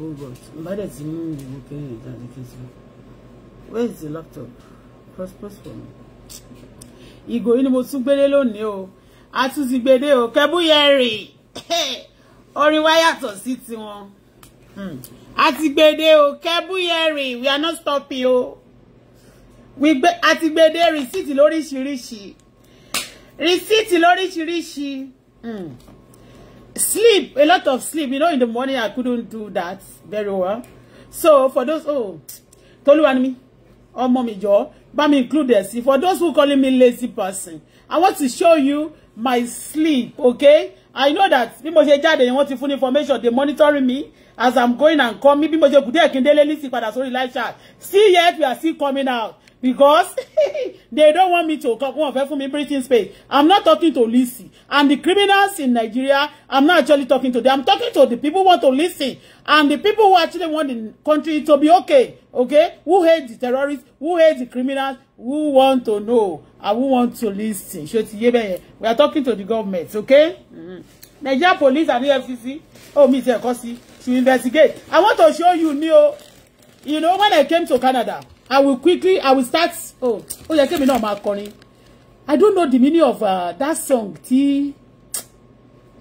oh god bá dẹ̀ ti mú mi mo kẹ́yìn where is the laptop cross post for me. ìgò yìí ni mo tún gbélé lónìí o a tún ti gbédé o kẹbúyẹrì to wa yàtọ̀ sí tiwọn hmm. a ti gbédé o kẹbúyẹrì we are not stopping We o a ti gbédé rìsíìtì lóríṣiríṣi rìsíìtì shirishi. Hmm sleep a lot of sleep you know in the morning I couldn't do that very well so for those oh Tolu ni mi ọmọ mi jọ bá mi include ẹ sí for those who calling me lazy person I want to show you my sleep okay I know that people say ṣe jáde yẹn full information they monitoring me as I'm going and coming bí mo ṣe kù díẹ̀ kí n délé ní sí padà chat see yet we are still coming out because they don't want me to come on fẹ́ fún mi breathing space i'm not talking to Lisi and the criminals in Nigeria i'm not actually talking to them i'm talking to the people who want to listen and the people who actually want the country to be okay okay who hate the terrorists who hate the criminals who want to know and who want to listen we are talking to the government okay mm-hmm. Nigeria police and the FCC. oh mi ti to investigate i want to show you ni you know when i came to Canada I will quickly, I will start. Oh, ó yẹ kémi náà máa kọrin. I don't know the meaning of uh, that song T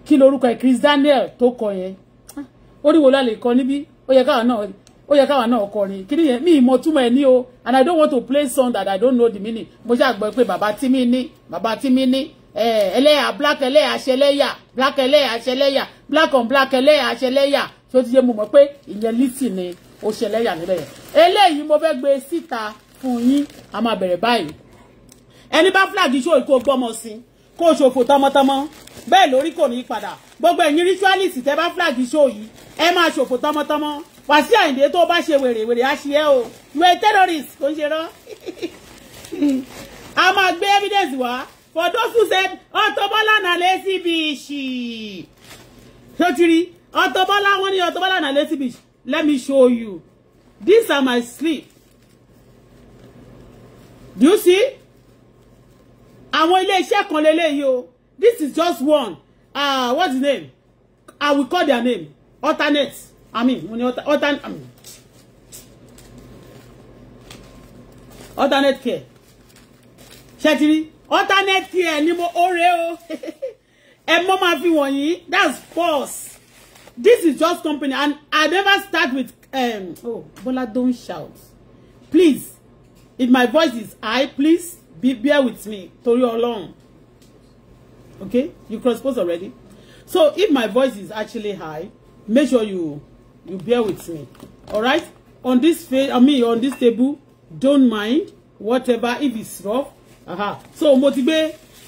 kí lorúkọ ẹ̀ Chris Daniel tó kọ yẹn. Oríwo la lè kọ níbí. Ó yẹ káwa náà ó yẹ káwa náà kọrin. Kí ni yẹn? Mi And I don't want to play song that I don't know the meaning. Mo ṣe àgbọ̀ pé bàbá tí mi ní, bàbá black ẹlẹ́yà ṣẹlẹ́yà black ẹlẹ́yà ṣẹlẹ́yà black on black ẹlẹ́yà ṣẹlẹ́yà. So o ti yẹ mo mọ̀ pé ìyẹn lítì ó ṣe ẹlẹ́yà níbẹ̀ yẹn eléyìí mo fẹ́ gbé síta fún yín a máa bẹ̀rẹ̀ báyìí ẹni bá fúlàgì ṣó kó gbọ́mọ sí kó ṣòfò tọmọtọmọ bẹ́ẹ̀ lórí kò ní í padà gbogbo ẹ̀yin ritualist tẹ́ bá fúlàgì ṣó yìí ẹ máa ṣòfò tọmọtọmọ Wàsíù Àyìndé tó bá ṣe wèrè wèrè á ṣe é o ìwé terrorist kò ń ṣe rán a máa gbé evidence wá for those who said Auto Bola na lazy bitch ṣó ti rí Auto wọn ní Auto Bola na lazy bitch let me show you these are my sleep do you see àwọn ilé iṣẹ́ kan lélẹ́yìí o this is just one ah uh, what's the name i ah, will call their name alternate i mean mo ní alternate i mean alternate care ṣẹ́tìrí alternate care ni mo ó rè o ẹ mọ́ máa fi wọ̀nyí that's false this is just company and I never start with um oh Bola don't shout please if my voice is high please be bear with me torí along. okay you cross post already so if my voice is actually high make sure you you bear with me all right on this face I mean on this table don't mind whatever if it's rough uh -huh. so mo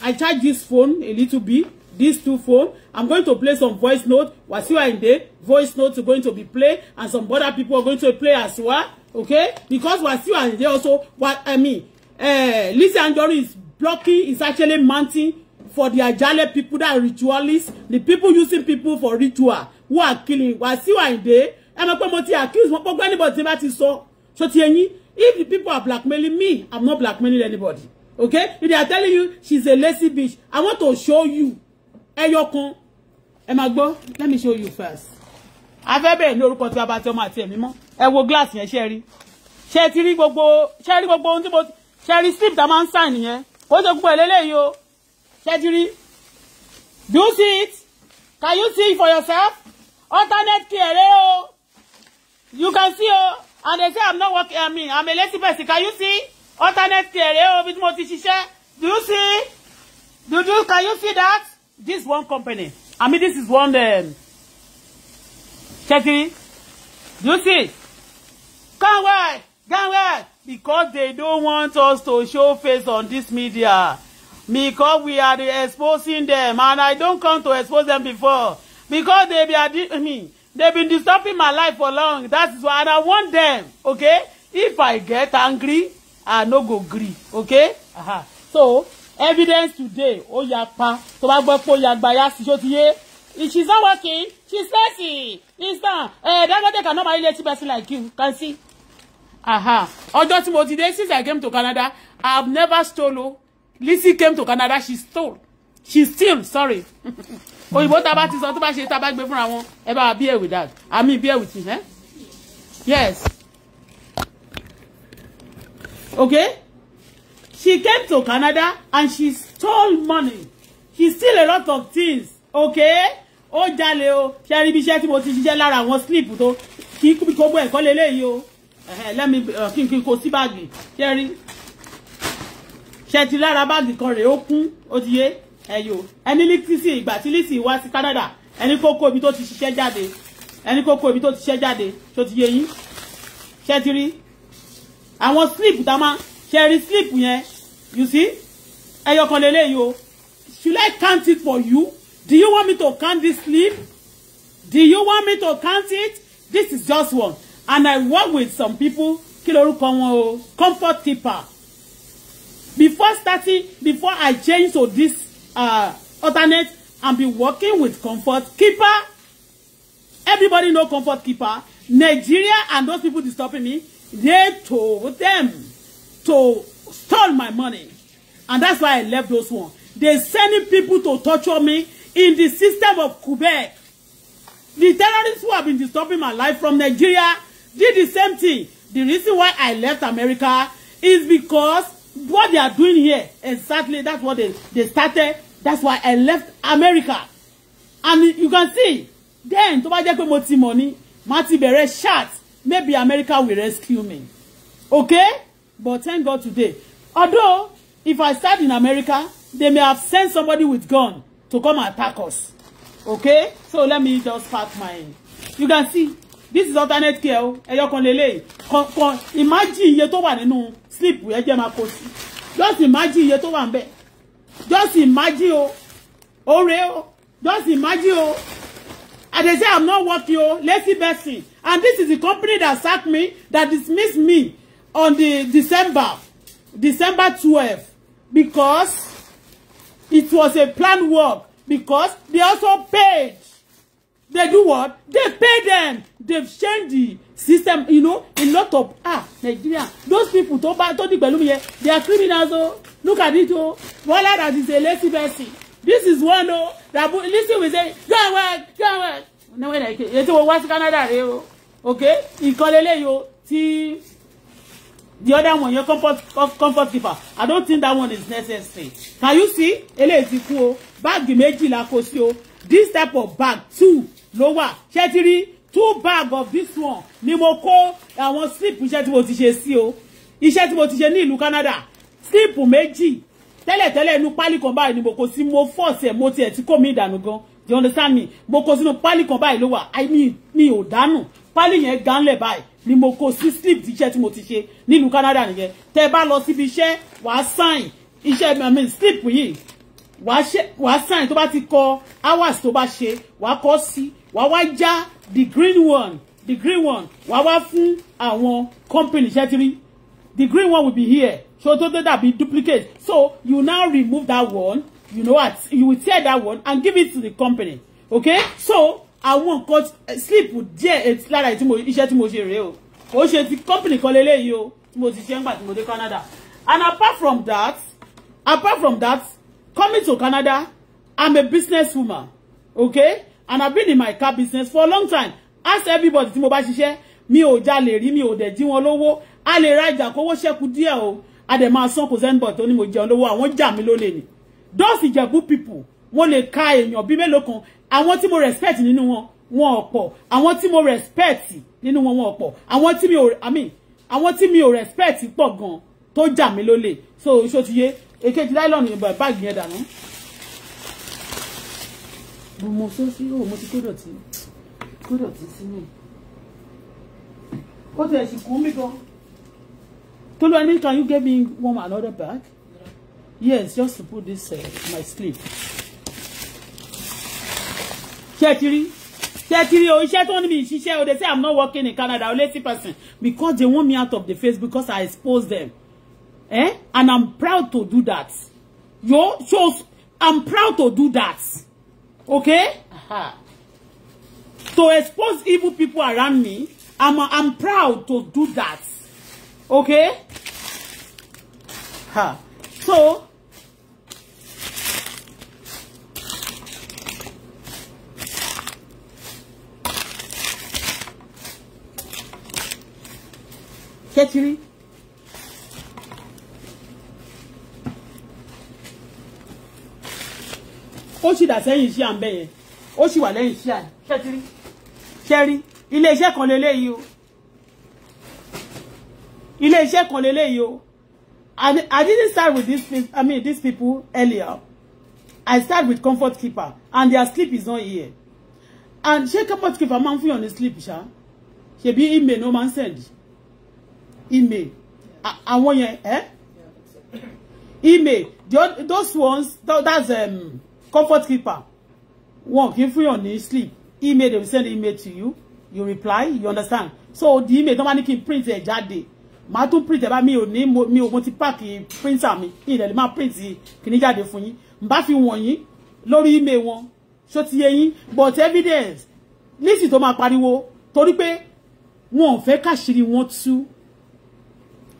I charge this phone a little bit these two phones. I'm going to play some voice note. Wasiwa in there? voice note is going to be played, and some other people are going to play as well. Okay, because Wasiwa in there also what I mean, uh, eh, Lizzy Anjorin is blocking, is actually mounting for the Ajale people that are ritualists, the people using people for ritual who are killing. Wasiwa in there? I'm pé mo ti accuse wọn gbogbo anybody tí n bá ti sọ so ti ẹ̀yin if the people are blackmailing me i'm not blackmailing anybody okay if they are telling you she's a lazy bitch i want to show you ẹyọ ẹ máa gbọ́ let me show you first afẹ́ bẹ̀rẹ̀ ní orúkọ tí bàbá tí ọmọ àti ẹ̀mí mọ́ ẹ wo glass yẹn ṣe rí ṣe ti rí gbogbo ṣe rí gbogbo ohun tí mo ṣe rí slip tá a máa ń sign yẹn kó ṣe gbogbo eléyìí o ṣe ti rí do you see it can you see it for yourself alternate care o you can see o and they say i'm not working i mean i'm a lazy person can you see alternate care o bí mo ti ṣiṣẹ́ do you see do you can you see that this one company. I mean, this is one. Um, check You see, come where, come where, because they don't want us to show face on this media, because we are exposing them, and I don't come to expose them before, because they be I mean, they've been disturbing my life for long. That's why, and I want them. Okay, if I get angry, I no go agree. Okay, uh-huh. so evidence today ó ya pa tó bá gbọ́ pé ó ya gba ya sí ṣó ti yé she is not working she is lazy instant ẹ eh, dangote can normally let person like you can see aha ọjọ́ tí mo ti dé since I came to Canada I have never stole o oh. Lizzy came to Canada she stole she steal sorry òyìnbó tá a bá ti sọ tó bá ṣe tá a bá gbé fúnra wọn ẹ bá bear with that I mean bear with you eh? yes okay. She came to Canada and she stole money. She steal a lot of things. Okay? Ó jalè o. Ṣé rí bí iṣẹ́ tí mo ti ṣiṣẹ́ sleep. àwọn slip tó kí kí gbogbo ẹ̀kọ́ leléyìí o. Lẹ́mi uh, kí n kí n kó sí báàgì. Ṣé rí? Ṣé ti lára báàgì kan rèé ó kún ó ti yé ẹ̀yọ́. Ẹni lítísì ìgbà tí lítísì wá sí Canada ẹni kókó ibi tó ti ṣiṣẹ́ jáde ẹni kókó ibi tó ti ṣiṣẹ́ jáde So ti yé yín. Ṣé ti rí? Àwọn slip tá máa ṣẹ̀rí sleep, yẹn you see ẹyọ kan lélẹ̀ yo. should I count it for you do you want me to count this slip do you want me to count it this is just one and I work with some people kí lorúkọ o comfort keeper before starting before I change to this uh, alternate and be working with comfort keeper everybody know comfort keeper Nigeria and those people disturbing me they told them to steal my money. And that's why I left those ones. They sending people to torture me in the system of Quebec. The terrorists who have been disturbing my life from Nigeria did the same thing. The reason why I left America is because what they are doing here, exactly that's what they, they started. That's why I left America. And you can see, then, to buy jẹ́ pé mo ti mọ̀ ni, maybe America will rescue me. Okay? But thank God today. Although, if I start in America, they may have sent somebody with gun to come attack us. Okay? So let me just pack my... You can see, this is alternate care. Oh. Ẹyọ kan lélẹ̀. Imagine iye tó wà nínú sleep with jẹ́ máa kó Just imagine iye tó wà níbẹ̀. Just imagine oh, oh, real. Just imagine oh. And they say I'm not working o. Oh. Lazy person. And this is the company that sacked me, that dismissed me on the December, December 12th, because it was a planned work, because they also paid. They do what? They pay them. They've changed the system, you know, a lot of, ah, Nigeria, those people, tó bá, tó di they are criminals, oh, look at it, oh, voila, that is a lazy person. This is one, oh, that, listen, we say, go and work, go and work. Now, when I, ètò wá sí Canada, rèé eh, o, oh. okay, ìkọlẹ́lẹ́ yìí o, oh, tí the other one your comfort comfort keeper i don't think that one is necessary can you see eléyìí ti kú o báàgì méjìlá kò sí o this type of bag two ló wà ṣé ti rí two bag of this one ni mo ko àwọn slip iṣẹ́ tí mo ti ṣe sí o iṣẹ́ tí mo ti ṣe ní ìlú Canada slip méjì tẹ́lẹ̀tẹ́lẹ̀ inú pálí kan báyìí ni mo kó sí mo force ẹ̀ mo tiẹ̀ ti kó mi ìdànù gan you understand me mo kó sínú pálí kan báyìí ló wà i mean mi ò dánù pálí yẹn gánlẹ̀ báyìí ni mo kó sí slip iṣẹ́ tí mo ti ṣe nílùú Canada nìyẹn tẹ́ bá lọ síbi iṣẹ́ wàá sign iṣẹ́ mi slip yìí wàá sign tó bá ti kọ hours tó bá ṣe wàá kọ sí wàá wá já the green one the green one wàá wá fún àwọn company iṣẹ́ tí rí the green one will be here so tó tó dàbí duplicate so you now remove that one you know what you will tear that one and give it to the company okay so àwọn nǹkan eh, sleep díẹ̀ eh, lára iṣẹ́ tí mo ṣe rèé o ó ṣe ti company kan lélẹ́yìí o tí mo ti ṣe ń gbà tí mo dé Canada and apart from that apart from that coming to Canada I'm a business woman okay and I've been in my car business for a long time ask everybody tí mo bá ṣiṣẹ́ mi ò jalè rí mi ò dẹ̀ jí wọn lówó a lè ra ìjà kówó ṣẹ́kù díẹ̀ o a dẹ̀ máa san kò sẹ́ńbọ̀ tó ní mo jẹun lówó àwọn jà mí lólè ni those Ìjẹ̀bú people mo lè ka èèyàn bíi mélòó kan àwọn tí mo respect nínú wọn wọn ò pọ̀ àwọn tí mo respect nínú wọn wọn ò pọ̀ àwọn tí mi ò i mean àwọn tí mi ò respect pọ̀ gan tó jà mí lólè so iṣó ti yé èkejì láìlọ́nù ìbọn báàgì yẹn dànù. mo sọ sí òun mo ti kó dọ̀tí kó dọ̀tí sínú ẹ̀ ó ti ẹ̀ sì kú mi gan. Tolu, I mean, can you get me one another bag? Yes, just to put this uh, my sleeve ṣé ti rí ṣé ti rí o iṣẹ́ tó ní mi they say i'm not working in canada o lazy person because they want me out of the face because i expose them eh and i'm proud to do that yo so i'm proud to do that okay Aha. to expose evil people around me i'm i'm proud to do that okay ha so ṣẹ́tírí ó sì dà sẹ́yìn iṣẹ́ à ń bẹ̀ yẹn ó sì wà lẹ́yìn iṣẹ́ à ṣẹ́tírí ṣẹ́rí iléeṣẹ́ kan lélẹ́yìí o iléeṣẹ́ kan lélẹ́yìí o I, I didn't start with this I mean these people earlier I start with comfort keeper and their sleep is not here and ṣé comfort keeper man ń fún sleep, ní She be ṣebí email no man send yìí email I want yẹn eh email the, those ones that, that's um, comfort keeper wọn kì í fún yàn sleep email they will send email to you you reply you understand so the email don't bá ní kí n print ẹ̀ jáde màá tún print ẹ̀ bá mi ò ní mi ò mo ti pack printer mi kí n lè má print kìíní jáde fún yín n bá fi wọ̀nyí lórí email wọn ṣó ti yé yín but evidence nísì tó máa pariwo torí pé wọn ò fẹ́ káṣírí wọn tú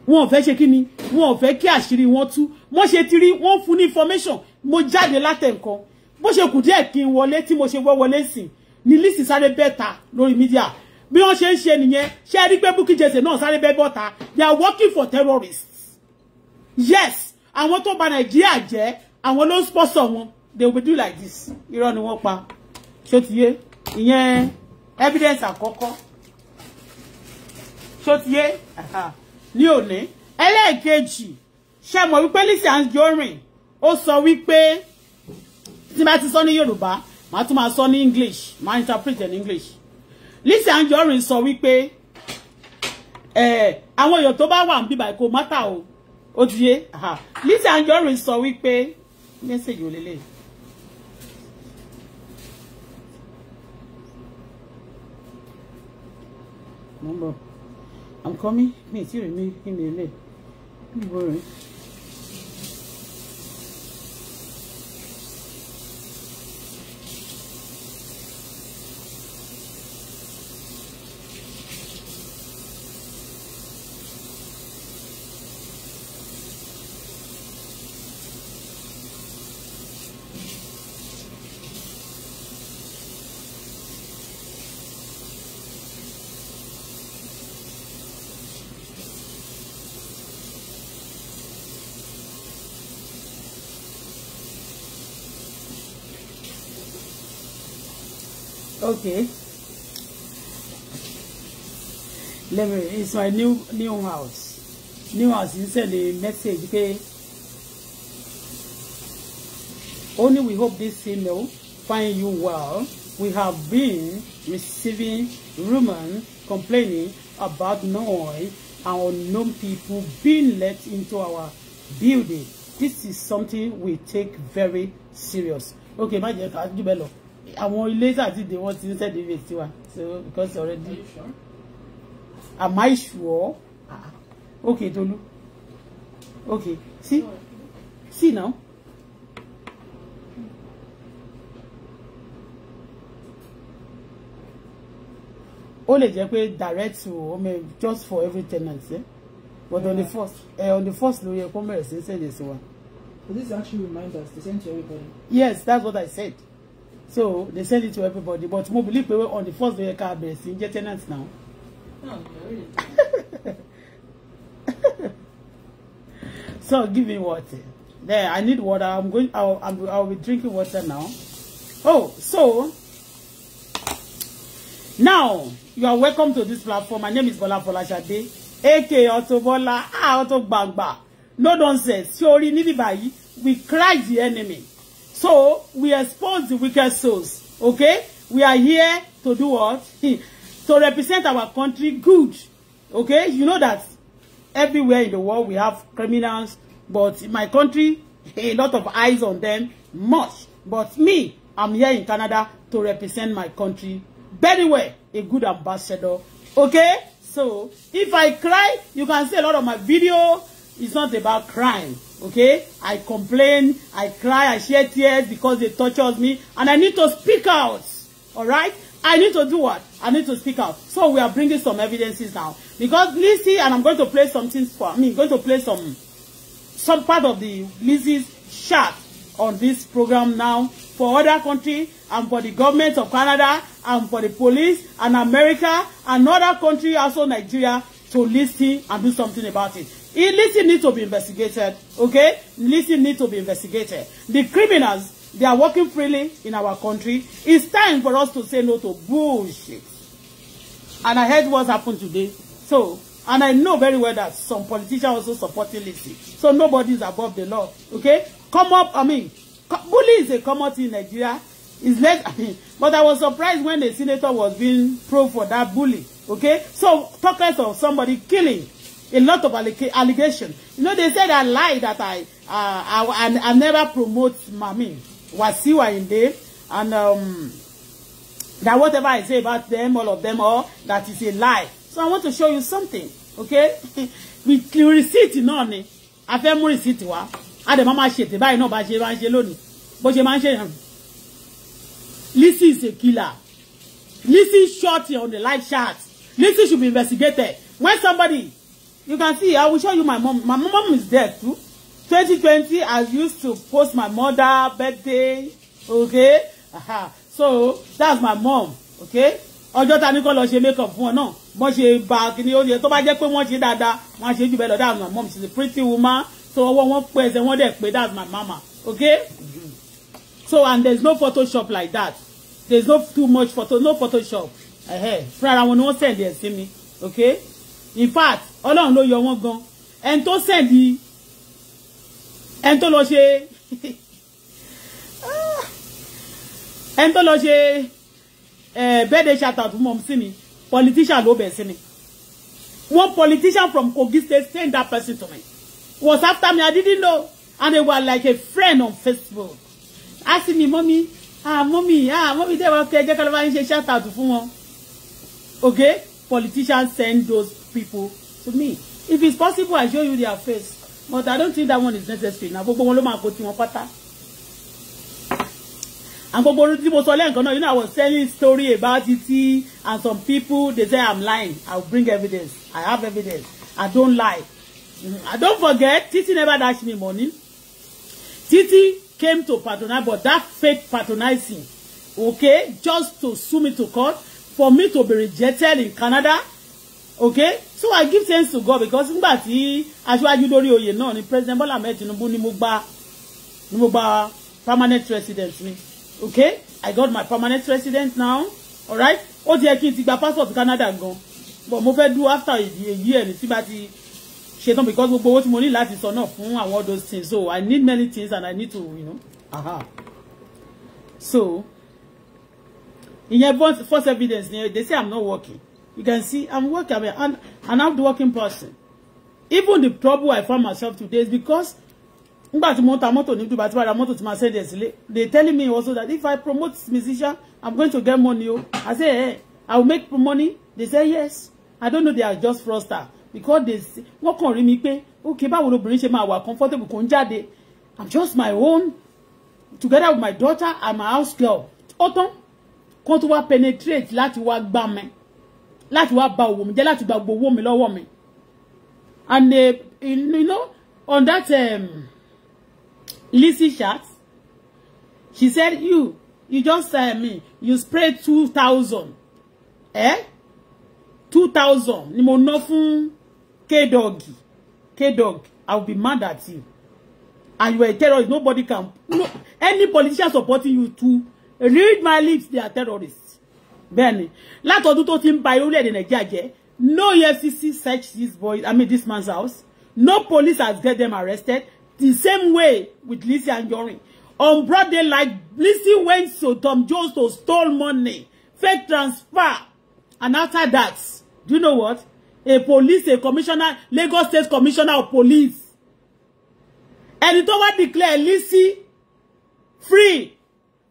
wọn ò fẹ́ ṣe kí ni wọn ò fẹ́ kí àṣírí wọn tú wọ́n ṣe ti rí wọ́n fún ní information mo jáde látẹ̀ǹkan bó ṣe kù díẹ̀ kí n wọlé tí mo ṣe wọ́ wọlé sìn ni lísì sáré bẹ́ẹ̀ ta lórí mídíà bí wọ́n ṣe ń ṣe nìyẹn ṣé ẹ rí pé Bukky Jesse náà sáré bẹ́ẹ̀ bọ́ta they are working for terrorists yes àwọn tó bà Nàìjíríà jẹ́ àwọn ló ń sponsor wọn they will do like this irọ́ ni wọ́n pa ṣó ti yé ìyẹn evidence àkọ́kọ́ ṣó ti yé. Uh -huh ní òní ẹlẹ́ẹ̀kejì ṣe mọ̀ wípé Lizzy Anjorin ó sọ wípé tí bá ti sọ ní Yorùbá màá tún máa sọ ní English màá interpret in English Lizzy Anjorin sọ wípé àwọn èèyàn tó bá wà ń bíbá kò mọ́tà o ó ti yé Lizzy Anjorin sọ wípé mẹ́sẹ̀gì ò lélẹ̀. Number. I'm coming Me, ì me, ì rí mi kí ni ilé okay. Let me, it's my new new house. New house, you send a message, okay? Only we hope this email find you well. We have been receiving rumors complaining about noise and unknown people being let into our building. This is something we take very serious. Okay, my dear, I'll jù bẹ́ẹ̀ lọ àwọn ilé àti ìdè wọn ti ń sẹ́ẹ̀dì ìwé tiwa so because already am I sure ah, ah. okay Tolu okay see see now. ó lè jẹ́ pé direct to ọmọ just for every tenant eh? but yeah. on the first eh, on the first ló yẹ kó mẹ̀rẹ̀ sí ń sẹ̀dẹ̀ sí wa. this actually remind us to send to everybody. yes that's what I said so they sell it to everybody but mo believe pé on the first day car bẹ̀rẹ̀ sí jẹ́ tenant now. so give me water there i need water i'm going i'll, I'll, I'll be drinking water now oh so now you are welcome to this platform my name is Bola Folashade aka Auto Bola ah Auto Gbagba no nonsense sori níbi báyìí we cry the enemy So we expose the wicked souls. Okay? We are here to do what? to represent our country good. Okay? You know that everywhere in the world we have criminals, but in my country, a lot of eyes on them, much. But me, I'm here in Canada to represent my country very well, a good ambassador. Okay? So, if I cry, you can see a lot of my videos it's not about crying, okay i complain i cry i shed tears because they tortured me and i need to speak out all right i need to do what i need to speak out so we are bringing some evidences now because Lizzie and i'm going to play something for i mean going to play some some part of the Lizzie's chat on this program now for other country and for the government of Canada and for the police and America and other country also Nigeria to listen and do something about it illicit need to be investigated okay illicit need to be investigated the criminals they are working freely in our country it's time for us to say no to bullshit and I heard what happened today so and I know very well that some politicians also supporting illicit so nobody is above the law okay come up I mean bully is a common thing in Nigeria is less I mean, but I was surprised when the senator was being pro for that bully okay so talk of somebody killing a lot of allegation. You know, they said I lied that I uh, I, I, I never promote Mami in Ayinde and um, that whatever I say about them, all of them, all that is a lie. So I want to show you something, okay? With receipt náà it, a fẹ́ mú receipt wá. A dẹ̀ máa ma ṣètè báyìí náà bá ṣe máa ń ṣe lónìí. Bó ṣe máa ń is a killer. Lizzy shot on the live chat. Lizzy should be investigated. When somebody you can see i will show you my mom my mom is there too 2020 i used to post my mother birthday okay Aha. so that's my mom okay ọjọ́ ta ní kọ́ lọ ṣe make up fún ọ náà wọ́n ṣe ba kìíní ó yẹ tó bá jẹ́ pé wọ́n ṣe dáadáa wọ́n á ṣe jù bẹ́ẹ̀ lọ my mom she's a pretty woman so ọwọ́ wọn pé ẹsẹ̀ wọn dẹ̀ pé that's my mama okay so and there's no photoshop like that there's no too much photo no photoshop Eh, fúnra wọn ni wọ́n send ẹ̀ See me. okay in fact ọlọ́run ló yọ wọ́n gan ẹni tó sẹ̀dí ẹni tó lọ ṣe ẹni tó lọ ṣe bẹ́ẹ̀dẹ̀ ṣàtàtú mọ̀ sí mi politician ló bẹ̀ sí mi one politician from Kogi State send that person to me was after me I didn't know and they were like a friend on Facebook asking me mommy ah mommy ah mommy dey work there jẹ́ kí ló bá ń ṣe ṣàtàtú fún wọn okay politicians send those people to me if it's possible I show you their face but I don't think that one is necessary na gbogbo wọn ló máa kó tiwọn pátá and gbogbo orun tí mo sọ lẹ́ǹkan náà you know I was telling story about it and some people they say I'm lying I will bring evidence I have evidence I don't lie I mm-hmm. don't forget Titi never dash me money Titi came to patronize but that fake patronizing okay just to sue me to court for me to be rejected in Canada okay so i give thanks to god because nígbà tí aṣáájú lórí oyè náà ni president bola ahmed tinubu ni mo gba ni mo gba permanent resident mi okay i got my permanent resident now alright ó ti yẹ kí n ti gba passport canada gan but mo fẹ́ do after a year ni tí bá ti ṣetán because gbogbo owó tí mo ní láti sọ náà fún àwọn all those things so i need many things and i need to you know aha so ìyẹn first evidence ni they say i'm not working You can see I'm working. I'm an, an person. Even the trouble I found myself today is because nígbà they telling me also that if I promote musician I'm going to get money o I say hey eh, I will make money they say yes I don't know they are just fraudster because they say wọ́n kàn rí mi okay báwo lobìnrin ṣe máa comfortable I'm just my own together with my daughter I'm a house girl ó tán kó tó wá penetrate láti wá gbá láti wá ba òwò mi jẹ́ láti gba gbogbo owó mi lọ́wọ́ mi and uh, you know on that um, Lizzy chat she said you you just tell uh, me you spray two thousand eh two thousand ni mo ná fún K-Dog K-Dog I will be mad at you and you are a terrorist nobody can no any politician supporting you too read my lips they are terrorists Benny, ni látọdún tó ti ń ba orílẹ̀-èdè no efcc search this boy i mean this man's house no police has get them arrested the same way with and Anjorin on broad day, like Lizzy went to Tom Jones to stole money fake transfer and after that do you know what a police a commissioner Lagos State Commissioner of Police and it over declare Lizzy free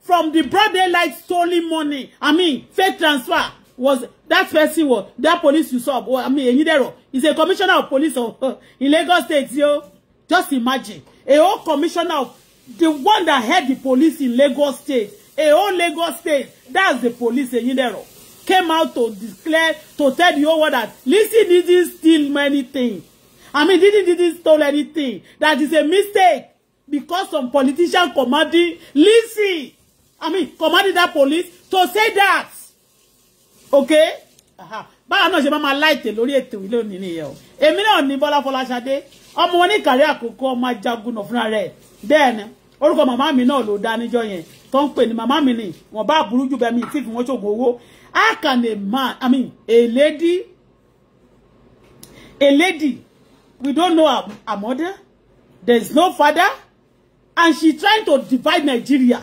from the broad daylight stolen money. I mean, fake transfer was that person was that police you saw. Well, I mean, Eyindero is a commissioner of police of, in Lagos State. Yo, just imagine a whole commissioner of the one that had the police in Lagos State. A whole Lagos State. That's the police Eyindero came out to declare to tell you all that Lizzy didn't steal many things. I mean, didn't didn't steal anything. That is a mistake because some politician commanding Lizzy I mean, commanding that police to say that. Okay? Aha. Báwa náà ṣe máa láìtè e lórí ètò ilé òní nìyẹn o. Èmi náà ní Bọ́lá Fọláṣadé, ọmọ wọn ní ìkàrí àkókò ọmọ ajagunà fúnra rẹ̀. Bẹ́ẹ̀ni, orúkọ màmá mi náà ló dá níjọ́ yẹn. Tó ń pè ní màmá mi ni, wọ́n bá burú jù bẹ́ẹ̀ mi ti fi wọ́n ṣògùn owó. How can a man, I mean, a lady, a lady, we don't know her, her mother, There's no father, and she trying to divide Nigeria.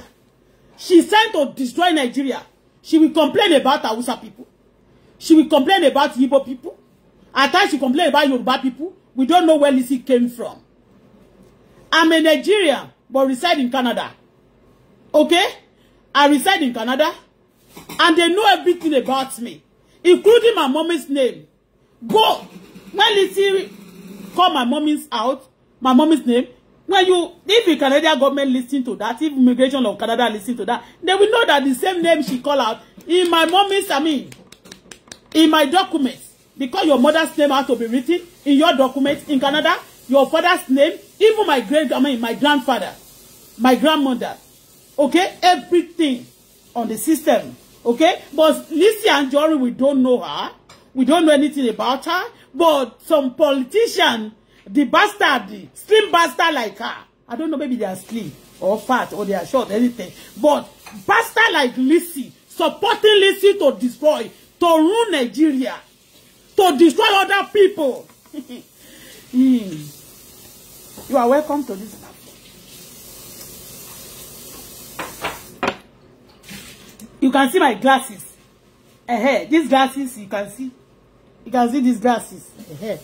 She sent to destroy Nigeria. She will complain about Hausa people. She will complain about Igbo people. At times she complain about Yoruba people. We don't know where Lizzy came from. I'm a Nigerian, but reside in Canada. Okay? I reside in Canada. And they know everything about me, including my mommy's name. Go! When Lizzy called my mommy's out, my mommy's name, when you if the Canadian government listen to that if immigration of Canada listen to that they will know that the same name she call out in my mommy's I mean in my documents because your mother's name has to be written in your documents in Canada your father's name even my great I mean my grandfather my grandmother okay everything on the system okay but and Jory, we don't know her we don't know anything about her but some politician the bastard, the slim bastard like her. I don't know, maybe they are slim or fat or they are short, anything. But bastard like Lissy, supporting Lissy to destroy, to ruin Nigeria, to destroy other people. mm. You are welcome to this You can see my glasses. Uh -huh. These glasses, you can see. You can see these glasses. Uh -huh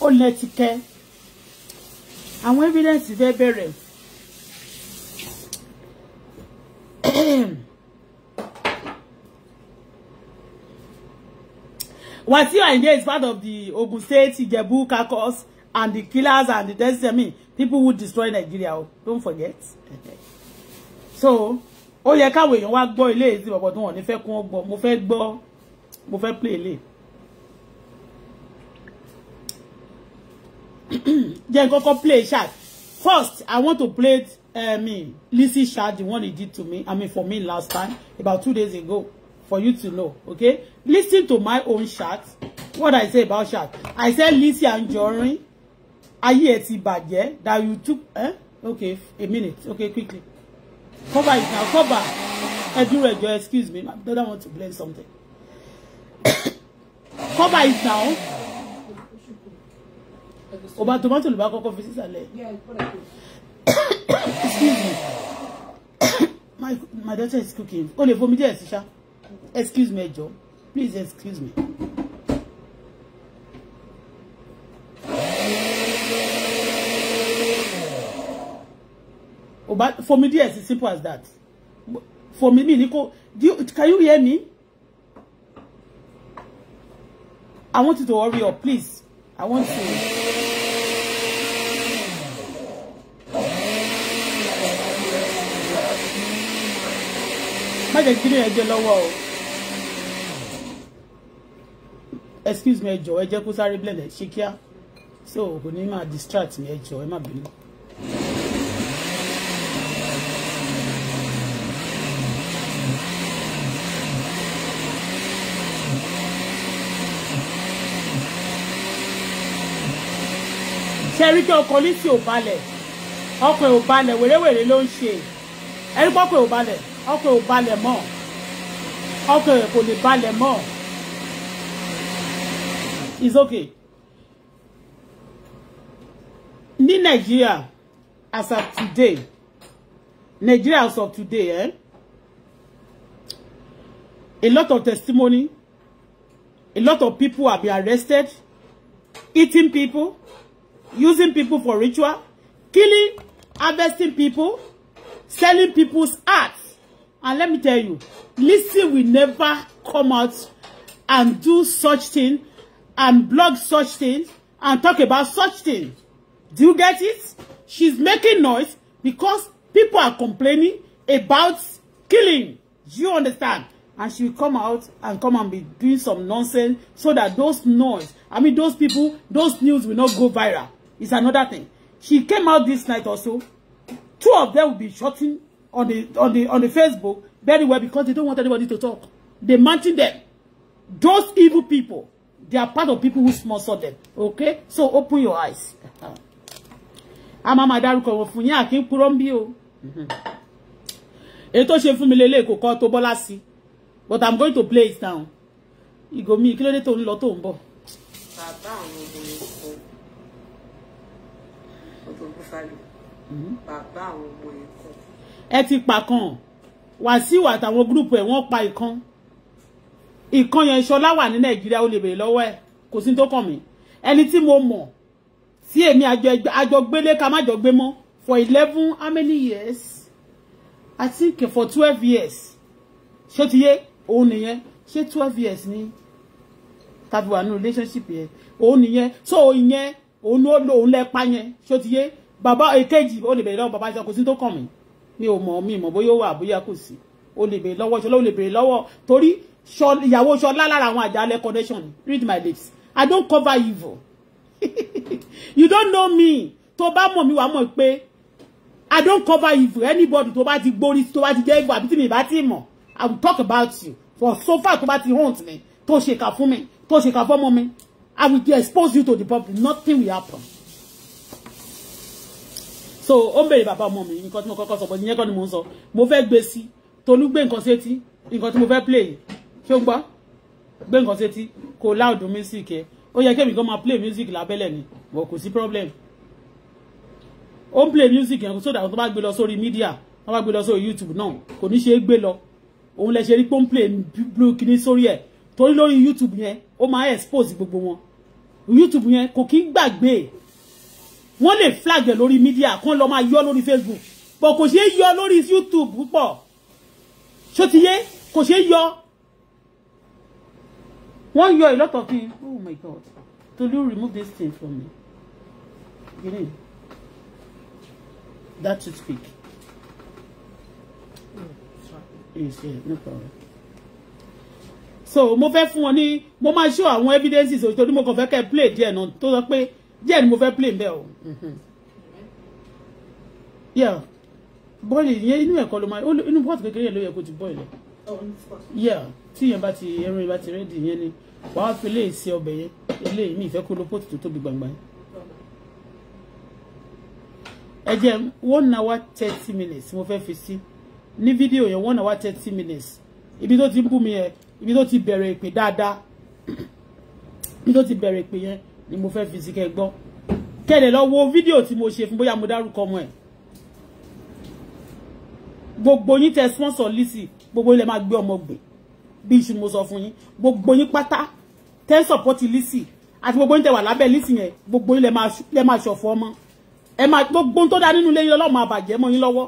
ó lẹ ti kẹ àwọn evidence fẹ́ bẹ̀rẹ̀ Wasiu Ayinde is part of the Ogun State Ijebu caucus and the killers and the destiny people who destroy Nigeria oh, don't forget so ó yẹ káwọn èèyàn wá gbọ́ ilé ìsìn bọ̀bọ̀ tí wọ́n ní fẹ́ kún ọgbọ́n mo fẹ́ gbọ́ mo fẹ́ play ilé. Then go kọ́kọ́ play ṣáà first i want to play uh, me Lissy Shadd the one he did to me i mean for me last time about two days ago for you to know okay listen to my own Shadd what i say about Shadd i said Lissy say Lizzy Anjorin ayé ẹ bad bàjẹ́ that you took eh? okay a minute okay quickly cover it now cover ẹdúró excuse me my brother want to blend something cover it now o bá tomato ló bá kọ́kọ́ fi excuse me my my daughter is cooking o lè fomi díẹ̀ sí excuse me ẹjọ́ please excuse me. o for fomi díẹ̀ sí simple as that For me, mi ni ko can you hear me? I want you to hurry up please I want to má jẹ́ kí lèyàn jẹ lọ́wọ́ o excuse me ẹ i ẹ jẹ́ kó sáré blend so kò ní máa distract mi ẹ jọ̀ọ́ ẹ ṣe rí pé ọkọ Lizzy ò balẹ̀ ọkọ̀ ò balẹ̀ wèrèwèrè ló ń ṣe ẹni pé ọkọ̀ ò balẹ̀ ọkọ̀ ò balẹ̀ mọ́ ọkọ̀ kò lè balẹ̀ mọ́ it's okay ní Nàìjíríà as of today Nigeria as of today eh? a lot of testimony a lot of people have been arrested eating people using people for ritual, killing, harvesting people, selling people's art. And let me tell you, Lizzy will never come out and do such thing and blog such things and talk about such things. Do you get it? She's making noise because people are complaining about killing. Do you understand? And she will come out and come and be doing some nonsense so that those noise, I mean those people, those news will not go viral is another thing. She came out this night also. Two of them will be shouting on the on the on the Facebook very well because they don't want anybody to talk. They mention them. Those evil people, they are part of people who sponsor them. Okay? So open your eyes. A máa máa dárúkọ wọn fún yín àkín purọ́ mi lélẹ̀ kò kọ́ tó bọ́lá sí. But I'm going to play it now. Ìgò mi kí ló dé tó ń lọ tó ń Sálíù mhm. bàbá àwọn ọmọ ẹ̀ kan. ẹ ti pa kan Wàsíù àtàwọn gúrùpù ẹ̀ wọ́n pa ìkan ìkan yẹn Ṣọlá wà ní Nàìjíríà ó lè bèrè lọ́wọ́ ẹ̀ kò sí tó kàn mí ẹni tí mo mọ̀ sí èmi àjọgbélé ká má jọ gbé mọ́ for eleven how many years I think for twelve years ṣé ti yé òun nìyẹn ṣé twelve years ni tàbí wà ní relationship yẹn òun nìyẹn so ìyẹn òun ló lò òun lẹ́pa yẹn ṣó ti yé bàbá èkejì ó lè bèrè lọ́wọ́ bàbá ìṣàkóso tó kàn mí mi ò mọ̀ mi ìmọ̀ bóyá ó wà bóyá kò sí ó lè bèrè lọ́wọ́ ṣọlá ó lè bèrè lọ́wọ́ torí ìyàwó ṣọlá lára àwọn àjálẹ̀ connection read my lips I don't cover evil you don't know me tó bá mọ̀ mi wà mọ̀ pé I don't cover evil anybody tó bá ti gbórí tó bá ti jẹ́ evil àbí tí mi bá ti mọ̀ I will talk about you for so far tó bá ti hunt mi tó ṣèkà fún mi tó ṣèkà fọ́mọ mi I will expose you to the public nothing will happen so ó ń béèrè bàbá ọmọ mi nǹkan tí mo kọ́kọ́ sọ pé ìyẹn kọ́ ni mò ń sọ mo fẹ́ gbé sí Tolú gbé nǹkan sétí nǹkan tí mo fẹ́ play ṣé o gbọ́ gbé nǹkan sétí kò láòdù music ẹ ó yẹ kémi kan máa play music lábẹ́lẹ̀ ni wọ́n kò sí problem ó ń play music yẹn that tó bá gbé lọ sórí media tó bá gbé lọ sórí YouTube náà kò ní ṣe é gbé lọ òun lẹ ṣe rí pé ó ń play blue kìíní sórí ẹ̀ torí lórí YouTube yẹn ó máa expose gbogbo wọn YouTube yẹn kò kí gbàgbé wọ́n lè flag ẹ̀ lórí media, kán lọ máa yọ lórí facebook bọ̀ kò ṣeé yọ lórí youtube púpọ̀ ṣó ti yé kò ṣeé yọ wọ́n yọ a lot of things oh my god Tolu remove this thing from me you know that toothpick yes yes no problem so mo fẹ́ fún wọn ní mo máa show àwọn evidences òtò ní mo kàn fẹ́ kẹ́ play díẹ̀ náà tó sọ pé díẹ̀ ni mo fẹ́ play bẹ́ẹ̀ o mm-hmm. yeah bọ́ọ̀lì yẹn inú ẹ̀kọ́ ló máa inú pọ́ọ̀tù kékeré ló yẹ kó ti bọ́ọ̀lì oh, yeah tí yẹn bá ti ẹran yẹn bá ti rẹ́dì yẹn ni wàá fi lè ṣe ọbẹ̀ yẹn eléyìí mi ìfẹ́ kó ló pọ́ọ̀tù tó tóbi gbangba yẹn. ẹ jẹ́ one hour thirty minutes mo fẹ́ fi sí ní fídíò yẹn one hour thirty minutes ibi tó ti ń bù mí yẹn ibi tó ti bẹ̀rẹ̀ ìpè dáadáa ibi tó ti bẹ̀rẹ̀ ìpè yẹn ni mo fẹ́ fi sí kẹ́ gbọ́ kẹ́lẹ̀ lọ wo fídíò tí mo ṣe fún bóyá mo dárúkọ ọmọ ẹ̀ gbogbo yín tẹ sponsor lisi gbogbo ilẹ̀ máa gbé ọmọ gbè bí iṣu mo sọ fún yín gbogbo yín pátá tẹ support lisi àti gbogbo yín tẹ wà lábẹ́ lisi yẹn gbogbo yín lẹ máa ṣọ̀fọ̀ ọmọ ẹ máa gbogbo tó dá nínú ilé yín lọ́wọ́ máa bàjẹ́ mọ́ yín lọ́wọ́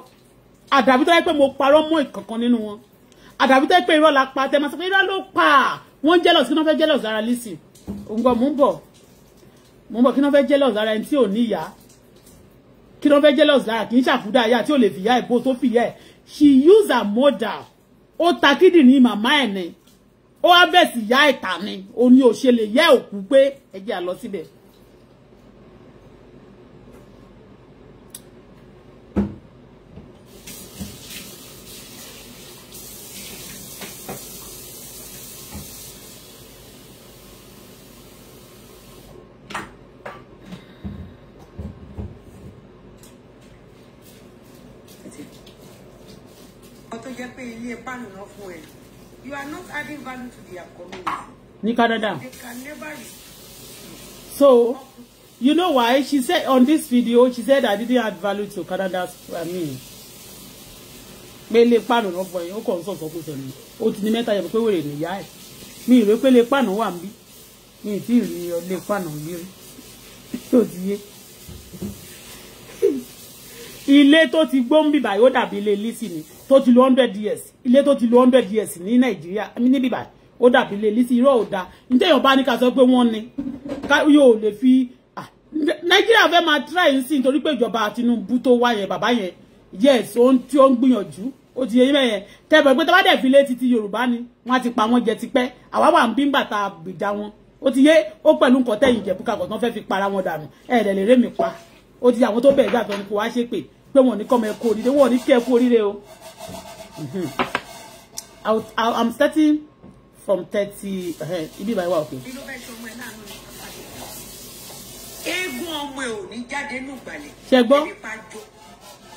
àdàbí tó yẹ pé mo parọ́ mọ́ ìkankan nínú wọn àdàbí tó yẹ pé irọ́ la pa tẹ máa sọ pé irọ́ ló pa wọ́n jealous kí wọ́n fẹ́ jealous ara lisi òǹgọ̀ mò bọ̀ mo mọ̀ kí wọ́n fẹ́ jealous lára ẹni tí ò ní ìyá kí wọ́n fẹ́ jealous lára kì í ṣàkúdà ìyá tí ò lè fìyà ìbò tó fìyà ẹ̀ she use her mother ó ta kídìní màmá ẹ̀ ni ó wá bẹ̀ sí ìyá ìta ni ó ní òṣèlè yẹ òkú pé ẹjẹ́ àlọ́ síbẹ̀ You are not adding value to their community. Ní Canada. They can never So, you know why? She said on this video, she said I didn't add value to Canada's, I mean, pé lè pààrọ̀ náà fọ yẹn ó kàn ń sọ̀sọ̀ kó sọ̀rọ̀ ó ti ní mẹ́ta yẹ pé wèrè nìyá ẹ̀ e. mi ìwé pé lè pààrọ̀ wà ń bí mi ì tí ì rí ọ lè pààrọ̀ yé rí tó ti ti gbó ń bì báyìí ó dàbí ni tó ti lo hundred years ilé tó ti lo hundred years ní nàìjíríà níbí báyìí ó dàbí ilé lísì irọ́ ò da ntẹ̀yàn bá ní ká sọ pé wọ́n ní yóò lè fi nàìjíríà fẹ́ máa try ń sìn torí pé ìjọba Tinubu tó wá yẹn bàbá yẹn yes ohun tí ó ń gbìyànjú ó ti yẹ yín mẹ́yẹn tẹ́bọ̀ pé tọ́wá dẹ̀ fi lé títí yorùbá ni wọ́n á ti pa wọ́n jẹ tipẹ́ àwa wà ń bí ńgbà tá a gbèjà wọn ó ti yé ó pẹ̀lú nǹkan tẹ̀yìn jẹ̀bú kakọ̀ tán fẹ́ fi para wọn dànù ẹ̀ẹ́dẹ̀ lè rémi pa ó ti yẹ àwọn tó bẹ̀ẹ́ gbà tán ni kò wá ṣépè pé wọn ò ní kọ́ ọmọ ẹ kú wọn ò ní kí ẹ kú oríire o Mm-hmm. I'll, I'll, I'm starting from 30. Eh, ibi by wa, okay. Eégún ọmọ ẹ ò ní jáde nù gbalẹ̀. Ṣé gbọ́?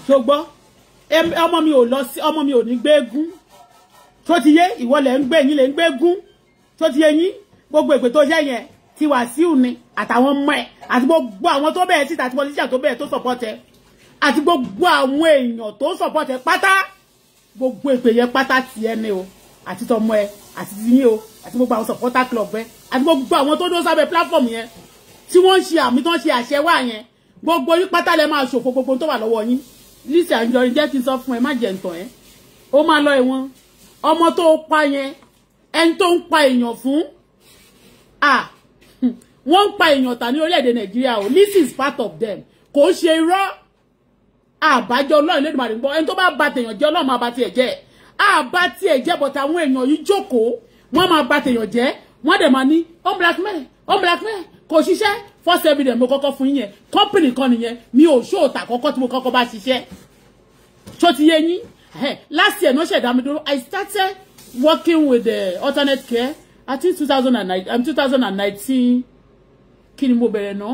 Ṣé gbọ́? Ọmọ mi ò lọ sí ọmọ mi ò ní gbé eégún. Tó ti yé ìwọ lẹ̀ ń gbé yín lẹ̀ ń gbé eégún. Tó ti yé yín gbogbo èpè tó yẹ yẹn ti Wàsíù ni àtàwọn ọmọ ẹ̀ àti gbogbo àwọn tó bẹ̀ẹ́ síta àti pọlítíà tó bẹ̀ẹ́ tó sọ̀pọ̀tẹ̀ àti gbogbo àwọn èèyàn tó sọ̀pọ̀tẹ̀ pátá gbogbo èpè yẹn pátá ti ẹ ní o àti tọmọ ẹ àti ti yín o àti gbogbo àwọn supporter club ẹ àti gbogbo àwọn tó dó sábẹ́ platform yẹn tí wọ́n ń ṣe àmì tó ń ṣe àṣẹ wá yẹn gbogbo yín pátá lẹ máa ṣòfò gbogbo tó wà lọ́wọ́ yín Lizzy Anjorin jẹ́ kí n sọ fún ẹ má jẹ̀ ǹtàn ẹ ó máa lọ ẹ̀wọ̀n ọmọ tó pa yẹn ẹni tó ń pa èèyàn fún wọ́n ń pa èèyàn tà ní orílẹ̀-èdè Nàìjíríà o Lizzy is part of them kò ṣe irọ́ àbájọ ọlọ́run lẹ́nu màrí gbọ́ ẹni tó bá ba tèèyàn jẹ́ ọlọ́run máa ba tiẹ̀ jẹ́ àbá tiẹ̀ jẹ́ but àwọn èèyàn yìí jókòó wọ́n máa ba tèèyàn jẹ́ wọ́n dẹ̀ máa ní ó blackmail ó blackmail kò ṣiṣẹ́ first evidence mo kọ́kọ́ fún yín yẹn company kan nìyẹn mi ò ṣóòtà kọ́kọ́ tí mo kọ́kọ́ bá ṣiṣẹ́ tó ti yé yín last year no ṣẹ̀dá mi dúró I started working with uh, alternate care I think two thousand and nineteen um, two thousand and nineteen kí ni mo bẹ̀rẹ̀ náà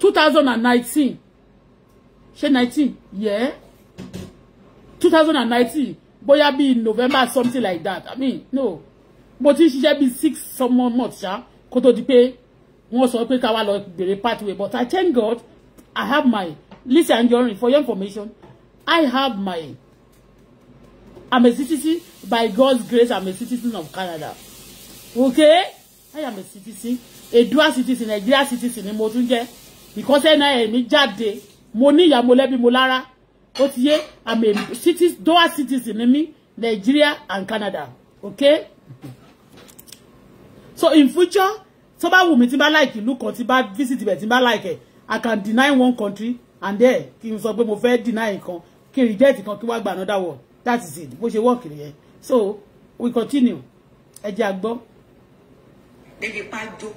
two thousand and nineteen ṣé nineteen yeah 2019. thousand and nineteen bóyá bíi november something like that i mean no mo ti ń ṣiṣẹ́ bíi six some months ṣá kó tó di pé wọ́n sọ pé ká lọ bèrè pathway but i thank god i have my Lizzy Anjorin for your information i have my i'm a citizen by god's grace i'm a citizen of canada okay i am a citizen Edua citizen Nigeria citizen ni mo tún jẹ́ because NIN mi jáde mo ní ìyá mo lẹ́bí mo lára ó ti yé àmì cities doha cities ni mí Nigeria and Canada okay so in future tó bá wù mí tí bá like ìlú kan tí bá visit ibẹ̀ tí bá like I can deny one country and there, kí n sọ pé mo fẹ́ deny nǹkan kí n reject nǹkan kí wọ́n gba another one that is it bó ṣe work nìyẹn so we continue ẹ jẹ́ àgbọ́. débi pa jó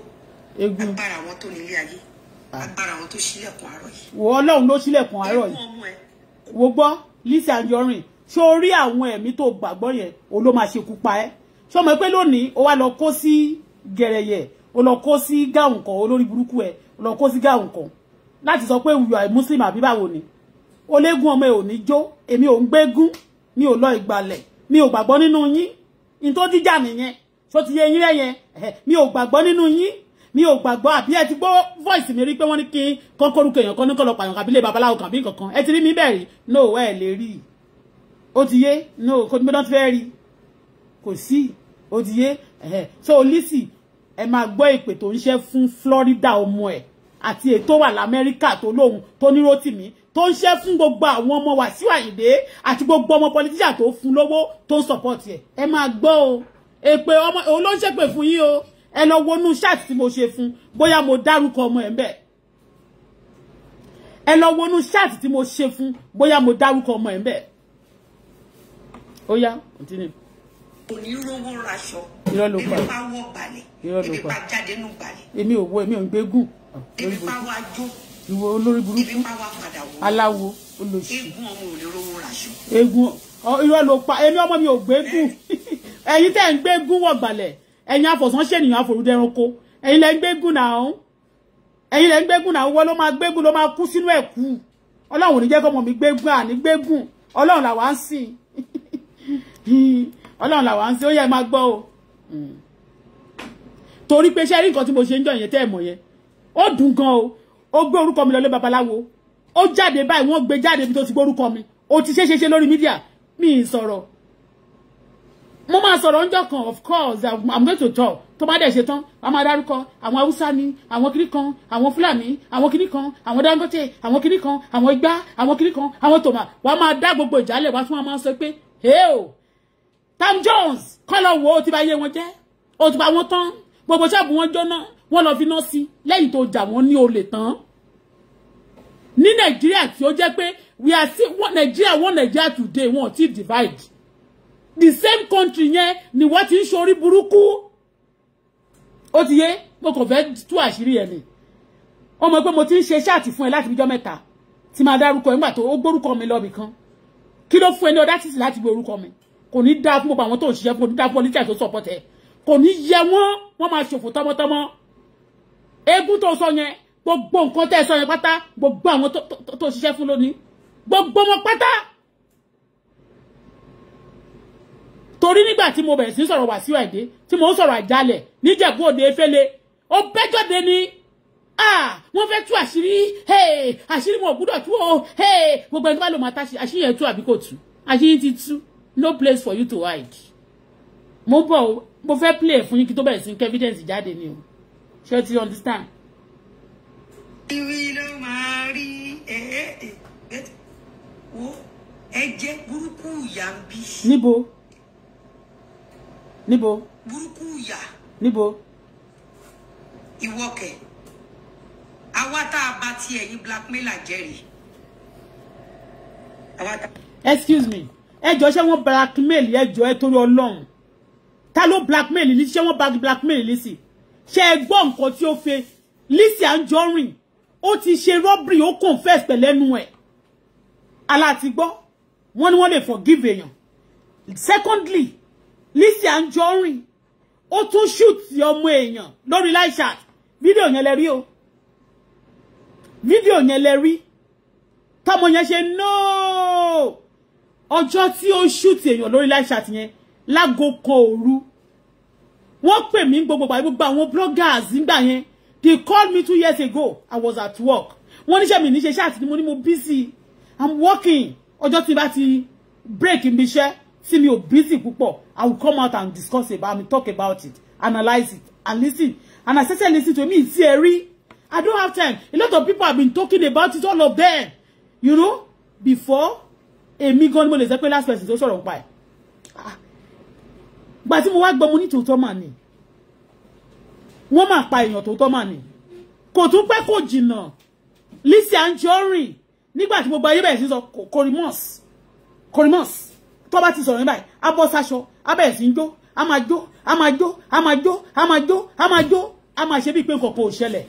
agbára àwọn tó nílé ayé agbára àwọn tó ṣílẹ̀kùn àárọ̀ yìí. wò ọlọ́run ló ṣílẹ̀kùn àárọ̀ yìí wò gbọ́ Lizzy Anjorin ṣó rí àwọn ẹ̀mí tó gbàgbọ́ yẹn o ló máa ṣekú pa ẹ́ ṣó mọ̀ pé lónìí ó wá lọ kó sí gẹ̀rẹ̀yẹ̀ ó lọ kó sí gáwùn kan olórí burúkú ẹ̀ o lọ kó sí gáwùn kan láti sọ pé you are àbí báwo ni olégún ọmọ ẹ ò ní jó èmi ò ń gbégún mi ò lọ ìgbàlẹ̀ mi ò gbàgbọ́ nínú yín in tó díjà nìyẹn ṣó ti yẹ yín rẹ̀ yẹn mi ò gbàgbọ́ nínú yín mi o gbàgbọ́ àbí ẹ ti gbọ́ voice mi rí pé wọ́n ní kí kọ́kọ́rú kèèyàn kan ní kọ́ lọ pààyàn kàbí lè babaláwo kàbí kankan ẹ ti rí mi bẹ́ẹ̀ rí no ẹ lè rí i ti yé no ko mi mo dán ti fẹ́ rí kò sí ó ti so Lizzy ẹ máa gbọ́ èpè tó ń ṣe fún Florida ọmọ ẹ̀ àti ètò wa lAmerica to lóhun tó ní Rótìmí tó ń ṣe fún gbogbo àwọn ọmọ Wàsíù Àyìndé àti gbogbo ọmọ pọlitíṣà tó fún lówó tó ń e ẹ̀ ẹ máa o èpè ọmọ òun ló ń ṣèpè o ẹ lọ wọnú ṣáàtì tí mo ṣe fún bóyá mo dárúkọ ọmọ ẹ̀ ń bẹ̀ ẹ lọ wọnú ṣáàtì tí mo ṣe fún bóyá mo dárúkọ pa ẹ̀ ń bẹ̀ ó yá continue. kò ní rówó raṣọ irọ́ ló pa irọ́ ló pa èmi ò wọ èmi ò ń gbé gùn ìwọ olórí burúkú aláwo olóṣù eégún irọ́ ló pa Emi ọmọ mi ò gbé gùn ẹ̀yin tẹ́ ń gbé gùn wọ̀gbàlẹ̀ ẹ̀yin àfọ̀sán ṣènìyàn àforúdẹranko ẹ̀yin lẹ́ ń gbégùn náà ẹ̀yin lẹ́ ń gbégùn náà wọ́n ló máa gbégùn ló máa kú sínú ẹ̀kú ọlọ́run ò ní jẹ́ kọ́mọ mi gbégùn àní gbégùn ọlọ́run làwa ń sìn ọlọ́run làwa ń sìn ó yẹ máa gbọ́ o torí pé ṣé rí nǹkan tí mo ṣe ń jọ yẹn tẹ́ ẹ̀ mọ̀ yẹn ó dùn gan o ó gbé orúkọ mi lọ lé babaláwo ó jáde báyìí wọ́n gbé jáde bí tó ti gbórúkọ mi ó ti ṣeéṣeéṣe lórí mídíà mi ì sọ̀rọ̀ mo máa sọ̀rọ̀ ọjọ́ kan of course i'm going to talk tó bá dẹ̀ ṣe tán a máa dárúkọ àwọn haúsá ni àwọn kiri kan àwọn fúlàní àwọn kiri kan àwọn dangote àwọn kiri kan àwọn igbá àwọn kiri kan àwọn tòmà wàá máa dá gbogbo ìjálẹ̀ wá fún wa máa sọ pé heo Tam Jones kọ́ lọ wo ó ti bà yé wọn jẹ́ ó ti bà wọ́n tán gbogbo ṣọ́ọ̀bù wọn jóná wọ́n lọ fi ná sí lẹ́yìn tó jà wọ́n ní olè tán ní nàìjíríà tí ó jẹ́ pé we are still one Nigeria one Nigeria today wọn ò tí divide the same country yẹn ni wọ́n ti ń ṣorí burúkú ó ti yé mo kàn fẹ́ tú àṣírí ẹ̀ ni wọ́n mọ̀ pé mo ti ń ṣe ṣáàtì fún ẹ láti bíjọ́ mẹ́ta tí máa dárúkọ ẹ̀ nígbà tó ó gbórúkọ mi lọ́bì kan kí ló fún ẹ ní ọdá títì láti gbé orúkọ mi kò ní dáa fún gbogbo àwọn tó ń ṣiṣẹ́ kò ní dáa fún oníṣẹ́ tó support ẹ kò ní yẹ wọ́n wọ́n máa ṣòfò tọmọtọmọ eégún tó sọ yẹn gbogbo nǹkan tẹ́ ẹ sọ yẹn pátá gbogbo àwọn tó ṣiṣẹ́ fún lónìí gbogbo wọn pátá torí nígbà tí mo bẹ̀rẹ̀ sí sọ̀rọ̀ Wàsíù Àyìndé tí mo ń sọ̀rọ̀ àjálẹ̀ níjẹ̀bú òde efele ó bẹ́jọ́de ni wọ́n fẹ́ tú àṣírí àṣírí wọn gbúdọ̀ tú o gbogbo ẹni tó bá lò máa táṣì àṣírí yẹn tú àbí kò tú àṣírí ti tú no place for you to hide mo bọ̀ mo fẹ́ play fún yín kí tó bẹ̀rẹ̀ sí ní evidence jáde ni o ṣé o ti understand. ìwé ló máa rí ẹ̀ẹ́dẹ̀ ẹ̀jẹ̀ burúkú yà bí. níbo níbo. burúkú yà. níbo. ìwọkẹ àwa tá a bá ti ẹ̀yin blackmailer jẹ́rìí. excuse me ẹ jọ̀ọ́ ṣé wọ́n blackmail ẹ jọ̀ọ́ ẹ torí Ọlọ́run ta ló blackmail ní ṣé wọ́n blackmail blackmail Lizzy ṣé ẹ gbọ́ nǹkan tí ó fẹ́ Lizzy Anjorin ó ti ṣe robbery ó confess pẹ̀lẹ́nu ẹ̀ aláàtìgbọ́ wọ́n ní wọ́n lè forgive èèyàn secondly Lizzy Anjorin ó tún shoot ọmọ èèyàn lórí live chat Video yẹn lẹ rí o fídíò yẹn lẹ rí tọmọ yẹn ṣe nóò ọjọ́ tí ó shoot èèyàn lórí live chat yẹn lágo kan òru wọ́n pè mí gbogbo gbà gbogbo àwọn bloggers nígbà yẹn they called me two years ago I was at work wọ́n níṣẹ́ mi níṣẹ́ ṣáàtì ni mo ní mo busy I'm working ọjọ́ tí bá ti break mi iṣẹ́ See me ò busy púpọ̀ i will come out and discuss about it talk about it analyze it and listen and i started "Listen to me ti eh? i don't have time a lot of people have been talking about it all of them you know before a me ni mo lè sọ pé last person So sọ̀rọ̀ pa ẹ̀ ah, gbà tí mo wá gbọ́ mo to tòótọ́ mà ní wọ́n máa pa èèyàn tòótọ́ mà ní kò tún pẹ́ kò jìnnà Lizzy Anjorin nígbà tí mo gba ayé bẹ̀rẹ̀ sí sọ Corimos tó bá ti sọ̀rọ̀ yín báyìí á bọ́ sáṣọ á bẹ̀rẹ̀ sí í jó á máa jó á máa jó á máa jó á máa jó á máa jó á máa ṣe bíi pé nǹkan kan ò ṣẹlẹ̀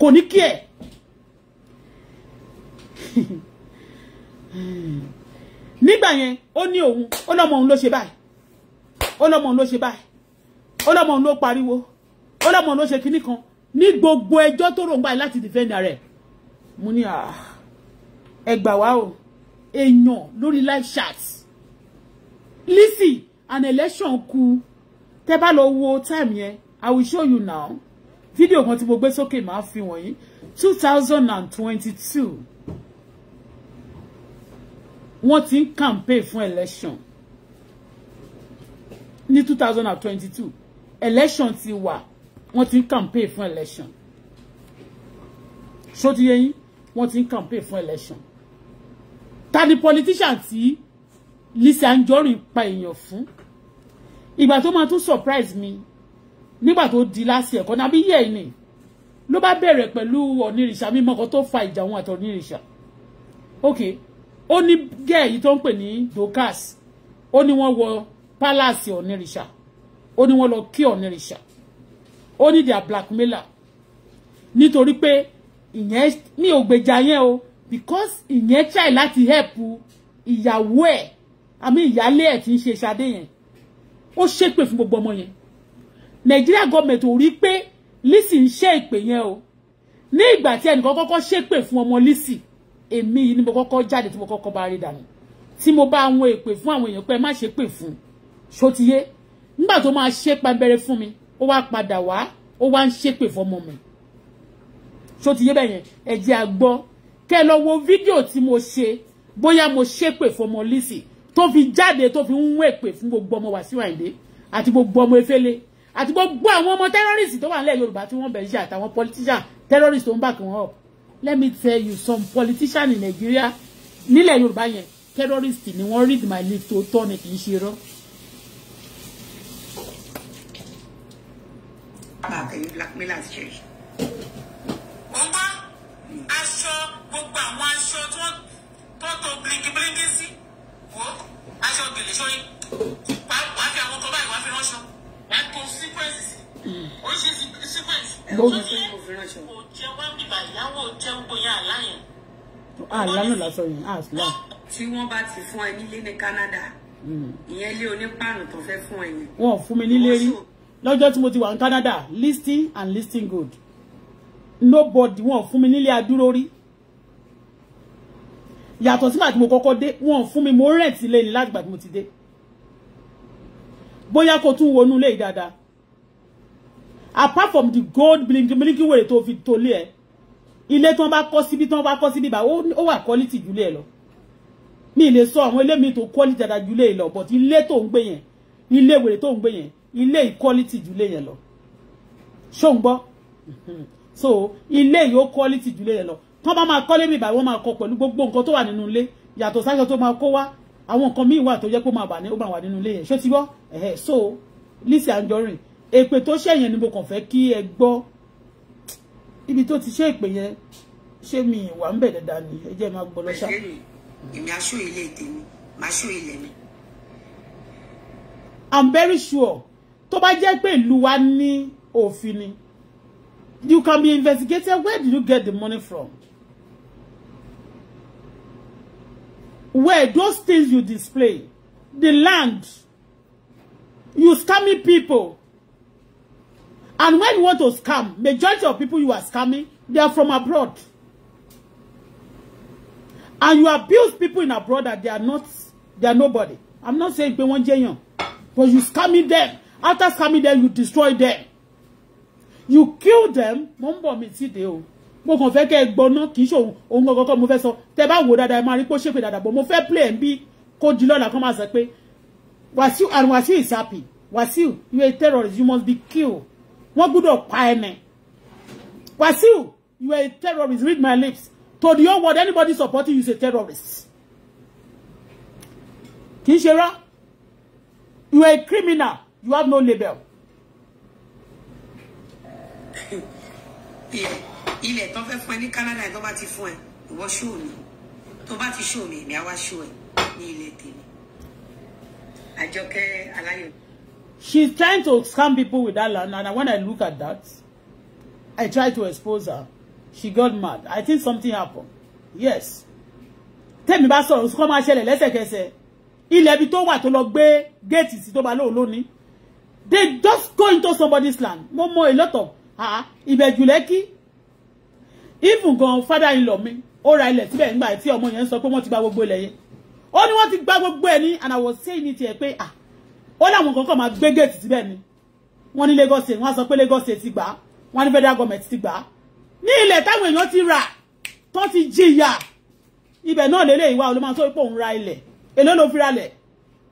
kò ní kí ẹ̀ nígbà yẹn ó ní òun ó lọ́mọ òun ló ṣe báyìí ó lọ́mọ òun ló ṣe báyìí ó lọ́mọ òun ló pariwo ó lọ́mọ òun ló ṣe kinní kan ní gbogbo ẹjọ́ tó ròǹgbà láti defend rẹ̀ mo ní ah, ẹ wá o èèyàn lórí live chat Lizzy an election kù tẹ́ bá lọ wo time yẹn i will show you now fídíò kan tí mo gbé sókè máa fi wọ̀nyí two thousand and twenty-two wọ́n ti ń campaign fún election ní two thousand and twenty-two election ti wà wọ́n ti ń campaign fún election ṣó ti yé yín wọ́n ti ń campaign fún election ta ni politician tí Lizzy Anjorin pa èèyàn fún ìgbà to máa tún surprise mi nígbà tó di last year kan àbí yẹ̀ ni ló bá bẹ̀rẹ̀ pẹ̀lú ọ̀nìrìṣà mímọ́ kan tó fa ìjà òun àti ọ̀nìrìṣà ok ó ní gẹ́ èyí tó ń pè ní Dorcas ó ní palace ọ̀nìrìṣà ó ní wọ́n lọ kí ọ̀nìrìṣà ó ní their blackmailer nítorí pé ìyẹn mi ò gbèjà yẹn o because ìyẹn try láti help ìyàwó ẹ̀ àmì ìyálé ẹ̀ tí ń ṣe Ṣadé yẹn ó ṣépè fún gbogbo ọmọ yẹn Nàìjíríà gọọmẹ̀ntì ò rí pé Lizzy ń ṣe ìpè yẹn o ní ìgbà tí ẹnìkan kọ́kọ́ ṣépè fún ọmọ Lizzy èmi yìí ni mo kọ́kọ́ jáde tí mo kọ́kọ́ bá rí dànù tí mo bá àwọn èpè fún àwọn èèyàn pé ẹ má ṣépè fún ṣótiyé nígbà tó máa ṣe pabẹrẹ fún mi ó wá padà wá ó wá ń ṣépè fọmọ mi ṣótiyé bẹ́ẹ̀ yẹn ẹ jẹ́ a gbọ́ kẹ́ lọ wo fídíò tí mo ṣe bóyá mo ṣépè fọmọ Lizzy tó fi jáde tó fi ń wé pè fún gbogbo ọmọ Wàsíù Àyìndé àti gbogbo ọmọ Efele àti gbogbo àwọn ọmọ terrorist tó wà nílẹ̀ Yorùbá tí wọ́n bẹ̀rẹ̀ ṣe àtàwọn politician terrorist tó ń back wọn up let me tell you some politician in Nigeria nílẹ̀ Yorùbá yẹn terrorist ni wọ́n read my lips tó tọ́ ni kì í ṣe black ah, àbẹ̀yìn blackmailers jẹ́. wọ́n bá aṣọ gbogbo àwọn aṣọ tó tó blinkibilinki sí wo aṣọ gèlè sórí wàá fi àwọn kan báyìí wàá fi ránṣọ wàá tó síkwẹ́ǹsì sí oríṣiríṣi síkwẹ́ǹsì tó yẹ kò jẹ wá bíbá ìyàwó jẹun gbóyà láyẹn. àlánà ah, lásán yìí àlá. Ah, tí wọ́n bá ti fún ẹ nílé ní Canada hmm. ìyẹn ilé onípààrọ̀ tó fẹ́ fún ẹ yẹn. wọn ò fún mi nílé rí lọ́jọ́ tí mo ti wà ní Canada listing and listing good nobody wọn ò fún mi nílé adúró rí yàtọ̀ sígbà tí mo kọ́kọ́ dé wọn fún mi mo rent ilé ni láti gbà tí mo ti dé bóyá kó tún wọnú ilé dáadáa apart from the gold blinky wèrè tó fi tó lé ẹ ilé tí wọn bá kọ́ síbi tí wọn bá kọ́ síbi bá ó wà quality jùlé ẹ lọ mi lè sọ àwọn ilé mi tó quality dáadáa jùlé ẹ lọ but ilé tó ń gbé yẹn ilé wèrè tó ń gbé yẹn ilé quality jùlé yẹn lọ ṣó ń gbọ́ so ilé yìí ó quality jùlé yẹn lọ tán bá máa kọ́lé mi báyìí máa kọ pẹ̀lú gbogbo nǹkan tó wà nínú ilé yàtọ̀ sáṣọ tó máa kó wá àwọn nǹkan míì wà tó jẹ́ pé ó máa wà nínú ilé yẹn ṣó ti gbọ́ ẹ̀hẹ́ so Lizzy Anjorin èpè tó ṣẹ̀yẹn ni mo kàn fẹ́ kí ẹ gbọ́ ibi tó ti ṣe èpè yẹn ṣé mi ìwà ń bẹ̀ dáadáa ni ẹ jẹ́ máa gbọ́ lọ́ṣà. èmi aṣọ ilé tèmi màá ṣó ilé mi. I'm very sure tó bá jẹ́ pé ìlú wa ní òfin ni you can be investigated where did you get the money from where those things you display, the land, you scammy people. And when you want to scam, majority of people you are scamming, they are from abroad. And you abuse people in abroad that they are not, they are nobody. I'm not saying they want jẹyàn, but you scamming them. After scamming them, you destroy them. You kill them. Mo ń bọ̀ mi mo kàn fẹ́ kẹ́ ẹ gbọ́ná kì í ṣòun òun gangan kọ́ mo fẹ́ sọ tẹ́ bá wò dáadáa ẹ máa rí pé ó ṣèpè dáadáa bọ̀ mo fẹ́ play ẹ̀ ń bí kó di lọ́la kó máa sọ pé Wasiu and Wasiu is happy Wasiu you are a terrorist you must be killed wọ́n gbúdọ̀ pa ẹ̀ mẹ́ Wasiu you are a terrorist read my lips to the whole world anybody supporting you is a terrorist kì í ṣe rá you are a criminal you have no label. Yeah ilẹ̀ tán fẹ́ fún ẹ ní Canada tán bá ti fún ẹ ìwọ ṣó mi tó bá ti ṣó mi èmi á ṣó ẹ ní ilẹ̀ tèmi Àjọkẹ́ Aláyọ̀. she's trying to scam people with that land and when I look at that I try to expose her she got mad I think something happened yes tẹ́mi bá sọ̀rọ̀ kọ́ máa ṣẹlẹ̀ lẹ́sẹ̀kẹsẹ̀ ilẹ̀ ibi tó wà tó lọ gbé géètì sí tó bá lóò lónìí they just go into somebody's land mo mọ a lot of ah, ìbẹ̀jùlẹ́kí even gan father in law mi ó ra ilẹ̀ síbẹ̀ nígbà tí ọmọ yẹn sọ pé wọ́n ti gba gbogbo ilẹ̀ yẹn ó ní wọ́n ti gba gbogbo ẹ̀ and I was saying it tiẹ̀ pé ah ó láwọn kankan máa gbé gate síbẹ̀ ni wọ́n ní Lagos state wọ́n á sọ pé Lagos state ti gbà á wọ́n ní federal government ti gbà á ní ilẹ̀ táwọn èèyàn ti rà tó ti jìyà ibẹ̀ náà lélẹ̀ ìwà olóma tó ipò ń ra ilẹ̀ èló ló fi ra ilẹ̀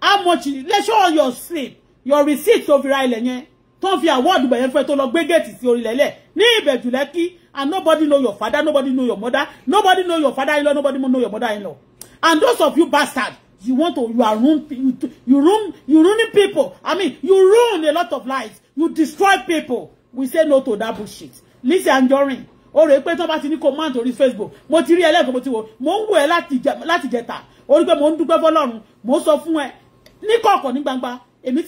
how much lẹ́sọ̀ your slip your receipt of fi ra ilẹ̀ yẹn tó fi award bẹ̀yẹn fẹ́ tó lọ gbé gate sí orílẹ̀ ilẹ̀ ní ìbẹ̀jùlẹ́kí and nobody know your father, nobody know your mother, nobody know your father-in-law, nobody know your mother-in-law. And those of you bastards, you want to, you are ruin, you, you ruin, you ruining people. I mean, you ruin a lot of lives. You destroy people. We say no to that bullshit. Listen, Anjorin, ó rè pé tó bá ti ní on máa Facebook mo ti rí ẹlẹ́kọ̀ọ́ mo ti wò mo ń wò ẹ́ láti jẹta ó rí pé mo ń dúpẹ́ fọlọ́run mo sọ fún ẹ ní kọ̀ọ̀kan ní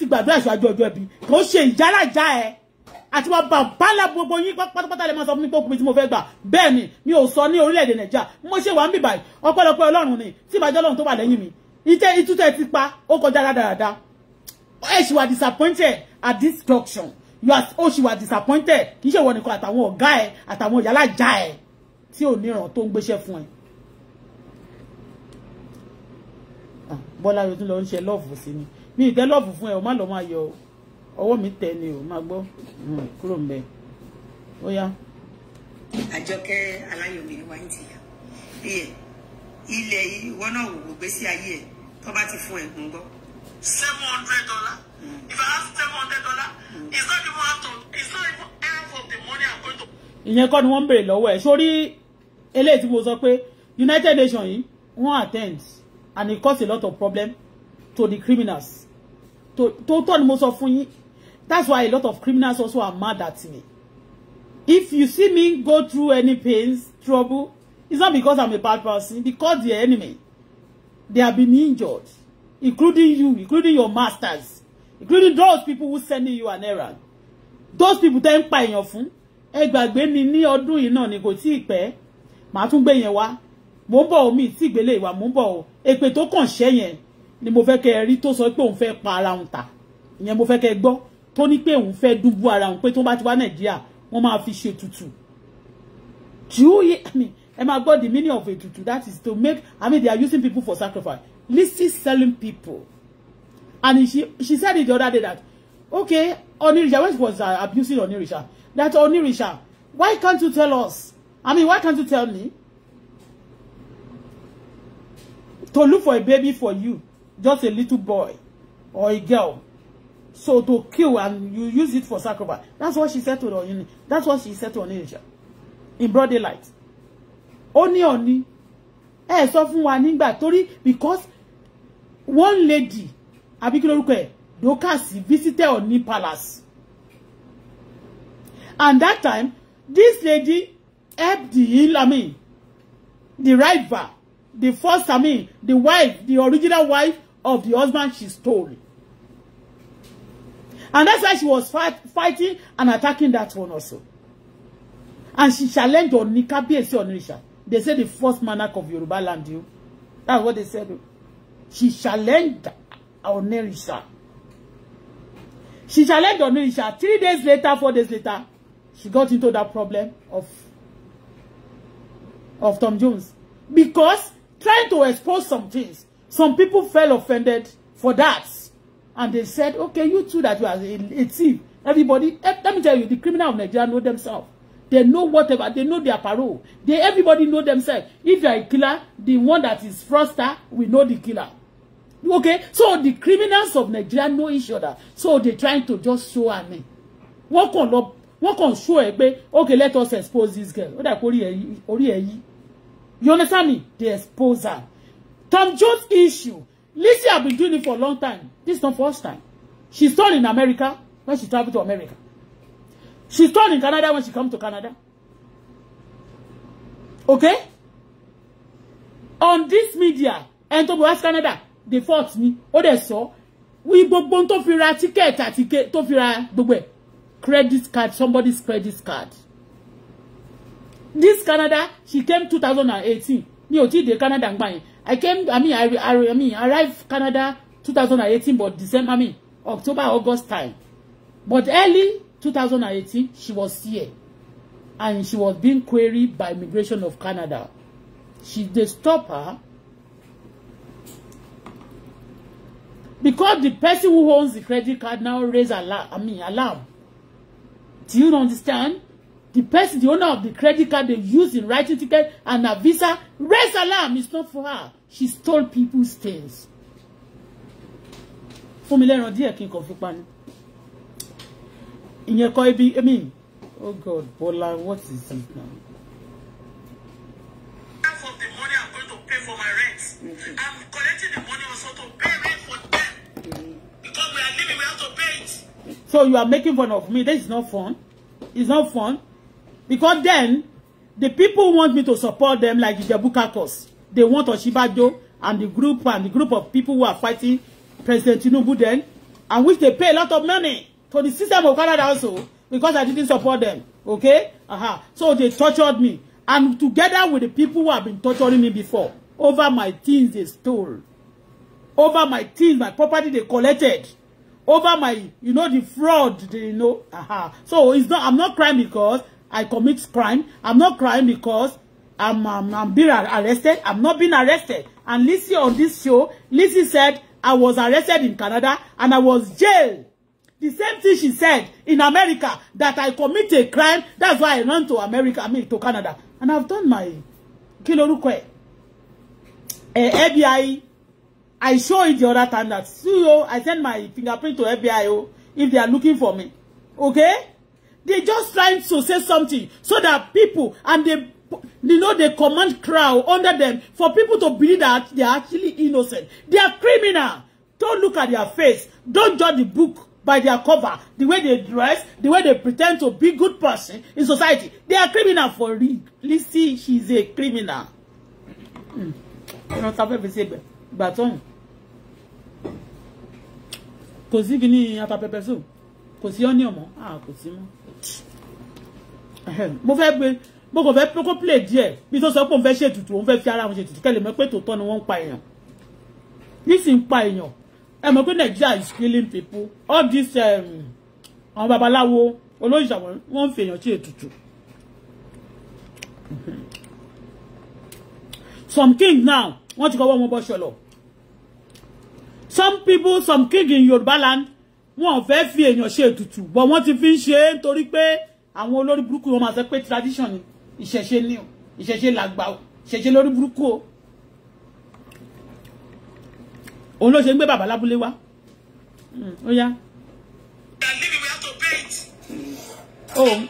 àti wàá bà bálà gbogbo yín pátápátá lè máa sọ fún mi pé tí mo fẹ́ gbà bẹ́ẹ̀ ni mi ò sọ ní orílẹ̀-èdè nàìjíríà mo ṣe wà ń bìbà ọpẹ́lọpẹ́ ọlọ́run ni tí ìbàjẹ́ ọlọ́run tó wà lẹ́yìn mi ìtẹ́ ìtútẹ́ ti pa ó kọjá dáradára ẹ̀ ṣì wà disappointed at this junction you are ó ṣì wà disappointed kì í ṣe ìwọ nìkan àtàwọn ọ̀gá ẹ̀ àtàwọn ìyálà já ẹ̀ tí ò níran tó ń gbéṣẹ́ fún ẹ̀. Ah, bọ́lá yóò tún lọ ń ṣe lọ́ọ̀fù sí mi mi ìtẹ́ lọ́ọ̀fù fún ẹ o má ọwọ́ mi tẹ̀ ni o máa gbọ́ hmm, kúrò mbẹ́ ó yá. àjọkẹ́ aláyọ̀mí wa ń tìyà ilẹ̀ ìwọ náà wò gbèsè ayé ẹ̀ tó bá ti fún ẹ̀ ń seven hundred dollars hmm. if I have seven hundred dollars hmm. is that even out of it's not even half of the money I'm going to. ìyẹn kọ́ ni wọ́n ń béèrè lọ́wọ́ ẹ̀ sórí eléyìí tí mo sọ pé United Nations yìí wọ́n attend and it cause a lot of problem to the criminals tó tọ́ ni mo sọ fún yín That's why a lot of criminals also are mad at me. If you see me go through any pains, trouble, it's not because I'm a bad person, because the enemy, they have been injured, including you, including your masters, including those people who sending you an errand. Those people tẹ́ pay your phone. fún, ẹ ni ní ọdún ni kò tí ì pẹ́, màá tún gbé yẹn wá, mò ń bọ̀ omi tí ìgbélé ìwà o, èpè tó kàn ṣẹ́ yẹn ni mo fẹ́ kẹ́ ẹ rí tó sọ pé òun fẹ́ pa ara òun ta, ìyẹn mo fẹ́ kẹ́ ẹ tó ní pé òun fẹ́ dúbú ara òun pé tó bá ti wá nàìjíríà wọ́n máa fi ṣe tutù ẹ máa gbọ́ the meaning of ètùtù that is to make i mean they are using people for sacrifice Lizzy selling people and she she said it the other day that okay Onirisha when she was uh, abusing Onirisha that Onirisha why can't you tell us i mean why can't you tell me to look for a baby for you just a little boy or a girl So to kill and you use it for sacrifice. That's what she said to Onyini. That's what she said to Onyinyecha. In broad daylight. Oni oni. Eh, sọ fún wa nígbà torí because one lady àbí kí lorúkọ ẹ̀ Dorcas visited Oni palace. And that time, this lady helped the hill, the rival, the first, I mean, the wife, the original wife of the husband she stole. And that's why she was fight, fighting and attacking that one also. And she challenged on Oni on Onitsha. They said the first monarch of Yoruba land you. That's what they said. She challenged Onitsha. She challenged on Onitsha. Three days later, four days later, she got into that problem of of Tom Jones. Because trying to expose some things, some people felt offended for that and they said, okay, you two that you are a, a thief, everybody, eh, let me tell you, the criminal of Nigeria know themselves. They know whatever, they know their parole. They, everybody know themselves. If you are a killer, the one that is fraudster we know the killer. Okay, so the criminals of Nigeria know each other. So they're trying to just show at me. Wọ́n kàn lọ, wọ́n kàn show ẹ pé, okay, let us expose this girl. Ó dà kó orí ẹ yí, You understand me? They expose her. Tom Jones issue Lizzie, have been doing it for a long time. This is not first time. She stole in America when she traveled to America. She stole in Canada when she come to Canada. Okay? On this media, and to bọ̀ wá Canada, they fought me. Oh dẹ̀ sọ, we gbogbo tó fi ra ticket àti tó fi ra gbogbo Credit card, somebody's credit card. This Canada, she came 2018. Me, ò tíì dé Canada nígbà I came, I mean, I, I, I mean, I arrived Canada 2018, but December, I mean, October, August time. But early 2018, she was here. And she was being queried by Immigration of Canada. She, they stopped her. Because the person who owns the credit card now raised alarm, I mean, alarm. Do you understand? The person, the owner of the credit card they use in writing ticket and a visa, raise alarm. It's not for her she stole people's things fún mi lẹ́ran díẹ̀ kí n kàn fi pani ìyẹn kọ́ ibi I mean oh God Bola what is it now. of the money I'm going to pay for my rent I'm collecting the money also to pay rent for them because we are living we have to pay it. so you are making fun of me this is not fun it's not fun because then the people want me to support them like Ijebu Kakos. They want Oshibajo and the group and the group of people who are fighting President Tinubu then, and which they pay a lot of money to the system of Canada also, because I didn't support them. Okay? Uh-huh. So they tortured me. And together with the people who have been torturing me before, over my things they stole, over my things, my property they collected, over my, you know, the fraud, they, you know. Uh-huh. So it's not, I'm not crying because I commit crime. I'm not crying because I'm, I'm, um, I'm being arrested. I'm not being arrested. And Lizzie on this show, Lizzie said, I was arrested in Canada and I was jailed. The same thing she said in America, that I commit a crime. That's why I run to America, I mean to Canada. And I've done my kí lorúkọ eh, FBI. I show it the other time that CEO, oh, I send my fingerprint to FBI oh, if they are looking for me. Okay? They're just trying to say something so that people and they you know they command crowd under them for people to believe that they are actually innocent. They are criminal. Don't look at their face. Don't judge the book by their cover, the way they dress, the way they pretend to be good person in society. They are criminal for real. Lizzy, she's a criminal. Mm. Kò sí kíní ata pepper soup. Kò sí onion mọ́. Ah, kò sí mọ́. Mo fẹ́ gbé mo kò fẹ́ pé kó play díẹ̀ bí tó sọ pé òun fẹ́ ṣètùtù òun fẹ́ fi ara òun ṣètùtù kẹ́lẹ̀ mọ́ pé tòótọ́ ni wọ́n ń pa èèyàn nísìnyí pa èèyàn ẹ mọ̀ pé Nigeria is killing people all this um, àwọn babaláwo olóyìnbó wọ́n ń fi èèyàn ṣe ètùtù some king now wọ́n ti kọ́ wọ́n bọ́ ṣọlọ some people some king in Yorùbá land wọn ò fẹ́ fi èèyàn ṣe ètùtù but wọ́n ti fi ń ṣe é nítorí pé àwọn olórí burúkú wọn máa sọ pé tradition ni ìṣẹ̀ṣe ni o ìṣẹ̀ṣe làgbà o ìṣẹ̀ṣe lórí burúkú o òun ló ṣe ń gbé bàbá lábúlé wá ó yá. Oh.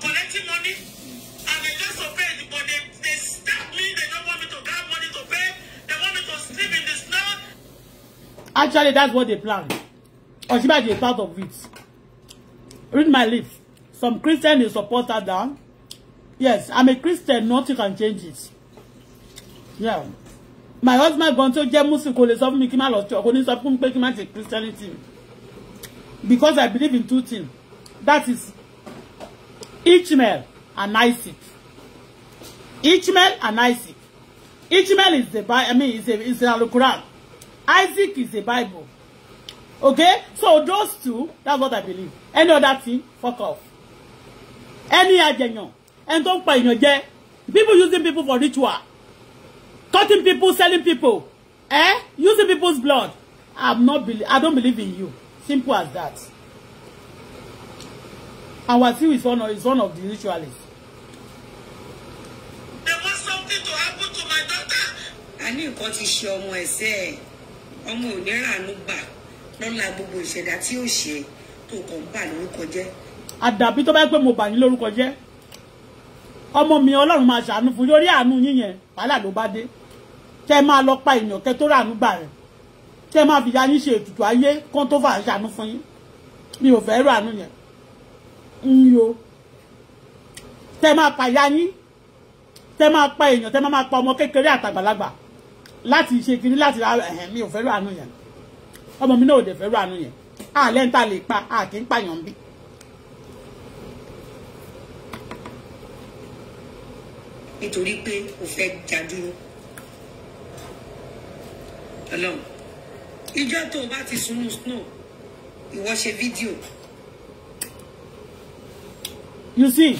Actually, that's what they plan. Osinbajo is part of it. Read my lips. Some Christians dey support her down. Yes, I'm a Christian. Nothing can change it. Yeah. My husband gan tó jẹ́ Muslim kò lè sọ fún mi kí n má Christianity. Because I believe in two things. That is Ishmael and Isaac. Ishmael and Isaac. Ishmael is the Bible. I mean, is a, is an Al-Quran. Isaac is the Bible. Okay, so those two, that's what I believe. Any other thing, fuck off. Any agenyon ẹni tó ń pa èèyàn jẹ people using people for ritual cutting people selling people eh? using people's blood I'm not be I don't believe in you simple as that our team is one of, is one of the ritualists. I want something to happen to my daughter. a ní nǹkan ti ṣe ọmọ ẹsẹ ẹ ọmọ ò ní ràánú gbà lọ́la gbogbo ìṣẹ̀dá tí ó ṣe tó kàn ń bà lórúkọ jẹ́. àdàbí tó bá pẹ́ mo bà ní lórúkọ jẹ́ ọmọ mi ọlọ́run máa ṣàánú fún lórí àánú yín yẹn wàhálà ló bá dé tẹ́ ẹ máa lọ pa èèyàn kẹ́ tó ràánú gbà rẹ̀ tẹ́ ẹ máa fi ya yín ṣe ètùtù ayé kán tó fà ń ṣàánú fún yín mi ò fẹ́ ràánú yẹn ń yo tẹ́ ẹ máa pa ìyá yín tẹ́ ẹ máa pa èèyàn tẹ́ ẹ máa pa ọmọ kékeré àtàgbàlagbà láti ṣe kinní láti ra ẹ̀hẹ̀n mi ò fẹ́ ràánú yẹn ọmọ mi náà ò dẹ̀ fẹ́ ràánú yẹn àlẹ́ ń ta lè pa àkínpàyàn bíi nítorí pé o fẹ́ já dúró ọlọ́run ìjọ tó o bá ti sunú snow ìwọ ṣe fídíò. you see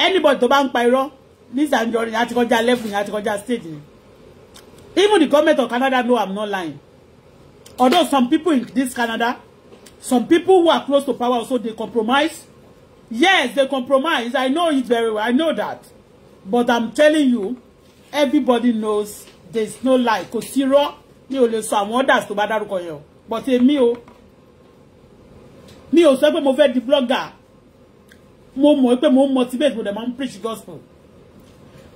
anybody tó bá ń pa irọ́ Lizzy Anjorin àti kọjá level yẹn àti kọjá stage yẹn even the government of Canada know I'm not lying although some people in this Canada some people who are close to power also dey compromise yes they compromise I know it very well I know that but i'm telling you everybody knows there's no lie kò sí rọ́ mi ò lè sọ àwọn others tó bá dárúkọ yẹn o but èmi o mi ò sọ pé mo fẹ́ di blogger mo mọ̀ pé mo ń motivate mo dẹ̀ máa ń preach gospel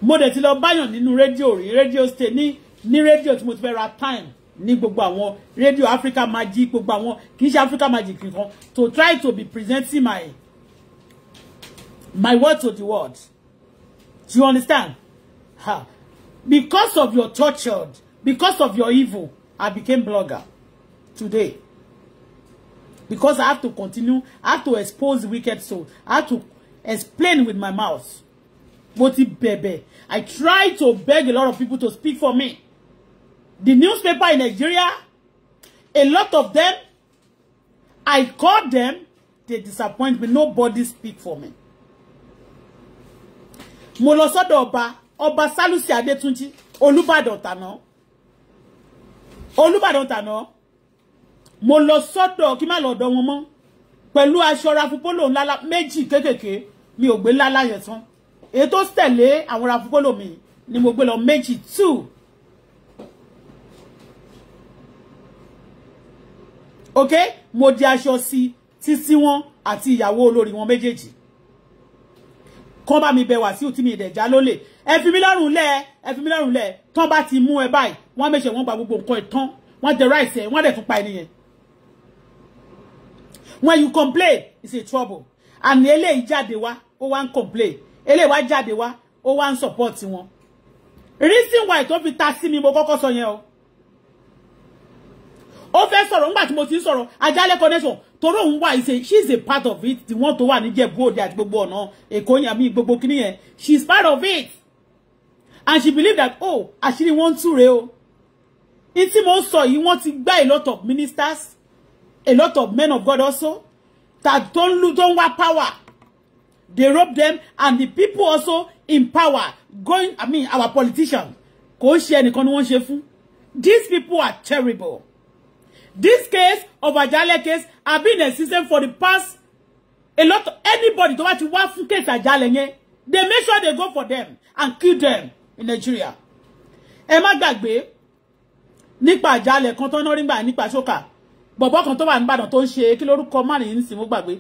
mo dẹ̀ ti lọ báyàn nínú rédíò rí rédíò stay ní ní rédíò tí mo ti fẹ́ ra time ní gbogbo àwọn rédíò Africa Magic gbogbo àwọn kì í ṣe Africa Magic nìkan to try to be presenting my my word to the world. Do you understand? Ha. Because of your tortured, because of your evil, I became blogger today. Because I have to continue, I have to expose wicked souls. I have to explain with my mouth. Moti bebe. I try to beg a lot of people to speak for me. The newspaper in Nigeria, a lot of them, I call them, they disappoint me. Nobody speak for me. mo lọ sọ́dọ̀ ọba ọba salusi Adétúnjí Olúbàdàn tàná Olúbàdàn tàná mo lọ sọ́dọ̀ kí má lọ́dọ̀ wọn mọ́ pẹ̀lú aṣọ rafupolo ńlá méjì kéékèèké mi ò gbé lálá yẹn tán èyí tó tẹ̀lé àwọn rafupolo mi ni mo gbé lọ méjì two ok mo di aṣọ sí títí wọn àti ìyàwó olórí wọn méjèèjì kán bá mi bẹ Wàsíù ti mi ìdẹ̀já lólè ẹ fi mí lọ́rùn lẹ̀ ẹ fi mí lọ́rùn lẹ̀ tán bá ti mú ẹ báyìí wọ́n méṣe wọ́n gba gbogbo nǹkan ẹ̀ tán wọ́n jẹ ráìsì ẹ̀ wọ́n dẹ̀ tún pa when you complain it's a trouble and ele jáde wá ó wá ń complain Ele wa jade wa, o wá ń support wọn reason why tó fi ta sí mi mo kọ́kọ́ sọ o ó fẹ́ sọ̀rọ̀ ńgbà tí mo ti ń sọ̀rọ̀ connection torí òun wà ṣe she is a part of it tí wọ́n tó wà go òde àti gbogbo ọ̀nà èkó yẹn àmì gbogbo kíní yẹn she is part of it and she believe that oh àṣírí wọn ń túre o in tí mo ń sọ yìí wọ́n ti gbá a lot of ministers a lot of men of God also that don't lose don wa power they rob them and the people also in power going i mean our politicians kò ń ṣe ẹnìkan ni wọ́n ṣe fún these people are terrible This case of Ajale case have been in existence for the past a lot anybody tó bá ti wá fún case Ajale they make sure they go for them and kill them in Nigeria. Ẹ má nipa nípa Ajale kan tó ń rí gbà nípa ṣókà bọ̀bọ̀ kan tó wà nígbàdàn tó ń ṣe kí lórúkọ márùn-ún sì mú gbàgbé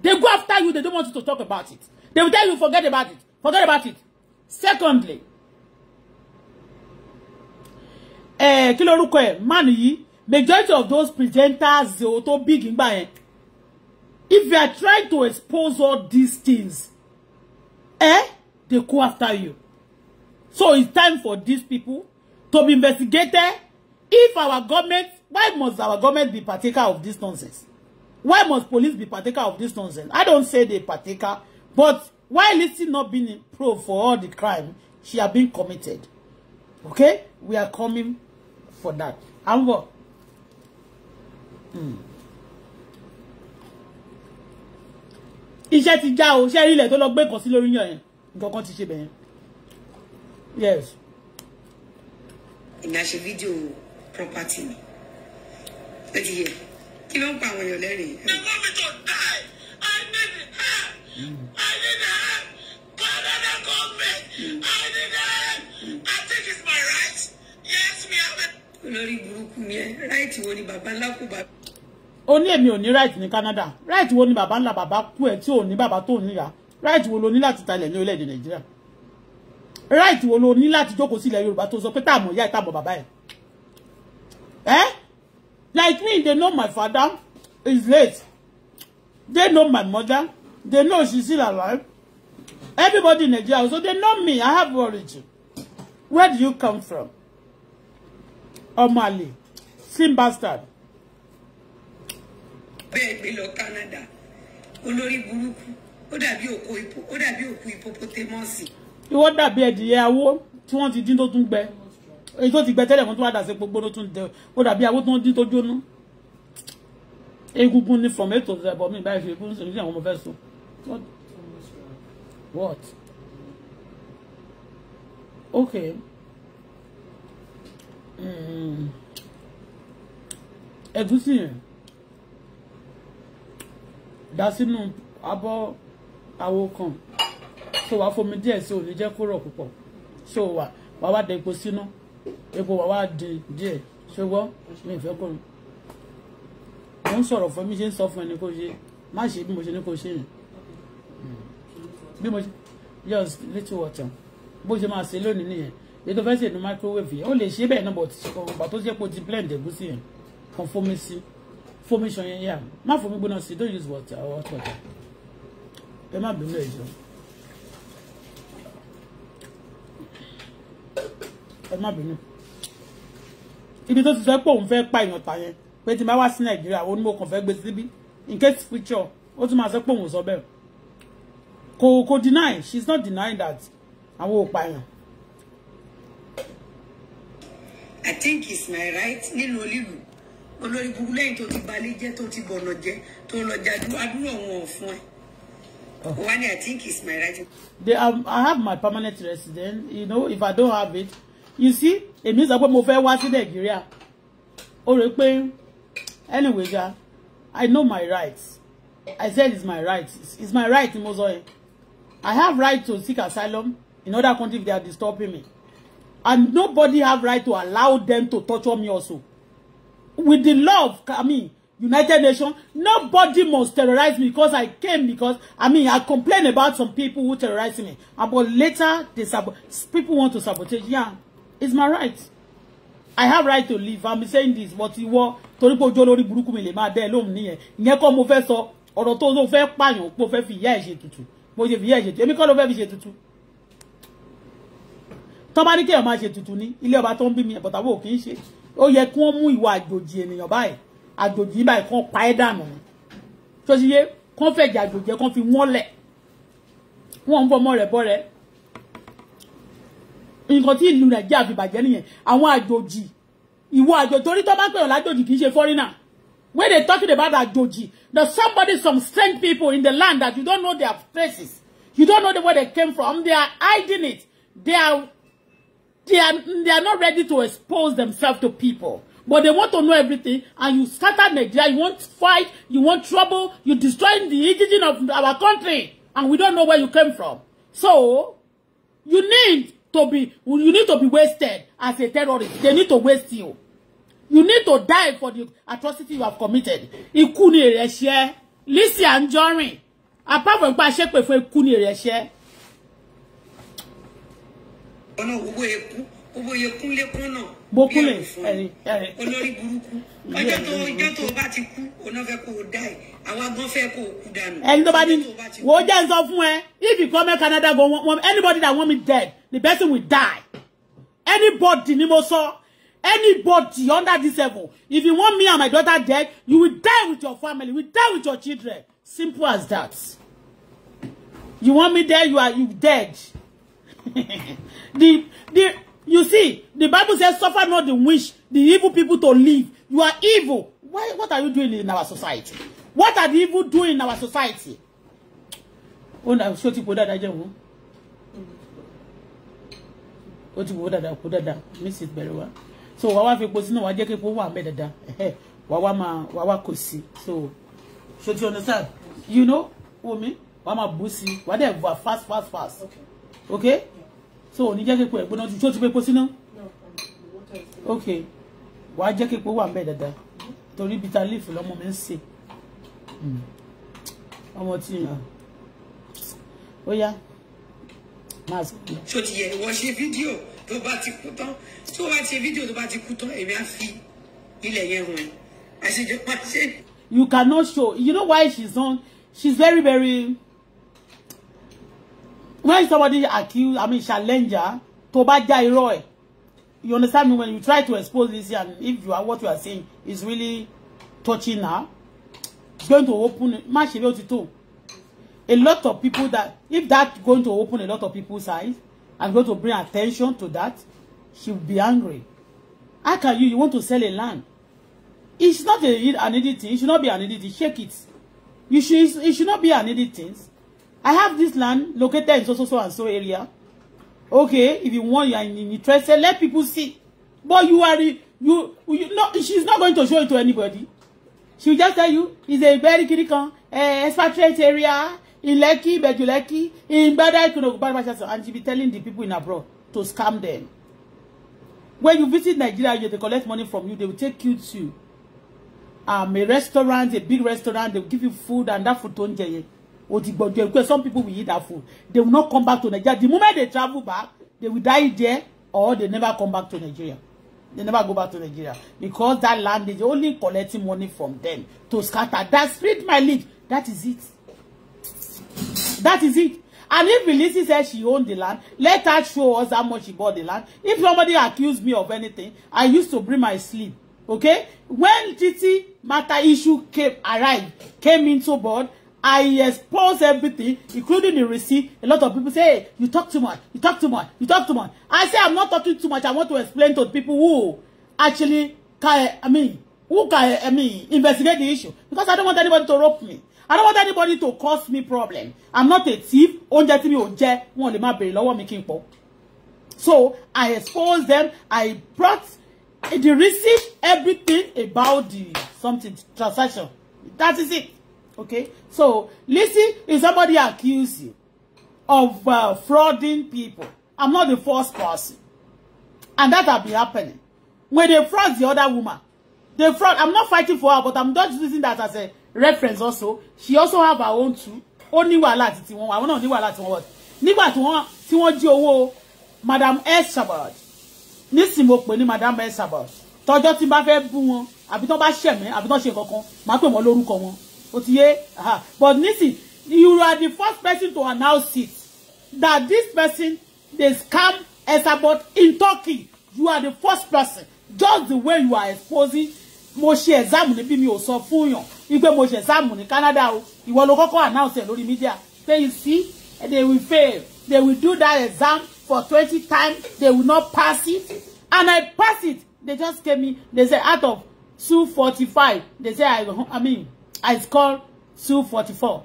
They go after you they don't want you to talk about it. They will tell you forget about it forget about it. Secondly ẹ̀ eh, kí lórúkọ ẹ̀ man yìí majority of those presenters o tó big ngbà yẹn if they are trying to expose all these things eh they go after you so it's time for these people to be investigated if our government why must our government be partaker of this nonsense why must police be partaker of this nonsense i don't say they partaker but why Lizzy not being improved for all the crime she have been committed okay we are coming for that à ń bọ̀. Hmm. iṣẹ́ ti já o ṣé ilẹ̀ tó lọ gbé kan sí lórí yàn yẹn nǹkan ti ṣe bẹ̀yẹn. yes. ìyá ṣe fídíò property mi ẹ ti yẹ kí ló ń pa àwọn èèyàn lẹ́rìn. ẹ wọ́n mi tó dá I need help hmm. I need help Canada government hmm. I need help I think it's my right yes me I'm a olórí burúkú ni ẹ Right, wo ni bàbá ńlá kú bàbá. ó ní èmi ò ní ráìtì ní Canada ráìtì wo ni bàbá ńlá bàbá kú ẹ tí ò ní bàbá tó níyà ráìtì wo lo ní láti talẹ̀ ní orílẹ̀-èdè Nàìjíríà ráìtì wo lo ní láti jókòó sí ilẹ̀ Yorùbá tó sọ pé táàmù ìyá ìtààmù bàbá ẹ̀ ẹ́ eh? like me they know my father is late they know my mother they know she's still alive everybody in Nigeria also they know me I have origin where do you come from ọmọ àlè slim bastard. bẹ́ẹ̀ gbé lọ Canada olórí burúkú ó dàbí òkú ipò ó dàbí òkú ipopotémọ́sì. ìwọ dàbí ẹdìyẹ awó tí wọ́n ti dín tó tún gbẹ èyí tó ti gbẹ tẹ́lẹ̀ fún tó wá dà sí gbogbo tó tún dẹ ó dàbí awó tó ń dín tó jóná egungun ní from eight to seven but mi báyìí fi egungun sèmi sí àwọn ọmọ fẹ́ so what okay. Mm-hmm. ẹ̀gúsí yẹn dá sínú abọ́ àwo kan so wàá fomi díẹ̀ sí òní jẹ́ kó rọ̀ púpọ̀ so wà wàá wá da epo sínú epo wàá wá di díẹ̀ ṣùgbọ́n mi ì fẹ́ kó mi mo ń sọ̀rọ̀ fún mi ṣe ń sọ fún ẹni kó ṣe má ṣe bí mo ṣe ní kó ṣe yẹn hmm. bí mo ṣe just little water bó ṣe máa ṣe lónìí nìyẹn ètò fẹ́ ṣe ní microwave yẹn ó lè ṣe bẹ́ẹ̀ náà bọ̀ ọ̀gbà tó ṣe pé o ti blend ẹ̀gúsí yẹn kan fomi sí fomi ṣan yẹn yà má fomi gbóná sí don't use water or hot water ẹ má bínú ẹ̀jọ̀ ẹ má bínú ibi tó ti sọ pé òun fẹ́ pa èèyàn ta yẹn pé tí n bá wá sí nàìjíríà òun ni mo kàn fẹ́ gbé síbí in case future ó tún máa sọ pé òun sọ bẹ́ẹ̀ kò kò deny she is not denying that àwọn ò pààyàn i think it's my right nínú olílù olórí burúkú lẹ́yìn tó ti balẹ̀ jẹ́ tó ti bọ̀nà jẹ́ tó lọ jàdú àdúrà wọn fún ẹ. One, I think it's my right. They, um, I have my permanent resident. You know, if I don't have it, you see, it means mo fẹ́ wá sí Nigeria. Ó rò pé anyway, ja, I know my rights. I said it's my right. It's, my right, Mozoy. I have right to seek asylum in other countries if they are disturbing me and nobody have right to allow them to torture me also. With the love, I mean, United Nations, nobody must terrorize me because I came because, I mean, I complain about some people who terrorize me. But later, they sab people want to sabotage. Yeah, it's my right. I have right to leave. I'm saying this, but ìwọ torí pé ojú olórí burúkú mi lè máa dẹ́ lóhùn nìyẹn. Ìyẹn kọ́ mo fẹ́ sọ ọ̀rọ̀ tó ló fẹ́ pààyàn pé o fẹ́ fi ìyá ẹ̀ ṣe Mo ṣe fi ìyá ẹ̀ ṣe tutù. Èmi kọ́ ló fi ṣe tutù tó bá ní kéèyàn máa ṣe tuntun ní ilé ọba tó ń bí mi ẹ̀ bọ̀tàwọ́ ò kì í ṣe ó yẹ kí wọ́n mú ìwà àjòjì ènìyàn báyìí àjòjì báyìí kàn pa ẹ́ dànù ni tó ti yé kàn fẹ̀jẹ̀ àjòjì kàn fi wọ́n lẹ̀ wọ́n ń fọmọ rẹ̀ bọ́ rẹ̀ nǹkan tí ìlú nàìjíríà fi bàjẹ́ nìyẹn àwọn àjòjì ìwọ àjòjì torí tó bá pè ọ́ lájòjì kì í ṣe fọ́rínà when they talking about àjòjì there's somebody some strange people in the land that you don't know their faces you don't know where they came from they are hiding it they are They are, they are not ready to expose themselves to people. But they want to know everything. And you scatter Nigeria. You want fight. You want trouble. You destroying the origin of our country. And we don't know where you came from. So, you need to be, you need to be wasted as a terrorist. They need to waste you. You need to die for the atrocity you have committed. Ikú ni èrè and Lizzy Anjorin. Apart from pa ṣépè fún ikú ni ọ̀nà gbogbo èkú gbogbo èkún lékún náà gbókúnlẹ̀ olórí burúkú ọjọ́ tó ọjọ́ tó o bá ti kú ọ̀nà fẹ́ kó o dá ẹ̀ àwọn agbọ́n fẹ́ kó o kú dànù. ẹni tó bá ní wò jẹ́ n fún ẹ if you come Canada go want anybody that want me dead the person will die anybody ni mo sọ anybody under this level if you want me and my daughter dead you will die with your family you will die with your children simple as that you want me dead you are you dead. the the you see the Bible says suffer not the wish the evil people to live you are evil why what are you doing in our society what are the evil doing in our society oh na ṣó ti po dáadáa jẹun ó ti po dáadáa po dáadáa mrs bẹ̀rẹ̀ wa so wàá wá fi epo sínú wàá jẹ́ kí epo wà mẹ́ dáadáa wàá wá máa wàá wá kò sí so ṣó ti understand you know omi wàá máa bù sí wàá dẹ̀ wà fast fast fast okay. okay? so ò ní jẹ́ képo ẹ̀gbọ́n náà ju tó ti pépo síná Okay. wàá jẹ́ képo wà mẹ́ dáadáa torí bitter leaf lọ́mọ mi ń sè hmm. ọmọ tí ì hàn ó yá máa sọ. ṣó ti yẹ ìwọ ṣe fídíò tó bá ti kú tán tó bá ti ṣe fídíò tó bá ti kú tán èmi á fi ilẹ̀ yẹn hàn ẹ́ àṣejọpá ṣe. you cannot show you know why she's on she's very very when somebody accuse, I mean, challenger, tó bá já irọ́ you understand me when you try to expose this and if you are what you are saying is really touching now it's going to open, má ṣe bí ó A lot of people that, if that's going to open a lot of people's eyes and going to bring attention to that, she will be angry. How can you, you want to sell a land? It's not a, an needy thing. It should not be an needy Shake it. You should, it should not be an needy thing. I have this land located in so so so and so area. Okay, if you want, you are interested. Let people see. But you are you you not. She's not going to show it to anybody. She will just tell you it's a very critical uh, eh, expatriate area in Lekki, Bejuleki, in Badai, Kunogubadabashasa, and she be telling the people in abroad to scam them. When you visit Nigeria, they collect money from you. They will take you to um, a restaurant, a big restaurant. They will give you food and that food don't get you. Odigbodo because some people will eat that food. They will not come back to Nigeria. The moment they travel back, they will die there or they never come back to Nigeria. They never go back to Nigeria because that land is only collecting money from them to scatter. That spirit my lead. That is it. That is it. And if Lizzy says she owned the land, let her show us how much she bought the land. If somebody accused me of anything, I used to bring my sleep. Okay? When Titi Mata issue came arrived, came into board, I expose everything, including the receipt. A lot of people say, hey, you talk too much, you talk too much, you talk too much. I say, I'm not talking too much. I want to explain to people who actually, can, I mean, who can, I mean, investigate the issue. Because I don't want anybody to rope me. I don't want anybody to cause me problem. I'm not a thief. Oúnjẹ tí mi ò jẹ, wọn ò lè má mi kí So, I expose them. I brought the receipt, everything about the something transaction. That is it. Okay? So, listen, if somebody accuse you of uh, frauding people, I'm not the first person. And that have been happening. When they fraud the other woman, they fraud, I'm not fighting for her, but I'm just using that as a reference also. She also have her own too. Ó ní wàhálà tí wọ́n, àwọn náà ní wàhálà tí wọ́n. Nígbà tí wọ́n tí wọ́n jí owó Madam Elsabod. Nísìn mo pè ní Madam Elsabod. Tọ́jọ́ tí n bá fẹ́ bú wọn, àbí tọ́n bá ṣẹ̀ mí, àbí tọ́n ṣe kankan, màá pè wọ́n lórúkọ wọn ó ti but nisin you are the first person to announce it that this person dey scam Esabod in Turkey you are the first person just the way you are exposing mo exam ni bí mi ò sọ fún yàn wípé mo exam ní Canada o ìwọ ló kọ́kọ́ announce ẹ̀ lórí media say you see they will fail they will do that exam for twenty times they will not pass it and I pass it they just came me. they say out of two forty-five they say I, I mean I scored 244.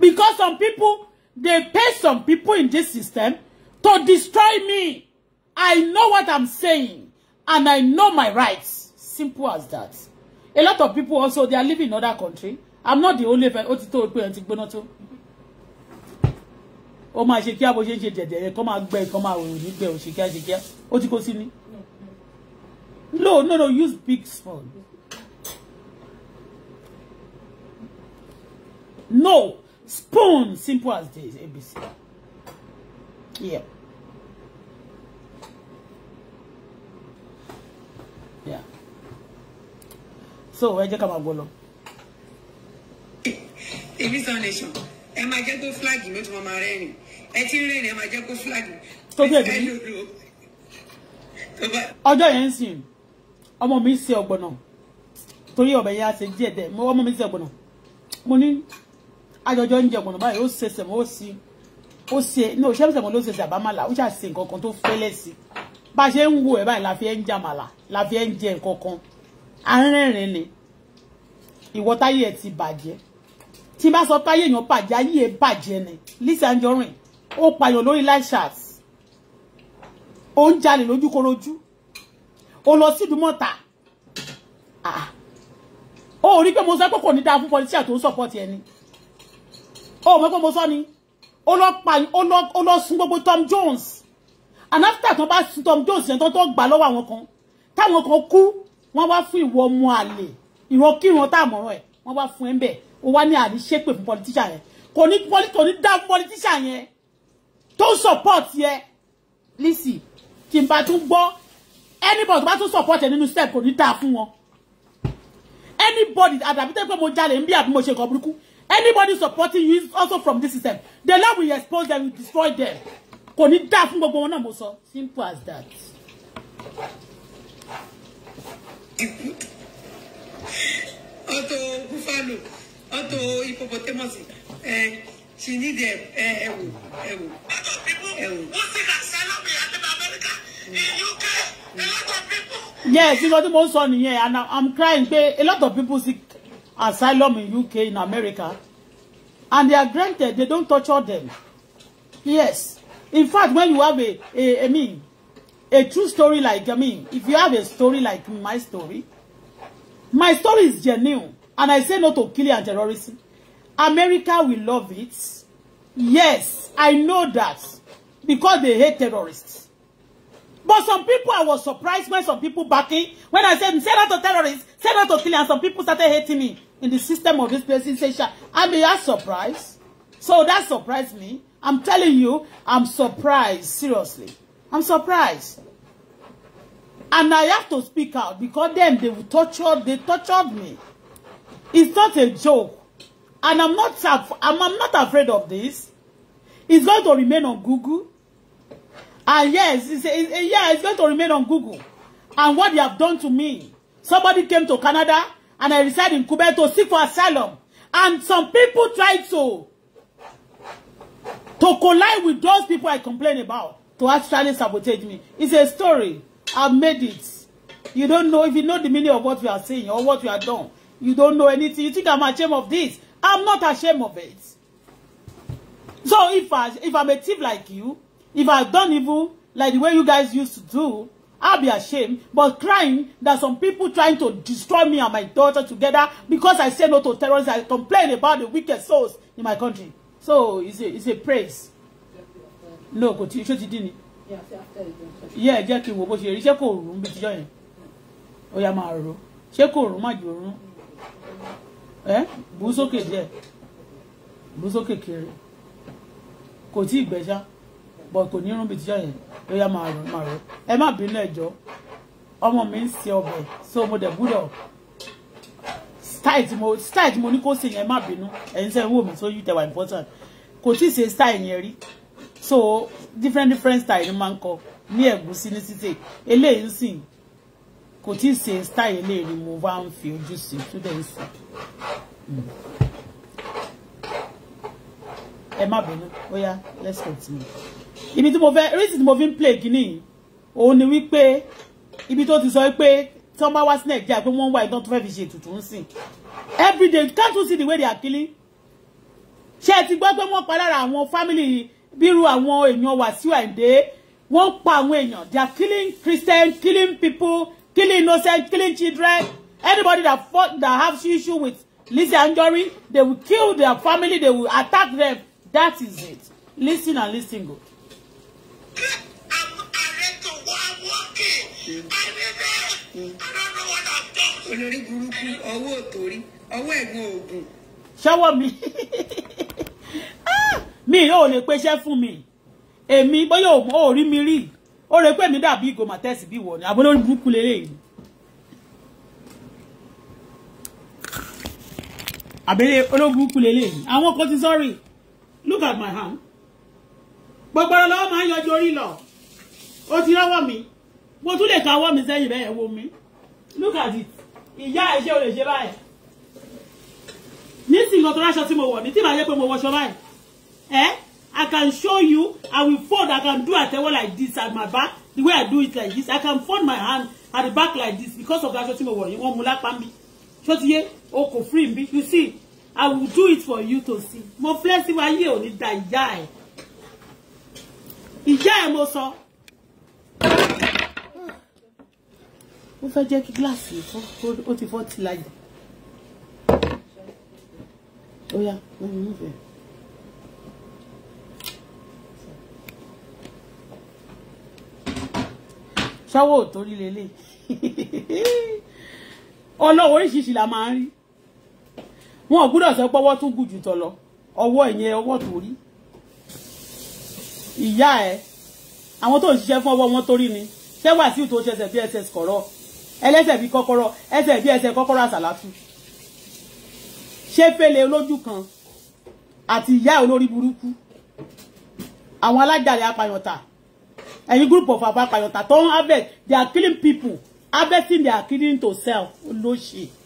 Because some people, they pay some people in this system to destroy me. I know what I'm saying. And I know my rights. Simple as that. A lot of people also, they are living in other country. I'm not the only person. Ó ti tó pé ẹni tí gbóná tó. Ó máa ṣe kíá bó ṣe ń ṣe dẹ̀dẹ̀ yẹn kó máa gbẹ kó máa wò nígbẹ òṣèkíá ṣe kíá. Ó ti kó sí ni. No, no, no, use big spoon. No, spoon, simple as this, ABC. Yeah. Yeah. So, where jẹ́ ká máa gbọ́ lọ. Èmi sọ nation, ẹ máa jẹ́ kó flag ló ti mọ máa rẹ́rìn. Ẹ ti rẹ́rìn, ẹ máa jẹ́ kó flag. Tó bẹ̀rẹ̀ bí. Ọjọ́ yẹn ọmọ mi se ọ̀gbọ̀nọ̀ torí ọ̀bẹ yẹn á ṣe díẹ̀ dẹ̀ ọmọ mi ṣe ọ̀gbọ̀nọ̀ mo ní àjọjọ ń jẹ ọ̀gbọ̀nọ̀ báyìí ó ṣe sẹ̀mọ́ ó sí ó ṣe ní òṣèlú sẹ̀mọ́ ló ṣe ṣe àbámàlà ó ṣàṣe nǹkan kan tó fẹ́lẹ̀ sí bá a ṣe ń wo ẹ̀ báyìí la fi ẹ̀ ń jàmàlà la fi ẹ̀ ń jẹ nǹkan kan arẹ́rìn ni ìwọ táyé ẹ̀ ti bàjẹ́ tí bá sọ táyé èèyàn bàjẹ́ ayé ẹ̀ bàjẹ́ ni Lizzy Anjorin ó payàn lórí live ó ń jalè lójúkorojú o lọ sí ìdúmọ̀tà o ah. rí pé mo sọ pé kò ní dáa fún pọlitíà tó ń sọpọ́ọ̀tì ẹni o mọ̀ pé mo sọ ni o lọ sun gbogbo Tom Jones and after tó bá sun Tom Jones yẹn tó tó gbà lọ́wọ́ àwọn kan táwọn kan kú wọ́n wá fún ìwọ ọmọ àlè ìrọ̀kírun tá àmọ̀ràn ẹ̀ wọ́n wá fún ẹ ń bẹ̀ o wá ní àní ṣépè fún pọlitíṣà yẹn kò ní kò ní dá pọlitíṣà yẹn tó ń support ye. Lizzy kí n bá tún gbọ́ anybody tó bá tún support ẹ nínú step kò ní dáa fún wọn anybody àdàbí tẹ́ pé mo jalè ń bí àbí mo ṣe nǹkan burúkú anybody supporting you is also from this system the law will expose them will destroy them kò ní dáa fún gbogbo wọn náà mo sọ simple as that. Auto buffalo, auto hippopotamus, eh, she need a, eh, eh, eh, eh, eh, eh, eh, eh, eh, eh, eh, eh, eh, eh, eh, eh, eh, yes nǹkan tí the most one here, and i'm crying a lot of people seek asylum in uk in america and they are granted they don't torture them yes in fact when you have a a i mean a true story like i mean if you have a story like my story my story is genuine and i say not to kill and terrorism america will love it yes i know that because they hate terrorists But some people, I was surprised when some people backing, when I said, say that to terrorists, say that to killing, and some people started hating me in the system of this place in Seychelles. I mean, that's surprised. So that surprised me. I'm telling you, I'm surprised, seriously. I'm surprised. And I have to speak out because then they tortured, they tortured me. It's not a joke. And I'm not, I'm, I'm not afraid of this. It's going to remain on Google. And ah, yes, it's, it's, it's, yeah, it's going to remain on Google. And what they have done to me. Somebody came to Canada and I reside in Quebec to seek for asylum. And some people tried to to collide with those people I complain about to actually sabotage me. It's a story. I've made it. You don't know if you know the meaning of what we are saying or what we are doing. You don't know anything. You think I'm ashamed of this. I'm not ashamed of it. So if I if I'm a thief like you, If I've done evil, like the way you guys used to do, I'll be ashamed. But crying that some people trying to destroy me and my daughter together because I say no to terrorism. I complain about the wicked souls in my country. So it's a, it's a praise. No, continue. tí after. ti dín ni. Yẹ́ ẹ jẹ́ kí n wo bó ṣe rí. Ṣé kò rún room, tíjọ́ yẹn? Ó yá máa rò. Ṣé kò rún má jò rún? Ẹ́ bù but kò ní irun bíi tíṣà yẹn lóyá máa rọ máa rọ ẹ má bínú ẹjọ ọmọ mi ń ṣe ọbẹ̀ so mo dẹ̀ gbúdọ̀ style tí mo style tí mo ní kó ṣe yẹn má bínú ẹ̀yin sẹ́yìn wò mí so you tẹ̀wà important kò tí ì ṣe style yẹn rí so different different style ni máa ń kọ ní ẹ̀gúsí ní títè eléyìí ń sìn kò tí ì ṣe style eléyìí ni mo bá ń fi ojú sí tó dẹ̀ ń sìn. Hmm ẹ bínú ó let's continue ibi tí mo fẹ́ reason tí mo fi ń play gini òun ni wípé ibi tó ti sọ pé tí wọ́n bá wá sí nàìjíríà pé wọ́n ń wá ìdán tó fẹ́ fi ṣe ètùtù ń sìn everyday can't you see the way they are killing ṣé ẹ ti gbọ́ pé wọ́n pa lára àwọn family bírú àwọn èèyàn Wàsíù Àyìndé wọ́n pa àwọn èèyàn they are killing Christians killing people killing innocent killing children anybody that fought that have issue with Lizzy Anjorin they will kill their family they will attack them That is it. Listen and listen good. olórí burúkú ọwọ́ òtórí ọwọ́ ẹ̀gbọ́n ògùn. ṣọwọ́ Me, ah, mi ò lè peṣẹ́ me. mi èmi bóyá ò rí mi rí ó rẹ pé mi dàbí ìgò màtẹ́sì bí wọ̀ ni àbó lórí burúkú lélẹ́yìn. àbẹ̀lẹ̀ olóburúkú lélẹ́yìn àwọn kan ti sọ́rí look at my hand gbogbo ọ̀rọ̀ lọ́wọ́ máa ń yọjú orí lọ ó ti rọ́wọ́ mi mo tún lè ka ọwọ́ mi sẹ́yìn bẹ́ẹ̀ wo mi look at it ìyá ẹ̀ṣẹ́ o lè ṣe báyìí nísìnyí kan tó ráṣọ tí mo wọ̀ ní tí màá yẹ pé mo wọṣọ báyìí ẹ́ I can show you I will fold I can do àtẹ́wọ́ like this at my back the way I do it like this I can fold my hand at the back like this because of aṣọ tí mo wọ̀ yìí wọ́n mu lápá mi ṣó ti yé o kò free mi you see I will do it for you to see. Mo fẹ́ sí wa yé òní da ìyá ẹ̀. Ìyá ẹ̀ mo sọ. Mo fẹ́ jẹ́ kí gíláàsì fọ́, ó ti fọ́ ti láyè. Ó yá, mo ní ìfẹ́. Ṣáwó ò torí lélẹ̀. Ọlọ́wọ́ oríṣiríṣi la máa ń rí wọn ò gbúdọ̀ sọ pé ọwọ́ tún gùn jù tọ̀ lọ ọwọ́ ìyẹn ọwọ́ tó rí ìyá ẹ àwọn tó ń ṣiṣẹ́ fún ọwọ́ wọn torí ni ṣé wàásù tó ṣẹṣẹ bí ẹsẹ̀ kọ̀rọ̀ ẹlẹ́sẹ̀ bí kọ́kọ́rọ́ ẹsẹ̀ bí ẹsẹ̀ kọ́kọ́rọ́ àsàlátù ṣé pẹ̀lẹ́ olójú kan àti ìyá olórí burúkú àwọn alájàre apayọ̀tà ẹ̀yin group of apayọ̀tà tó ń harvest they are killing people harvesting they are killing to sell olóṣèlú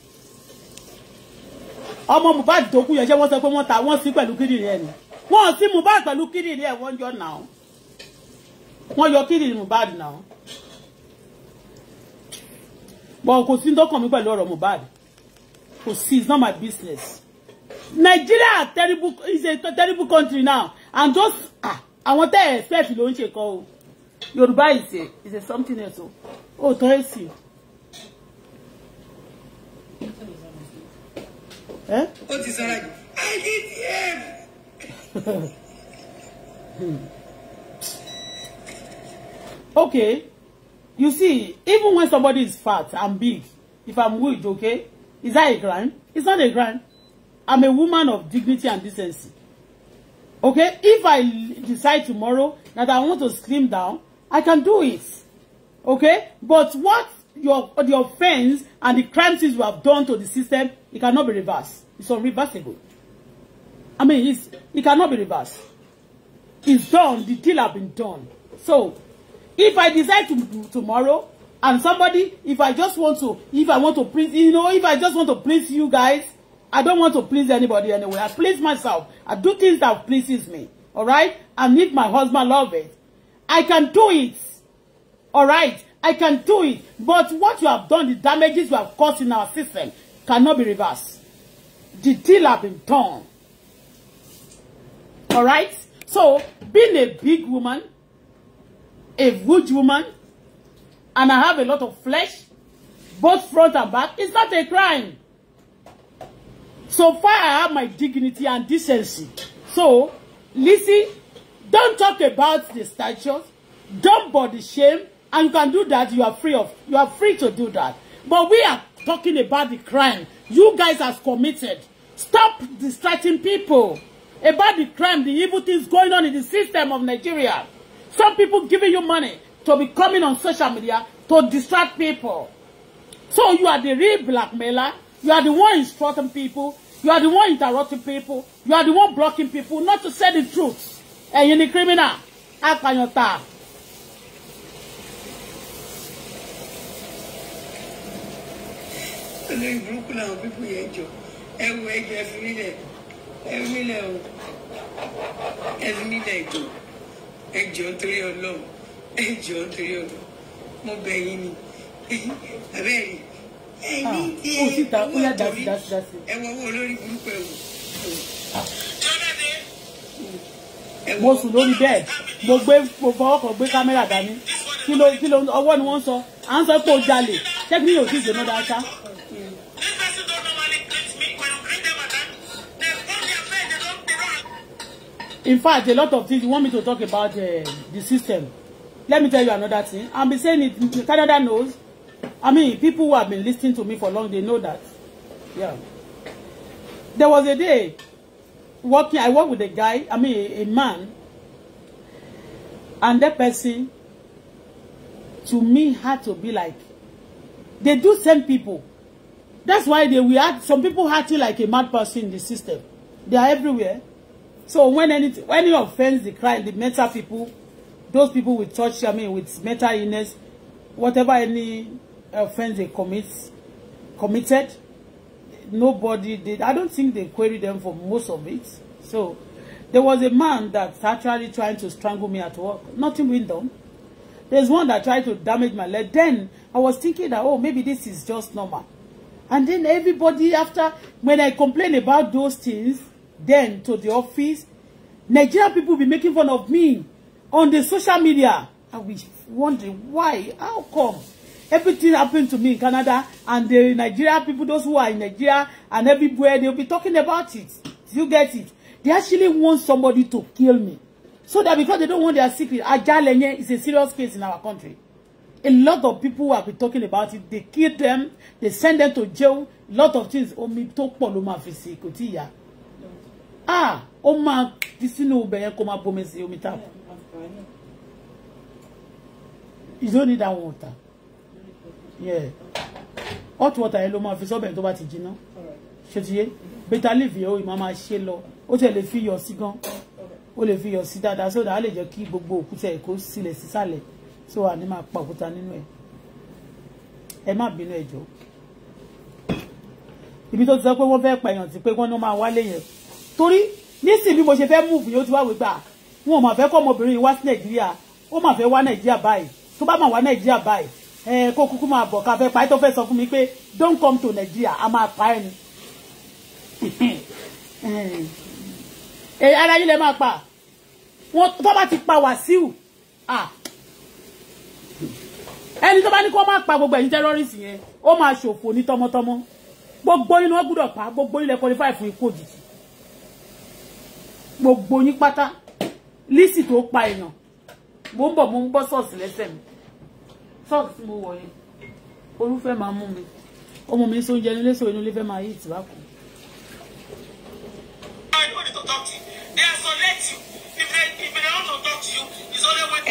ọmọ Mohbad tó kú yẹn ṣé wọ́n sọ pé wọ́n ta wọ́n sí pẹ̀lú kíndìnrín ẹ̀ ni wọ́n sí Mohbad pẹ̀lú kíndìnrín ẹ̀ wọ́n yọ náà wọ́n yọ kíndìnrín Mohbad náà bọ́n kò sí dọ́kàn mi pẹ̀lú ọ̀rọ̀ Mohbad kò sí it's not my business Nigeria terrible is a terrible country now and just ah àwọn tẹ́ ẹ̀ expect ló ń ṣe kọ́ o Yorùbá is a is a something else o ò tọ́ ẹ̀ sí i. ó ti sara jù i need help. okay you see even when somebody is fat and big if i'm rich okay is that a crime it's not a crime i'm a woman of dignity and decency okay if i decide tomorrow that i want to slim down i can do it okay but what your the offense and the crimes you have done to the system, it cannot be reversed. It's unreversible. I mean, it's, it cannot be reversed. It's done. The deal has been done. So, if I decide to do tomorrow, and somebody, if I just want to, if I want to please, you know, if I just want to please you guys, I don't want to please anybody anyway. I please myself. I do things that pleases me. All right? And if my husband loves it, I can do it. All right? I can do it. But what you have done, the damages you have caused in our system, cannot be reversed. The deal has been done. Alright? So, being a big woman, a huge woman, and I have a lot of flesh, both front and back, is not a crime. So far, I have my dignity and decency. So, listen, don't talk about the statues, don't body shame, And you can do that, you are free of you are free to do that. But we are talking about the crime you guys have committed. Stop distracting people about the crime, the evil things going on in the system of Nigeria. Some people giving you money to be coming on social media to distract people. So you are the real blackmailer. You are the one instructing people. You are the one interrupting people. You are the one blocking people not to say the truth. Ẹ̀yin ni criminal. Apàyàn tàà. olórí burúkú làwọn pípù yẹn jọ ẹ wo ẹjọ ẹ fi mí lẹ̀ ẹ fi o ẹ fi mí lẹ̀ jọ ẹ jọ nítorí Ọlọ́run ẹ jọ nítorí Ọlọ́run mo bẹ̀ yín ni abẹ́rẹ́ ẹni ah, tí ẹ wọ́n torí ẹ wọ́n wọ́n olórí burúkú ẹ wò. mo sùn lórí bẹ́ẹ̀ mo gbé mo fọwọ́ kan gbé kámẹ́rà dání kí ló ọwọ́ ni wọ́n sọ à ń sọ pé o jalè ṣé kí ni yóò ti ṣe mọ́ dáadáa. In fact, a lot of things you want me to talk about uh, the system. Let me tell you another thing. I've been saying it, Canada knows. I mean, people who have been listening to me for long, they know that. Yeah. There was a day, working, I worked with a guy, I mean, a man, and that person, to me, had to be like, they do same people. That's why they we act, some people acting like a mad person in the system. They are everywhere. So when any any offense, the crime, the mental people, those people with touch, I mean, with mental illness, whatever any offense they commit, committed, nobody did. I don't think they query them for most of it. So there was a man that's actually trying to strangle me at work. Nothing went down. There's one that tried to damage my leg. Then I was thinking that, oh, maybe this is just normal. And then everybody after, when I complain about those things, then to the office, Nigerian people be making fun of me on the social media. I was wondering why, how come? Everything happened to me in Canada and the Nigerian people, those who are in Nigeria and everywhere, they'll be talking about it. You get it? They actually want somebody to kill me. So that because they don't want their secret, Ajalenye is a serious case in our country. A lot of people have been talking about it. They kill them. They send them to jail. A lot of things. Omi tó pọ̀ ló máa fi sí kò tí Ah, ó máa fi sínú ọbẹ̀ yẹn kó máa bomi sí omi tap. You don't need that water. Yeah. Hot water yẹn ló máa fi sọ́bẹ̀ tó bá ti jiná. Ṣé ti yé? Beta leaf yẹn ó ì máa máa ṣe lọ. Ó tẹ̀ lè fi iyọ̀ sí gan. Ó lè fi iyọ̀ sí dáadáa sódà á lè jẹ́ kí gbogbo òkúta ẹ̀ kó sílẹ̀ sísàlẹ̀ so a ní máa pa òkúta nínú ẹ̀ ẹ má bínú ẹ jọ̀ọ́ ibi tó ti sọ pé wọ́n fẹ́ pẹ̀yàn ti pé wọ́n ní máa wálé yẹn torí nísìnyí bí mo ṣe fẹ́ múùfù yóò ti wá wípé à ah, wọn ò máa fẹ́ kọ́ ọmọbìnrin wá sí nàìjíríà ó máa fẹ́ wá nàìjíríà báyìí tó bá máa wá nàìjíríà báyìí ẹ kó kúkú máa bọ̀ ká fẹ́ pa tó fẹ́ sọ fún mi pé don't come to nàìjíríà a máa pa ẹ́ ni eh, ara yín lè máa pa wọn tó bá ti pa Wàsíù ah ẹni tó bá ní kó má pa gbogbo ẹ̀yin terrorist yẹn ó máa ṣòfò ní tọmọtọmọ gbogbo yín ni wọ́n gbọ́dọ̀ pa gbogbo yín lè qualify fún ikú òjijì gbogbo yín pátá lísì tó pa èèyàn mo ń bọ̀ mo ń bọ́ sọ́ọ̀sì lẹ́sẹ̀ mi sọ́ọ̀sì mo wọ̀ yẹn olúfẹ́ máa mú mi ọmọ mi sóúnjẹ nílé sọ inú ilé fẹ́ máa yí ìtìbá kù.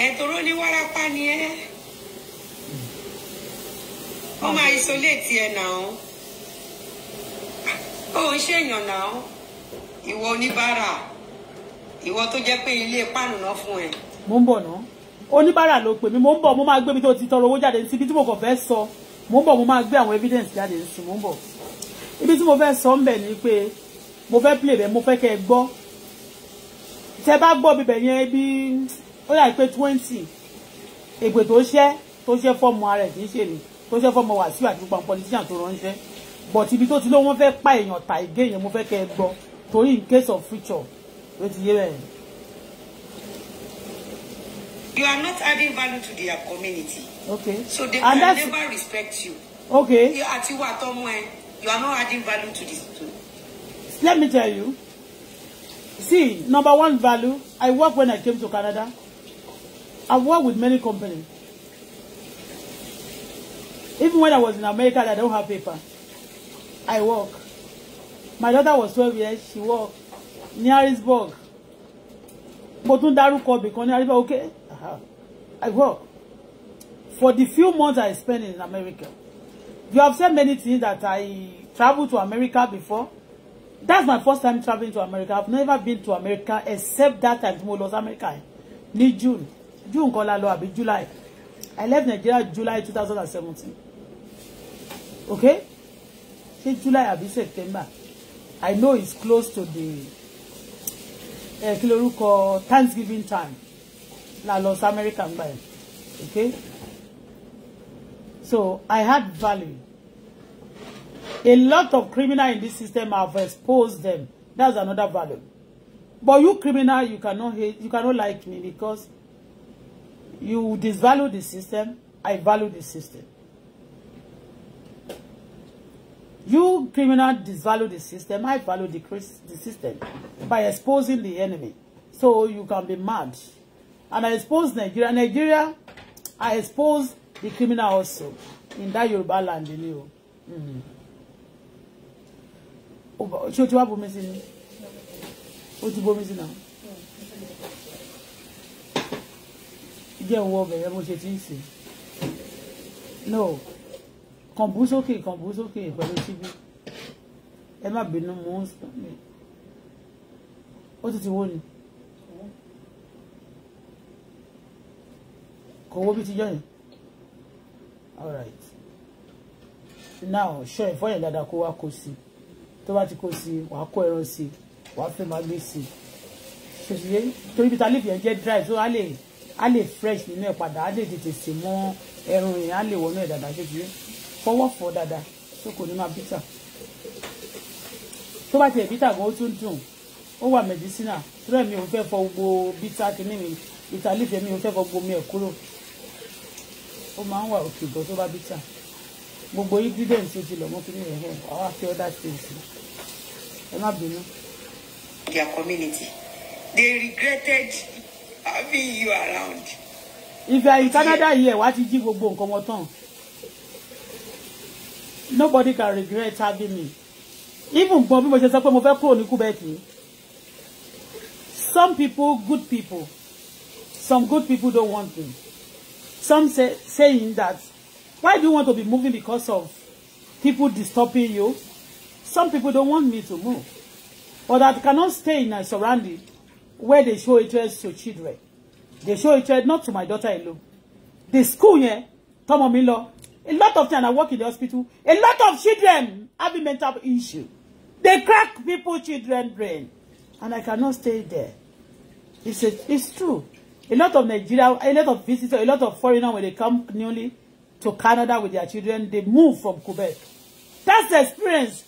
ẹ̀ tòró ní wárápá ni ẹ́ o máa isolate ẹ̀ náà ah, ó ń ṣèyàn náà ìwọ oníbàárà ìwọ tó jẹ́ pé ilé páànù náà fún ẹ. mo ń bọ̀ ná oníbàárà ló pè mí mo ń bọ̀ mo máa gbé mi tó ti tọrọ owó jáde síbi tí mo kàn fẹ́ sọ mo ń bọ̀ mo máa gbé àwọn evidence jáde sí mo ń bọ̀ ibi tí mo fẹ́ sọ ń bẹ̀ ni pé mo fẹ́ play bẹ́ẹ̀ mo fẹ́ kẹ́ ẹ gbọ́ tẹ bá gbọ́ bíbẹ̀ yẹn bí ó yà pé twenty ègbè tó ṣẹ́ tó ṣẹ́ fọ́ọ̀mù ara ẹ̀ kì í ṣe nìyí tó ṣe fọmọ wà sí àdúgbò àwọn politician tó ránṣẹ́ but ibi tó ti lọ wọ́n fẹ́ pa èèyàn ta ìgé yẹn mo fẹ́ kẹ́ ẹ gbọ́ torí in case of future ló ti yé bẹ́ẹ̀. You are not adding value to their community. Okay. So they and can never respect you. Okay. You àti wà tọ́mú ẹ you are not adding value to this. To... Let me tell you. See, number one value, I work when I came to Canada. I work with many companies. Even when I was in America, I don't have paper. I work. My daughter was 12 years, she work. Ní Harrisburg. Mo tún dárúkọ bìkan near, Harrisburg, okay? Uh-huh. I work. For the few months I spent in America, you have said many things that I traveled to America before. That's my first time traveling to America. I've never been to America except that time tí Los America ní June. June kọ́ July. I left Nigeria July 2017 okay ṣé July àbí September I know it's close to the ẹ eh, kí Thanksgiving time la Los sí America okay so I had value a lot of criminal in this system have exposed them that's another value but you criminal you cannot hate you cannot like me because you disvalue the system I value the system You criminal disvalue the system. I value the, the system by exposing the enemy. So you can be mad. And I expose Nigeria. Nigeria, I expose the criminal also in that Yoruba land in you. Mm. Ṣé o ti wá bomi sí ni? O ti bomi sí náà? Jẹ́ ìwọ No kọ̀ǹbù sókè kọ̀ǹbù sókè pẹ̀lú síbí ẹ má bínú mò ń sọ mi ó ti ti wó ni kò wó bí ti jọ yẹn all right now ṣọ ẹ̀fọ́ yẹn dáadáa kó wá kó sí tó bá ti kó sí wàá kó ẹran sí wàá fẹ́ máa gbé sí ṣòṣìṣẹ́ torí bí talif yẹn jẹ́ dry so a lè a lè fresh nínú ẹ̀ padà a lè tètè sè mọ́ ẹran yẹn a lè wọnú ẹ̀ dáadáa ṣòṣìṣẹ́ fọwọ́ fọ dáadáa tó kò ní máa bítà tó bá tiẹ̀ bítà gan ó tún dùn ó wà mẹdísínà tó mi ò fẹ́ fọ gbogbo bítà kínní mi ìtàlífẹ́ mi ò fẹ́ fọ gbogbo mi ẹ̀ kúrò ó máa ń wà òkè gan tó bá bítà gbogbo ingredient tó ti lọ mọ́ kínní rẹ̀ hàn àwọn afẹ́ ọ̀dà tèèsì ẹ má bínú. their community they regretted having you around. ìfẹ́ in Canada yìí ẹ̀ wá ti jí gbogbo nǹkan wọn tán nobody can regret having me even gan bí mo ṣe sọ pé mo fẹ́ kúrò ní some people good people some good people don't want me some say saying that why do you want to be moving because of people disturbing you some people don't want me to move or that cannot stay in a surrounding where they show interest to children they show interest not to my daughter alone the school yẹn tọmọ mi A lot of times I work in the hospital. A lot of children having mental issue. They crack people children brain. And I cannot stay there. It's, a, it's true. A lot of Nigeria, a lot of visitors, a lot of foreigners, when they come newly to Canada with their children, they move from Quebec. That's the experience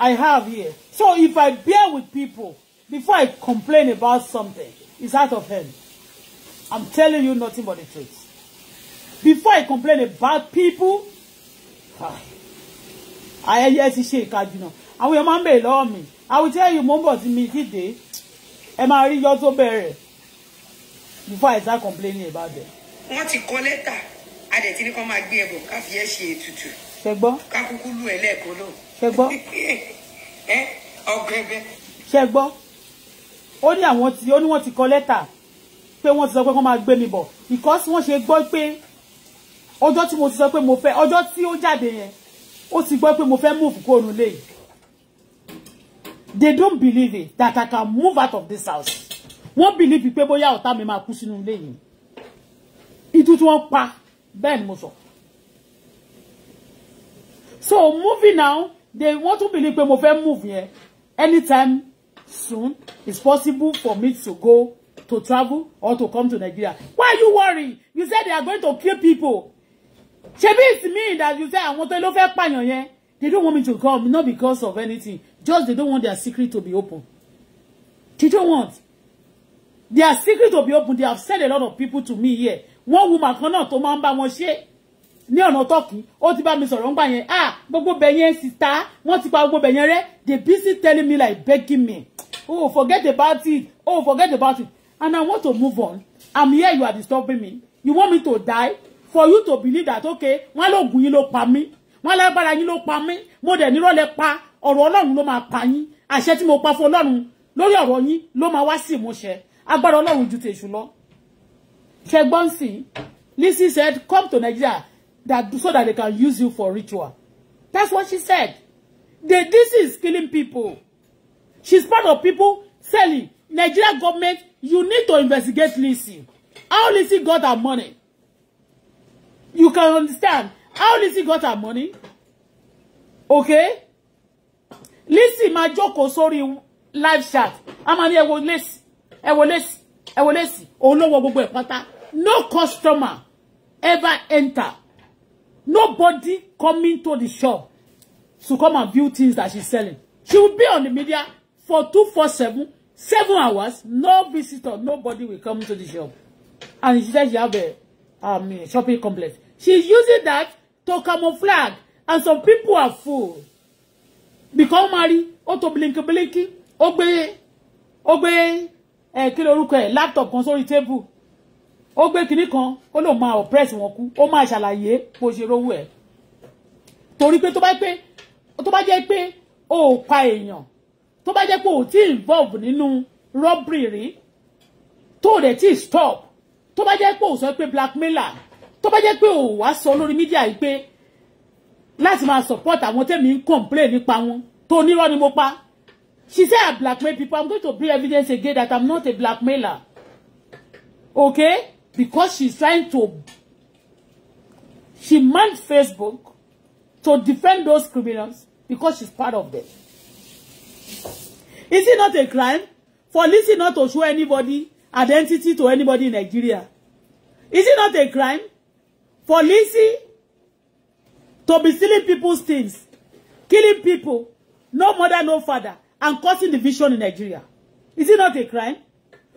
I have here. So if I bear with people, before I complain about something, it's out of hand. I'm telling you nothing but the truth before he complain about people ayẹyẹ ah, ti ṣe ìka you know, èèyàn máa ń bèèrè lọ́wọ́ mi I will tell you mo was bọ̀ tí mi dìde ẹ máa rí yọ tó before I start complaining about them. what you call lẹ́tà I didn't ní kọ́ máa gbé ẹ̀bùn ká fi ẹ́ ṣe ètùtù. ṣẹgbọ́. ká kúkú lù ẹ́ lẹ́ẹ̀kan náà. ṣẹgbọ́. ẹ ọ̀gẹ̀gẹ̀. ṣẹgbọ́ to ní àwọn tí ó ní wọ́n ti kọ lẹ́tà pé wọ́n ti sọ pé because once ṣe go pay ọjọ́ tí mo ti sọ pé mo fẹ́ ọjọ́ tí ó jáde yẹn ó ti gbọ́ pé mo fẹ́ move kó orun léyìí they don't believe it that I can move out of this house wọ́n believe pé bóyá ọ̀tá mi máa kú sínú ilé yìí ìtú tí wọ́n pa bẹ́ẹ̀ ni mo sọ so moving now they want to believe pé mo fẹ́ move yẹn anytime soon it's possible for me to go to travel or to come to Nigeria why you worry? you said they are going to kill people ṣebí it's me that you say àwọn tó ló fẹ́ pààyàn yẹn they don't want me to come not because of anything just they don't want their secret to be open they don't want their secret to be open they have sent a lot of people to me here one woman kan náà tó máa ń bá wọn ṣe ní ọ̀nà tọ́kì ó ti bá mi sọ̀rọ̀ ńgbà yẹn ah gbogbo bẹ̀ yẹn sista wọ́n ti pa gbogbo bẹ̀ yẹn they busy telling me like begging me oh forget about it oh forget about it and I want to move on I'm here you are disturbing me you want me to die for you to believe that okay wọ́n lóògùn yín ló pa mí wọ́n lágbára yín ló pa mí mo dẹ̀ nírọ̀lẹ́ pa ọ̀rọ̀ ọlọ́run ló máa pa yín àṣẹ tí mo pa fún lori lórí ọ̀rọ̀ yín ló máa wá sí ìmúṣẹ agbára ọlọ́run ju tèṣù lọ. ṣẹgbọ́n sí Lizzy said come to Nigeria that, so that they can use you for ritual that's what she said the this is killing people she's part of people selling Nigeria government you need to investigate Lizzy how Lizzy got her money You can understand. How he got her money? Okay? Listen, my joke jókòó sorry, live chat. I'm máa ní ẹ wo Lizzy. Ẹ wo Lizzy. Ẹ No customer ever enter. Nobody coming to the shop to come and view things that she's selling. She will be on the media for two, four, seven seven hours. No visitor, nobody will come to the shop. And she said she have a um, shopping complex. She's using that to camouflage. And some people are fool. Because Mary, auto tó blinky blinky, obey. gbé, eh, kí lorúkọ laptop console, table. Obey gbé kinní kan, ó oppress wọn kú, ó máa ṣàlàyé bó ṣe rówó pe, Torí pé tó bá pé, tó bá jẹ́ pé ó pa èèyàn, tó bá jẹ́ ti involve nínú robbery To tó dẹ̀ ti stop tó bá jẹ́ pé ò sọ pé blackmailer tó bá jẹ́ pé ò wá sọ lórí mídíà yìí pé láti máa support àwọn tẹ́mi ń complain nípa wọn tó nírọ́ ni mo pa she say I blackmail people I'm going to bring evidence again that I'm not a blackmailer okay because she's trying to she manned Facebook to defend those criminals because she's part of them. Is it not a crime for Lizzy not to show anybody identity to anybody in Nigeria. Is it not a crime for Lisi to be stealing people's things, killing people, no mother, no father, and causing division in Nigeria? Is it not a crime?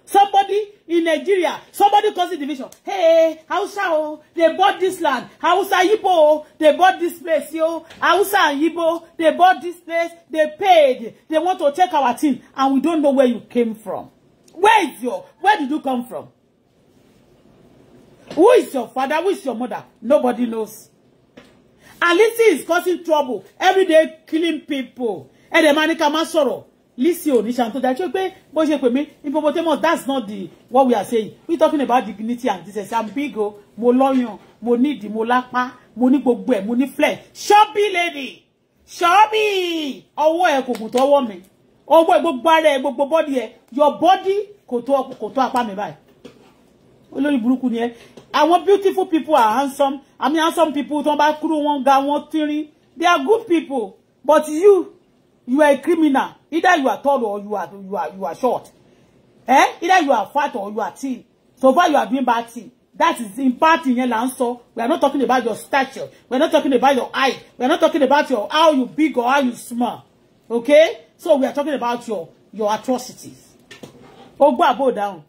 Somebody in Nigeria, somebody causing division. Hey, Hausa, oh, they bought this land. Hausa, Igbo, oh, they bought this place, yo. Hausa and Igbo, they bought this place. They paid. They want to take our thing, and we don't know where you came from. Where is your, where did you come from? Who is your father? Who is your mother? Nobody knows. And Lizzy is causing trouble. Every day killing people. And the man can sorrow. Lizzy Onishanto, that but you pay me. Hippopotamus, that's not the what we are saying. We're talking about dignity and this. is big, mo lọ́yàn, mo nídìí, mo lápá, mo ní gbogbo mo ní flesh. Ṣọ́bí lady. Ṣọ́bí. Ọwọ́ ẹ kò gùn tọwọ́ mi ọwọ́ gbogbo ara ẹ gbogbo bọ́dì ẹ your body kò tó kò tó apá mi báyìí olórí burúkú ni ẹ àwọn beautiful people are handsome I mean handsome people tó ń bá kúrò wọn ga wọn tínrín they are good people but you you are a criminal either you are tall or you are you are you are short eh either you are fat or you are thin so far you are doing bad thing that is in part yẹn là ń sọ we are not talking about your stature we are not talking about your eye. we are not talking about your how you big or how you small okay So we are talking about your your atrocities. Oh gbọ́ àbò down.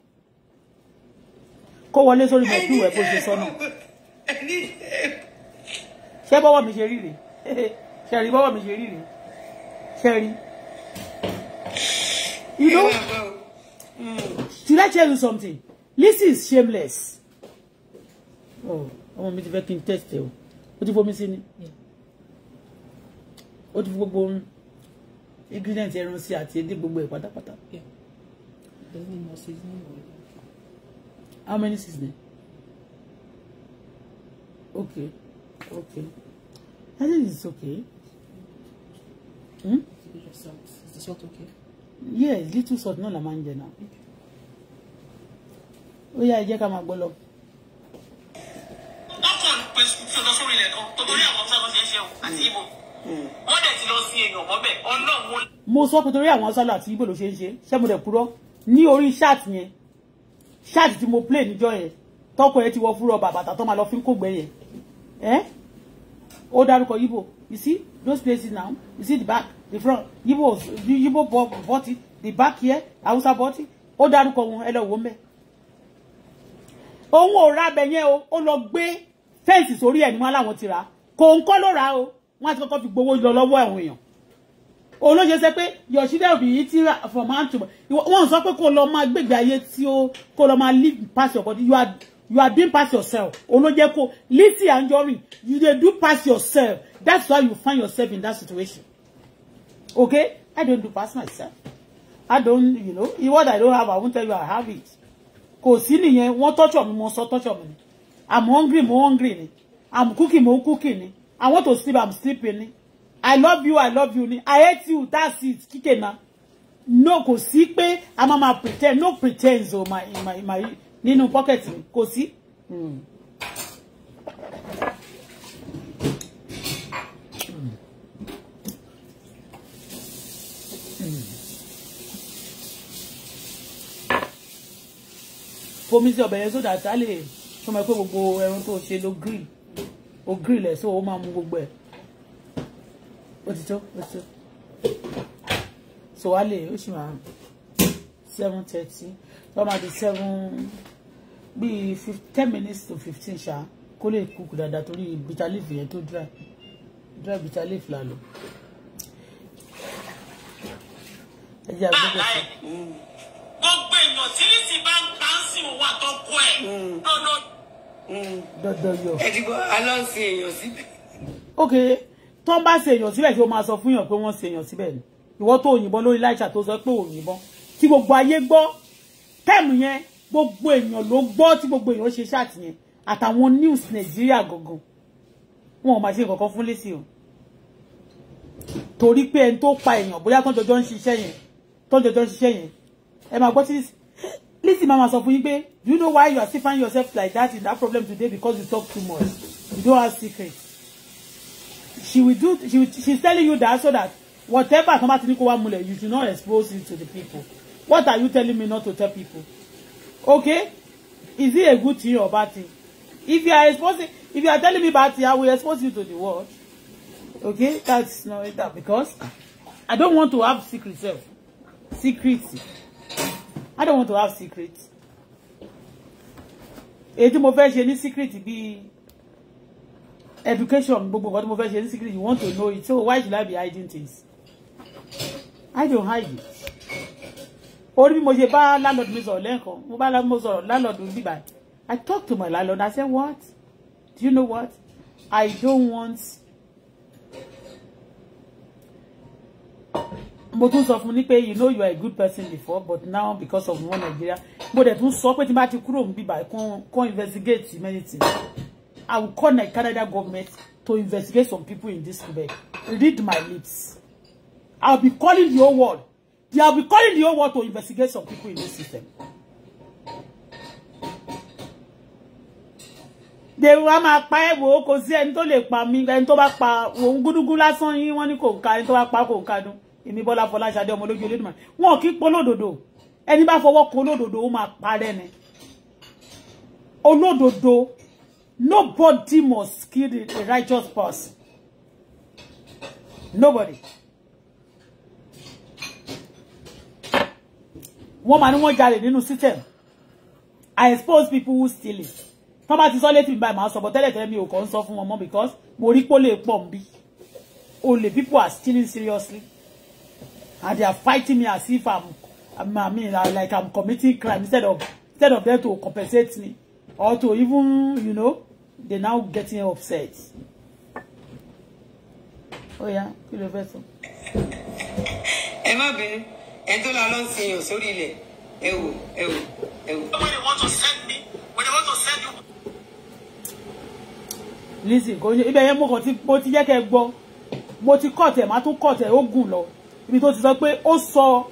Kó wọlé sórí mẹ̀kú ẹ̀ bó ṣe sọ náà. Ṣé bọ́wọ́ mi ṣe rí rèé? Ṣé rí mi ṣe rí rèé? Ṣé You know, should I tell you something? This is shameless. Oh, ọmọ mi ti fẹ́ kí What do you want me to fomi What do you want me to orin ingredient ẹran sí àti edé gbogbo ẹ̀ pátápátá. how many seasoning? okay okay I think it's okay. Hmm? Is the salt okay? Yes, little salt No, la máa ń jẹ náà. Ó yá ẹ jẹ́ ká máa gbọ́ lọ. Lọ́kàn pẹ̀lú àwọn tí wọ́n ṣe ṣe o, àti ìbò wọ́n dẹ̀ ti lọ sí èèyàn mọ́bẹ̀ ọlọ́run. mo sọ pé torí àwọn sálà àti ibo ló ṣe ń ṣe ṣé mo dẹ̀ purọ́ ní orí ṣáàtì yẹn ṣáàtì tí mo play níjọ́ yẹn tọkọ ẹ ti wọ fúrọ bàbàtà tó máa lọ fi ń kògbẹ yẹn ó dárúkọ ibo you see those places now you see the back the front ibo ibo bought it the back here hausa bought it ó dárúkọ wọn ẹ lọ wò mẹ òun ò ra abẹ yẹn o ó lọ gbé fẹ́ǹsì sórí ẹ̀ ní wọn láwọn ti rà kò ń kọ́ ló rà o wọ́n á ti kọ́kọ́ fi gbowó lọ lọ́wọ́ àwọn èèyàn òun ló ṣe sẹ pé your children be eating from hand to mouth wọ́n sọ pé kó lọ máa gbègbè ayé tí ó kó lọ máa live past your body you are you are being past yourself òun ló jẹ́ and Lizzy you dey do past yourself that's why you find yourself in that situation okay I don't do past myself I don't you know what I don't have I won't tell you I have it kò sí nìyẹn wọ́n tọ́jú mi mo sọ tọ́jú mi I'm hungry mo hungry ni I'm cooking mo cooking ni I want to sleep, I'm sleeping. I love you, I love you. I hate you, that's it. Kíkẹ́ na. No, kò sí pé a máa pretend. No pretends. Oh my, my, my, nínú pocket mi. Kò sí. Hmm. Fomi sí ọbẹ̀ yẹn sódà tá lè sọmọ go gbogbo go. tó ṣe ló green o grill ẹ̀ so o máa mu gbogbo ẹ̀ ó ti tó ó ti tó so wá lè ó sì máa seven thirty tó máa di seven bíi ten minutes to fifteen ṣá kó lè kúkú dáadáa torí bitter leaf yẹn tó dry dry bitter leaf la lò gbogbo èèyàn tí lè ti bá ń pa ń òun àtọkọ ẹ̀ hmm dandan yọ. ẹ ti gbọ́ alọ́ ṣe èèyàn síbẹ̀. ok tó ń bá ṣe èèyàn síbẹ̀ tí ó máa sọ fún yàn pé wọ́n ṣe èèyàn síbẹ̀ ni ìwọ tó òyìnbọn lórí láìsà tó sọ pé òyìnbọn tí gbogbo ayé gbọ́ tẹ́ẹ̀mù yẹn gbogbo èèyàn ló gbọ́ tí gbogbo èèyàn ṣe ṣáàtì àtàwọn news nàìjíríà gangan wọn ò máa ṣe nǹkan kan fún lẹ́sìn o torí pé ẹni tó pa èèyàn bóyá tó jọjọ ń ṣiṣẹ́ yẹn tó jọjọ ń ṣiṣẹ́ yẹn ẹ máa gbọ́ tí Lizzy mama sọ fún yín pé you know why you are still find yourself like that in that problem today because you talk too much you don't have secrets. she will do she will, she's telling you that so that whatever tó bá ti ní you should not expose it to the people what are you telling me not to tell people okay is it a good thing or bad thing if you are exposing if you are telling me bad thing I will expose you to the world okay that's not it that because I don't want to have secrets. Eh? Secrets. secrecy. I don't want to have secrets. èyí tí mo fẹ́ ṣe ní secret bíi education gbogbo nǹkan mo fẹ́ ṣe ní secret you want to know it so why should I be hiding things I don't hide it orí bí mo ṣe bá landlord mi sọ̀rọ̀ lẹ́ẹ̀kan mo landlord mo sọ̀rọ̀ landlord mi bíbá I talk to my landlord I say what do you know what I don't want mo tún sọ fún ni pé you know you are a good person before but now because of one Nigeria mo dẹ̀ tún sọ pé tí n bá ti kúrò níbí báyìí kàn investigate many things I will call my Canada government to investigate some people in this Quebec read my lips I will be calling the whole world they will be calling the whole world to investigate some people in this system. they wa ma pa ewo kò sí ẹni tó lè pa mí ẹni tó bá pa ohun gúdúgú lásán yín wọ́n ní kò ń ka ẹni tó bá pa kò ń kadùn èmi Bọ́lá Fọláṣadé ọmọ lójú Elédùmarè wọn kì í pọ lódodo ẹni bá fọwọ́ kan olódodo ó máa parẹ́ ni olódodo nobody must kill the, righteous person nobody. wọ́n máa ní wọ́n jalè nínú system I expose people who steal it tọ́ bá ti sọ létí mi báyìí màá sọ bọ́ tẹ́lẹ̀ tẹ́lẹ̀ mi ò kàn ń sọ fún wọn mọ́ because mo rí pólè pọ̀ ń bí olè people are stealing seriously and they are fighting me as if I'm, I'm I mean like I'm committing crime instead of instead of them to compensate me or to even you know they now getting upset. Oh yeah, kí the vessel. sọ. Ẹ má bínú, ẹ tó la lọ sí yàn sórí ilẹ̀, When they want to send me, when they want to send you. Listen, go. ní ibẹ̀ yẹn mo kàn ti mo ti jẹ́ kẹ́ gbọ́, mo ti kọ̀ tẹ̀, màá tún kọ̀ ibi tó ti sọ pé ó sọ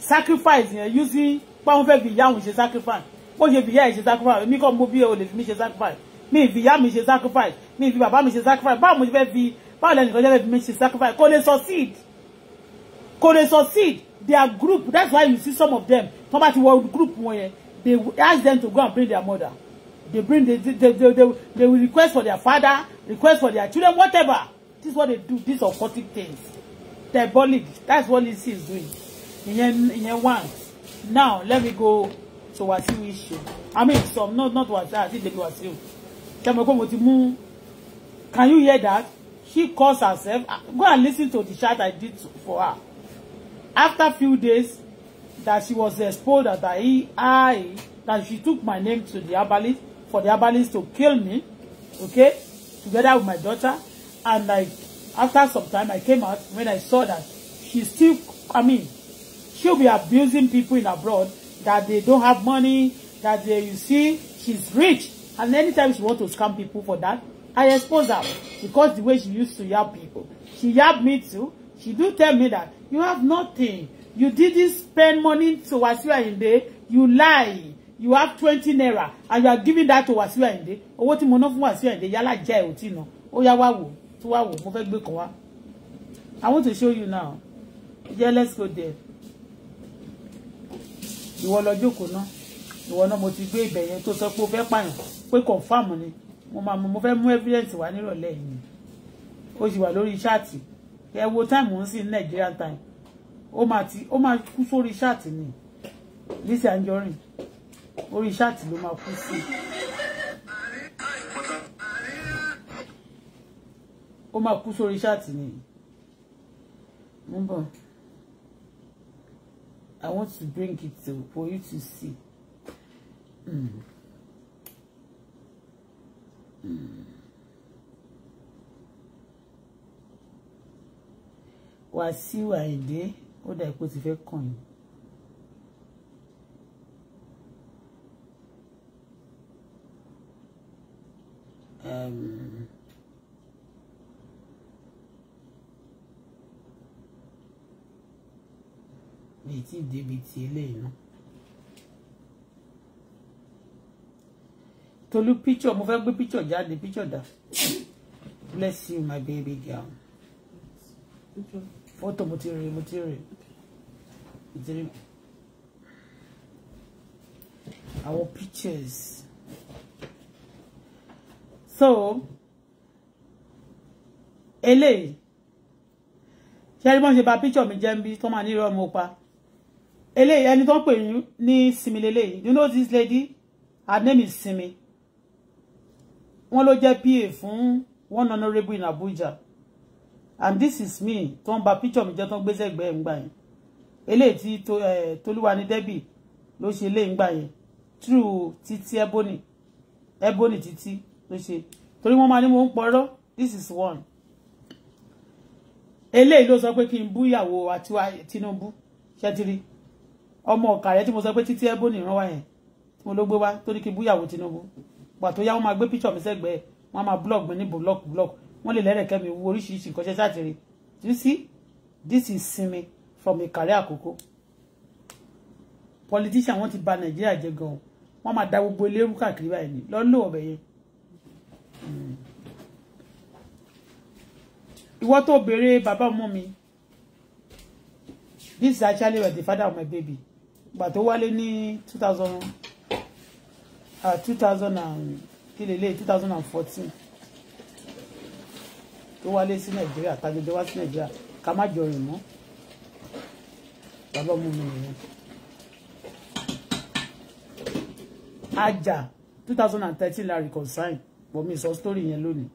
sacrifice yẹn using páwọn fẹ́ fi ìyá òun ṣe sacrifice bó ṣe fi ìyá ẹ̀ ṣe sacrifice mi kọ́ mo bí o lè fi mi ṣe sacrifice mi fi ìyá mi ṣe sacrifice mi fi bàbá mi ṣe sacrifice báwo mo ṣe fẹ́ fi báwo lẹ́nu kan ṣe fi mi ṣe sacrifice kò lè succeed kò lè succeed their group that's why you see some of them tó bá ti wọ group wọn yẹn they ask them to go and bring their mother they bring they they they they, they, will request for their father request for their children whatever this is what they do these occultic things diabolic that's what Lizzy is doing in your one now let me go to Wasiu issue i mean some not not Wasiu àti ìdèbí Wasiu ṣàmì pé can you hear that she calls herself ah, go and listen to the chat i did for her after few days that she was exposed that i i that she took my name to the herbalist for the herbalist to kill me okay together with my daughter and like after some time I came out when I saw that she still, I mean, she'll be abusing people in abroad that they don't have money, that they, you see, she's rich. And anytime she want to scam people for that, I expose her because the way she used to yab people. She yab me too. She do tell me that you have nothing. You didn't spend money to Wasiwa Inde. You lie. You have 20 naira and you are giving that to Wasiwa Inde. Owó tí mo ná fún Wasiwa Inde yálà jẹ́ ẹ̀ jail tí ì ná. Ó tó wà wò mo fẹ́ gbé kan wá I want to show you now yeah let's go there ìwọ lọ jókòó náà ìwọ náà mo ti gbé ibẹ̀ yẹn tó sọ pé o fẹ́ pààyàn pé confam ni mo máa mo fẹ́ mú evidence wá nírọ̀lẹ́ yìí ó sì wà lórí ṣáàtì ẹ wo táìmù ń sìn Nigerian time ó máa ti ó máa kú sórí ṣáàtì ni Lizzy Anjorin orí ṣáàtì ló máa kú sí ó máa kú sórí ṣáàtì ni mo ń I want to bring it to for you to see. Mm. Mm. Wàsíù Àyìndé ó dà pé ó ti fẹ́ kàn yín. Um, mi ì tí ì débi ti eléyìí náà. Tolu picture mo fẹ́ gbé picture jáde picture dà bless you my baby girl fọ́tò mo ti rí mo ti rí ìdírí àwọn pictures so eléyìí ṣé ẹni bọ́n ṣe bà picture mi jẹ́ ń bí tó máa ní irọ́ mo pa eléyìí ẹni tó ń pè yín ní Simi leléyìí you know this lady her name is Simi wọ́n ló jẹ́ PA fún one honourable in Abuja and this is me tó ń ba picture mi jẹ́ tó ń gbé sẹ́gbẹ́ ńgbà yẹn eléyìí tí Tolúwani Debbie ló ṣe lé ńgbà yẹn true Titi ebony ebony Titi. ló ṣe torí wọ́n máa ní mo ń pọ̀rọ̀ this is one eléyìí ló sọ pé kí n bú ìyàwó àti Tinubu ṣẹ́tìrì ọmọ ọ̀kà rẹ tí mo sọ pé títí ẹ́bọ̀nì rán wá yẹn tí mo ló gbé wá tó ní kí búyàwó Tinubu gbà tó yá wọn máa gbé píṣọ̀ mi sẹ́gbẹ̀ẹ́ wọn máa blog mi ní blog blog wọn lè lẹ́rẹ̀kẹ́ mi wo oríṣiríṣi nǹkan ṣe sátìrì do you see this is sinmi from ìkàrẹ́ àkókò politician wọn ti bà Nàìjíríà jẹ́ gan wọn máa da gbogbo eléru káàkiri báyìí ni lọ́ọ́ lò ọ̀bẹ̀ yẹn. Hmm. ìwọ tó béèrè bàbá ọmọ mi this is actually where the father of my baby gbà tó wálé ní two thousand two thousand and kí lè two thousand and fourteen tó wálé sí nàìjíríà tajọjọ wá sí nàìjíríà ká má jọ rìn mọ́ bàbá ọmọ mi nìyẹn ajá two thousand and thirteen la reconcile for me. sọ story yẹn lónìí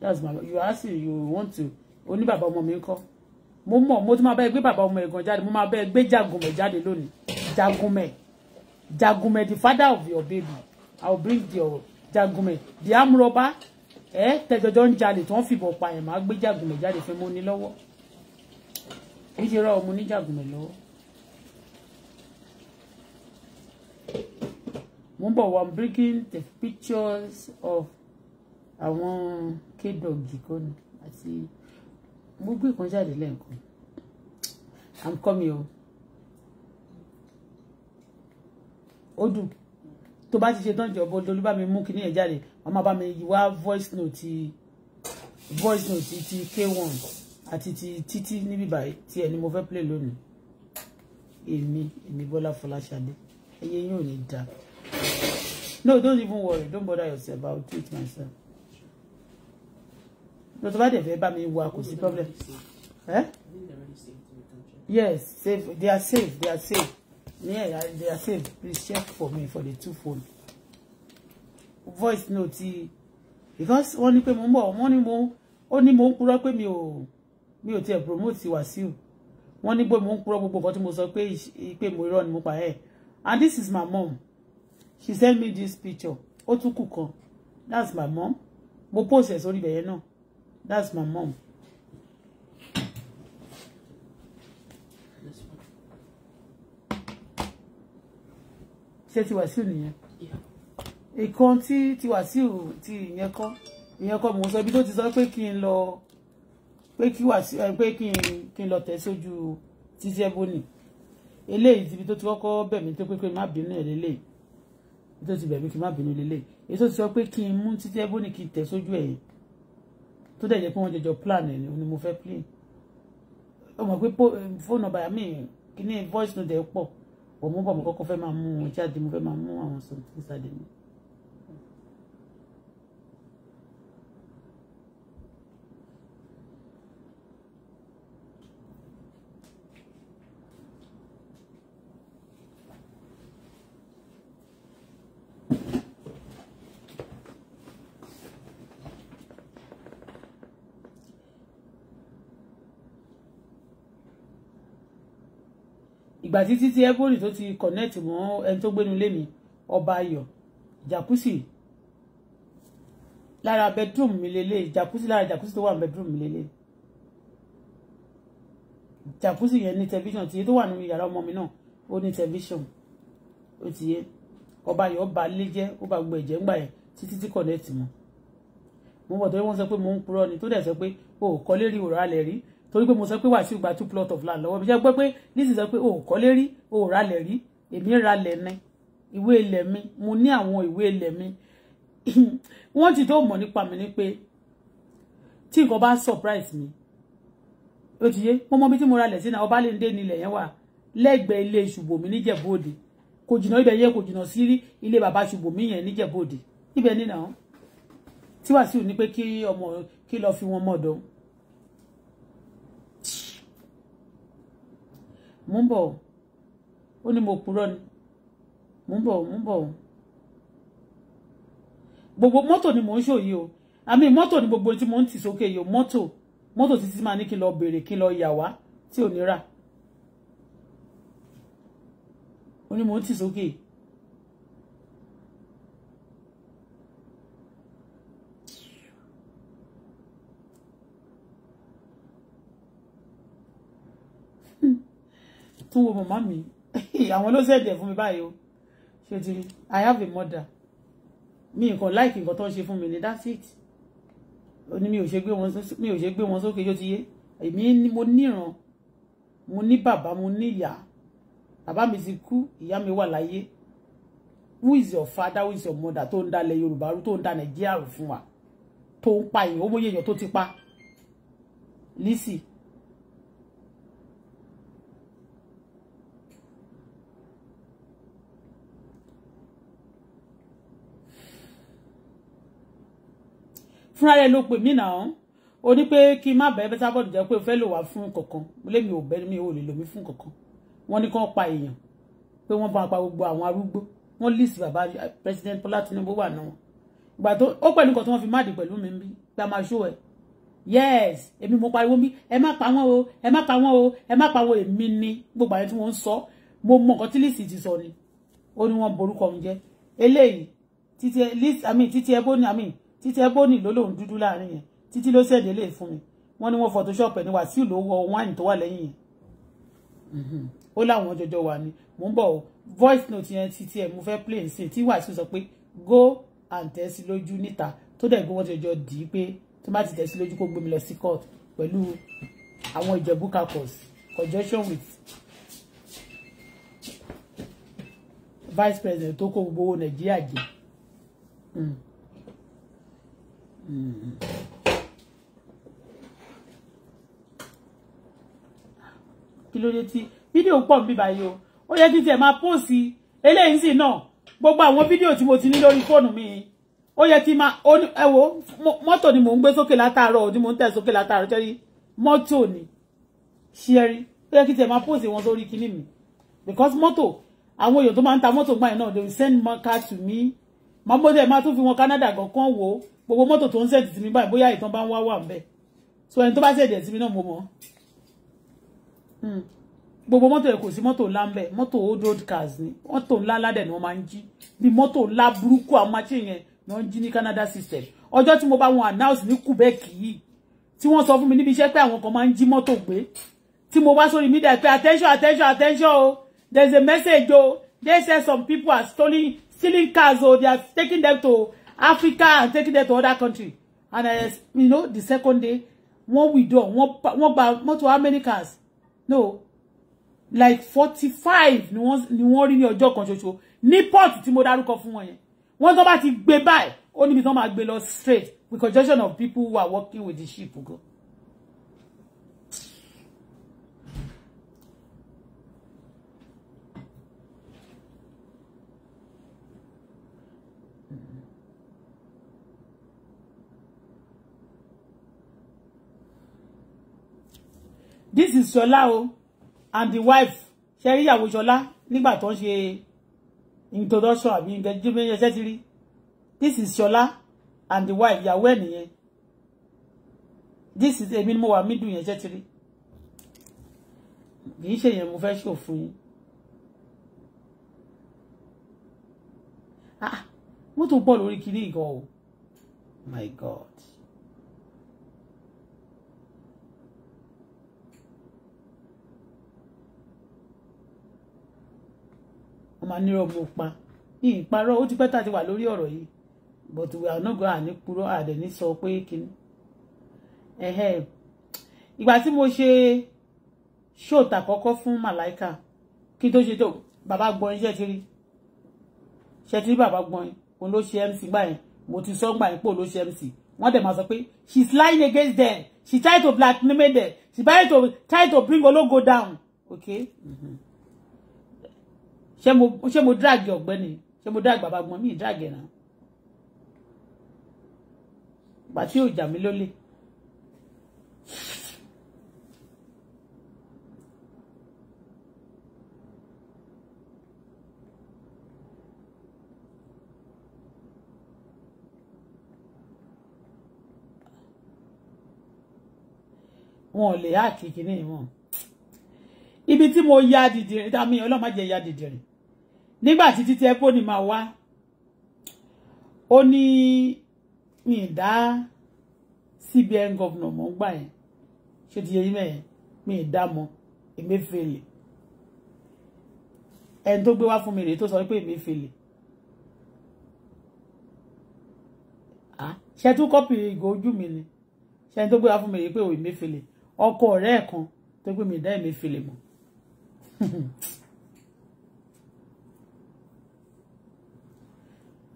that's my you asking you want to oní bàbá ọmọ mi kọ́ mo mọ̀ mo tún máa bá ẹ gbé bàbá ọmọ ẹ̀gàn jáde mo máa bá ẹ gbé jàgùnmọ̀ jáde lónìí. Jagume. Jagume, the father of your baby. I'll bring your Jagume. The arm eh, tẹjọjọ ń jalè tó ń fìbọn pa ẹ̀ máa gbé Jagume jáde fún mo ní lọ́wọ́. Níṣẹ́ rọ ọmọ ní Jagume lọ́wọ́. Mo I'm bringing the pictures of àwọn kédọ̀gì kan àti mo gbé kan jáde lẹ́ẹ̀kan. I'm coming o. ó dùn tó bá ti ṣe tán jọ̀bọ dolúbà mi mú kíní ẹ̀ jáde wọ́n máa bá mi wá voice note voice note ti k1 àti ti títí níbí báyìí tí ẹni mo fẹ́ play lónìí èmi èmi Bọ́lá Fọláṣadé ẹyẹ yín ò ní da no don't even worry don't bother yourself I will treat myself no tó bá dẹ̀ fẹ́ bá mi wá kò sí problem eh? yes safe they are safe they are safe yeah they are saved please check for me for the two phone voice note because wọ́n ní pé mo more, bọ̀ wọ́n ní mo ó ní mo ń purọ́ pé mi ò mi ò tiẹ̀ promote Wàsíù wọ́n ní pé mo ń purọ́ gbogbo nǹkan tí mo sọ pé pé mo irọ́ ni mo pa ẹ̀ and this is my mom she send me this picture ó tún kù kan that's my mom mo post ẹ̀ sórí ibẹ̀ yẹn náà that's my mom. ṣé ti Wàsíù nìyẹn ìkan tí ti Wàsíù ti ìyẹn kọ́ ìyẹn kọ́ mò ń sọ ibi tó ti sọ pé kí n lọ pé kí Wàsíù eh, pé kí n kí n lọ tẹ̀ sójú títí ẹbọ nì eléyìí ti ibi tó ti kọ́kọ́ bẹ̀ mí tó pé pé má bínú ẹ̀ lélẹ́yìí tó ti bẹ̀rù kí n má bínú lélẹ̀ èyí tó ti sọ pé kí n mú títí ẹbó ni kí n tẹ̀ sójú ẹ̀yìn tó dẹ̀ jẹ́ pé wọ́n jọjọ plan ẹ̀ ni mo fẹ́ play ó pé fóònù ọba mi kí ní voice note ẹ̀ pọ̀ ọmọ bọ̀ mo kọ́kọ́ fẹ́ máa mú wọn jáde mo fẹ́ máa mú àwọn sọ̀tún sáde mi ìgbà títí tí everybody tó ti connect mọ́ ẹni tó gbénu lé mi ọba ayọ̀ jacuzzi lára bedroom mi lélẹ̀ jacuzzi lára jacuzzi tó wà bedroom mi lélẹ̀ jacuzzi yẹn ní television tìyẹ tó wà nínú yàrá ọmọ mi náà ó ní television ó ti yé ọba ayọ̀ ọba alẹ́ jẹ́ ó bá gbogbo ẹ̀jẹ̀ ńgbà yẹn títí tí connect mọ́ mo bọ̀ tó wọ́n sọ pé mo ń purọ́ ni tó dẹ̀ sọ pé o ò kọ́lé rí òrò alẹ́ rí torí pé mo sọ pé Wàsíù gba two plot of land lọ́wọ́ mi jẹ́ gbọ́ pé nísìnyí sọ pé o ò kọ́lé rí o ò ralẹ̀ rí èmi ralẹ̀ ni ìwé ilẹ̀ mi mo ní àwọn ìwé ilẹ̀ mi wọ́n ti tó mọ̀ nípa mi ni pé tí nǹkan bá surprise mi ó ti yé mo mọ bí tí mo ralẹ̀ sí náà ọba lè ń dé nílẹ̀ yẹn wà lẹ́gbẹ̀ẹ́ ilé Ṣùbòmí níjẹ̀bú Òde kò jìnnà ibẹ̀ yẹn kò jìnnà sí ilé bàbá Ṣùbòmí yẹn níjẹ̀bú Òde ibẹ̀ nínà tí Wàsíù ní pé kí ọmọ kí lọ fi wọn mọ̀ dán mò ń bọ̀ ó ní mo purọ́ ni mò ń bọ̀ mò ń bọ̀ gbogbo mọ́tò ni mò ń ṣòyí o àmì mọ́tò ni gbogbo tí mò ń tì sókè yìí o mọ́tò mọ́tò títí máa ní kí n lọ bèrè kí n lọ yà wá tí ò ní rà ó ní mò ń tì sókè yìí tó wo màmá mi àwọn ló ṣẹ̀dẹ̀ fún mi báyìí o ṣe ti i have a mother mi nǹkan láìkì nǹkan tó ń ṣe fún mi ni that's it ó ní mi ò ṣe gbé wọn mi ò ṣe gbé wọn sókè yóò ti yé èmi ni mo níran mo ní bàbá mo ní ìyá bàbá mi ti kú ìyá mi wà láyé who is your father who is your mother tó ń dalẹ̀ Yorùbá rú tó ń da Nàìjíríà rú fún wa tó ń pa èèyàn ó mọ èèyàn tó ti pa Lizzy fúnra rẹ̀ ló pè mí náà ó ní pé kí n má bẹ́ẹ̀ bẹ́tà bọ́ọ̀dù jẹ́ pé o fẹ́ lò wá fún kankan lémi ò bẹ́ẹ̀ mi ò lè lò mí fún kankan wọ́n ní kàn pa èèyàn pé wọ́n bá pa gbogbo àwọn arúgbó wọ́n list bàbá president Bọ́lá Tinubu wà náà ìgbà tó ó pẹ̀lú nǹkan tí wọ́n fi má dì pẹ̀lú mi bí gba máa ṣó ẹ̀ yes èmi mo pariwo bí ẹ má pa wọn o ẹ má pa wọn o ẹ má pa wọn èmi ni gbogbo àyẹ̀tí wọn ń sọ mo mọ nǹkan tí list ti sọ ni ó ní wọn borúkọ mi jẹ eléyìí list àmì títí ẹ bó ní àmì títí ẹbọnì ló lòun dúdú láàrin yẹn títí ló ṣẹ̀dẹ̀ lè fún mi wọ́n ní wọ́n photoshop ẹ̀ ní wàsíù ló wọ wáìnì tó wà lẹ́yìn yẹn mhm. ó láwọn jọjọ wà ní mò ń bọ̀ o voice note yẹn ti tiẹ̀ mo fẹ́ play ṣe tí wàsíù sọ pé go and tẹ̀sí lójú níta tó dẹ̀ gbé wọ́n jọjọ dì í pé tó má ti tẹ̀sí lójú kó gbé mi lọ sí court pẹ̀lú àwọn ìjẹ̀bú kakọ̀s conjunction with vice president tó kó gbogbo owó nàìjíríà jẹ. Hmm kí ló dé tí fídíò pọ̀ ń bí báyìí o ó yẹ kí tiẹ̀ máa póòsì eléyìí sì náà gbogbo àwọn fídíò tí mo ti ní lórí fóònù mi ó yẹ kí máa ẹ wo mọ́tò ni mò ń gbé sókè látàárọ̀ òdì mò ń tẹ̀ sókè látàárọ̀ tẹ́rí mọ́tò ni ṣẹ́rí ó yẹ kí tiẹ̀ máa póòsì wọn sórí kinní mi because mọ́tò àwọn èèyàn tó máa ń ta mọ́tò gbà yẹn náà they will send car to me màmú tẹ máa tún fi wọn Canada gan kán wò ó gbogbo mọ́tò tó ń sẹ̀dì sí mi báyìí bóyá ìtàn bá ń wá wà ń bẹ̀ so ẹni tó bá sẹ̀dì ẹ̀ sí mi náà mo mọ̀ hmm. gbogbo mọ́tò ẹ̀ kò sí mọ́tò ńlá ń bẹ̀ mọ́tò old road cars ni mọ́tò ńlá ládẹ̀ ni wọ́n máa ń jí bí mọ́tò ńlá burúkú àwọn máa yẹn ni wọ́n jí ní Canada system ọjọ́ tí mo bá wọn announce ní Quebec yìí tí wọ́n sọ fún mi níbi iṣẹ́ pé àwọn kan máa ń jí mọ́tò gbé tí mo wá sórí media pé attention attention attention o there is a message o they say some people are stealing stealing cars, or they are taking them to Africa and taking them to other country. And I, uh, you know, the second day, what we do, what by, not to how many cars? No, like 45 ni wọ́n ni wọ́n rí ní ọjọ́ kan ṣoṣo ní port tí mo dárúkọ fún wọn yẹn wọ́n tó bá ti gbé báyìí ó straight with conjunction of people who are working with the ship go. this is Shola, o and the wife ṣe rí ìyàwó Ṣọlá nígbà tó ń ṣe introduction àbí ìgbẹ́jọ́ ṣe ti rí this is Shola, and the wife ìyàwó ẹ̀ nìyẹn this is èmi ni mo wà mí dùn yẹn ṣe ti rí kì í ṣe yẹn mo fẹ́ ṣò yín ah wọ́n tún bọ́ lórí kiri ìgàn o my God. wọ́n máa nírọ̀ mo pa ní ìparọ́ ó ti pẹ́ tàti wà lórí ọ̀rọ̀ yìí but we are not going àní purọ́ àdẹ̀ ní sọ pé kíní. ìgbà tí mo ṣe ṣóòtà kọ́kọ́ fún màláìka kí tó ṣe tó bàbá gbọ́n iṣẹ́ ti rí ṣe ti rí bàbá gbọ́n òun ló ṣe mc gbà yẹn mo ti sọ gbà yẹn pé òun ló ṣe mc wọ́n dẹ̀ máa sọ pé she is lying against them she try to blackmail them she try to try to bring ológo down okay. Mm-hmm ṣé mo ṣé mo drag ọ̀gbẹ́ni ṣé mo drag bàbá gbọ́n mi drag ẹ̀ràn gbà tí yóò jà mí lólè. wọn ò lè háàkì kìíní wọn ibi tí mo ya dìdìrín dá mi ọlọ́mọ ya dìdìrín nígbà tí títí ẹ pọ́nì máa wá ó ní mi ì dá CBN governor mọ́ gbà yẹn ṣé ti yẹ yín mẹ́yẹn mi ì dá mọ́ Emefiele ẹni tó gbé wá fún mi rèé tó sọ pé Emefiele ṣe tún kọ́pì ìgò ojú mi ni ṣe tó gbé wá fún mi rèé pé òwe ọkọ ọ̀rẹ́ ẹ̀ kan tó gbé mi dá Emefiele mọ́.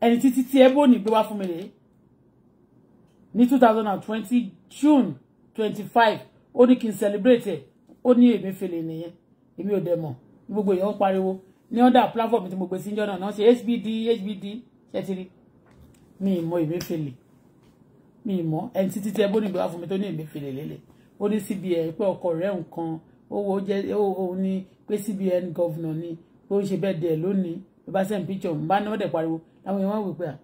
ẹni títí tí ẹ bò ní gbé wá fún mi rèé ní two thousand and twenty june twenty five ó ní kí n celebrate ẹ ó ní Emefiele nìyẹn èmi ò dẹ̀ mọ̀ ní gbogbo èèyàn ń pariwo ní under platform tí mo gbé sí jọ́nà náà ṣe hbd hbd ṣẹ́tìrì mi ì mọ̀ Emefiele mi ì mọ̀ ẹni títí tí ẹ bó nígbà fún mi tó ní Emefiele lélẹ̀ ó ní cbn pé ọkọ rẹ̀ nǹkan owó jẹ́ òun ni pé cbn governor ni ó ń ṣe bẹ́ẹ̀ dẹ̀ lónìí bí bá sẹ́yìn picture ń bá ní wọ́n dẹ̀ pariwo àwọn èèyàn wá wò pé à ah,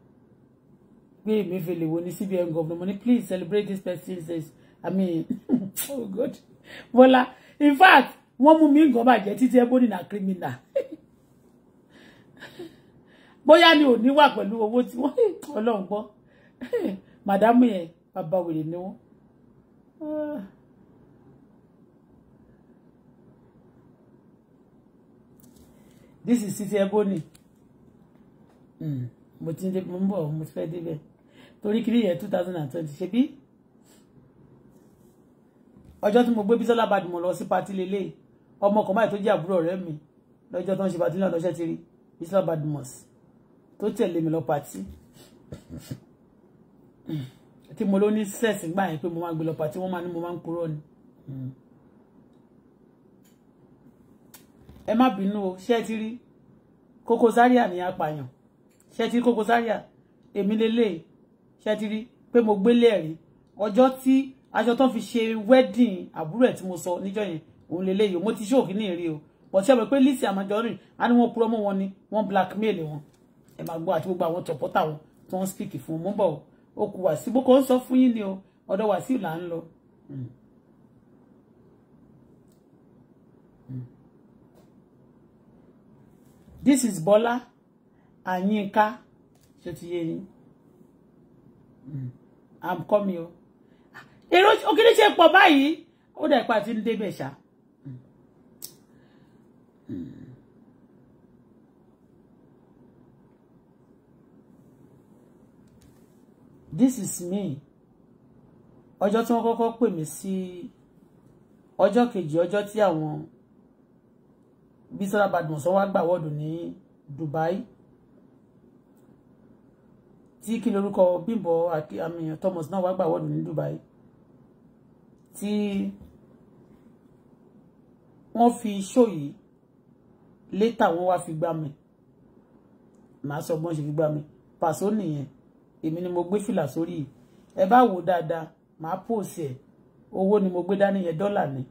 pé Emefiele wo ni CBN governor mo ní please celebrate this person says i mean oh god Bọ́lá in fact wọ́n mú mi nǹkan bàjẹ́ títí ẹ bóni na criminal bóyá ni ò ní wà pẹ̀lú owó tí wọ́n ọlọ́run gbọ́ màdámù yẹn bàbá wèrè ni wọ́n. Ah. this is títí ẹ Hmm. mo ti ń dé mo ń bọ̀ mo ti fẹ́ débẹ̀ torí kiri yẹn two thousand and twenty ṣe bí ọjọ́ tí mo gbé Bísọ́lá bá dùn mo lọ sí patí lélẹ̀ ọmọ kan báyìí tó jẹ́ àbúrò ọ̀rẹ́ mi lọ́jọ́ tó ń ṣe patí náà lọ́ṣẹ́ ti rí Bísọ́lá Badmus tó tẹ̀lé mi lọ patí hmm. tí mo ló ní sẹ́ẹ̀sì gbà yẹn pé mo máa gbé lọ patí wọ́n máa ní mo máa ń kúrò ni. Hmm. ẹ má bínú o ṣé ẹ ti rí Koko Zaria ni apààyàn ṣe ti Koko Zaria èmi lélẹ̀ ṣe ti rí pé mo gbélé ẹ̀rí ọjọ́ tí aṣọ tó fi ṣe wedding àbúrò ẹ̀ tí mo sọ níjọ́ yẹn òun lélẹ̀ yìí mo ti ṣó òkì ní o but ṣe mọ̀ pé lisi Anjorin á ní wọ́n purọ́ mọ́ wọn ni wọ́n blackmail wọn ẹ̀ máa gbọ́ àti gbogbo àwọn tọ̀pọ́tà wọn tí wọ́n speak fún mọ́ bọ̀ o kù wá sí bó kò ń sọ fún ni o odo wá sí là ń hmm. Hmm. This is Bola àyínká ṣe ti yé yín àǹkọ́ hmm. mi o èrò òkìlì ṣe pọ̀ báyìí ó dà ipa tí ń ṣá. Hmm. Hmm. this is me ọjọ́ tí wọ́n kọ́kọ́ pè mí sí ọjọ́ kejì ọjọ́ tí àwọn Bísọ́lá Badmus wá gbà wọ́ọ̀dù ní Dubai tí kí lorúkọ Bímbọ́ àmì Thomas náà wá gbà wọ́ọ̀dù ní Dubai tí wọ́n fi ṣó yìí létà wọ́n wá fi gbá mi màá sọ bọ́n ṣe fi gbá mi pàṣọ nìyẹn èmi ni mo gbé fìlà sórí yìí ẹ bá wò dáadáa màá pòsì ẹ owó ni mo gbé dání yẹn dọ́là ni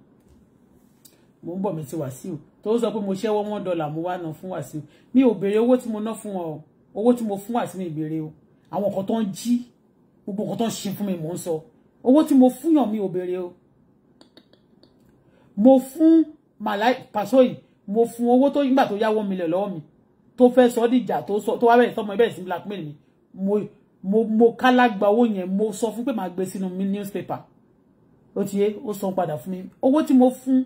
mo ń bọ̀ mi ti Wàsíù tó sọ pé mo ṣẹ́wọ́ one dollar mo wá ná fún Wàsíù mi ò béèrè owó tí mo ná fún ọ owó tí mo fún Wàsíù mi ìbéèrè o àwọn kan tó ń jí gbogbo nǹkan tó ń ṣe fún mi mò ń sọ owó tí mo fúnyàn mi ò béèrè o mo fún màláì pàṣọ yìí mo fún owó tó nígbà tó yáwó mi lẹ̀ lọ́wọ́ mi tó fẹ́ sọ dìjà tó sọ tó wá bẹ̀rẹ̀ sọmọ ẹbẹ̀ sí blackmail mi mo mo mo kálágbá owó yẹn mo sọ fún pé màá gbé sínú mi newspaper ó ti yé ó san padà fún mi owó tí mo fún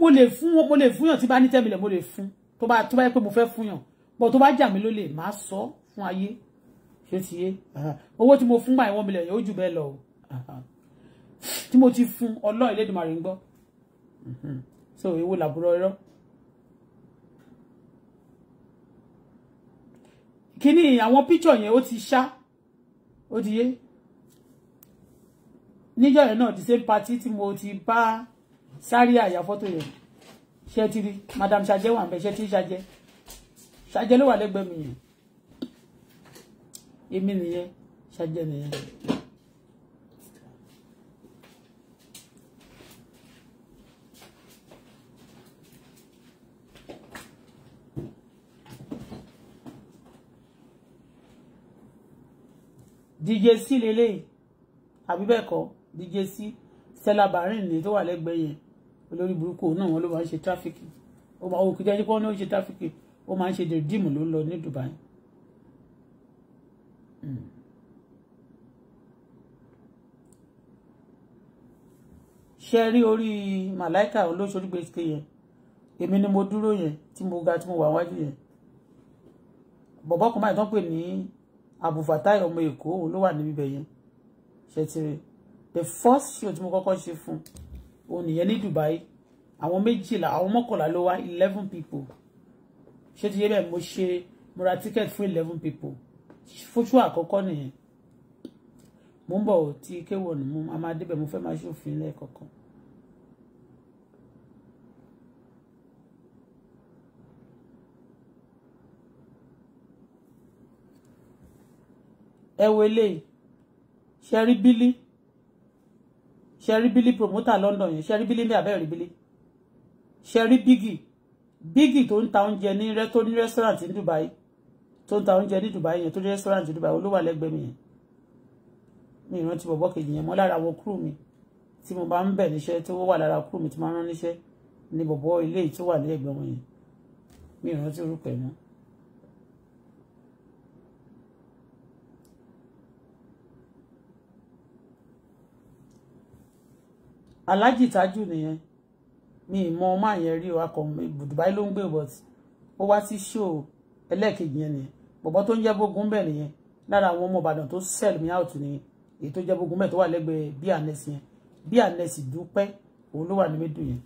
mo lè fún mo lè fúnyàn tí bá ní tẹ́milẹ̀ mo lè fún tó bá tó bá yẹ pé mo fẹ́ fúnyàn bọ̀ tó bá jà mí lólè má sọ fún ayé ṣé ti yé owó tí mo fún báyìí wọ́n mílíọ̀nù yóò jù bẹ́ẹ̀ lọ o tí mo ti fún ọlọ́ọ̀ Elédùmarè gbọ́ mhm. so èwo làbúrò irọ́. kíní àwọn píchọ̀ yẹn ó ti ṣá ó ti yé níjọ́ yẹn náà the same party tí mo ti bá sáré àyà fọ́tò yẹn ṣe madam ṣajẹ́ wà ń bẹ ṣe ti ṣajẹ́ ṣajẹ́ ló wà lẹ́gbẹ̀ẹ́ mi yẹn èmi nìyẹn ṣàjẹ nìyẹn. DJ C lélẹ́yìí àbí bẹ́ẹ̀ kọ́ DJ C Stella Barin ni tó wà lẹ́gbẹ̀ẹ́ yẹn olórí burúkú náà wọn ló máa ń ṣe tráfíkì ó máa ń kí jẹ́ pé wọ́n ní ń ṣe tráfíkì ó máa ń ṣe dèrè díìmù ló ń lọ ní Dubai. Mm. ṣe rí orí màláìka olóṣorí gbèsè yẹn èmi ni mo dúró yẹn tí mo ga tí mo wà wájú yẹn bọ̀bọ́ kan báyìí tán pè ní abufatai ọmọ èkó òun ló wà níbi ibẹ̀ yẹn ṣe ti rí the first show tí mo kọ́kọ́ ṣe fún òun nìyẹn ní Dubai àwọn méjìlá àwọn mọ́kànlá ló wá eleven people ṣé ti yé bẹ́ẹ̀ mo ṣe mo ra ticket fún eleven people fúnṣú àkọ́kọ́ nìyẹn mo ń bọ̀ tí kéwọ̀n mo a máa débẹ̀ mo fẹ́ máa ṣòfin lẹ́ẹ̀kọ̀ọ̀kan. ẹ wo eléyìí ṣẹ́rí bílí ṣẹ́rí bílí promoter London yẹn ṣẹ́rí bílí ní abẹ́rẹ́ bílí ṣẹ́rí bígì bígì tó ń ta oúnjẹ ní rẹ́tọ́ ní rẹ́sítọ́ràǹtì ní Dubai tó ń ta oúnjẹ ní Dubai yẹn tó ní restaurant Dubai olówà lẹ́gbẹ̀ẹ́ mi yẹn mi ìrántí bọ̀bọ̀ kejì yẹn mọ́ lára àwọn crew mi tí mo bá ń bẹ̀ níṣẹ́ tí wọ́n wà lára crew mi tí máa ń rán níṣẹ́ ní bọ̀bọ̀ ilé tó wà lẹ́gbẹ̀ẹ́ wọn yẹn mi ìrántí orúkọ ẹ̀ mọ́. alájì tájù nìyẹn mi ìmọ̀ ọmọ àyẹ̀rí akọ̀ Dubai ló ń gbé but ó wá sí show ẹlẹ́ẹ̀kejì yẹn nìyẹn bọ̀bọ́ tó ń jẹ́ bógun bẹ́ẹ̀ nìyẹn lára àwọn ọmọ ìbàdàn tó sell me out nìyẹn èyí tó jẹ́ bógun bẹ́ẹ̀ tó wà lẹ́gbẹ̀ẹ́ bí ànẹ́sì yẹn bí ànẹ́sì dúpẹ́ òun ló wà ní mẹ́tò yẹn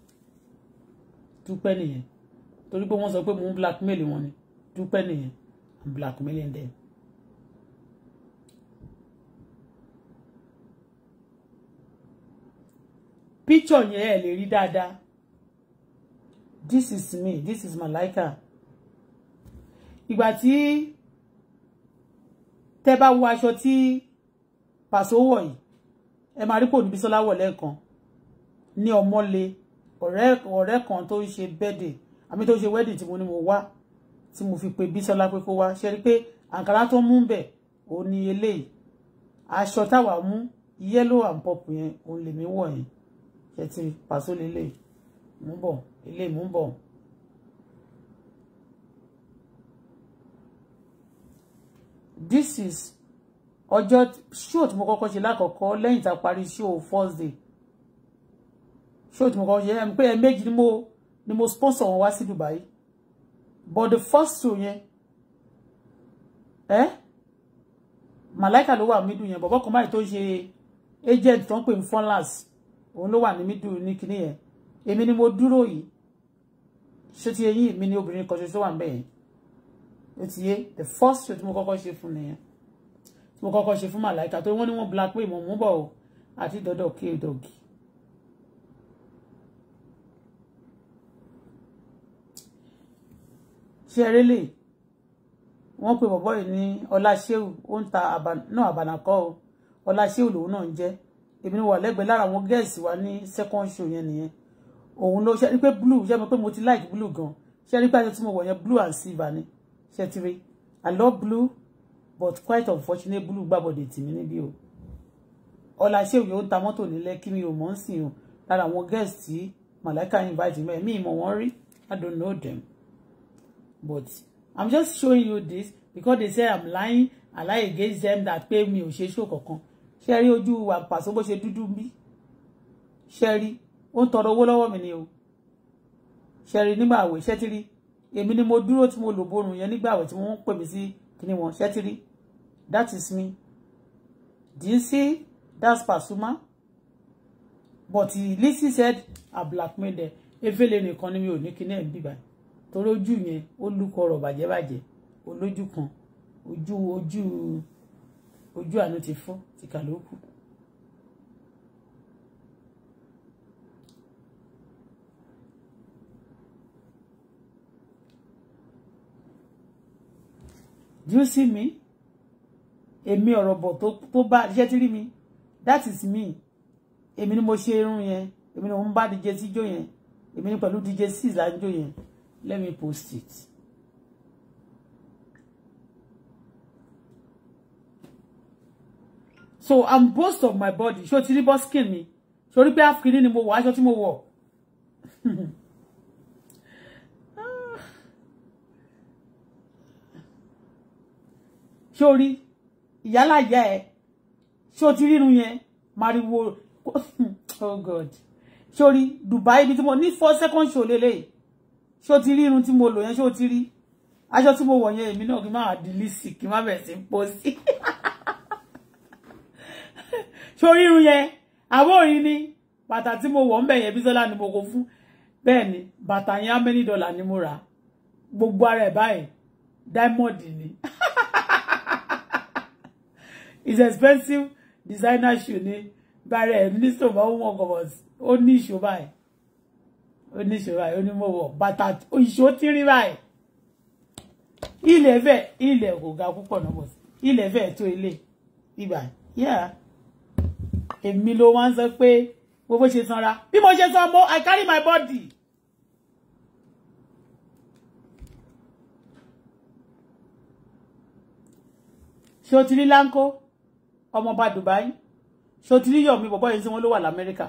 dúpẹ́ nìyẹn torí pé wọ́n sọ pé mò ń blackmail wọn ni dúpẹ́ nìyẹn I'm blackmailing them. picture yẹn ẹ lè rí dáadáa this is me this is Malaika ìgbà tí tẹ́ bá wo aṣọ tí Paso wọ̀ yìí ẹ máa rí kò ní Bísọ́lá wọ̀ lẹ́ẹ̀kan ní ọmọlé ọ̀rẹ́ ọ̀rẹ́ kan tó ń ṣe bẹ́ẹ̀dẹ̀ àmì tó ń ṣe wẹ́ẹ̀dì tí mo ní mo wá tí mo fi pe Bísọ́lá pé kó wá ṣe rí pé àǹkárá tó mú bẹ̀ òun ni eléyìí aṣọ táwa mú yellow and purple yẹn òun lèmi wọ̀ yẹn ṣe ti Paso lélẹ̀ mú bọ̀ eléyìí mú bọ̀. this is ọjọ́ show tí mo kọ́kọ́ ṣe lákọ̀ọ́kọ́ lẹ́yìn tá a parí show first day show tí mo kọ́kọ́ ṣe ẹ̀ ń pé ẹ méjì ni mo ni mo sponsor wọn wá sí Dubai but the first two yẹn ẹ màláìka ló wà middle yẹn bọ̀bọ́ kan báyìí tó ṣe agent tó ń pè ní funlas òun ló wà ní middle ní kinní yẹn èmi ni mo dúró yìí ṣé ti eyín mi ni obìnrin kan ṣoṣo wà ń bẹ̀ yẹn ó ti yé the first show tí mo kọ́kọ́ ṣe fún nìyẹn tí mo kọ́kọ́ ṣe fún màláìka tó wọ́n ní wọ́n blackmail mọ̀ mú bọ̀ o àti dọ́dọ̀ kí dọ̀gì. ṣe eré lè wọ́n pe bọ̀bọ́ yìí ní ọláṣẹ́wù ó ń ta náà àbànàkọ́ o ọláṣẹ́wù lòun náà ń jẹ́ èmi ni wà lẹ́gbẹ̀ẹ́ lára àwọn gẹ̀ẹ́sì wa ní second show yẹn nìyẹn òun ló ṣe rí pé blue ṣe mo pé mo ti like blue gan ṣe rí pé aṣọ tí mo wọ̀ yẹn blue and silver ni ṣẹ́tìrì I love blue but quite unfortunate blue gbàbọ̀dẹ̀ tì mí níbí o ọlá ṣéwì ó ń ta mọ́tò nílẹ̀ kí mi ò mọ̀ ń sìn o lára àwọn guest tí Malaika invite me mi ìmọ̀ wọn rí I don't know them but I'm just showing you this because they say I'm lying I lie against them that pay me. ò ṣe show kankan ṣe rí ojú wa pàṣẹ bó ṣe dúdú bí ṣe rí ó ń tọrọ owó lọ́wọ́ mi ni o ṣe rí nígbà àwẹ̀ ṣe èmi ni mo dúró tí mo lò borun yẹn nígbà àwẹ̀ tí wọ́n pè mí sí kíní wọn ṣẹ́tírí that is me do you see that's Pasuma but Lizzy said I blackmailed them efele nìkan ni mi ò ní kíní ẹ̀ ń bíbá torí ojú yẹn ó lúkọ ọ̀rọ̀ bàjẹ́bàjẹ́ olójú kan ojú ojú ojú àánú ti fọ́ ti kà do you see me èmi ọ̀rọ̀ bọ̀ tó bá iṣẹ́ tí rí mi that is me èmi ni mo ṣe irun yẹn èmi ni mo ń bá DJ síjó yẹn èmi ni pẹ̀lú DJ six lájó yẹn let me post it. so i'm boast of my body ṣé o ti rí bọ́ skin mi ṣorí pé àfikíní ni mo wọ aṣọ tí mo wọ. ṣé o rí ìyálàyà ẹ ṣé o ti rírun yẹn mariwo hmm, oh god ṣé o rí Dubai ibi tí mo ní four second show lélẹ̀ ṣé o ti rírun tí mo lò yẹn ṣé o ti rí aṣọ tí mo wọ̀ yẹn èmi náà kí n má àdìlísì kí n má bẹ̀rẹ̀ sí pọ̀ sí ṣé o rírun yẹn àwọn òrin ni bàtà tí mo wọ̀ ń bẹ̀ yẹn Bísọ́lá ni mo kó fún bẹ́ẹ̀ ni bàtà yẹn how many dollar ni mo rà gbogbo ara ẹ̀ báyìí diamond ni. it's expensive designer shoe ni bare nísò ba wọn kọ bọ ó ní ìṣó báyìí ó ní ìṣó báyìí ó ní mo wọ bàtà ìṣó tírí báyìí ilẹ̀ fẹ̀ ilẹ̀ kò ga púpọ̀ náà bọ̀ ilẹ̀ fẹ̀ tó ilé ibà yà èmi ló wá ń sọ pé gbogbo ṣe sanra bí mo ṣe san mo I carry my body. ṣé o ti ọmọọba Dubai ṣòtìlíyọ̀ mi bọ̀bọ̀ yẹn tí wọ́n ló wà lamẹ́ríkà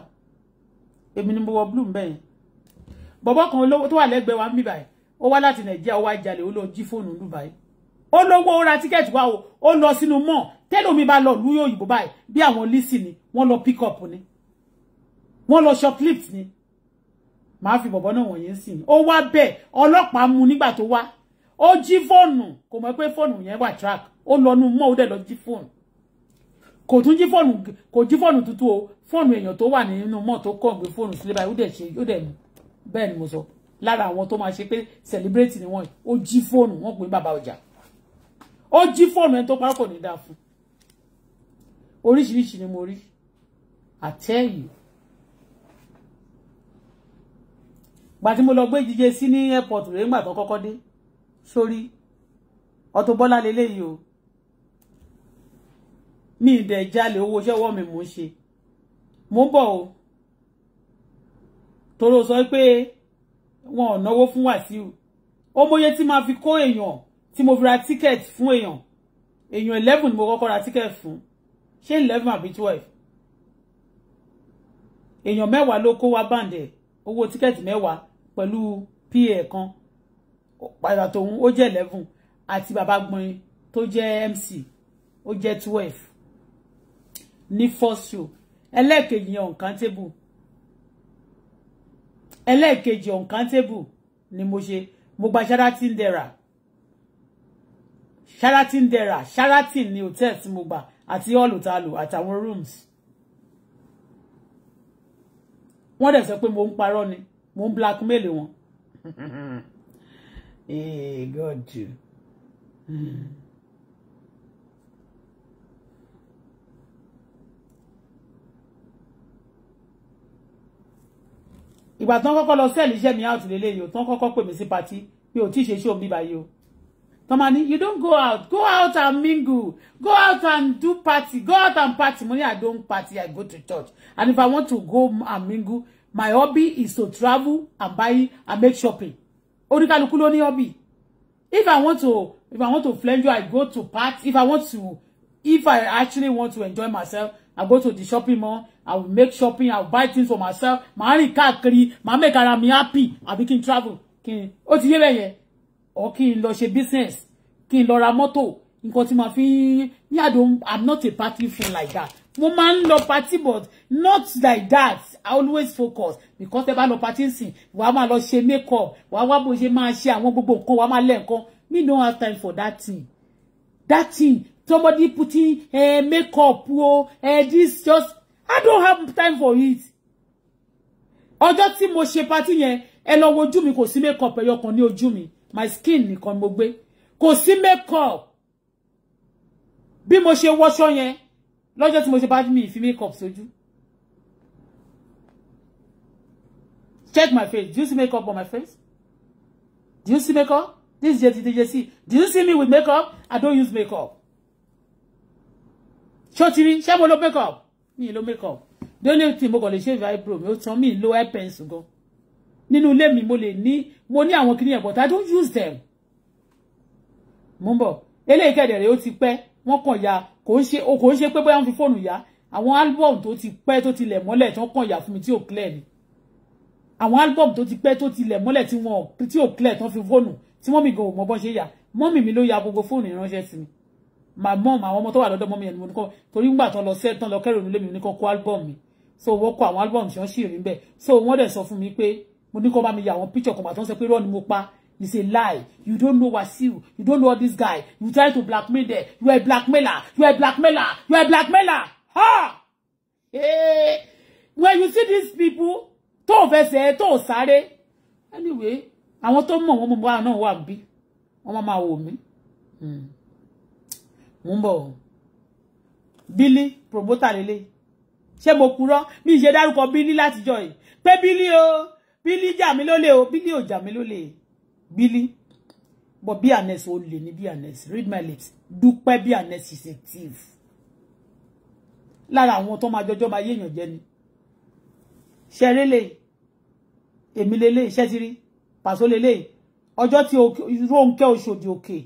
èmi ni mo wọ blue mbẹ́yẹn bọ̀bọ̀ kan olówó tó wà lẹ́gbẹ̀ẹ́ wa ń bì báyìí ó wá láti nàìjíríà ó wá jalè ó lọ jí fóònù Dubai ó lówó ó ra tíkẹ́ẹ̀tì wa o ó lọ sínú mọ́ tẹ́lẹ̀ omi bá lọ lú òyìnbó báyìí bí àwọn lísì ni wọ́n lọ pick up ni wọ́n lọ shoplift ni màá fi bọ̀bọ̀ náà wọ̀nyẹn sìn ó wá bẹ́ẹ̀ ọlọ́pàá mú nígbà tó wá ó jí fóònù kò mọ̀ pé fóònù yẹn wà track ó lọ nu mọ́ ó dẹ̀ lọ jí fóònù kò tún jí fóònù kò jí fóònù tuntun o fóònù èèyàn tó wà nínú mọ́tò kàn gbé fóònù sílé báyìí ó dẹ̀ ṣe ó dẹ̀ mú bẹ́ẹ̀ ni mo sọ lára àwọn tó máa ṣe pé celebrate ni wọ́n ó jí fóònù wọ́n pè bàbá ọjà ó jí fóònù ẹni tó parọ́ kò ní dáa fún oríṣiríṣi ni mo rí I tell you gbà tí mo lọ gbé jíjẹ sí ní airport rẹ̀ ńgbà tó kọ́kọ́ dé sórí Auto Bola leléyìí o mi ì dẹ̀ jalè owó iṣẹ́ ọwọ́ mi mò ń ṣe mò ń bọ̀ o toro sọ pé wọn ò náwó fún Wàsíù ó mọye tí máa fi kó èèyàn tí mo fi ra ticket fún èèyàn èèyàn eleven ni mo kọ́kọ́ ra ticket fún ṣé eleven àbí twelve èèyàn mẹ́wàá ló kó wá bàǹdẹ̀ owó ticket mẹ́wàá pẹ̀lú pa kan padà tòun ó jẹ́ eleven àti bàbá gbọ́n tó jẹ́ mc ó jẹ́ twelve ní fọ́sù ẹlẹ́ẹ̀kejì yẹn uncountable ẹlẹ́ẹ̀kejì uncountable ni mo ṣe mo gba Sheraton dẹ́ra Sheraton dẹ́ra Sheraton ni hotel tí mo gbà àti hall tá a lò àtàwọn rooms wọ́n dẹ̀ sọ pé mo ń parọ́ ni mo blackmail wọn. eh, God. Mm. ìgbà tán kọ́kọ́ lọ sẹ́ẹ̀lì iṣẹ́ mi out lélẹ̀ yìí tán kọ́kọ́ pè mí sí patí mi ò tí ì ṣe ṣé omi báyìí o tán máa ní you don't go out go out and mingle go out and do party go out and party mo ní i don't party i go to church and if i want to go and mingle my hobby is to travel and buy and make shopping oníkálukú ló ní hobby if i want to if i want to you, i go to party if i want to if i actually want to enjoy myself i go to the shopping mall I will make shopping, I will buy things for myself. My only car, káàkiri, My make ara mi happy àbí kí n travel. Kí n ó ti yé bẹ́ẹ̀ yẹn. Or kí n lọ business, kí n lọ ra mọ́tò. Nǹkan tí màá fi ní àdó I'm not a party fan like that. Mo máa ń party but not like that. I always focus because ẹ bá lọ party sìn. Wàá ma lọ she make up, wàá wá bó ṣe máa ṣe àwọn gbogbo nǹkan, ma máa lẹ̀ Me don't have time for that thing. That thing somebody putting uh, makeup o oh, uh, this just I don't have time for it. Ọjọ́ tí mo ṣe party yẹn, ẹ lọ wojú mi kò sí makeup ẹyọ kan ní ojú mi. My skin nìkan mo gbé. Kò sí makeup. Bí mo ṣe wọṣọ yẹn, lọ́jọ́ tí mo ṣe party mi fi makeup sójú. Check my face. Do you see makeup on my face? Do you see makeup? This is JTDJC. Do you see me with makeup? I don't use makeup. Ṣé o ti rí? Ṣé mo makeup? mi lo makeup the only thing mo kàn lè shave eyebrow mi ó tán mi lo eye pencil gan nínú ilé mi mo lè ní mo ní àwọn kìnìyàn but i don't use them mo ń bọ̀ eléyìí kẹ̀dẹ̀rẹ̀ ó ti pẹ́ wọ́n kàn ya kò ń ṣe kò ń ṣe pé bóyá wọ́n fi fóònù yá àwọn album tó ti pẹ́ tó ti lẹ̀ mọ́lẹ̀ tó kàn yà fún mi tí ò clear ni àwọn album tó ti pẹ́ tó ti lẹ̀ mọ́lẹ̀ tí wọn tí ò clear tó fi fóònù tí mọ́mì gan ò mọ bọ́n ṣe yà mọ́mì mi ló ya gbogbo fóònù ìránṣẹ́ sí mi my mom àwọn ọmọ tó wà lọ́dọ̀ mọ́mí ẹ̀ ni mo ní kọ́ torí ńgbà tán lọ sẹ́ tán lọ kẹ́rù mi lé mi ní kọ́ album mi so wọ́n kọ àwọn album tí wọ́n sì rí ń so wọ́n dẹ̀ sọ fún mi pé mo ní kọ́ bá mi yà àwọn picture kan bàtọ́ sọ pé rọ́ọ̀ ni mo pa you say lie you don't know Wasiu you don't know this guy you try to blackmail them you are blackmailer you are blackmailer you are blackmailer ha hey. Eh! when you see these people tó fẹsẹ̀ tó sáré anyway àwọn tó mọ̀ wọ́n mọ̀ wá náà wà bí wọ́n máa wò mí. Mm mò ń bọ̀ bílí promoter lélẹ̀ ṣé mo kúrọ́ mi ṣe dárúkọ bílí látijọ́ yìí pé bílí o bílí jà mí lólè o bílí ò jà mí lólè bílí but bí honest o lè ní bí honest read my lips dúpẹ́ bí anes is a thief lára àwọn tó máa jọjọ́ máa yéèyàn jẹ ni ṣeré lè èmi lélẹ̀ iṣẹ́ ti rí pàṣọ lélẹ̀ ọjọ́ tí Rónkẹ́ Òṣòdì òkè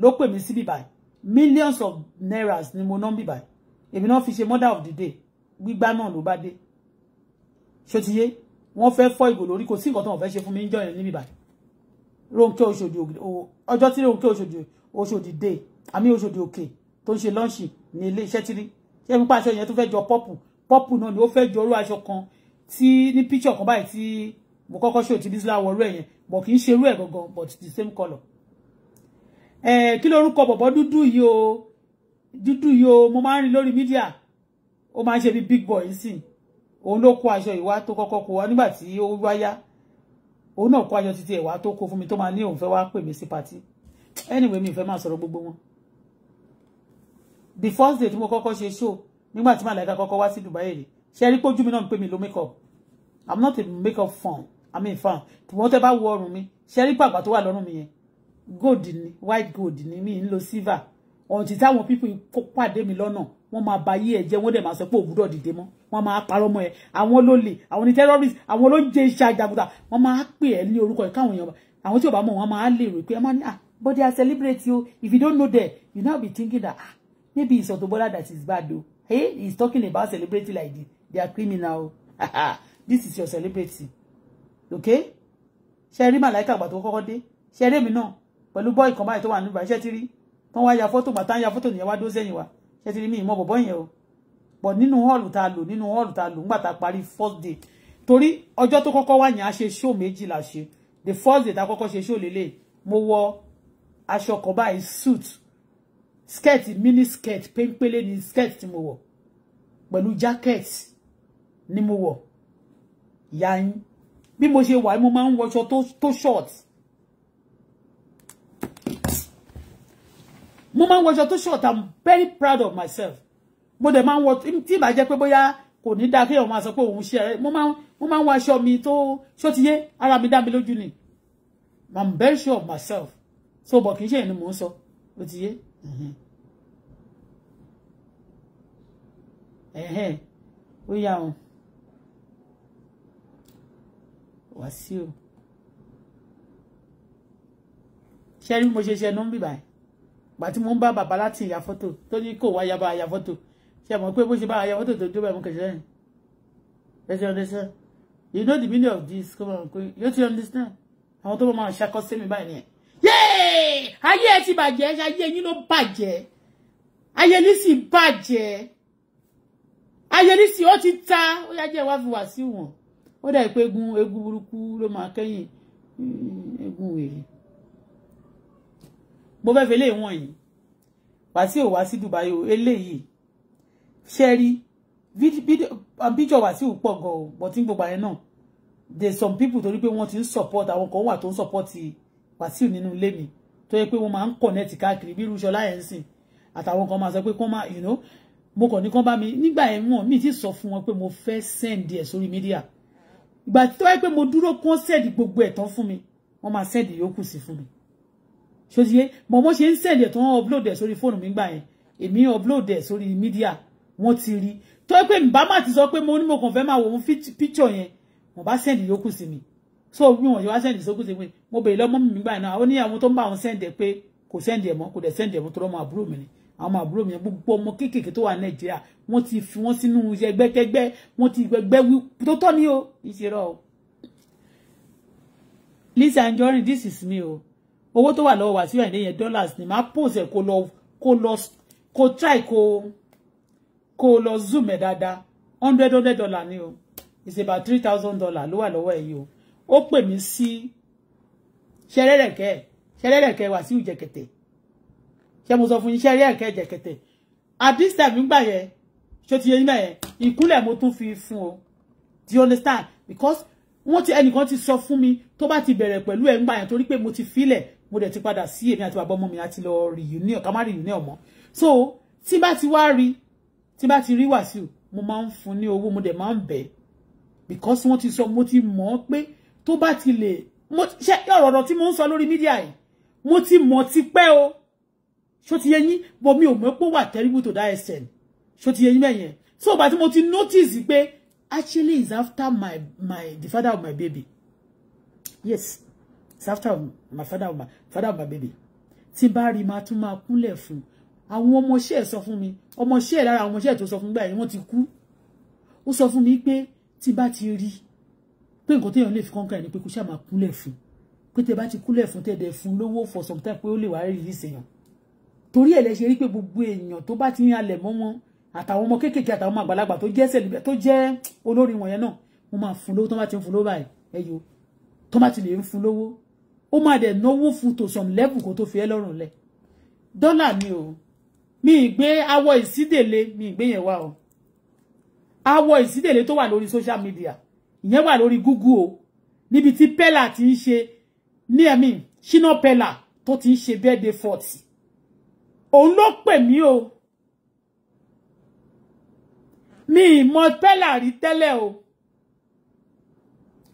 ló pè mí síbí báyìí millions of nairas ni mo ná bíbá èmi náà fi ṣe mother of the day gbígbá náà ló bá dé ṣó ti yé wọ́n fẹ́ fọ́ ìgò lórí kò sí nǹkan tó wọ́n fẹ́ ṣe fún mi níjọ́ yẹn ní bíbá Ronke Oṣòdì ọjọ́ tí Ronke Oṣòdì Oṣòdì day àmì Oṣòdì òkè tó ń ṣe lọ́ọ̀ṣì ní ilé iṣẹ́ tírí ṣé nípa aṣọ yẹn to fẹ́ jọ pọ́pù pọ́pù náà ni ó fẹ́ jọ orú aṣọ kan tí ní píṣọ̀ kan báyìí tí mo kọ́kọ́ ṣe òtí bísí láwọ̀ orú ẹ̀ yẹn but kì í ṣe irú ẹ̀ gangan but the same colour eh, kí lórúkọ bọ̀bọ̀ dúdú yìí o dúdú yìí o mo máa ń rìn lórí mídíà ó máa ń ṣe bí big boy sí òun ló kó aṣọ ìwá tó kọ́kọ́ kó wá nígbà tí ó wáyá òun náà kó aṣọ títí ẹ̀wá tó kó fún mi tó máa ní òun fẹ́ wá pè mí sí pàtí anyway mi ì fẹ́ máa sọ̀rọ̀ gbogbo wọn the first day tí mo kọ́kọ́ ṣe show nígbà tí màláìka kọ́kọ́ wá sí Dubai rè ṣe rí pójú mi náà ń mi mí ló make up i'm not a make up fan i mean fan tí wọ́n tẹ́ bá wo ọrùn mi ṣe rí pàgbà tó wà lọ́rùn mi yẹn gold ni white gold ni mi ń on silver ọ̀tí táwọn people pàdé mi lọ́nà wọ́n máa ba yí ẹ̀jẹ̀ wọ́n dẹ̀ máa sọ pé òwúrọ̀ dìde mọ́ wọ́n máa parọ́ mọ́ ẹ àwọn olólè àwọn ní terrorist àwọn olóúnjẹ iṣẹ́ àjàgùtà wọ́n máa pè ẹ́ ní oruko ẹ̀ káwọn èèyàn àwọn tí ò bá mọ̀ wọ́n máa lè rò pé ẹ máa ní ah but they are celebrity o if you don't know them you now be thinking that ah maybe it's Auto Bola that is bad o hey he's talking about celebrity like this they are criminal oh. this is your celebrity okay Sherry rí like àgbà tó kọ́kọ́ dé ṣe rí èmi náà pẹ̀lú bọ́ọ̀ì kan báyìí tó wà nígbà iṣẹ́ ti rí tán wá ya fọ́tò bàtà ya fọ́tò nìyẹn wá dó sẹ́yìn wa iṣẹ́ ti rí mi bọ̀bọ́ yẹn o bọ̀ nínú họ́ọ̀lù tá a lò nínú họ́ọ̀lù tá a lò ńgbà tá a parí first day torí ọjọ́ tó kọ́kọ́ wá yẹn a ṣe show méjì la ṣe the first day tá a kọ́kọ́ ṣe show lélẹ̀ mo wọ aṣọ kan báyìí suit skirt mini skirt péńpélé ni skirt tí mo wọ̀ pẹ̀lú jacket ni mo wọ̀ yáyín bí mo ṣe wà mo máa ń wọṣọ tó short mo máa ń wọṣọ tó short i'm very proud of myself mo dẹ̀ máa ń wọ tí ìbá jẹ́ pé bóyá kò ní dáa kéèyàn máa sọ pé òun ṣe ẹ mo máa ń wọ aṣọ mi tó ṣó ti yé ara mi dá mi lójú ni i'm very sure of myself so bọ̀ kì í ṣe ẹni mò ń sọ ó ti yé. ó yà wọn wá sí o ṣe rí mo ṣe ṣe ẹnu ń bì báyìí gbà tí mo ń bá bàbá láti ya fọ́tò tó ní kò wá yaba ya fọ́tò ṣe mọ̀ pé bó ṣe bá ya fọ́tò tó dúró ẹ̀mú kẹsẹ̀ yìí ẹ̀ṣẹ̀ ọ̀dẹ́sẹ̀ you know the meaning of this kó máa pé you ti understand àwọn tó máa ṣakọ́ sí mi báyìí nìyẹn yéé ayé ẹ ti bàjẹ́ ayé yín ló bàjẹ́ ayé ní sì bàjẹ́ ayé ní sì ó ti ta ó yá jẹ́ wá fi wà sí wọn ó dà pé egun egun burúkú ló máa kẹ́yìn hmm, egun wèrè mo fẹ́ fẹ́ lé wọn yìí Wàsíù wá sí Dubai o eléyìí ṣe rí um, picture Wàsíù pọ̀ gan o but ní gbogbo àyẹn náà there some people torí pé wọ́n ti ń support àwọn kan wà tó ń support Wàsíù nínú ilé mi tó yẹ pé wọ́n máa ń connect káàkiri bí irúṣọ láyẹn sìn àtàwọn kan máa sọ pé kán máa you know mo kàn ní kán bá mi nígbà yẹn wọn mi ti sọ fún wọn pé mo fẹ́ send ẹ̀ sórí media ìgbà tó yẹ pé mo dúró kán send gbogbo ẹ̀ tán fún mi wọ́n máa send yòókù sí fún mi ṣòṣìyẹ bọ̀ bó ṣe send sẹ̀lì ẹ̀ tó wọ́n upload ẹ̀ sórí fóònù mi gbà yẹn èmi upload ẹ̀ sórí media, wọ́n ti rí tó pé bá má ti sọ pé mo ní mo kàn fẹ́ máa wò ó picture yẹn wọ́n bá sẹ̀lì yókù sí mi so bí wọ́n yọ wá sẹ̀lì sókù sí mi mo bèèrè mo mi gbà náà ó ní àwọn tó ń bá àwọn sẹ̀ǹdì ẹ̀ pé kò sẹ̀ǹdì ẹ̀ mọ́ kò dẹ̀ mo ẹ̀ mọ́ tó lọ́mọ àbúrò mi ni àwọn àbúrò mi gbogbo ọmọ kéékèèké tó wà nàìjíríà wọ́n ti fi wọn sínú ẹgbẹ́kẹ́gbẹ́ wọ́n ti gbẹgbẹ wí tó tọ́ ni o ìṣirọ o Lizzy Anjorin this is me oh owó tó wà lọ́wọ́ wá sí àìlè yẹn dollars ni máa pòsè kó lọ kó lọ kó try kó kó lọ zoom ẹ̀ dáadáa hundred hundred dollar ni o it's about three thousand dollar ló wà lọ́wọ́ ẹ̀ yìí o ó pè mí sí ṣẹlẹ́rẹ̀kẹ́ ṣẹlẹ́rẹ̀kẹ́ wá sí ìjẹ̀kẹ̀tẹ̀ ṣé mo sọ fún yín ṣẹlẹ́rẹ̀kẹ́ ìjẹ̀kẹ̀tẹ̀ at this time nígbà yẹn ṣó ti yẹ nígbà yẹn ìkúnlẹ̀ mo tún fi fún o do you understand because wọ́n ti ẹnìkan ti sọ fún mi tó bá ti bẹ̀rẹ̀ pẹ̀lú ẹ̀ ńgbà yẹn torí pé mo ti filẹ̀ mo dẹ̀ ti padà sí èmi àti bàbá ọmọ mi àti lọ reunion ká má reunion mọ́ so tí bá ti wá rí tí bá ti rí Wàsíù mo máa ń fún ní mo dẹ̀ máa ń because wọ́n ti sọ mo ti mọ̀ ọ́ pé tó ti lè mo ṣe ọ̀rọ̀ tí mo ń sọ lórí mídíà mo ti mọ̀ ti pẹ́ o ṣó ti yẹ yín mi ò mọ̀ pé ó terrible to that extent ṣó ti yẹ yín bẹ́yẹn so bàtí mo ti notice pé actually is after my my the father of my baby yes it's after my father my father my baby tí bá rí máa tún máa kúnlẹ̀ fún àwọn ọmọọṣẹ́ ẹ̀ sọ fún mi ọmọọṣẹ́ ẹ̀ lára àwọn ọmọọṣẹ́ ẹ̀ tó sọ fún gbà yẹn wọ́n ti kú ó sọ fún mi pé tí bá ti rí pé nǹkan téèyàn lè fi kọ́ńkà ẹ̀ ni pé kó ṣáà máa kúnlẹ̀ fún pé tẹ bá ti kúnlẹ̀ fún tẹ̀ dẹ̀ fún lówó for some time pé ó lè wá rí release èèyàn torí ẹ̀ lẹ ṣe rí pé gbogbo èèyàn tó bá ti ń halẹ̀ mọ́ wọn àtàwọn ọmọ kéékèèké àtàwọn ọmọ àgbàlagbà tó jẹ́ sẹ̀lẹ̀ tó jẹ́ olórí wọn yẹn náà wọ́n máa fún lówó tó ti ń fún lówó báyìí ẹ̀yọ́ lè ń fún lówó ó máa dẹ̀ náwó fún to some level kó tó fi ẹ́ lọ́rùn lẹ̀ dọ́là ni o mi ìgbé awọ ìsídèlé mi ìgbé yẹn wá o awọ ìsídèlé tó wà lórí social media ìyẹn wà lórí Google o níbi tí pella ti ń ṣe ní ẹ̀mí ṣínà pella tó ti ń ṣe birthday forty òun ló pè mí o mi ì mọ pella rí tẹ́lẹ̀ o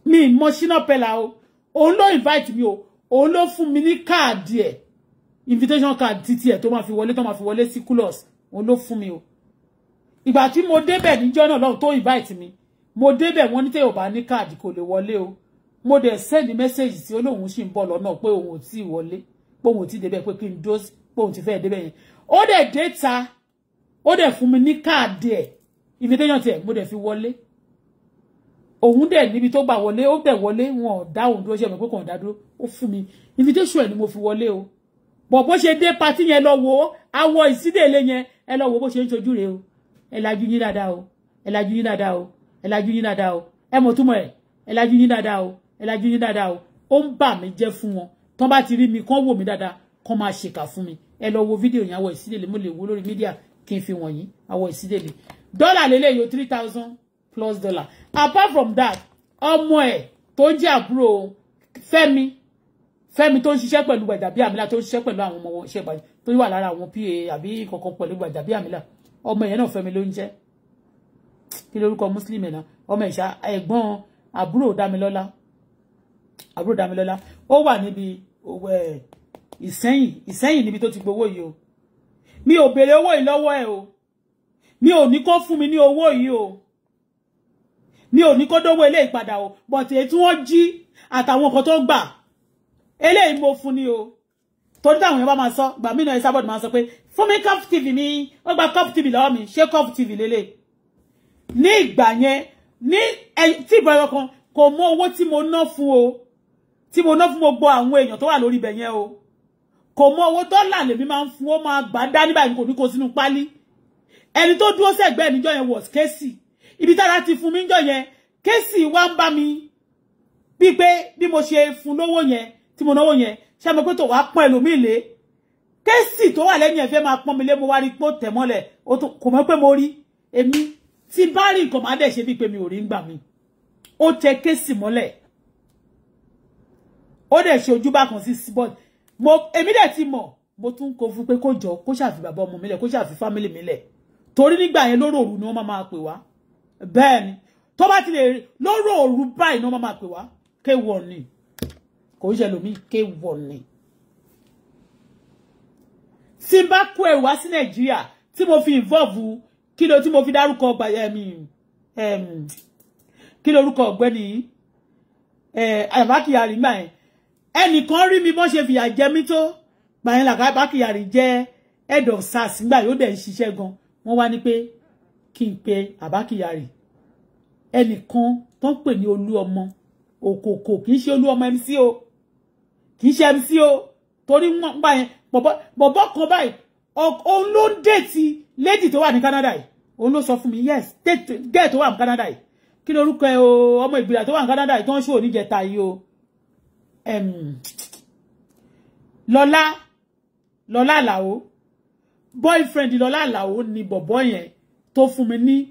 mi ì mọ ṣínà pella o òun ló invite mi o òun ló fún mi ní káàdì ẹ̀ invitation card títí ẹ̀ tó máa fi wọlé tó máa fi wọlé sí kulos òun ló fún mi o ìgbà tí mo débẹ̀ níjọ́ náà lọ́hùn tó invite mi mo débẹ̀ wọ́n ní tẹ́ ò bá ní káàdì kò lè wọlé o mo dẹ̀ send message tí olóhùn sì ń bọ̀ lọ́nà pé òun ò tí ì wọlé pé òun ò tí ì débẹ̀ pé kí n dose pé òun ti fẹ́ débẹ̀ yẹn ó dẹ̀ dé ó dẹ̀ fún mi ní káàdì ẹ̀ invitation tiẹ̀ mo dẹ̀ fi wọlé òun dẹ̀ níbi tó gbà wọlé ó dẹ̀ wọlé wọn ò dá òun dúró ṣe mọ̀ pé kò ń dá dúró ó fún mi invitation ẹ̀ ni mo fi wọlé o bọ̀ bó ṣe dé patí yẹn lọ wò ó awọ ìsídèlé yẹn ẹ lọ wò bó ṣe ń ṣojú rẹ̀ o ẹ lajú yín dáadáa o ẹ lajú yín dáadáa o ẹ lajú yín dáadáa o ẹ mọ̀ túmọ̀ ẹ̀ ẹ lajú yín dáadáa o ẹ lajú yín dáadáa o ó ń bà mí jẹ́ fún wọn tán bá ti rí mi kán wò mí dáadáa kán máa ṣèkà fún mi ẹ lọ wo mo lè wo lórí mídíà kí n fi wọ̀nyí awọ ìsídèlé dọ́là lélẹ́yìí three thousand plus dollar apart from that ọmọ ẹ̀ tó jẹ́ àbúrò Fẹ́mi Fẹ́mi tó ń ṣiṣẹ́ pẹ̀lú Gbajabiamila tó ń ṣiṣẹ́ pẹ̀lú àwọn ọmọ iṣẹ́ gbàdá tó wà lára àwọn pa àbí kankan pẹ̀lú Gbajabiamila ọmọ yẹn náà Fẹ́mi ló ń jẹ́ kí lórúkọ muslim ẹ̀ náà ọmọ ìṣá ẹ̀gbọ́n àbúrò Dámilọ́lá àbúrò Dámilọ́lá ó wà níbi Ìsẹ́yìn Ìsẹ́yìn níbi tó ti gbowó yìí o mi ò béèrè owó yìí lọ́wọ́ ẹ̀ o mi ò ní kó fún mi ní owó yìí o mi ò ní kó dówó eléyìí padà o but èyí tí wọ́n jí àtàwọn nǹkan tó gbà eléyìí mo fún ni o torí táwọn èèyàn bá máa sọ gbà mí náà Esabod máa sọ pé fún mi cup tv mi wọ́n gba cup tv lọ́wọ́ mi ṣé cup tv lélẹ̀ ní ìgbà yẹn ní tí ìbọn ẹ̀rọ kan kò mọ owó tí mo ná fún o tí mo ná fún gbogbo àwọn èèyàn tó wà lórí ibẹ̀ yẹn o kò mọ owó dọ́là lèmi máa ń fún ó máa gbà dání báyìí kò ní kó sínú pálí ẹni tó dúró sẹ́gbẹ́ níjọ́ yẹn was Casey ibi tára ti fún mi ń jọ yẹn kéèsì wá ń bá mi bíi pé bí mo ṣe fún lówó yẹn tí mo náwó yẹn ṣé mo pé tó wàá pọ́n ẹlòmíì lé kéèsì tó wà lẹ́yìn ẹ̀ fẹ́ máa pọ́n mi lé mo wá rí pé ó tẹ̀ mọ́lẹ̀ kò mọ̀ pé mo rí èmi tí bá rí nǹkan máa dẹ̀ ṣe bíi pé mi ò rí ń gbà mí ó tẹ kéèsì mọ́lẹ̀ ó dẹ̀ ṣe ojú bákan sí síbọ̀d mo èmi dẹ̀ ti mọ̀ mo tún kó fún pé kó jọ kó ṣàfi bàbá ọmọ mi lẹ̀ kó ṣàfi fámìlì mi lẹ̀ torí nígbà yẹn lóròrù ni wọ́n máa máa pè wá bẹ́ẹ̀ ni tó bá ti lè rí lóró òru báyìí ni wọ́n máa pè wá kéwọ̀ ni kò ń ṣe lómìn kéwọ̀ ni. tí n bá kó ẹrù wá sí nàìjíríà tí mo fi involve kí ló tí mo fi dárúkọ gbàyà mi kí lórúkọ ọ̀gbẹ́ni àbákíyàrí gbà yẹn ẹnìkan rí mi bọ́n ṣe fìyà jẹ mí tó gbà yẹn làkàbákíyàrí jẹ́ head SARS nígbà yóò dẹ̀ ṣiṣẹ́ gan wọ́n wá ní pé kí n pe àbákíyarì ẹnìkan tó ń pè ní olú ọmọ òkòkò kì í ṣe olú ọmọ mc o kì í ṣe mc o torí wọn gbà yẹn bọ̀bọ̀ kan báyìí òun ló ń déètì lady tó wà ní Canada yìí òun ló sọ fún mi yes gẹ́ẹ̀ tó wà ní Canada yìí kí ni orúkọ ẹ o ọmọ ìgbìlà tó wà ní Canada yìí tó ń ṣòwò níjẹta yìí o lọ́lá lọ́lá àlàó boyfriend lọ́lá àlàó ni bọ̀bọ̀ yẹn tó fún mi ní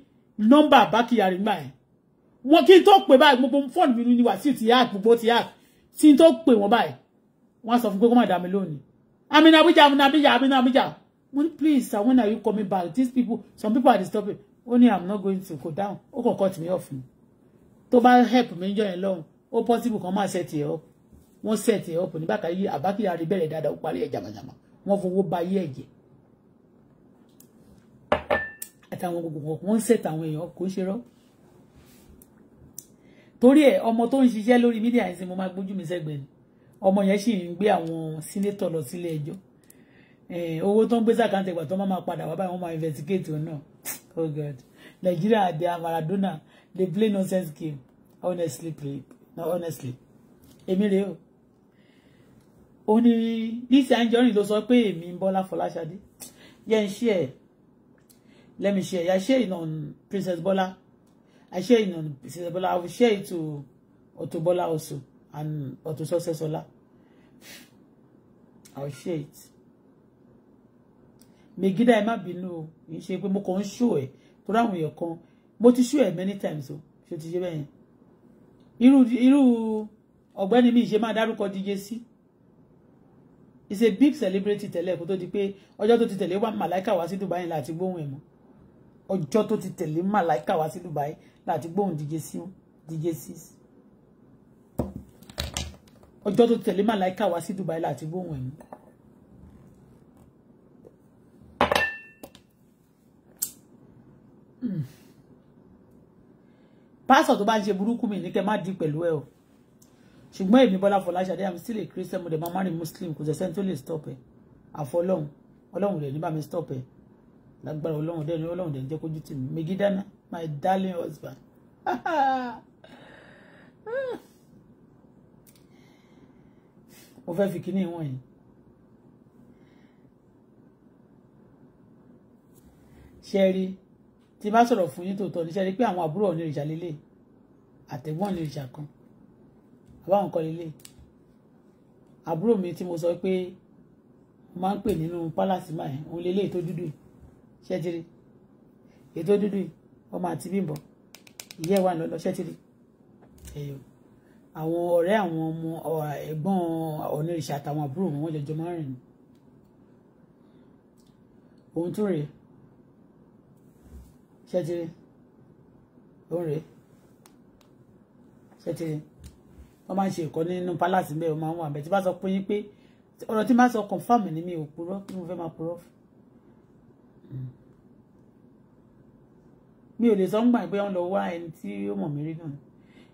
nọ́mbà bákìyàrí gbà ẹ̀ wọn kí n tó pè báyìí gbogbo fọ́ọ̀nù mi ni Wàsíù ti yáàkì gbogbo ti yáàkì tí n tó pè wọ́n báyìí wọ́n sọ fún pé kó má dá mi lónìí amina abija amina abija amina abija mo please sir when are you coming back these people some people are disturbing ó ní i'm not going to go down ó kàn cut me off ni tó bá help mi jọ yẹn lọ́hùn ó possible kan máa set ẹ̀ up wọ́n set ẹ̀ up ní bákàyé àbákíyà rí bẹ̀rẹ̀ dáadáa ó parí ẹ̀ jàmàjàmà wọ́n fowó ba ayé ẹ̀jẹ̀ àwọn gbogbo wọn wọ́n ń ṣètò àwọn èèyàn kò ń ṣe rọ́ torí ẹ̀ ọmọ tó ń ṣiṣẹ́ lórí mídíà ẹ̀sìn mo máa gbójú mi sẹ́gbẹ̀ẹ́ ni ọmọ yẹn sì ń gbé àwọn sínétọ̀ lọ sílé ẹjọ́ owó tó ń gbé sàkáǹtì ìgbà tó máa padà wá báyìí wọ́n máa investigate òun náà oh god nigeria they are maradona they play nonsense game honestly play no honestly èmi rèé o ó ní Lizzy Anjorin ló sọ pé èmi ń Bọ́lá Fọláṣadé yẹn ń ṣe ẹ̀ Let me share. I share it on Princess Bola. I share it on Princess Bola. I will share it to Auto Bola also and Auto Success Ola. I will share it. Megida ẹ má bínú o, kì í mo kàn ń ṣó ẹ̀ torí àwọn èèyàn kan. Mo ti ṣó ẹ̀ many times o, ṣé o ti ṣe Iru yẹn? mi ṣe máa dárúkọ díje sí. It's a big celebrity tẹ́lẹ̀ kó to di pé ọjọ́ tó ti tẹ̀lé wà màláìkà wá sí Dubai láti gbóhùn ẹ̀ mọ́ ọjọ́ tó ti tẹ̀lé màláìka wá sí Dubai láti gbóhùn díje sí díje sí ọjọ́ tó tẹ̀lé màláìka wá sí Dubai láti gbóhùn ẹ̀mí. Hmm. pásọ̀ tó bá ń ṣe burúkú mi ní kẹ́ má di pẹ̀lú ẹ o ṣùgbọ́n èmi Bọ́lá Fọláṣadé I'm still a Christian mo dẹ̀ máa marry Muslim kò sẹ́sẹ́ tó lè stop ẹ̀ àfọlọ́hún ọlọ́hún rẹ̀ ní bá mi stop ẹ̀ lágbára ọlọ́run dẹ́ni ọlọ́run dẹ́ni jẹ́ kójú tì mí megidana my darling husband. mo fẹ́ fi kíní wọ̀n yìí. ṣẹ́rí tí bá sọ̀rọ̀ fún yín tòótọ́ ní ṣẹ́rí pé àwọn àbúrò ní ìrìṣà lélẹ̀ àtẹ̀gbọ́n ní ìrìṣà kan àbáwọn kan lélẹ̀ àbúrò mi tí mo sọ pé mo máa ń pè nínú pálásì máa ń lélẹ̀ tó dúdú yìí ṣẹ́tìrì ètò dúdú ọmọ àti bímbọ ìyá ẹ̀ wà lọ́lọ́ ṣẹ́tìrì ẹ̀yọ́ àwọn ọ̀rẹ́ àwọn ọmọ ẹ̀gbọ́n ọ̀nìrìṣà àtàwọn àbúrò wọn jọjọ máa ń rìn ohun tó rèé ṣẹ́tìrì ó rèé ṣẹ́tìrì wọ́n máa ń ṣe ìkọ́ nínú palace bẹ́ẹ̀ wọ́n máa ń wà bẹ́ẹ̀ tí bá sọ pé yín pé ọ̀rọ̀ tí bá sọ confam ni mi ò purọ́ kí mo fẹ́ máa purọ́ fún mi ò lè sọ ń gbà pé wọ́n lọ wá ẹni tí ó mọ̀ mí rí náà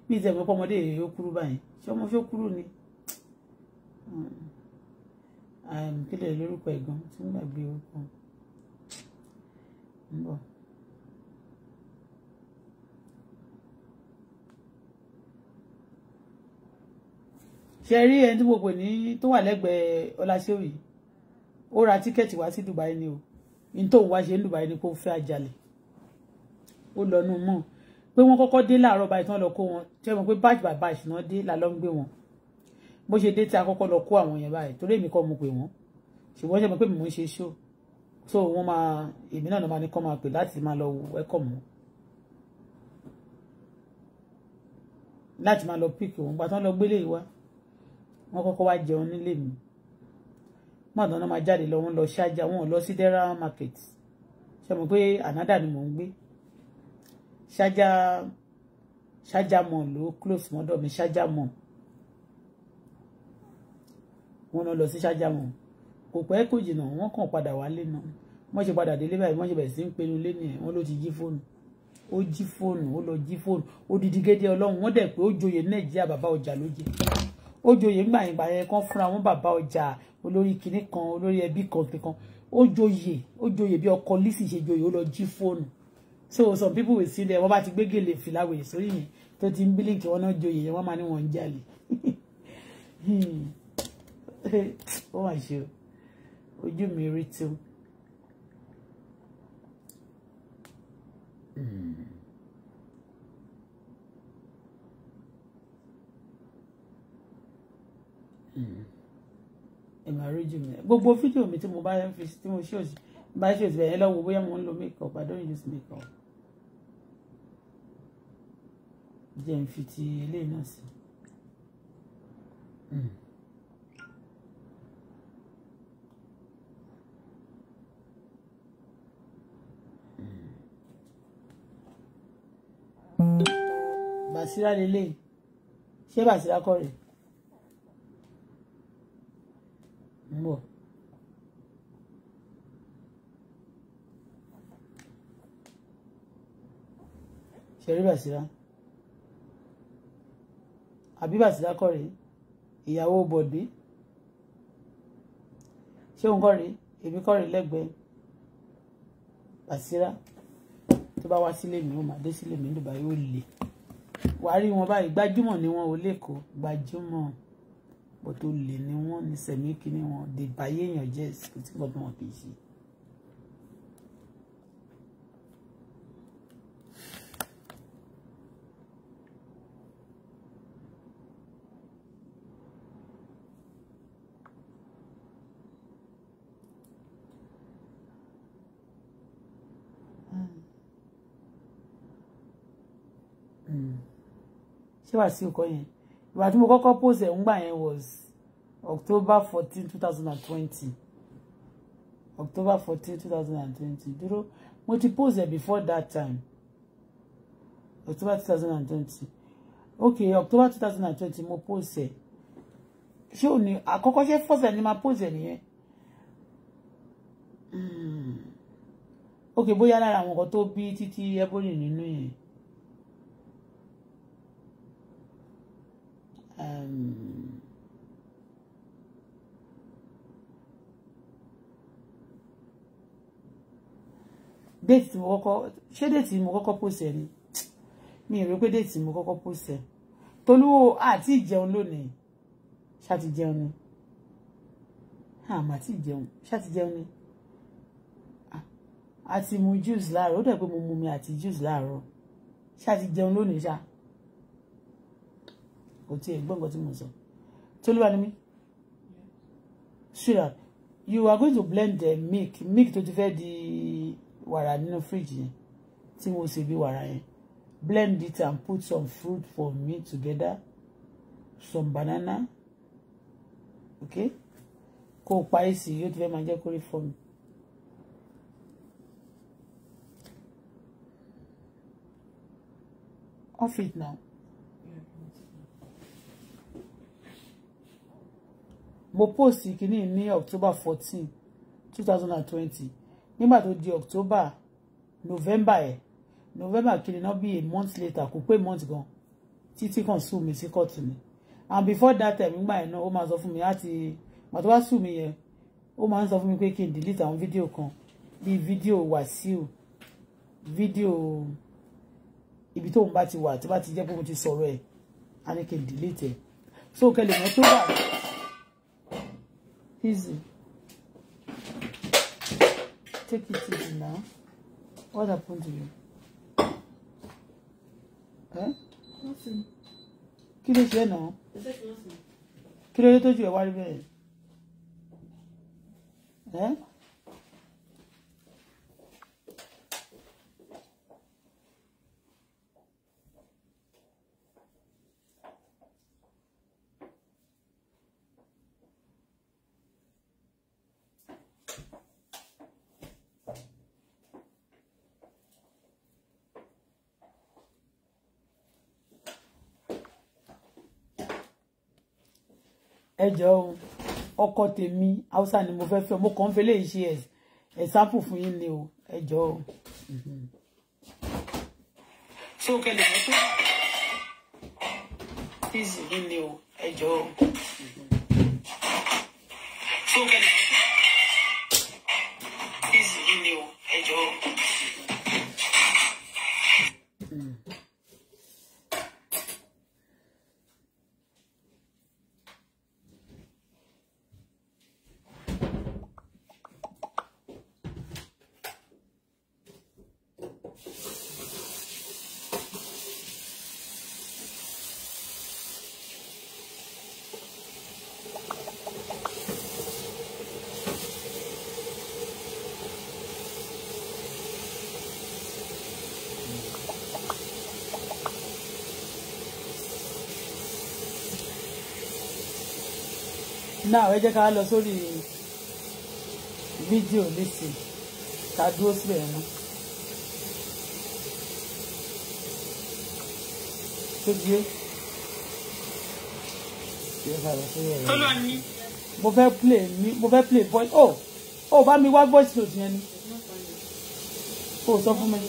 mi ì tẹ̀mọ́ pọ́mọdé ó kúrú báyìí ṣé ọmọ ṣó kúrú ni hmm. Hmm. kílẹ̀ lórúkọ ẹ̀gbọ́n tí ń gbàgbé orúkọ ń bọ̀. ṣe rí ẹni tí mo pè ní tó wà lẹ́gbẹ̀ẹ́ ọláṣẹ́wì ó ra tíkẹ́ẹ̀tì wá sí Dubai ni o ní tó wá ṣe ń lù báyìí ni kò fẹ́ àjàlè ó lọ nù mọ́ pé wọ́n kọ́kọ́ dé láàárọ̀ báyìí tán lọ kó wọn tẹ́ wọn pé báàjì bàbá ìṣúná dé làlọ́ ń gbé wọn bó ṣe dé tí a kọ́kọ́ lọ kó àwọn yẹn báyìí torí èmi kọ́ mo pè wọ́n ṣùgbọ́n ṣe mọ̀ pé mò ń ṣe ṣó so wọ́n máa èmi náà máa ní kọ́ máa pè láti máa lọ wẹ́kọ̀ mọ́ láti máa lọ píkì wọn gbà tán lọ gbélé ìwá wọ́n kọ́kọ́ wá jẹun nílé mi mọ̀dánná máa jáde lọ wọ́n lọ ṣáájà wọ́n lọ sí dera market ṣe mọ̀ pé ànádà ni mò ń gbé ṣáájà ṣáájà mọ̀ ló close mọ́dọ̀ mi ṣáájà mọ̀ wọ́n lọ sí ṣáájà mọ̀ kò pẹ́ kò jìnnà wọ́n kàn padà wálé náà wọ́n ṣe padà délé báyìí wọ́n ṣe bẹ̀rẹ̀ sí ń pinnu lé nìyẹn wọ́n ló ti jí fóònù ó jí fóònù ó lọ jí fóònù ó didi gédé ọlọ́run wọ́n dẹ̀ pé ó joyè nàìjíríà bàbá ọjà ló ó joyè ńgbà yẹn gbà yẹn kan fúnra wọn bàbá ọjà olórí kinní kan olórí ẹbí kan kankan ó joyè ó joyè bí ọkọ Lizzy ṣe joyè ó lọ jí fóònù so some people will see there wọn bá ti gbé gèlè fìlàwé sórí yẹn tó ti ń bílíǹkì wọn náà joyè yẹn wọn máa ní wọn ń jalè ó mà ṣe ojú mi rí tó. ẹ máa rí jù mí gbogbo fídíò mi tí mo bá fi tí mo ṣe òsì bá ṣe òsì bẹ̀yẹn lọ́wọ́ bóyá mo ń lo makeup I don't use makeup jẹ́ n fi ti eléyìí náà sí. Basira lele ṣé Basira kọ́ rèé. ń bọ̀. ṣẹ̀rí bàṣírá àbí bàṣírá kọ́ rèé ìyàwó bọ̀dé ṣé òun kọ́ rèé èmi kọ́ rèé lẹ́gbẹ̀ẹ́ bàṣírá tó bá wá sílé mi ó máa dé ni wọn ò lè kó bọ́tò lè ní wọ́n ní sẹ̀mí kínní wọn dè báyé èèyàn jẹ́ kò sí gbọ́dọ̀ wọn kì se ṣe. ṣé wàá sí ìgbà tí mo kọ́kọ́ post ẹ̀ yẹn was October fourteen two thousand and twenty October fourteen two thousand and twenty dúró mo ti post before that time October two thousand and twenty okay October two thousand and twenty mo post ẹ̀ ṣé ò ní àkọ́kọ́ ṣe first ẹ̀ ni máa post nìyẹn hmm. okay bóyá lára àwọn nǹkan tó bí títí Ebony nínú yẹn. um, déètì tí mo kọ́kọ́ ṣé déètì tí mo kọ́kọ́ pòsè ni mi ò rí pé déètì tí mo kọ́kọ́ pòsè tolúwo àti ìjẹun lónìí ṣáti jẹun ni àmà àti ìjẹun ṣáti jẹun ni àti mu juice láàárọ̀ ó dẹ̀ pé mo mu mi àti juice láàárọ̀ ṣáti jẹun lónìí ṣáà kò tiẹ̀ gbọ́ nǹkan tí mo sọ tolúwa ni mí sweetheart you are going to blend the milk milk tó ti fẹ́ di wàrà nínú fridge yẹn tí mo ṣe bí wàrà yẹn blend it and put some fruit for me together some banana okay kó o pa èsì yóò ti fẹ́ máa jẹ́ kó fún mi. Off it now. mo post kínní ní october fourteen two thousand and twenty nígbà tó di october november ẹ̀ november kìíní náà bí a month later kò pé month gan títí kan sùn mi sí kóòtù mi and before that time nígbà yẹn náà ó máa sọ fún mi láti màtó wá sùn mi yẹn ó máa ń sọ fún mi pé kí n delete àwọn fídíò kan bíi fídíò wàsíù fídíò ibi tóun bá ti wà tí bá ti jẹ́ pé mo ti sọ̀rọ̀ ẹ̀ á ní kí n delete ẹ̀ so kẹlẹ̀ mọ́ tó wà easy. Take it easy now. What happened to you? Eh? Nothing. Can you say náà? They said nothing. Kí ló dé tójú ẹ̀ wá rí bẹ́ẹ̀? Eh? ẹ jọ̀ọ́ o ọkọ tèmi haúsá ni mo fẹ́ fẹ́ mo kàn ń fẹ́ léyìí ṣe ẹ̀sáǹpù fún yín ni o ẹ jọ̀ọ́ o. kẹlẹ̀ mọ́ tó bá tíìsì yín ni o ẹ jọ̀ọ́ o. ṣé o kẹlẹ̀ mọ́. now ẹ jẹ́ ká lọ sórí fídíò nísìn ká dúró síbẹ̀ mọ́ tó di é. mo fẹ́ play mi mo fẹ́ play voice oh oh bá mi wá voice note yẹn ni o oh, sọ fún mi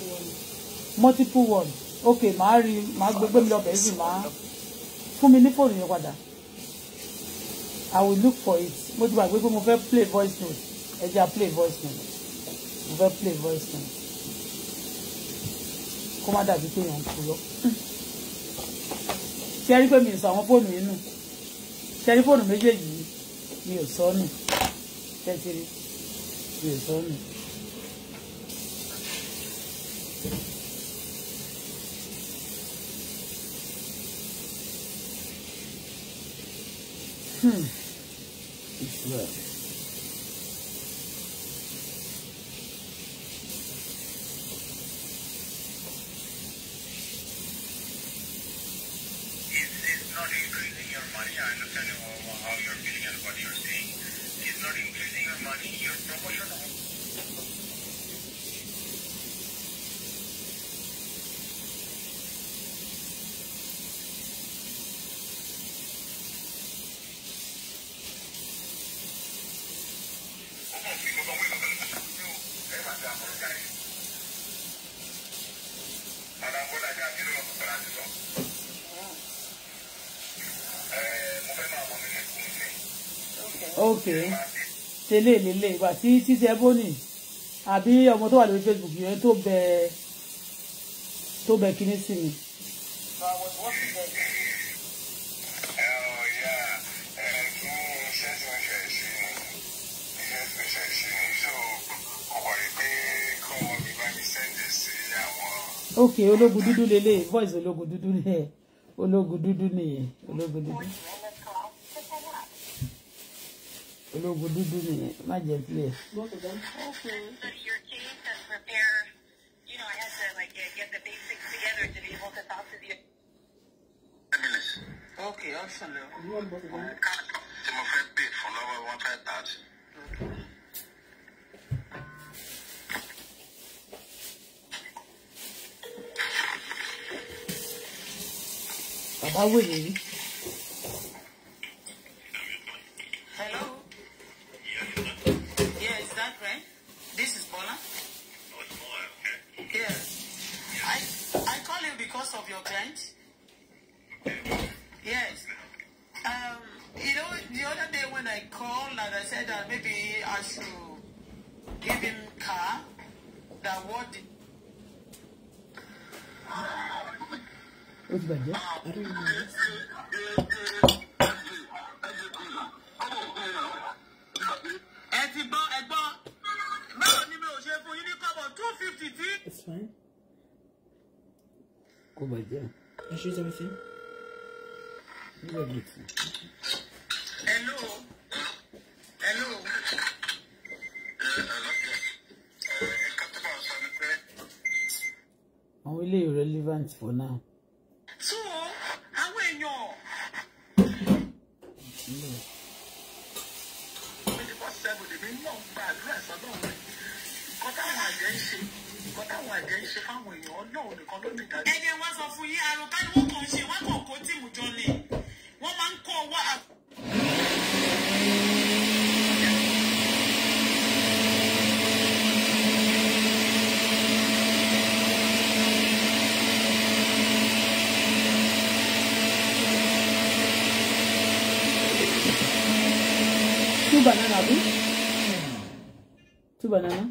multiple one ok màá rí màá gbẹgbẹ́ mi lọ bẹ̀ẹ́ sì màá fún mi ní fóònù yẹn padà. I will look for it mo ti gbàgbé pé mo fẹ́ play voice note ẹ jẹ́ à play voice note mo fẹ́ play voice note kó má dàbí pé èèyàn kú lọ ṣe rí pé mi ò sọ àwọn fóònù yìí nù ṣe rí fóònù méjèèjì yìí mi ò sọ nù tẹ́tìrì mi ò sọ nù. Hmm. Look. okay tẹ́lẹ̀ lélẹ̀ ìgbà tí títí ẹ bóni àbí ọmọ tó wà lórí Facebook yẹn tó bẹ tó bẹ kíní sí oh, mi. ok ológun dúdú lélẹ̀ voice ológun dúdú nìyẹn ológun dúdú nìyẹn ológun dúdú. ológun dúdú nìyẹn má jẹ play. Okay, absolutely. Tí mo to bid fún lọ́wọ́ one five thousand. Bàbá wèrè yìí. of your client? Yes. Um, you know, the other day when I called and I said that maybe I should give him car, that what... What's that, yeah? I don't know. It's fine. kó bàjẹ́. ẹ ṣe tẹ́lẹ̀ sí. nígbà bíi ti. hello hello. àwọn euh, ah ilé for now. so àwọn èèyàn. twenty four seven èmi náà gba àdúrà sọ́dọ̀ mi nǹkan táwọn àjẹ́ ń ṣe nǹkan táwọn àjẹ́ ń ṣe fáwọn èèyàn ọlọ́run nìkan ló lè dájú. ẹ jẹ́ wá sọ fún yín àrùn kánú wọn ṣe wọn kàn kó tíìmù jọ ni wọ́n máa ń kó owó àgbà. Two banana, Two banana.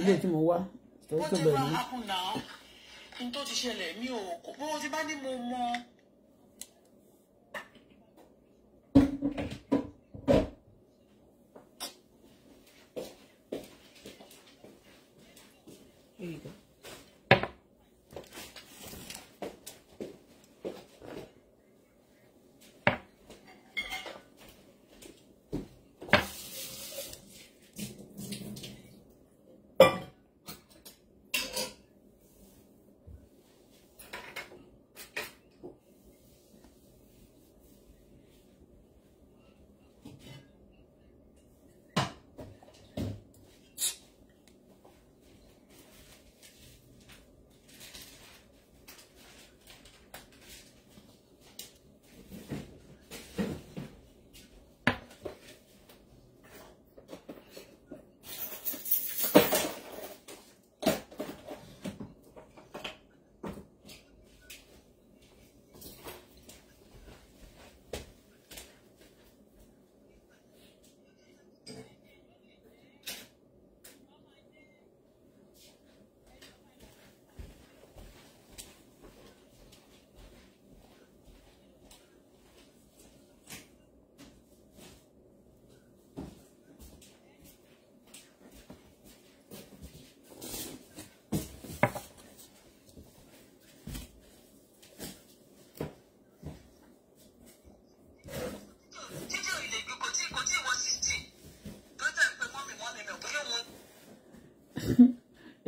ilé tí mo wá ìtọ́jú tó bẹ̀rẹ̀ ní. whatever happen now n tó ti ṣẹlẹ̀ mi ò bó ti bá ní mo mọ.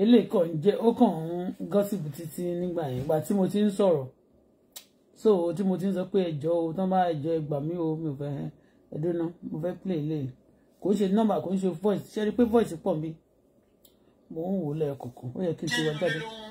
eléèkọ jẹ ó kàn ń gọsìpù títí nígbà yẹn ìgbà tí mo ti ń sọ̀rọ̀ so tí mo ti ń sọ pé ẹjọ́ o tán bá ẹjọ́ ẹgbà mí o mi ò fẹ́ ẹdún mo fẹ́ play lane kò ń ṣe nọ́mbà kò ń ṣe voice ṣe rí pé voice pọ̀ mi mo ń wò lẹ́ẹ̀kọ̀ọ̀kan ó yẹ kí n ṣe wá jáde.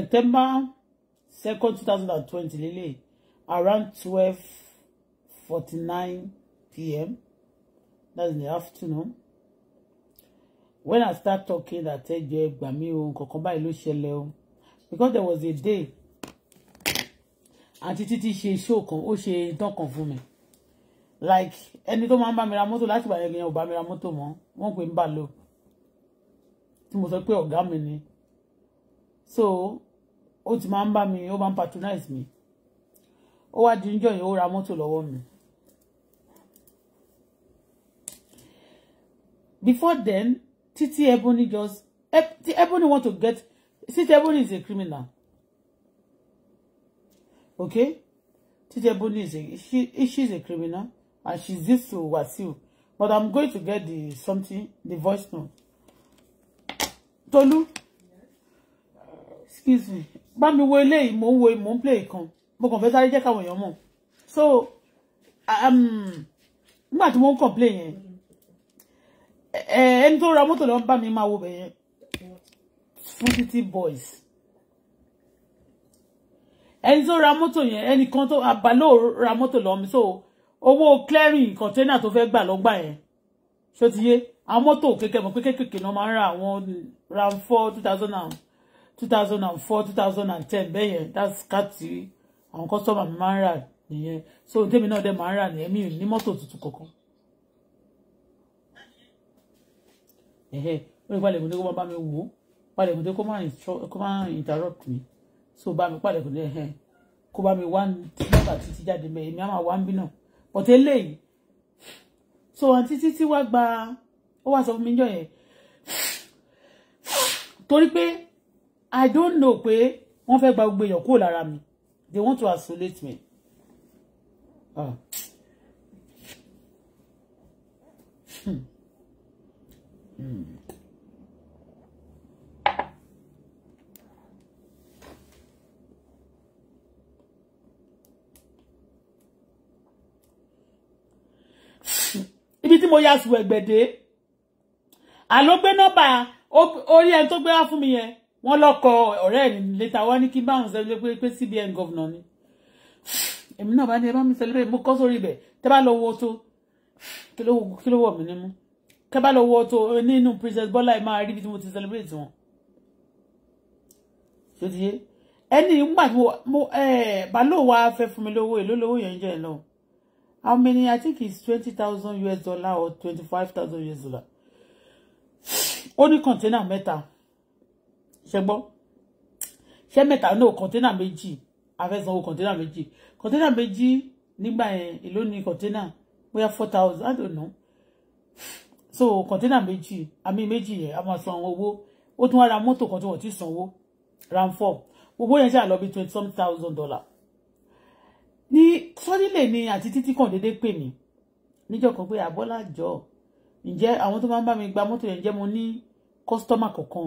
September 2nd, 2020, Lily, around 12.49 p.m. That's in the afternoon. When I start talking, I tell you, gbà Because there was a day, and títí she show kan, ó ṣe dán kan Like, ẹni tó máa ń bá mi ra mọ́tò láti ìgbà yẹn ò bá mi ra mọ́tò mọ́, wọ́n pè ń bà lò. So, ó ti máa ń bá mi ó máa ń patronize mi ó wá di níjọ́ yẹn ó ra mọ́tò lọ́wọ́ mi. before then Titi Ebony just tí Ebony want to get títí Ebony is a criminal okay Titi Ebony is a she she is a criminal and she is used to Wasiu but i'm going to get the something the voice note Tolu excuse me bá mi wo eléyìí mò ń wo mò play kan mo kàn fẹ́ sáré jẹ́ káwọn èèyàn mọ̀ so um, tí wọ́n ń complain Eh, ẹni tó ra mọ́tò lọ́n bá mi máa wo bẹ̀ yẹn fún boys ẹni tó ra mọ́tò yẹn ẹnìkan tó àbálò ra mọ́tò lọ́n mi so owó clearing container tó fẹ́ gbà lọ́gbà yẹn ṣó ti yé àwọn mọ́tò kékeré mọ̀ pé kékeré náà máa ń ra àwọn ram four two thousand and two thousand and four two thousand and ten bẹ́ẹ̀ yẹn that's káàtì àwọn kọ́sọ́mà mi máa ń rà nìyẹn so tèmi náà dẹ̀ máa ń rà nìyẹn mi ò ní mọ́tò tuntun kankan. ẹ̀hẹ́ ó lè palẹ̀kùndé kó máa bá mi wò ó palẹ̀kùndé kó máa interrupt mi so bá mi palẹ̀kùndé ẹ̀hẹ́ kó bá mi wá nígbà títí jáde mẹ́ èmi á máa wá ń bí náà but eléyìí so àǹtí títí wá gba ó wá sọ fún mi níjọ́ yẹn torí pé I don't know pé wọ́n fẹ́ gba gbogbo èèyàn kúrò lára mi they want to isolate me. Ah. Hmm. Hmm. ibi tí mo ya sùn ẹgbẹ̀dẹ́ àló gbé nọ́mbà orí ẹni tó gbé wá fún mi yẹn wọ́n lọ́kọ ọ̀rẹ́ ẹ̀ létà wá ní kí bá òun sẹ́lẹ̀ pé pé CBN governor ni èmi náà bá ní ẹ bá mi sẹ́lẹ̀ mo kọ́ sórí ibẹ̀ tẹ́ bá lọ wo tó kí ló wọ̀ mí nímú tẹ́ bá lọ wo tó nínú Princess Bọ́lá ẹ̀ máa rí bí mo ti celebrate wọn. ṣé ti yé ẹni nígbà tí mo bàálù wa fẹ́ fún mi lówó èló lówó yẹn jẹ́ lọ how many I think it's twenty thousand US dollar or twenty five thousand US dollar ó ní kọ̀ńténà mẹ́ta c'est gbọ́ ṣé mẹ́ta náà kọ̀ńténà méjì afẹ́sanwó kọ̀ńténà méjì kọ̀ńténà méjì nígbà yẹn èló ni kọ̀ńténà bóyá four thousand I don't know so kọ̀ńténà méjì àmì méjì yẹn a máa san owó ó tún wá ra mọ́tò kan tí wọ́n ti sanwó ram four gbogbo yẹn ṣáà lọ bí twenty some thousand dollar ní sọ́dílẹ̀ ni àti títí kàn déédéé pè mí níjọ́ kan pé abola jọ ǹjẹ́ àwọn tó máa ń bá mi gba mọ́tò yẹn jẹ́ mo ní kọ́sítọ́mà kọ̀ọ̀kan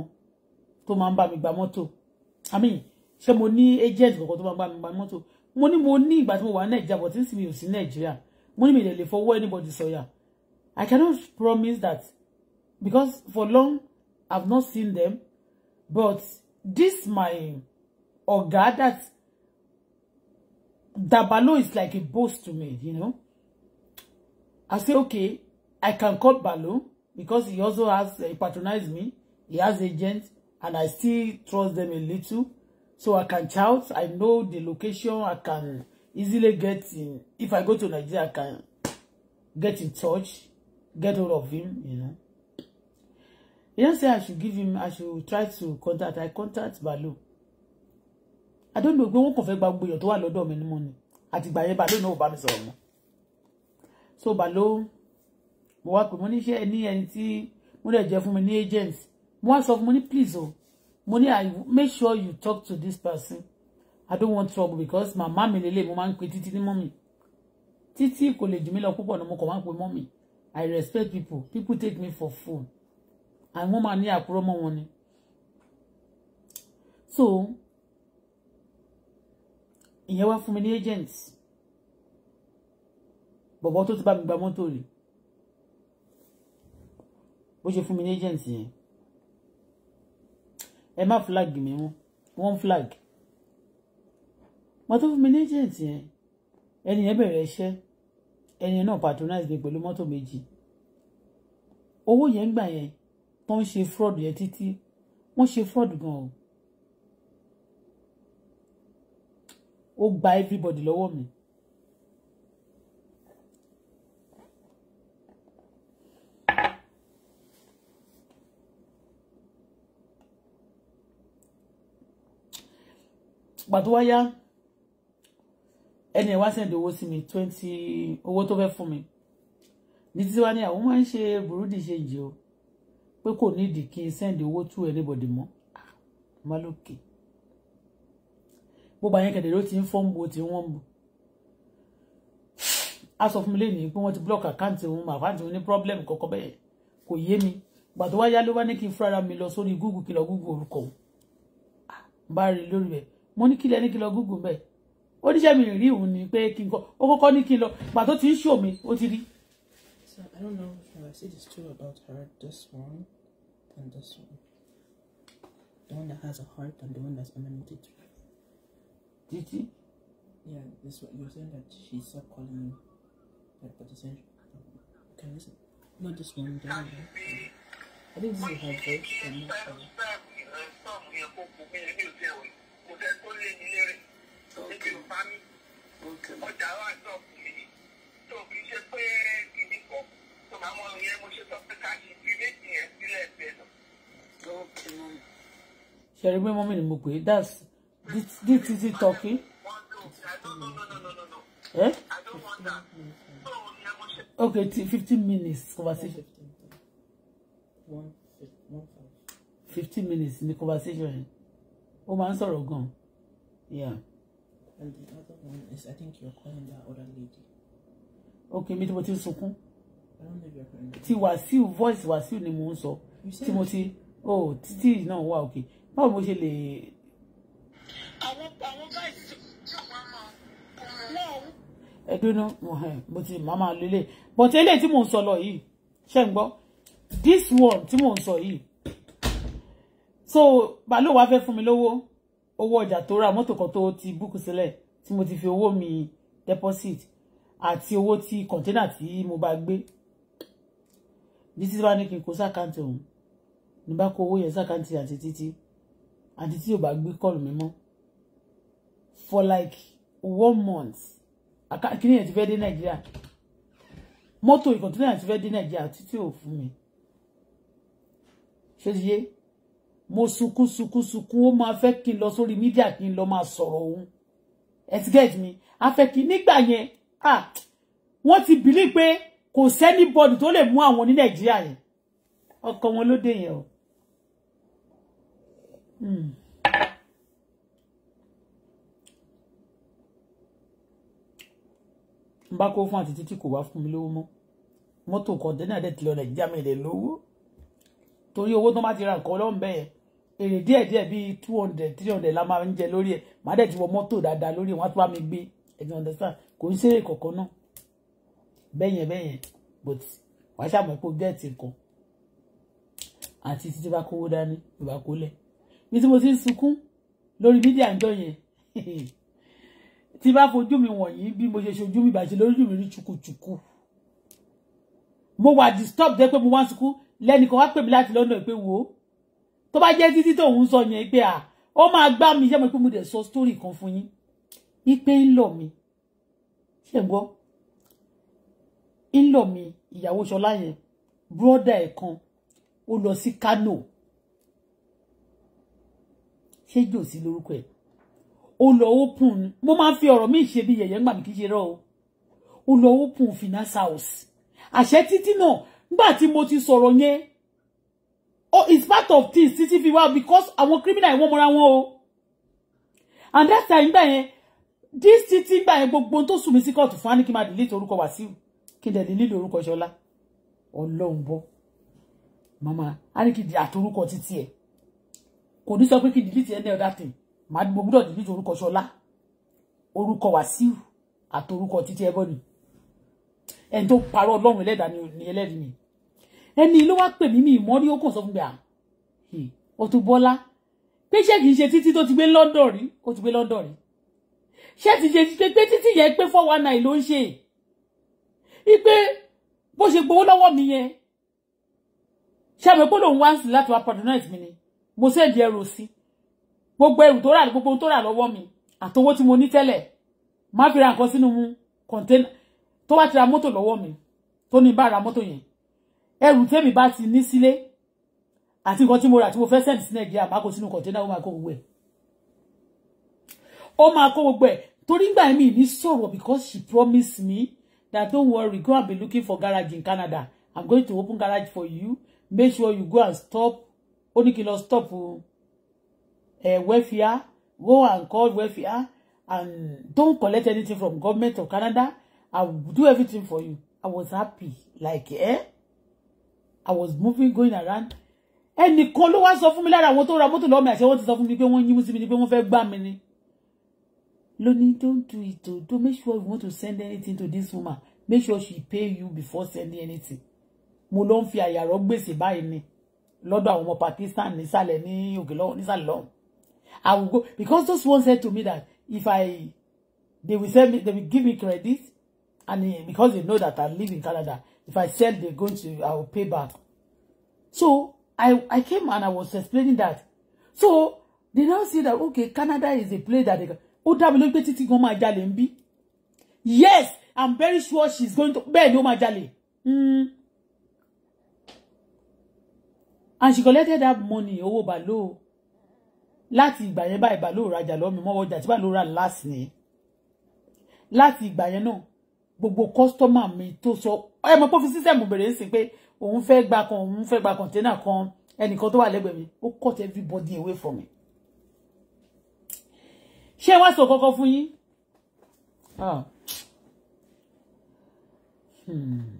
tó máa ń bá mi gba mọ́tò i ṣé mo ní agent kankan tó máa ń bá mi gba mọ́tò mo ní mo ní ìgbà tí mo wà ní nàìjíríà but since mi ò sí nàìjíríà mo ní mi lè lè fọwọ́ anybody sọ̀yà i cannot promise that because for long i've not seen them but this my oga that Dabalo is like a boss to me you know i say okay i can call Balo because he also has uh, patronized me he has agents and I still trust them a little. So I can shout. I know the location. I can easily get in. If I go to Nigeria, I can get in touch, get hold of him, you know. He just say I should give him, I should try to contact. I contact Balu. I don't know pé wọ́n kàn fẹ́ gba gbogbo èèyàn tó wà lọ́dọ̀ mi ní mọ́ ni. Àtìgbà yẹn Balu náà ò bá mi sọ̀rọ̀ mọ́. So Balu, mo wá pè mo níṣẹ́ any ẹni tí mo dẹ̀ jẹ́ any mi ní agent. Once of money, please oh, money. i make sure you talk to this person i don't want trouble because my mi lélẹ̀ mo máa ń pe títí ní mọ́mì títí kò lè jù mí lọ púpọ̀ ní mo kàn i respect people people take me for fool àwọn woman ní àkúrọ́ mọ́ wọn so ìyẹn wá fún mi ní agent bọ̀bọ̀ tó ti bá mi gba mọ́tò rè bó ṣe fún mi ẹ má flag mi mọ́ one flag wọn tó fún mi ní agent yẹn ẹni yẹn bẹ̀rẹ̀ iṣẹ́ ẹni yẹn náà patronize mi pẹ̀lú mọ́tò méjì owó yẹn gbà yẹn tó ń ṣe fraud yẹn títí wọ́n ṣe fraud gan o ó gba everybody lọ́wọ́ mi. pàtó wáyá ẹni ẹ̀ wá sẹ́ndì owó sí mi twenty owó tó fẹ́ fún mi ní títí wá ní àwọn máa ń ṣe burúdi ṣe jì o pé kò nídìí kí n sẹ́ndì owó tú anybody mọ́ ah, má lókè gbogbo àyẹn kẹ̀dẹ̀ ló ti ń fọ́n bo ti wọ́n bù á sọ fún mi lẹ́yìn pé wọ́n ti block àkáǹtì òun mà àkáǹtì òun ní problem kọ́kọ́ bẹ́ẹ̀ kò yé mi gbà tó wá yá ló bá ní kí n fúnra mi lọ sórí Google kí Google orúkọ ah, bá rí lórí rẹ̀ mo ní kí lẹ ní kí lọ gúgùn bẹ́ẹ̀ ó níṣẹ́ mi rí òun ni pé kọ́ ó kọ́kọ́ ní kí n lọ gbà tó ti ń ṣò mi ri oun ni pe ki ko o koko ni ki lo gba to ti n so o ti ri So I don't know if I see the story about her, this one and this one. The one that has a heart and the one that's animated. Did he? Yeah, this one. You are saying that she stopped calling me. Like, but she said, okay, listen. Not this one, the one I think this is her voice. i not sure. Shall we move mí ọjà wa sọ fún that's this This is it talking. Eh? Okay, 15 minutes conversation. 15 minutes in the conversation. Oh, máa ń sọ̀rọ̀ Yeah and the other one is I think you're calling that other lady. Okay, mi tí mo ti I don't know if you're calling that. Ti Wasiu voice was you mo ń Timothy. Oh, mo is not wow. okay. Báwo mo ṣe lè. I want báyìí tí wọ́n máa náà. Ẹ dúró eh, mo ti máa máa lo ilé. Bọ̀tí eléyìí tí mò ń sọ lọ yìí ṣé ń gbọ́ this one tí mò ń So bàálù wa fẹ́ fún mi lówó owó ọjà tó ra mọ́tò kan tó ti búkú sílẹ̀ tí mo ti fi owó mi deposit àti owó tí kọ̀ńténà tí mo bá gbé títí bá ní kí n kó sàkáǹtì ọ̀hún ní bá kó owó yẹn sàkáǹtì àti títí àti tí ò bá gbé kọ́ọ̀lù mi for like one month kíní yẹn ti fẹ́ dé nàìjíríà mọ́tò ìkọ̀ńténà yẹn ti fẹ́ dé nàìjíríà títí ò fún mi ṣé ti yé mo sunkún sunkún sunkún ó máa fẹ́ kí n lọ sórí mídíà kí n lọ máa sọ̀rọ̀ òun ẹ̀tí get me nígbà yẹn ah wọ́n ti bìlí pé kò sẹ́ni bọ́dì tó lè mú àwọn ní nàìjíríà yẹn ọkọ wọn ló dé yẹn o. n hmm. bá kó fún àti títí kò wá fún mi lówó mọ́ mọ́tò kọ̀ọ̀dẹ́nà dẹ̀ ti lọ nàìjíríà mi lè lówó torí owó tó má ti ra nǹkan ọlọ́run bẹ́ẹ̀ yẹn èrè eh, díẹ̀ díẹ̀ bíi two hundred three hundred la máa ń jẹ lórí ẹ̀ màá dẹ̀ ti wọ mọ́tò dáadáa lórí ẹ̀ wọ́n á tún bá mi gbé ẹ̀dùn understand kò ń ṣeré kọ̀ọ̀kan náà bẹ́yẹn bẹ́yẹn but wàá ṣàmọ̀ pé o gẹ́ẹ̀tì nǹkan àti títí bá kówó dání ìbá kó lẹ̀ bí tí mo ti ń sunkún lórí mídíà ń jọ yẹn tí bá fojú mi wọ̀nyí bí mo ṣe ṣojú mi bàjẹ́ lórí mi rí chukuchuku mo wà disturb dé pé mo wá ń sunkún lẹ́nìkan wá pè mí láti lọ́nà ìpè wo tó bá jẹ́ títí tóun sọ yẹn pé à ah, ó máa gbá mi ṣé mo pé mo dẹ̀ sọ story kan fún yín ipe ń lọ mi ṣe gbọ́ ń lọ mi ìyàwó ṣọlá yẹn bróda ẹ̀ kan ó lọ sí Kano ṣé jòsí lórúkọ ẹ̀ ó lọ open mo máa ń fi ọ̀rọ̀ mi ṣe bí yẹ̀yẹ́ ń gbà mí kí ṣe rọ́ o ó lọ open finance house àṣẹ títí náà nígbà tí mo ti sọ̀rọ̀ yẹn oh it's part of things títí well, wá because àwọn criminal ìwọ́n mọ́ra wọn o and that's time gbà this títí gbà yẹn gbogbo tó sùn mí sí kóòtù fún aniki máa delete orúkọ Wàsíù kí n dẹ̀ delete orúkọ Ṣọlá ọlọ́run bọ́ mama aniki di àtorúkọ títí ẹ̀ kò ní sọ pé kí n delete any other thing Mad mo gbúdọ̀ delete orúkọ Ṣọlá orúkọ Wàsíù àtorúkọ títí ẹ̀ bọ́ ni ẹni tó parọ́ ọlọ́run ẹlẹ́dàá ni ẹlẹ́rìí ni ẹni ló wá pè mí mi ìmọ́rí ó kò sọ fún mi à ah, hmm, Auto Bola pé ṣé kìí ṣe títí tó ti gbé London rí ó ti gbé London rí ṣé ti ṣe pé títí yẹn pé four one nine ló ń ṣe ipe bó ṣe gbowó lọ́wọ́ mi yẹn ṣé àmì pé lòun wá sí láti wá patronize mi ni mo sẹ́ẹ̀dì ẹrù sí gbogbo ẹrù tó rà ní gbogbo tó rà lọ́wọ́ mi àtowó tí mo ní tẹ́lẹ̀ má fi ra nǹkan sínú mu kọ̀ńténà tó wá ti ra mọ́tò lọ́wọ́ mi tó ní bá ra mọ́tò yẹn ẹrù tèmi bá ti ní sílé àti nǹkan tí mo rà tí mo fẹ́ send sí nàìjíríà máa kó sínú kọ̀ńténà ó máa kó gbogbo ẹ̀ ó máa kó gbogbo ẹ̀ torí ngbà mi ní sọ̀rọ̀ because she promised me that don't worry go and be looking for garage in Canada i'm going to open garage for you make sure you go and stop ó ní kí n lọ stop uh, go and call welfare and don't collect anything from government of Canada i will do everything for you i was happy like eh. I was moving going around ẹnìkan ló wá sọ fún mi lára àwọn tó ra mọ́tò lọ́mọ àti àwọn ti sọ fún mi pé wọ́n yín sí mi ni pé wọ́n fẹ́ gbà mí ni lónìí don't do it o don't make sure you want to send anything to this woman make sure she pay you before sending anything mo ló ń fi àyàrọ́ gbèsè báyìí ni lọ́dọ̀ àwọn ọmọ Pakistan nísàlẹ̀ ní òkè lọ́wọ́ nísàlẹ̀ lọ́wọ́ I will go because those ones said to me that if I they will send me they will give me credit and eh, because they know that I live in Canada If I sell, they're going to, I will pay back. So I, I came and I was explaining that. So they now say that, okay, Canada is a place that they can, Yes, I'm very sure she's going to, Ben Oma majali. And she collected that money, owó balo. Láti by yẹn by balo rajà lọ́mi mọ́wọ́ jà tí balo last ni. Láti by you know. gbogbo kọ́sítọ́mà mi tó sọ ẹ mọ̀ pé fi sísẹ̀mù bẹ̀rẹ̀ ń sìn pé òun fẹ́ gba kan òun fẹ́ gba kọ̀ǹténà kan ẹnìkan tó wà lẹ́gbẹ̀ẹ́ mi ó cut everybody away from me. ṣé wàá sọ kọ́kọ́ fún yín? Ah. Hmm.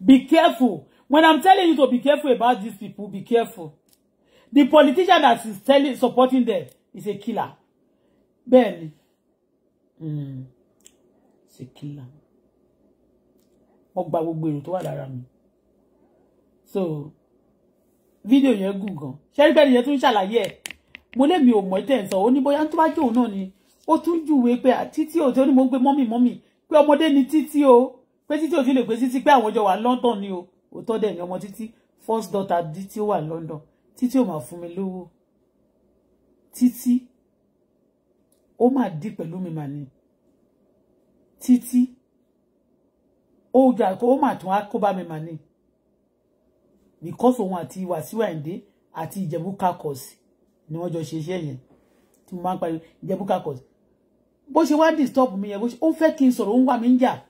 Be careful. When I'm telling you to be careful about these people, be careful. The politician that is telling, supporting them is a killer. Bẹ́ẹ̀ni. Mm. Ṣèkìlà mo gba gbogbo èrò tó wà lára mi so fídíò yẹn gùn gan ṣẹ́rígbẹ́ni yẹn tún ṣàlàyé ẹ̀ mo lè mi ò mọ̀ tẹ̀ ń sọ ó ní bóyá tó bá jẹ́ òun náà ni ó tún júwe pé títí ò tí ó ní mo gbé mọ́mì mọ́mì pé ọmọdé ni títí o pé títí ò tí lè pé títí pé àwọn ọjọ́ wà London ni o òótọ́ dẹ̀ ni ọmọ títí first daughter títí ó wà London títí ò máa fún mi lówó títí ó mà dí pẹ̀lú mi mà ní títí ó jà kó ó mà tún á kó bá mi mà ní because òun àti Wàsíù Àyìndé àti Ìjẹ̀bú kakọ̀sì ni wọ́n jọ ṣe iṣẹ́ yẹn tí mo máa ń pariwo Ìjẹ̀bú kakọ̀sì bó ṣe wá disturb mi yẹn ó fẹ́ kí n sọ̀rọ̀ ó ń wà mí ń jà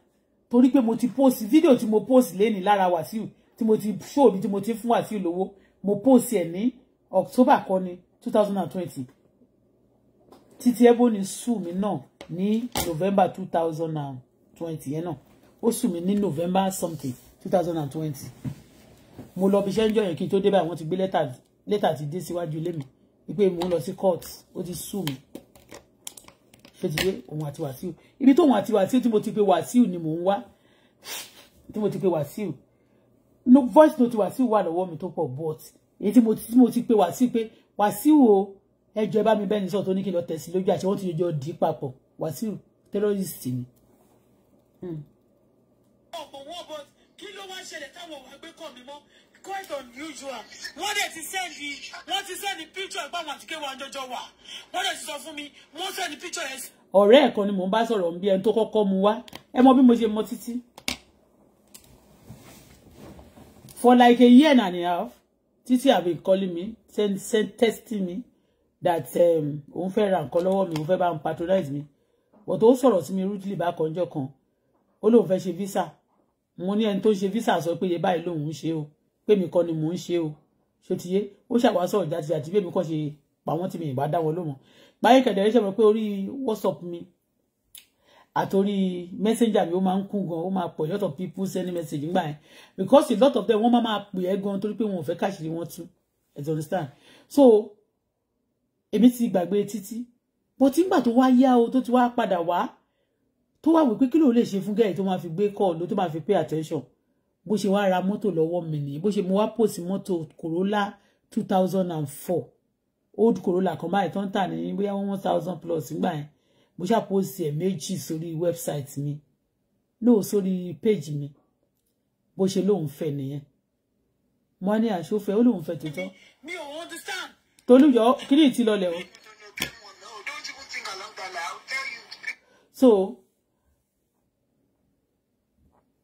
torí pé mo ti post fídíò tí mo post lẹ́ni lára Wàsíù tí mo ti show mi tí mo ti fún Wàsíù lówó mo post ẹ̀ ní October kọ́ni two thousand and twenty títí Ebony sù mí náà ní November two thousand and twenty yẹn náà ó sù mí ní November something two thousand and twenty mo lọ bí iṣẹ́ ń jọ yẹn kí n tó débà wọ́n ti gbé lẹ́tà lẹ́tà ti dé síwájú ilé mi wípé mo ń lọ sí court ó ti sù mí ṣé ti dé òun àti Wàsíù ibi tó òun àti Wàsíù tí mo ti pe Wàsíù ni mò ń wá tí mo ti pe Wàsíù no voice note Wàsíù wà lọ́wọ́ mi tó pọ̀ but èyí tí mo ti pe Wàsíù pé Wàsíù o ẹjọ́ ẹ bá mi bẹ́ẹ̀ ní sọ̀tún ní kí tẹ̀sí lójú àti wọ́n ti jọ dì papọ̀ Wàsíù tẹ́rọ́rìsì ni. Hmm. ọ̀pọ̀ wọ́n bọ̀ kí ló wá ṣẹlẹ̀ táwọn wàá gbé kàn mí mọ́ quite unusual wọ́n dẹ̀ ti sẹ́ni wọ́n ti sẹ́ni píṣọ̀ ẹ̀gbọ́n àwọn àti kéwàá jọjọ wà wọ́n dẹ̀ ti sọ fún mi wọ́n sẹ́ni píṣọ̀ ẹ̀. ọ̀rẹ́ ẹ̀ ni mò ń bá sọ̀rọ̀ bí ẹni tó kọ́kọ́ mu wá ẹ mọ bí mo ṣe mọ títí. for like a year and a half títí have been calling me send send testing me that um, òun fẹ́ ra nǹkan lọ́wọ́ mi òun fẹ́ bá ń patronize mi but ó sọ̀rọ̀ sí mi rudely bákan ọjọ́ kan ó lóun fẹ́ ṣe visa mo ní ẹni tó ń ṣe visa sọ pé iye báyìí lòun ń ṣe o pé mi kọ́ ni mò ń ṣe o ṣe ti yé ó ṣàwá sọ̀rọ̀ jáde àti bí èmi kàn ṣe pa wọ́n tí mi ìbá dá wọn lóhùn báyìí kẹ̀dẹ̀ ṣe mọ̀ pé orí whatsapp mi àtòrí messenger mi ó máa ń kún gan ó máa pọ̀ lot of people send message ńgbà yẹn because a lot of them wọ́n máa máa pè é gan torí pé wọn ò fẹ́ káṣírí wọn tú you understand so èmi ti gbàgbé títí bó ti ń gbà tó wá yá o tó ti wá padà wá tó wá wípé kí ló lè ṣe fún gẹ́ẹ̀ tó máa fi gbé kọ́ọ̀lù tó máa fi pay attention bó ṣe wá ra mọ́tò lọ́wọ́ mi nìyí bó ṣe mo wá post mọ́tò Corolla two thousand and four old Corolla kan báyìí tó ń tà ní bóyá one thousand plus nígbà yẹn mo ṣáà post ẹ̀ méjì sórí website mi no sórí page mi bó ṣe lóun fẹ́ nìyẹn mo á ní àṣọfẹ́ ó lóun fẹ́ tó tọ́. mi ò understand tolúyọ kíní ti lọlẹ̀ o. so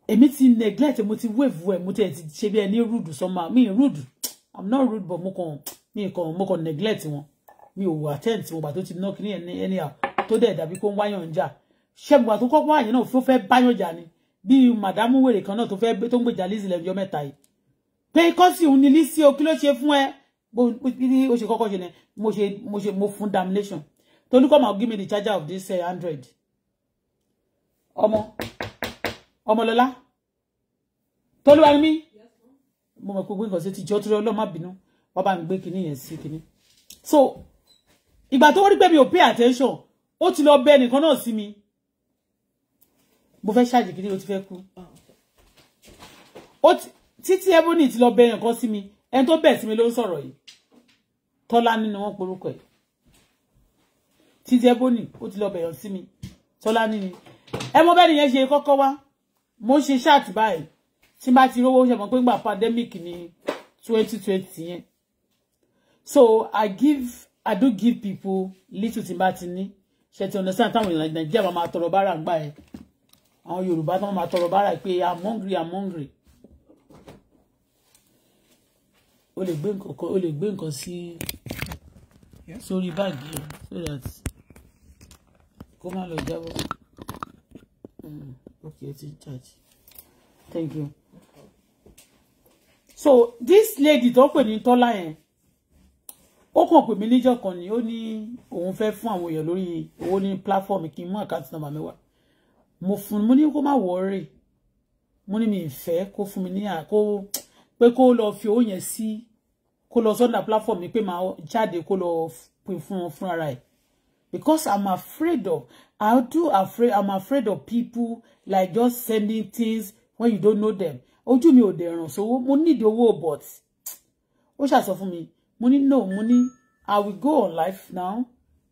èmi ti neglect mo ti wave wẹ̀ mo ti ẹ̀ ti ṣe bí ẹni rude sọ́mà mi rude i'm not rude but mo kàn mi kàn mo kàn neglect wọn mi ò attend tí mo bá tó ti ná kíní ẹni ẹni à tó dẹ̀ dàbí kó ń wáyàn jà ṣẹ́gun bá tó kọ́kọ́ àyè náà tó fẹ́ báyàn jà ni bí màdámù wèrè kan náà tó fẹ́ tó ń gbèjà Lizzy lẹ́jọ́ mẹ́ta yìí pé kọ́sì òun ni Lizzy o kí ló ṣe fún bí ó ṣe kọ́kọ́ ṣe ni mo ṣe mo ṣe mo fún damnation tolu come and give me the charger of this uh, eh, hundred ọmọ ọmọlọlá tolu wa mi mo mọ̀ pé gbé nǹkan sí ti jẹ́ ọtúrẹ́ ọlọ́mà bínú wọ́n bá ń gbé kinní yẹn sí kinní so ìgbà tó wọ́n rí pé mi ò pay attention ó ti lọ bẹ ẹnìkan náà sí mi mo fẹ́ ṣáàjì kinní o ti fẹ́ kú títí ebony ti lọ bẹ ẹnìkan sí mi ẹni tó bẹ̀ sí mi ló ń sọ̀rọ̀ yìí tọ́láni ni wọ́n porúkọ ẹ̀ títẹ́ bónì ó ti lọ bẹ̀rẹ̀ sí mi tọ́láni ni ẹ mọ bẹ́ẹ̀ nìyẹn ṣe kọ́kọ́ wá mo ṣe ṣáàtì báyìí tí n ti rówó ṣe mọ̀ pé nígbà pandemic ni twenty yẹn so I give I do give people little tí n bá ti ní ṣe ti understand táwọn èèyàn Nàìjíríà máa tọrọ bára gbà ẹ àwọn Yorùbá táwọn máa tọrọ bára pé I'm hungry I'm hungry o lè gbé nǹkan o lè gbé nǹkan sí sórí báàgì rẹ so that kó má lọ jábọ́ mm, okay ẹ ti charge thank you so this lady tó pè ní tọ́lá yẹn ó kàn pè mí níjọ́ kan ni ó ní òun fẹ́ fún àwọn èèyàn lórí owó ní platform kí n mú àkáǹtì nọ́mbà mi wá mo fún mo ní kó má wọrí mo ní mi ìfẹ́ kó fún mi ní àkó pé kó lọ fi owó yẹn sí kó lọ sọ́dà platform mi pé máa jáde kó lọ pin fún wọn fún ara ẹ̀ because i'm afraid of i do afraid i'm afraid of people like just sending things when you don't know them ojú mi ò dẹ̀ so sówó mo need owó but ó ṣàṣọ fún mi mo ní no mo ní i will go on life now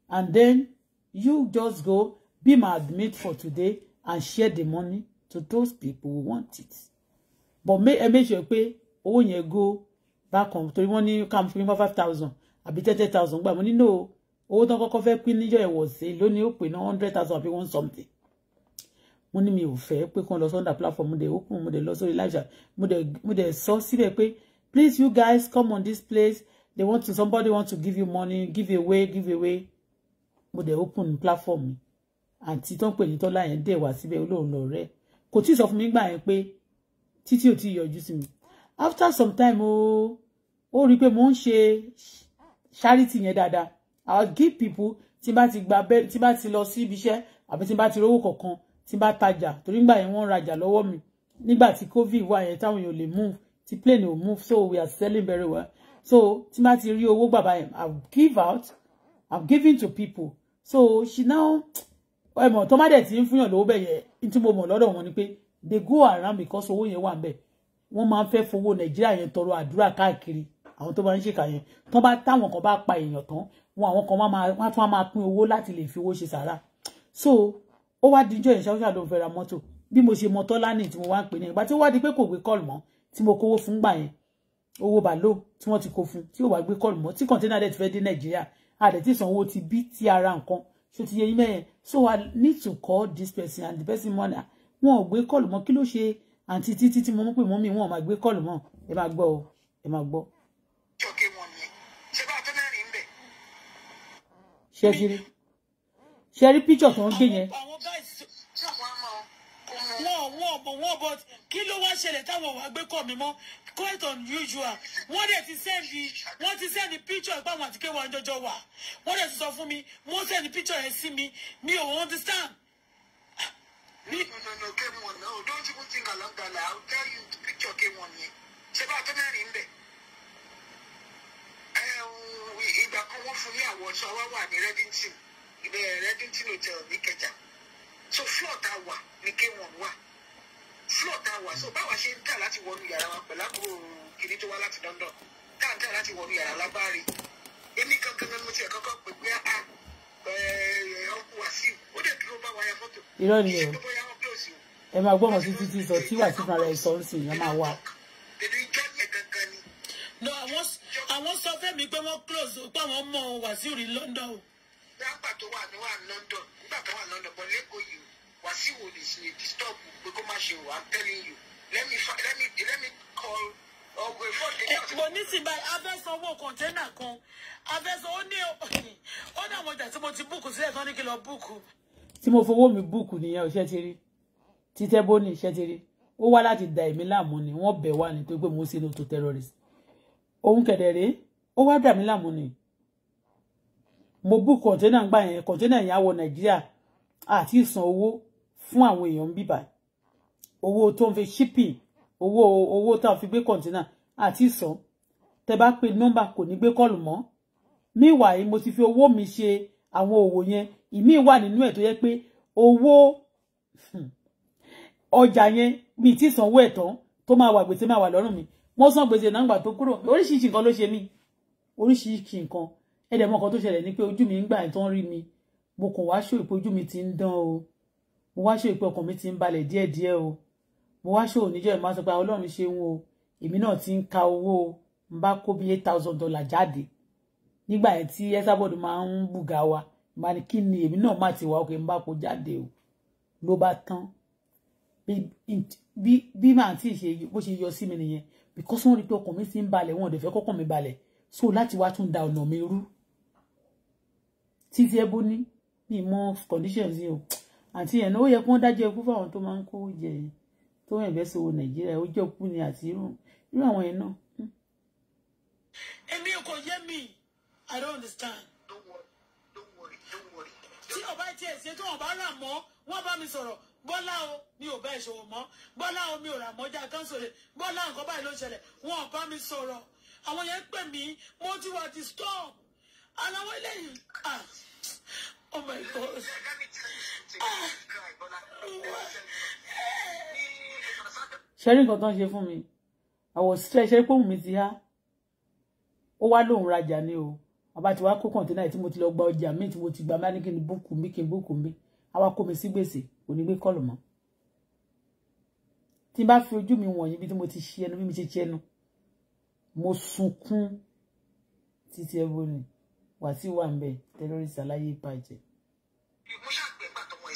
and then you just go be my admit for today and share the money to those people who want it but make, make sure pé owó yẹn go bákan torí wọ́n ní ká fún mi wá five thousand àbí thirty thousand gbà mo nínú owó tán kọ́kọ́ fẹ́ pín níjọ́ ẹ̀wọ̀ sí lónìí ó pè ná hundred thousand àbí one something mo ní mi ò fẹ́ pé kí wọ́n lọ sọ́ndà platform mo dẹ̀ ó mo dẹ̀ lọ sórí live mo dẹ̀ sọ síbẹ̀ pé please you guys come on this place they want to somebody want to give you money give away give away mo dẹ̀ open platform mi àti tó ń pè ní tọ́lá yẹn dẹ̀ wá síbẹ̀ olóòlò rẹ̀ kò tí ì sọ fún mi gbà yẹn pé títí ò tí ì yọjú sí mi after some time o ó rí i mo ń ṣe charity yẹn dáadáa i will give people tí bá ti gba bẹ́ẹ̀ tí bá ti lọ sí ibi iṣẹ́ àbí tí bá ti rówó kọ̀ọ̀kan tí bá tajà torí ngbà yẹn wọ́n rajà lọ́wọ́ mi nígbà tí covid wà yẹn táwọn èèyàn lè move tí plane ò move so we are selling very well so tí bá ti rí owó bàbá yẹn i will give out i will give to people so she now ẹ mọ̀ tọ́mádẹ̀ tí ń fúnyàn lówó bẹ̀ yẹn tí mo mọ̀ lọ́dọ̀ wọn ni pé they go around because owó yẹn wà ń wọ́n máa ń fẹ́ fowó nàìjíríà yẹn tọrọ àdúrà káàkiri àwọn tó bá ń ṣèkà yẹn tán bá táwọn kan bá pa èèyàn tán wọn àwọn kan wọn tún máa pín owó láti lè fi owó ṣe sàrà so ó wá díjọ yẹn ṣáwúṣà ló ń fẹ́ ra mọ́tò bí mo ṣe mọ tọ́lání tí mo wá ń pè ní ìgbà tí ó wá di pé kò gbé kọ́ọ̀lù mọ́ tí mo kówó fún gbà yẹn owó bàló tí wọ́n ti kó fún tí ò wá gbé kọ́ọ̀lù mọ́ tí kọ̀ńténà dẹ̀ ti fẹ́ dé nàìjíríà àdẹ̀ tí sanwó ti bí ti ara nǹkan ṣe ti yẹ yín mẹ́yẹn so I need to call this person and the person mọ́nà wọn ò gbé kọ́ọ̀lù mọ́ kí ló ṣe àǹtí títí tí mo mú pé mọ́ mi wọ́n máa gbé kọ́ọ̀lù mọ́ ẹ máa gbọ́ ọ ẹ máa gbọ́. ṣé kiri ṣé rí píṣọ̀ tó ń gbé yẹn. wọ́n wọ́n bọ̀ wọ́n bọ̀ kí ló wá ṣẹlẹ̀ táwọn wàá gbé kọ́ mi mọ́ quite unusual wọ́n dẹ̀ ti sẹ́ndì wọ́n ti sẹ́ndì píṣọ̀ ìpá àwọn àtìkéwà ń jọjọ wà wọ́n dẹ̀ ti sọ fún mi wọ́n sẹ́ndì píṣọ̀ yẹn sí mi mi ò understand. No, no, no, K1. No, don't even think along that line. I'll tell you to picture K1 here. Ṣé bá a tó mẹ́rin ń bẹ̀? Ìgbà kan wọ́n fún ní àwọn wa wà ní Redington. Ibẹ̀ Redington Hotel ní Kẹjà. So floor tá a wà ní K1 wà. Floor tá a wà. So báwa ṣe ń tà láti wọnú yàrá wa pẹ̀lú àbúrò kìíní tó wá láti London. Tá à ń tà láti wọnú yàrá lábáre. Èmi kankan ni mo tiẹ̀ kọ́kọ́ pè pé a ah, eh, irọ́ ni o ẹ máa gbọ́ ọmọ sí títí sọ tí wàá sífúnra rẹ̀ sọ ń sìn ẹ máa wà. no àwọn sọ fẹ́mi pé wọ́n close pé àwọn mọ Wàsíù rí London o. dábàá tó wà ní wà London nígbà tó wà London But lẹ́kọ̀ọ́ yìí Wàsíù ò lè sin disturb pé kó má ṣe wà I'm telling you let me let me let me call mo ní sí báyìí afẹ́sọ̀wọ́ kọ̀ńténà kan afẹ́sọ̀ ó ní ó ní àwọn ọjà tí mo ti búùkù sílẹ̀ tó ní kí búùkù. tí mo fowó mi búùkù nìyẹn ò ṣe ti rí títẹ́ bó ní ìṣẹ́ ti rí ó wá láti da èmi láàmú ni wọ́n bẹ̀ wá ní tó pé mo ń ṣe lóto terrorist òun kẹ̀dẹ̀ rèé ó wá dà mí láàmú ni mo búùkù kọ̀ńténà gbà yẹn kọ̀ńténà yẹn á wọ nàìjíríà àti ìsan owó fún àwọn èèyàn bíbà owó tó ń fi shipping owó owó tá a fi gbé kọ̀ǹtínà àti sọ tẹ bá pe nọ́mbà kò ní gbé kọ́ọ̀lù mọ́ meanwhile mo ti fi owó mi ṣe àwọn òwò yẹn ìmí wà nínú ẹ̀ tó yẹ pé owó ọjà yẹn mi ti sanwó ẹ̀ tán tó máa wà gbèsè máa wà lọ́rùn mi wọ́n san gbèsè náà gbà tó kúrò oríṣiríṣi nǹkan ló ṣe mí oríṣiríṣi nǹkan ẹ̀dẹ̀ mọ́ kan tó ṣẹlẹ̀ ni pé ojú mi ń gbà tán rí mi mo kàn wá ṣó ìpé ojú mi ti ń dán o mo wá ṣó ìpé ọkàn mi ti ń balẹ̀ díẹ̀díẹ̀ o mo wá ṣòwò níjọ́ ìmọ̀ sọ pé ah, ọlọ́run ṣe wọn o èmi náà ti ń ka owó n bá kó bí eight thousand dollar jáde nígbà yẹn tí Esabod máa ń bùgà wa ìmọ̀ ni kí ni èmi náà má ti wà òkè n bá kó jáde o ló bá tán bí màá tí ṣe bó ṣe yọ sí mi nìyẹn because wọ́n rí pé ọkàn mi ti ń balẹ̀ wọn ò dẹ̀ fẹ́ kọ́kàn mi balẹ̀ so láti wá tún da ọ̀nà mi rú títí ẹ bó ní mi mọ conditions yìí o àti ẹ̀nà ó yẹ kí wọ́n dájọ́ ikú fáwọn tó máa ń kó jẹ yìí tó ń ẹ̀bẹ́ sọ̀wọ́ nàìjíríà ó jẹ́ òkú ni àti irú irú àwọn yẹn náà. èmi kò yé mi i don't understand. don't worry don't worry don't worry. tí ọba tiẹ̀ ṣe tí wọn bá rà mọ́ wọ́n bá mi sọ̀rọ̀ bọ́lá o mi ò bá ìṣòwò mọ́ bọ́lá o mi ò rà mọ́jà kánsòlè bọ́lá nǹkan báyìí ló ṣẹlẹ̀ wọn ò bá mi sọ̀rọ̀ àwọn yẹn pè mí mo ti wà ti stop aláwọ̀ lẹ́yìn Oh my gosh. ṣe rí nǹkan tó ń ṣe fún mi àwọ̀ ṣe pé òun mi ti há ó wá lóun rajà ni o bàbá ti wá kó kọ̀ǹtínà tí mo ti lọ gba ọjà míì tí mo ti gba bá ní kí n búùkù mi kí n búùkù mi àwa kó mi sí gbèsè kò ní gbé kọ́ọ̀lù mọ́ tí n bá fi ojú mi wọ̀nyí bí tí mo ti ṣe ẹnu bí mi ṣe ṣe ẹnu mo sunkún títí ẹ bó ni wàsíù wà ń bẹ terrorist aláyé ìbàjẹ́. ni owó wà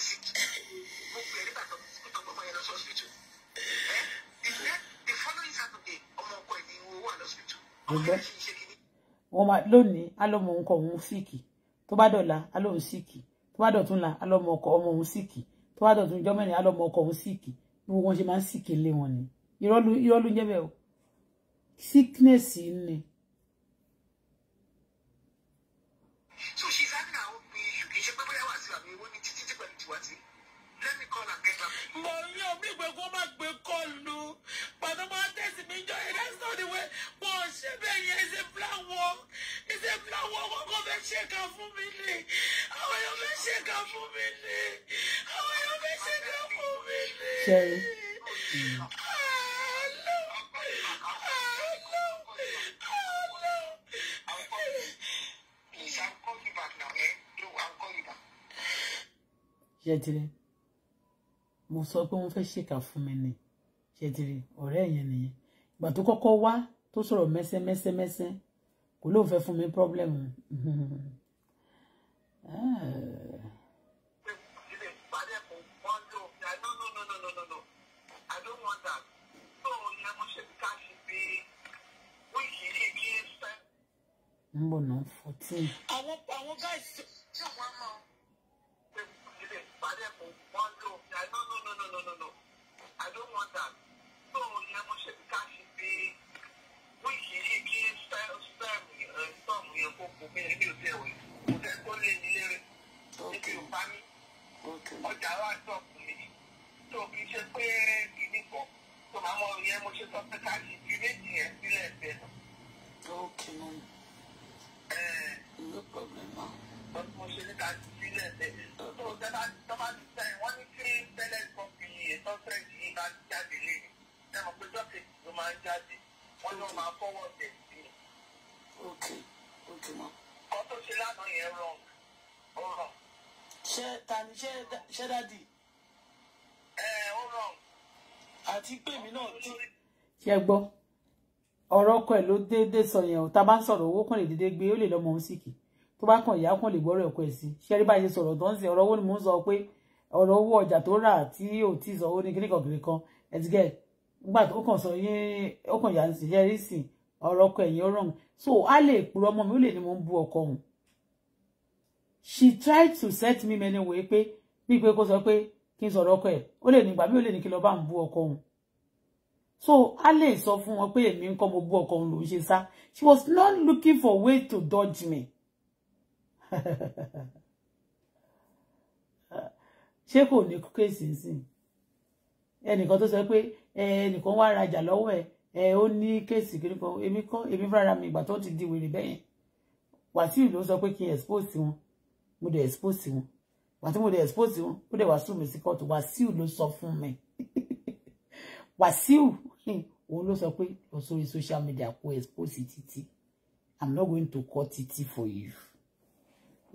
lọ́sibítù ọmọ yẹn ti ṣe kìíní. wọ́n máa lónìí alọ́mọ nǹkan òun síìkì tó bá dọ̀la alọ́hùn síìkì tó bá dọ̀tún la alọ́mọ ọkọ ọmọ òun síìkì tó bá dọ̀tún ijọ́ alọ́mọ ọkọ òun síìkì bí wọ́n ṣe máa ń síìkì lé wọn ni irọ́ ló ń jẹ́ bẹ́ẹ̀ o sickness ni me joy that's not the way but ṣé bẹ́ẹ̀ yẹn it's a plan war it's a plan war wọ́n kò fẹ́ ṣe kà fún mi ni àwọn èèyàn fẹ́ ṣe kà fún mi ni àwọn èèyàn fẹ́ ṣe kà fún mi mo sọ pé wọn fẹ́ ṣèkà fún mi ni yẹtiri ọ̀rẹ́ yẹn nìyẹn ìgbà tó kọ́kọ́ wá tó sọ̀rọ̀ mẹ́sẹ́mẹ́sẹ́mẹ́sẹ́ kò lóun fẹ́ fún mi problem. ń bọ̀ náà fourteen. àwọn àwọn guys tí wọ́n mọ̀ I don't want that so ìyẹn mo ṣe bí ká kò mí ẹni okay òkè mọ́. ọkọ tó ṣe lánàá yẹn rọ ó rọ. ṣé tani ṣé dádì. ẹ ó rọ. àti pé mi náà ti. ṣe gbọ́ ọ̀rọ̀ ọkọ ẹ̀ ló déédéé sọ yẹn o tá a bá ń sọ̀rọ̀ owó kàn lè déédéé gbé ó lè lọ́mọ òun sì kì tó bá kàn ìyá kàn lè gbọ́rọ̀ ẹ̀kọ́ ẹ̀ sí ṣẹ́rí báyìí sọ̀rọ̀ tó ń sìn ọ̀rọ̀ owó ni mò ń sọ pé ọ̀rọ̀ owó ọjà tó rà tí ò tí ì sọ owó ní kíníkan kìnìkan ẹ̀ nígbà tó kàn sọ yín ó kàn yà ń sìn yẹ́rì sìn ọ̀rọ̀ ọkọ ẹ̀yìn ọ̀rọ̀ ọ̀hún so a lè purọ́ ọmọ mi ó lè ní mo ń bú ọkọ ọ̀hún she tried to set me many way pé bíi pé kó sọ pé kí n sọ̀rọ̀ ọkọ ẹ̀ ó lè nígbà mí ó lè ní kí lọ bá ń bú ọkọ ọ̀hún so a lè sọ fún wọn pé èmi ń kọ́ mo bú ọkọ ọ̀hún lòún ṣe sá she was not looking for way to dodge me ṣé kò ní kéèsì sí ẹnìkan tó sọ pé ẹnìkan wá rajà lọ́wọ́ ẹ̀ ẹ ó ní kéèsì kiri kan èmi kọ́ èmi fúnra mi ìgbà tó ti di wèrè bẹ́yẹn wàsíù ló sọ pé kí n expose wọn mo dẹ̀ expose wọn wàtí mo dẹ̀ expose wọn ó dẹ̀ wàsíù mi sí kóòtù wàsíù ló sọ fún mi wàsíù òun ló sọ pé lọ sórí social media kó expose títí i'm not going to call títí for you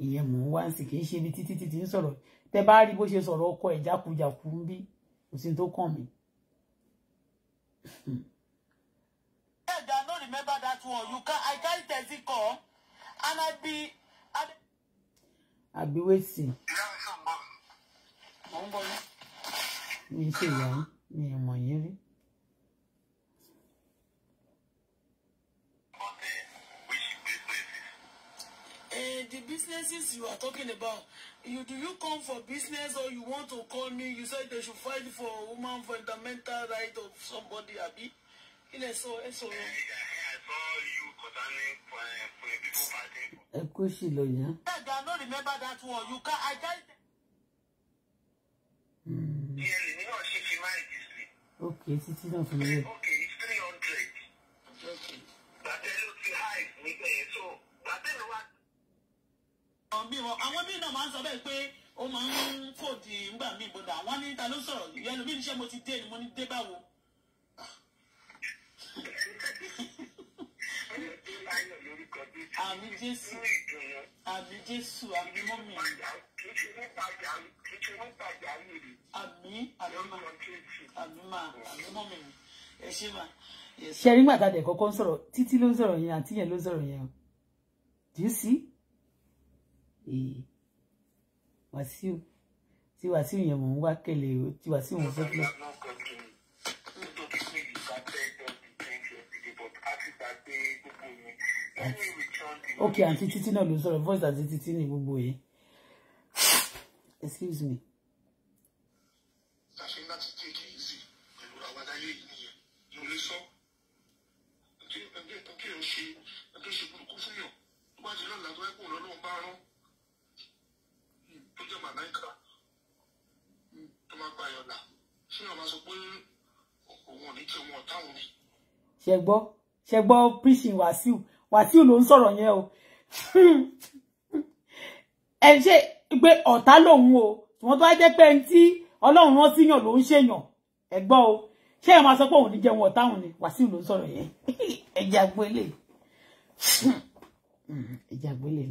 ìyẹn mò ń wá sí kì í ṣe ibi títí títí ń sọ̀rọ̀ tẹ bá rí bó ṣe sọ̀rọ̀ ọkọ ẹ̀ jákujàku ń bí kò sí tó kàn mí. one. You can I carry taxi call, and I be. I, be waiting. mi ṣe ìyá yín mi ò mọ̀ yín rí. Eh, eh, the businesses you are talking about, you do you come for business or you want to call me? You said they should fight for woman fundamental right of somebody, abi? Kí lẹ sọ ẹ sọ̀rọ̀ ẹ kó sì lọ yá. ẹ̀dá no remember that word. you can I tell you. ìyẹn lè ní wọn ṣe fi máa jì sí. ok títí náà fún mi. ok three hundred. gbàtẹ́ ló ti hide nígbà yẹn so gbàtẹ́ ló wá. àwọn míì náà máa ń sọ bẹ́ẹ̀ pé ó máa ń fò di ngbà míì bọ́dà wọ́n ní ta ló sọ̀rọ̀ ìyẹn lómi ní ṣé mo ti dé ni mo ní dé báwo. Ah. àmì jésù àmì jésù àmì mọ́mì àmì àmì mà àmì mà àmì mọ́mì ẹ ṣe mà. ṣe rí gbàtà dẹ̀ ń sọ̀rọ̀ títí ló ń sọ̀rọ̀ yẹn àti yẹn ló ń sọ̀rọ̀ yẹn o do you see? Eh. wàsíù tí wàsíù yẹn mò ń wá kẹlẹ̀ o tí wàsíù mò ń fẹ́ Thank you okay àǹtí títí náà ló ń voice àti títí ní gbogbo yìí excuse me. ṣàṣẹ láti tí èkì Wàsíù ló ń sọ̀rọ̀ yẹn o ẹ ṣe pé ọ̀tá lòun o wọ́n tó wá jẹ́ pé ẹni tí Ọlọ́run rán síyàn ló ń ṣèyàn ẹ gbọ́ o ṣé ẹ máa sọ pé òun ní jẹun ọ̀tá òun ni Wàsíù ló ń sọ̀rọ̀ yẹn ẹ̀jẹ̀ àgbélé ẹ̀jẹ̀ àgbélé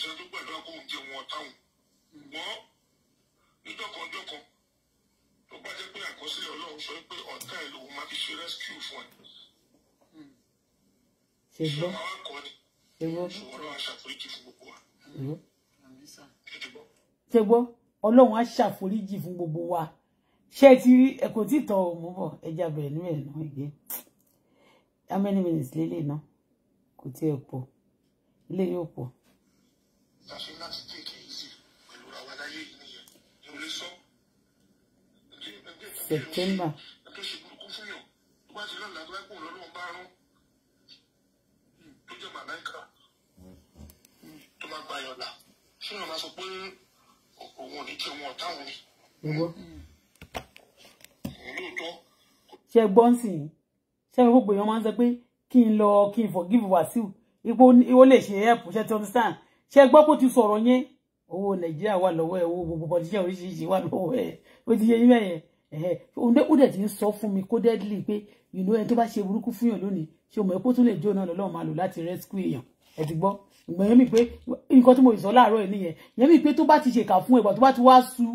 jẹ́ pé àkọsílẹ̀ Ọlọ́run sọ pé ọ̀tá ṣe gbọ́ ṣe gbọ́ ṣe gbọ́ ọlọ́run á gbogbo wa ṣé ti rí ẹ kò tí tọ ọmọ bọ ẹja bẹ̀rẹ̀ níbẹ̀ náà ìgbé how many minutes lélẹ̀ náà kò tí ẹ pọ̀ ilé yóò pọ̀. September. máa gba yọ̀là ṣé wọn máa sọ pé òun ò ní kí wọn ọ̀tá òun ni. lóòótọ́. ṣe gbọ́n sí i ṣe gbogbo èèyàn máa ń sọ pé kí n lọ kí n forgive Wàsíù ipò ó lè ṣe help ṣe ti understand ṣe gbọ́ kó ti sọ̀rọ̀ yẹn owó Nàìjíríà wà lọ́wọ́ ẹ̀ owó gbogbo politician oríṣiríṣi wà lọ́wọ́ ẹ̀ ó ti yẹ yín mẹ́yẹn ó dẹ̀ ti ń sọ fún mi codedly pé you ẹni tó bá ṣe burúkú fún yàn lónìí ṣe mọ̀ ẹ́ kó tún lè jó náà lọ́lọ́run máa lò láti rescue èèyàn ẹ ti gbọ́ ìgbọ̀n yẹn mi pé nǹkan tí mo sọ láàárọ̀ ẹ̀ nìyẹn yẹn mi pé tó bá ti ṣèkà fún ẹ̀gbà tó bá ti wá su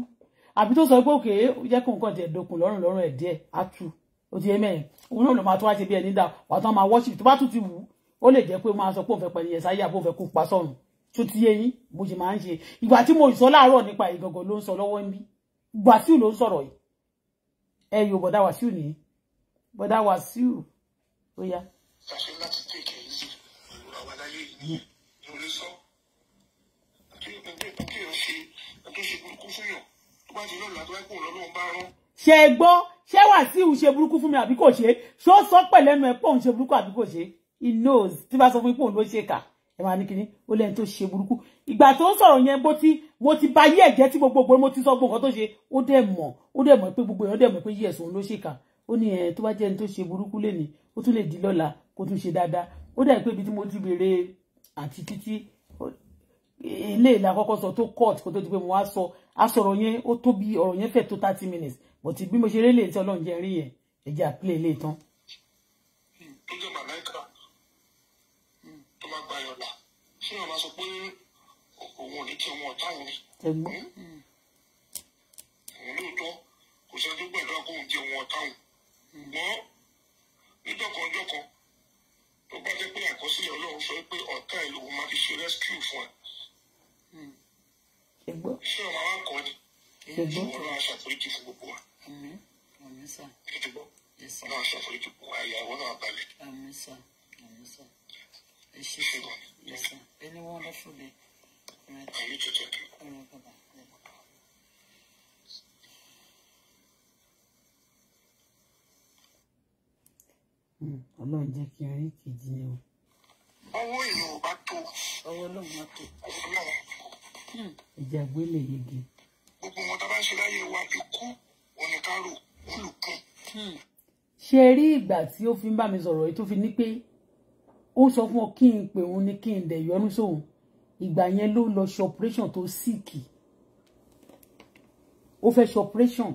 àbí tó sọ pé òkè jẹ́ kó nǹkan tiẹ̀ dokùn lọ́rùn lọ́rùn ẹ̀ díẹ̀ á tu ó ti yẹ mẹ́rin òun náà ló máa tó wá ṣe bí ẹni dá wà tó máa worship tó bá tún ti wù ó lè jẹ́ pé máa sọ pé òun fẹ́ pẹ̀lú ẹ̀sáyà bó fẹ́ kó pa sọ̀rùn tó ti yé yín bó ṣe máa ń ṣe ìgbà tí mo sọ láàárọ̀ nípa ìgangan ló ń sọ lọ́wọ́ ń bí Wàsíù ló ń sọ̀rọ̀ yìí ẹ yóò bọ̀dá Wàsíù nìyí bọ̀dá Wàsíù ó yá. ṣàṣẹ láti tẹ̀kẹ̀ yìí sí tó ṣe burúkú fún yàn tó bá ti lọ́la tó bá kó lọ́lọ́run bá rán. ṣe é gbọ́ ṣé Wàsíù ṣe burúkú fún mi àbí kò ṣe ṣó sọ pẹ̀lẹ́nu ẹ̀ pọ̀ ń ṣe burúkú àbí kò ṣe he knows tí bá sọ fún ipò ló ṣe kà ẹ máa ní kíní ó lẹ́ni tó ṣe burúkú ìgbà tó ń sọ̀rọ̀ yẹn bó ti mo ti ba yí ẹ̀jẹ̀ tí gbogbo mo ti sọ gbogbo nǹkan tó ṣe ó dẹ̀ mọ̀ ó dẹ̀ mọ̀ pé gbogbo èèyàn dẹ̀ mọ̀ pé yíyẹ̀ sòun ló ṣe kà ó ní ẹ̀ tó bá jẹ́ ẹni tó ṣe burúkú lẹ́ni ó tún lè di lọ́la kó tún ṣe dáadáa ó dẹ̀ pé ibi tí mo ti béèrè àti títí ilé ìlà àkọ́kọ́ sọ tó court kó tó di pé mo wá sọ asọ̀rọ̀ yẹn ó tó bí ọ̀rọ̀ yẹn fẹ̀ tó thirty minutes but bí mo ṣe rí lè tí ọlọ́run jẹ́ rí yẹn ẹ̀jẹ̀ àpilẹ̀ ilé tán. tó jẹ́ màláìka tó bá gba ayọ̀ là ṣé wọn máa sọ pé òun ò ní kí ọmọ ọ̀tá òun ni. ẹ̀gbọ́n. Hmm? òun lóòótọ́ kò sẹ́ni tó gbẹ̀dọ̀ kó òun jẹ́ ọmọ ọ̀tá òun. ṣùgbọ́n níjọ́kanjọ́kan tó bá dé pé àkọsílẹ̀ ọlọ́run sọ pé ọ̀tá ìlú máa fi ṣe rescue fún ẹ ṣùgbọ́n. ṣé o máa wá kọ́ ni. ṣùgbọ́n ọlọ́run aṣọ àforíjì fún gbogbo wa. àmín àmín sà. ṣùgbọ́n ọlọ́run aṣọ àforíjì fún wa ìyàwó náà balẹ̀. àmín sà àmín sà. ẹ ṣe é yes sir any wonderful day. Right. Are you to take it? All right, bye-bye. ọlọ́run jẹ́ kí n rí kejì yẹn o. owó ìlú ò bá tó. owó lóun bá tó ìjàgbé lè yege. gbogbo wọn tá a bá ṣe láyé wa ikú oníkárò olùkún. Hmm. ṣe rí ìgbà tí ó fi ń bá mi sọ̀rọ̀ yìí tó fi ní pé ó sọ fún ọ kí n pè òun ni kí n dẹ̀ yọnu sóhun ìgbà yẹn ló lọ ṣe operation tó síìkì ó fẹ́ ṣe operation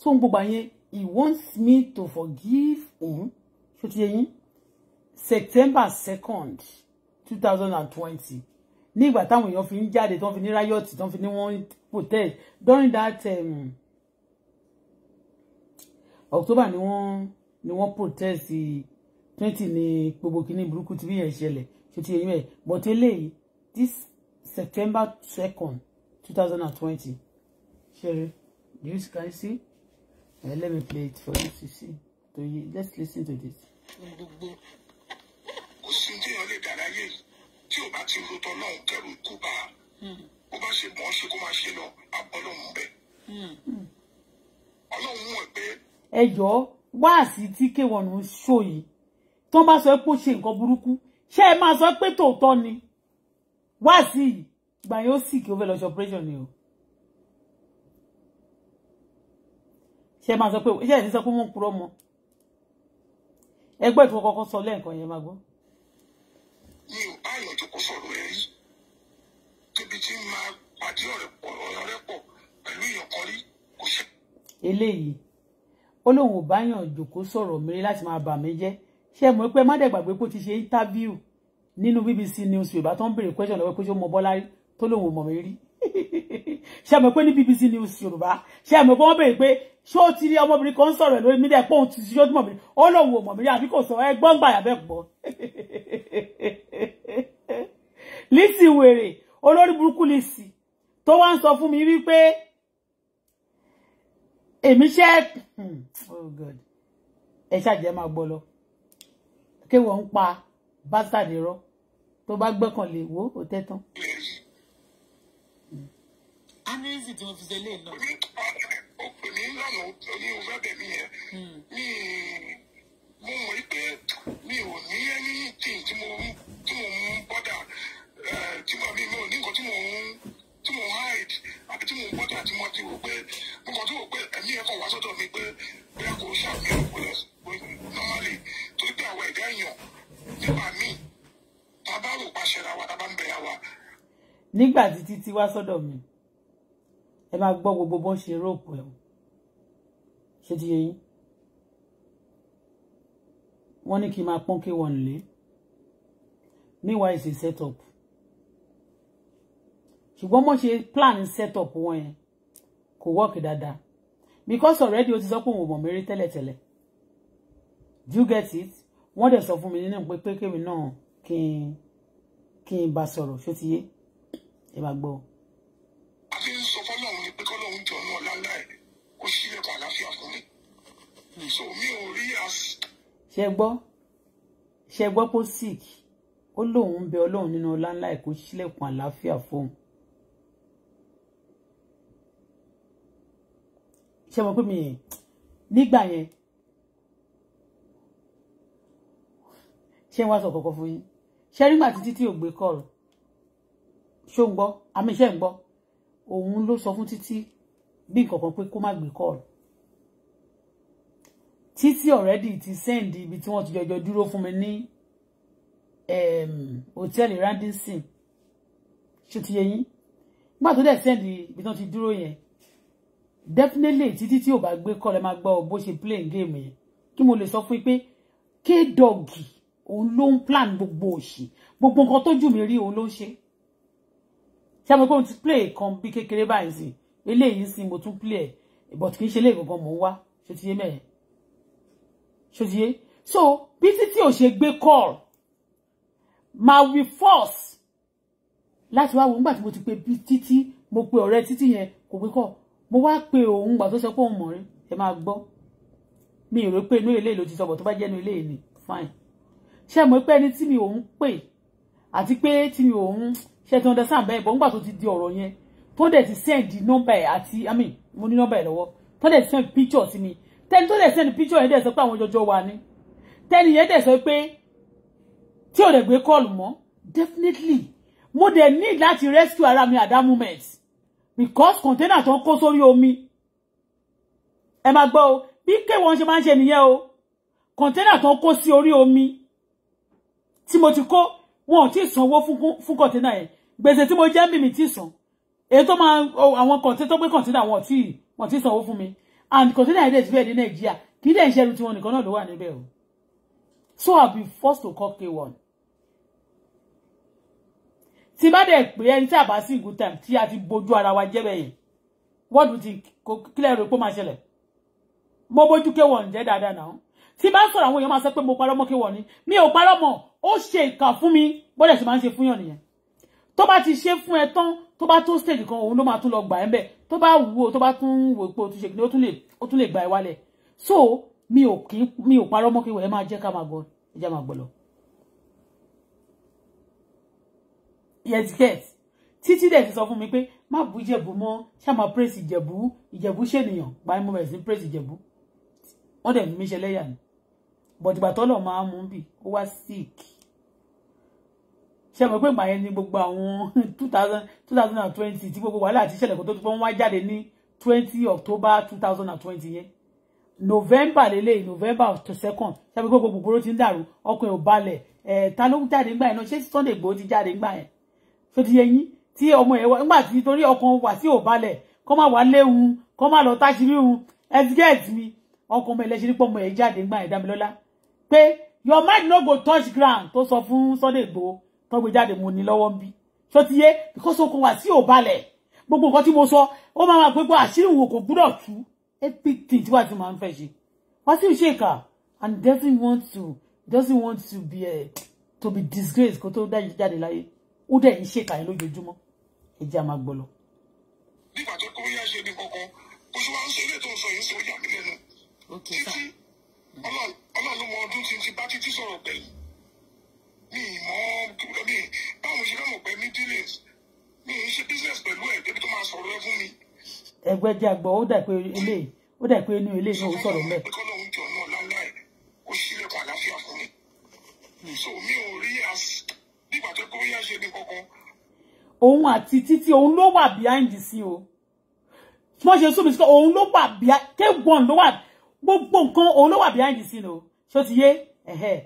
so n gbogbo yẹn he wants me to forgive him ṣó ti yẹ yín September second two thousand and twenty ní ìgbà táwọn èèyàn fi ń jáde tán fi ní riot tán fi ní wọ́n protest during that um, October ni wọ́n ni wọ́n protest twenty ní gbogbo kínní burúkú tí bí yẹn ṣẹlẹ̀ ṣe ti yẹn but eléyìí this September second two thousand and twenty ṣeré you can see let me play it for you to see to you let's listen to this. gbogbo kò sí tí wọn lè dára yé tí o bá ti ro tọ́lọ́ kẹrù ikú bá a hmm. bó bá ṣe mọ̀ ọ́ ṣe kó máa ṣe lọ abọ́lọ́hún bẹ̀. Hmm. ọlọ́run mọ̀ pé. ẹ jọ wáàsí tí kéwọn ń ṣó yìí tó bá sọ pé ó ṣe nǹkan burúkú ṣé ẹ máa sọ pé tòótọ́ ni wáàsí ìgbà yóò sì kí ó fẹ́ lọ ṣe operation ni o. ṣé ẹ máa sọ pé ṣé ẹ ní sọ pé wọ́n ń purọ́ mọ́ ẹgbẹ́ ìfowópamọ́ sọ lẹ́ẹ̀kan yẹn máa gbọ́ mi ò bá àyàn jókòó sọ̀rọ̀ ẹ̀ rí débi tí máa pàdé ọ̀rẹ́ pọ̀ ọ̀rẹ́ pọ̀ pẹ̀lú èèyàn kan rí kò ṣe. eléyìí ó lóun ò bá yàn jókòó sọ̀rọ̀ mi láti máa bà mí jẹ́ ṣé mo pé má dẹ̀ ti ṣe interview nínú BBC News Yorùbá tó ń béèrè question lọ́wọ́ pé ṣé ó mọ Bọ́lá rí tó lóun ò mọ̀ mí rí ṣé mo pé ní BBC News Yorùbá ṣé mo pé wọ́n béèrè pé ṣé o ti rí ọmọbìnrin kan sọ̀rọ̀ lórí mídíà pé òun ti ṣe ojú mọ̀mí ó lòun ò mọ̀mí àbí kò sọ ẹgbọ́n gbà yàbẹ̀ gbọ́ Lizzy wèrè olórí burúkú Lizzy tó wá ń sọ fún mi wípé èmi ṣe hmm, oh ẹ ṣàjẹ́ máa gbọ́ lọ kéwọ́n ń pa bátàdé rọ́ tó bá gbọ́kànlé wo ò tẹ́tàn. a ní ìsìn tí mo fi ṣe lé náà ọ̀pẹ̀ mi lánàá ní òun fẹ́ bẹ̀mí yẹn mi mo mọ̀ pé mi ò ní ẹni tíì tí mo tí mo ń bọ́dà tí mo mi ò ní nǹkan tí mo ń tí mo hide àbí tí mo ń bọ́dà tí mo ti rò pé mo kàn tó rò pé ẹ̀mí ẹ̀kọ́ wá sọ́dọ̀ mi pé bóyá kò ṣàmì ọ̀pọ̀ normally tó gbé àwọn ẹ̀dá èèyàn nígbà míì tá a bá rò pàṣẹ ra wa tá a bá ń bẹ̀rẹ̀ wa. nígbà tí títí wá sọ́dọ̀ mi ẹ máa gbọ́ gbogbo bó ṣe rògbò ẹ̀ ṣé ti yẹ yín wọ́n ní kí n máa pọ́n kí wọ́n lé meanwhile it's a set up ṣùgbọ́n mo ṣe plan set up wọn yẹn kò work dáadáa because already o ti sọ pé òun ò mọ̀ mérí tẹ́lẹ̀tẹ́lẹ̀ do you get it wọ́n dẹ̀ sọ fún mi nínú pé pé mi náà kí n kí n bá sọ̀rọ̀ ṣó ti yé ẹ máa gbọ́ ọ. ó sílẹ̀kùn àlàáfíà fún mi so mi ò rí as. ṣe gbọ́ ṣe gbọ́ pé sick ó lóun ń bẹ ọlọ́run nínú ọlá ńlá ẹ̀ kó sílẹ̀kùn àlàáfíà fóun. ṣe mọ̀ pé mi nígbà yẹn ṣé wàá sọ kọ̀ọ̀kan fún yín ṣé nígbà títí ò gbé kọ́ọ̀lù ṣó ń gbọ́ àmì iṣẹ́ ń gbọ́ òun ló sọ fún títí bí nǹkan kan pé kó má gbé kọ́ọ̀lù títí already ti send ibi tí wọ́n ti jọjọ dúró fún mi ní hòtẹ́ẹ̀lì Radisson ṣó ti yẹ yín nígbà tó dẹ̀ send ibi tí wọ́n ti dúró yẹn definitely títí tí ò bá gbé kọ́ọ̀lù ẹ máa gbọ́ bó ṣe playing game yẹn kí mo lè sọ fún yín pé kédọ̀gì òun ló ń plan gbogbo òṣì gbogbo nǹkan tó jù mí rí òun ló ń ṣe ṣé àmọ́ pé òun ti play kan bí kékeré báyìí sí i eléyìí sì mo tún play ẹ̀ but kì í ṣe eléyìí gangan mò ń wá ṣó ti yé mẹ́yẹn ṣó ti yé so bí títí ò ṣe gbé call máa wí force láti wá wo nígbà tí mo ti pe bí títí mo pe ọ̀rẹ́ títí yẹn kò gbé call mo wá pe òun gbà tó sọ pé òun mọ̀ rí ẹ máa gbọ́ mi ò rò pé inú ilé ìlú ti sọ̀bọ̀ tó bá jẹ́ inú ilé ìní fine ṣé mo pé ẹni tí mi òun pè àti pé tí mi òun ṣe ti understand bẹ́ẹ̀ bọ́ nígbà tó ti di ọ̀rọ̀ yẹn tó dẹ̀ ti send number ẹ̀ àti i mean mo ní nọ́mbà ẹ̀ lọ́wọ́ tó dẹ̀ ti send picture sí mi tẹ́ni tó dẹ̀ send picture yẹn dẹ̀ sọ pé àwọn jọjọ wà ní tẹ́ni yẹn dẹ̀ sọ pé tí ò dẹ̀ gbé kọ́ọ̀lù mọ́ definitely mo dẹ̀ need láti rescue ara mi at that moment because container tó ń kó sórí omi ẹ máa gbọ́ o bí kéwọ́n ṣe máa ń ṣe nìyẹn o kọ̀ńténà tó kó sí orí omi tí mo ti kó wọn ò tí sanwó fún kọ̀ńténà yẹn gbèsè tí mo jẹ́ ń bì mí tí èyí tó máa oh, àwọn kọ̀ǹtẹ́ tó gbé kọ̀ǹtẹ́ àwọn ọ̀tí wọ́n ti sanwó fún mi and kọ̀ǹtẹ́ náà ilé ìtúbẹ̀ ní nàìjíríà kì í dẹ̀ ń ṣẹ́rù tiwọn nìkan náà ló wà níbẹ̀ o so i be forced to call k1 tí bá dẹ̀ pé ẹni tí a bá sí good time tí a ti bojú ara wa jẹ́ bẹ́yẹn what do you think Clear report, pé ó máa ṣẹlẹ̀ mo bójú k1 jẹ́ dáadáa náà tí bá sọ̀rọ̀ àwọn èèyàn máa sọ pé mo parọ́ mọ́ k1 ni mi ò parọ́ mọ́ ó ṣe ìkà fún mi bọ́dẹ̀ sì máa ń ṣe fún nìyẹn tó bá ti ṣe fún ẹ tán tó bá tó stage kan òun ló máa tún lọ gbà ẹ́ ń bẹ̀ tó bá wù ó tó bá tún wò pé o tún ṣe kí ni ó tún lè gba ẹ wálẹ̀ so mi ò kí mi ò parọ́ mọ́ kí wọ́n ẹ máa jẹ́ ká máa gbọ́ ẹ jẹ́ máa gbọ́ lọ. yes yes títí dẹ̀ ti sọ fún mi pé má bu ìjẹ̀bú mọ́ ṣá máa praise ìjẹ̀bú ìjẹ̀bú ṣènìyàn gba ẹ mọ́ bẹ̀rẹ̀ sí praise ìjẹ̀bú wọ́n dẹ̀ mí ṣẹlẹ́yà ni bọ̀dìgbà tọ́lọ̀ máa mú bì ó wá sick ṣe mọ̀ pé ìgbà yẹn ni gbogbo àwọn two thousand two thousand and twenty tí gbogbo wàhálà àti ìṣẹ̀lẹ̀ kó tó ti pọ́n wá jáde ní twenty october two thousand and twenty yẹn november lélẹ̀ november second ṣe mọ̀ pé gbogbo gbogbo ti ń dàrú ọkàn ò balẹ̀ ẹ̀ ta ló jáde ńgbà yẹn náà ṣé sunday igbó ti jáde ńgbà yẹn ṣó ti yẹ yín tí ọmọ yẹn wá ńgbà tí torí ọkàn wà sí ò balẹ̀ kọ́ má wà léwu kọ́ má lọ táṣírí mi ọkàn ọmọ ẹlẹ́ṣin pọ̀ ọmọ yẹn jáde ńgbà yẹn dámilọ́lá pé your mind no go touch ground tó sọ fún sunday igbó tó gbé jáde mo ní lọ́wọ́ ń bí tó ti yé because okun wà sí òbalẹ̀ gbogbo nǹkan tí mo o ó máa máa gbégbó àṣírí wo kò gbúdọ̀ tú everything tí wà tí màá ń fẹ́ ṣe Wasiu ṣe kà and doesn't want to doesn't want to be a eh, to be disgraced kó tó dájú jáde láyé ó dẹ̀ ń ṣèkà yẹn lójoojúmọ́ ẹ jẹ́ a máa gbọ́ lọ. nígbà tó kó yá ṣe ní kankan bó ṣe wá ń sọ ilé tó ń sọ yìí ń sọ ìyá mi lẹ́nu títí ọlọ́run ọlọ́run mọ ọdún tí ti bá títí sọ̀rọ̀ pẹ̀lú mi mọ kíkúrẹ́ mi báwo ṣe fẹ́ mọ̀ pé middle east mi ń ṣe business pẹ̀lú ẹ̀ débi tó máa sọ̀rọ̀ ẹ fún mi. ẹgbẹ́ jẹ́ àgbọ̀ ó dà pé ilé ó dà pé inú ilé náà ó sọ̀rọ̀ mẹ́. ẹ̀kọ́ náà ń jọ náà láńláì ó ṣílẹ̀kùn àlàáfíà fún mi. so mi ò rí as nígbà tó kó yá ṣe ní kankan. òun àti títí òun ló wà behind the scene o wọ́n ṣe súnmi sí òun ló wà behind k1 ló wà gbogbo nǹkan òun ló wà behind the scene o ṣó ti yé ẹ̀hẹ́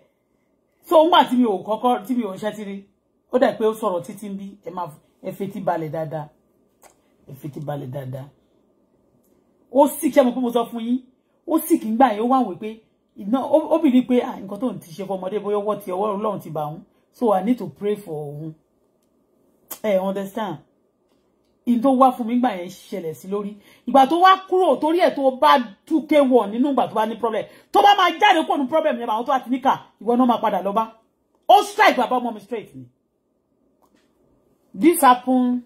so ńgbà tí mi ò kọ́kọ́ tí mi ò ń ṣẹ́tí rí ó dà pé ó sọ̀rọ̀ títí ń bí ẹ máa ẹ fetí balẹ̀ dáadáa ẹ fetí balẹ̀ dáadáa ó sì kí ẹ mọ̀ pé mo sọ fún yín ó sì kí ń gbà yẹn ó wà wí pé iná ó bìlí pé ah, nǹkan tó ń ti ṣe fọmọdé bóyá ọwọ́ ti ọwọ́ ọlọ́run ti bà wọ́n so I need to pray for òun ẹ understand in tó wá fún mi gbà yẹn ṣẹlẹ̀ sí lórí ìgbà tó wá kúrò torí ẹ̀ tó bá dúkẹ́ wọ̀ nínú ìgbà tó bá ní problem tó bá máa jáde kó nu problem yẹn àwọn tó bá ti níkà ìwọ náà máa padà lọ bá ó strike bàbá ọmọ mi straight ni this happen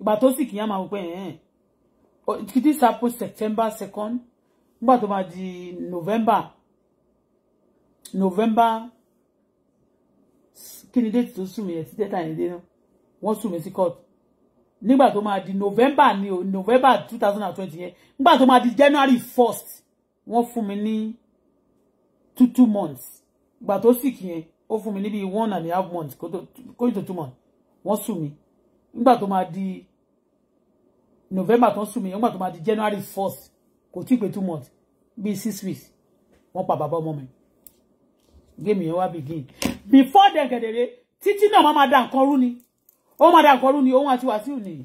ìgbà tó sì kìí àmà wípé ẹ̀ẹ́n this happen September second nígbà to máa di November November kí ni déètì tó sùn mí ẹ̀ sí dẹ́ta ẹ̀ dé náà wọ́n court nígbà tó máa di november ni o november two thousand and twenty yẹn nígbà tó máa di january first wọ́n fún mi ní two two months ìgbà tó sick yẹn ó fún mi ní one and a half months kó tó two months wọ́n sùn mí nígbà tó máa di november tó ń sùn mí nígbà tó máa di january first kò tí pé two months bíi six weeks wọ́n pa bàbá ọmọ mi géèmì yẹn wá begin before then kedere títí náà máa máa da nǹkan rú ni ó máa dàkọ́ rú ni òun àti wàsíù nìyí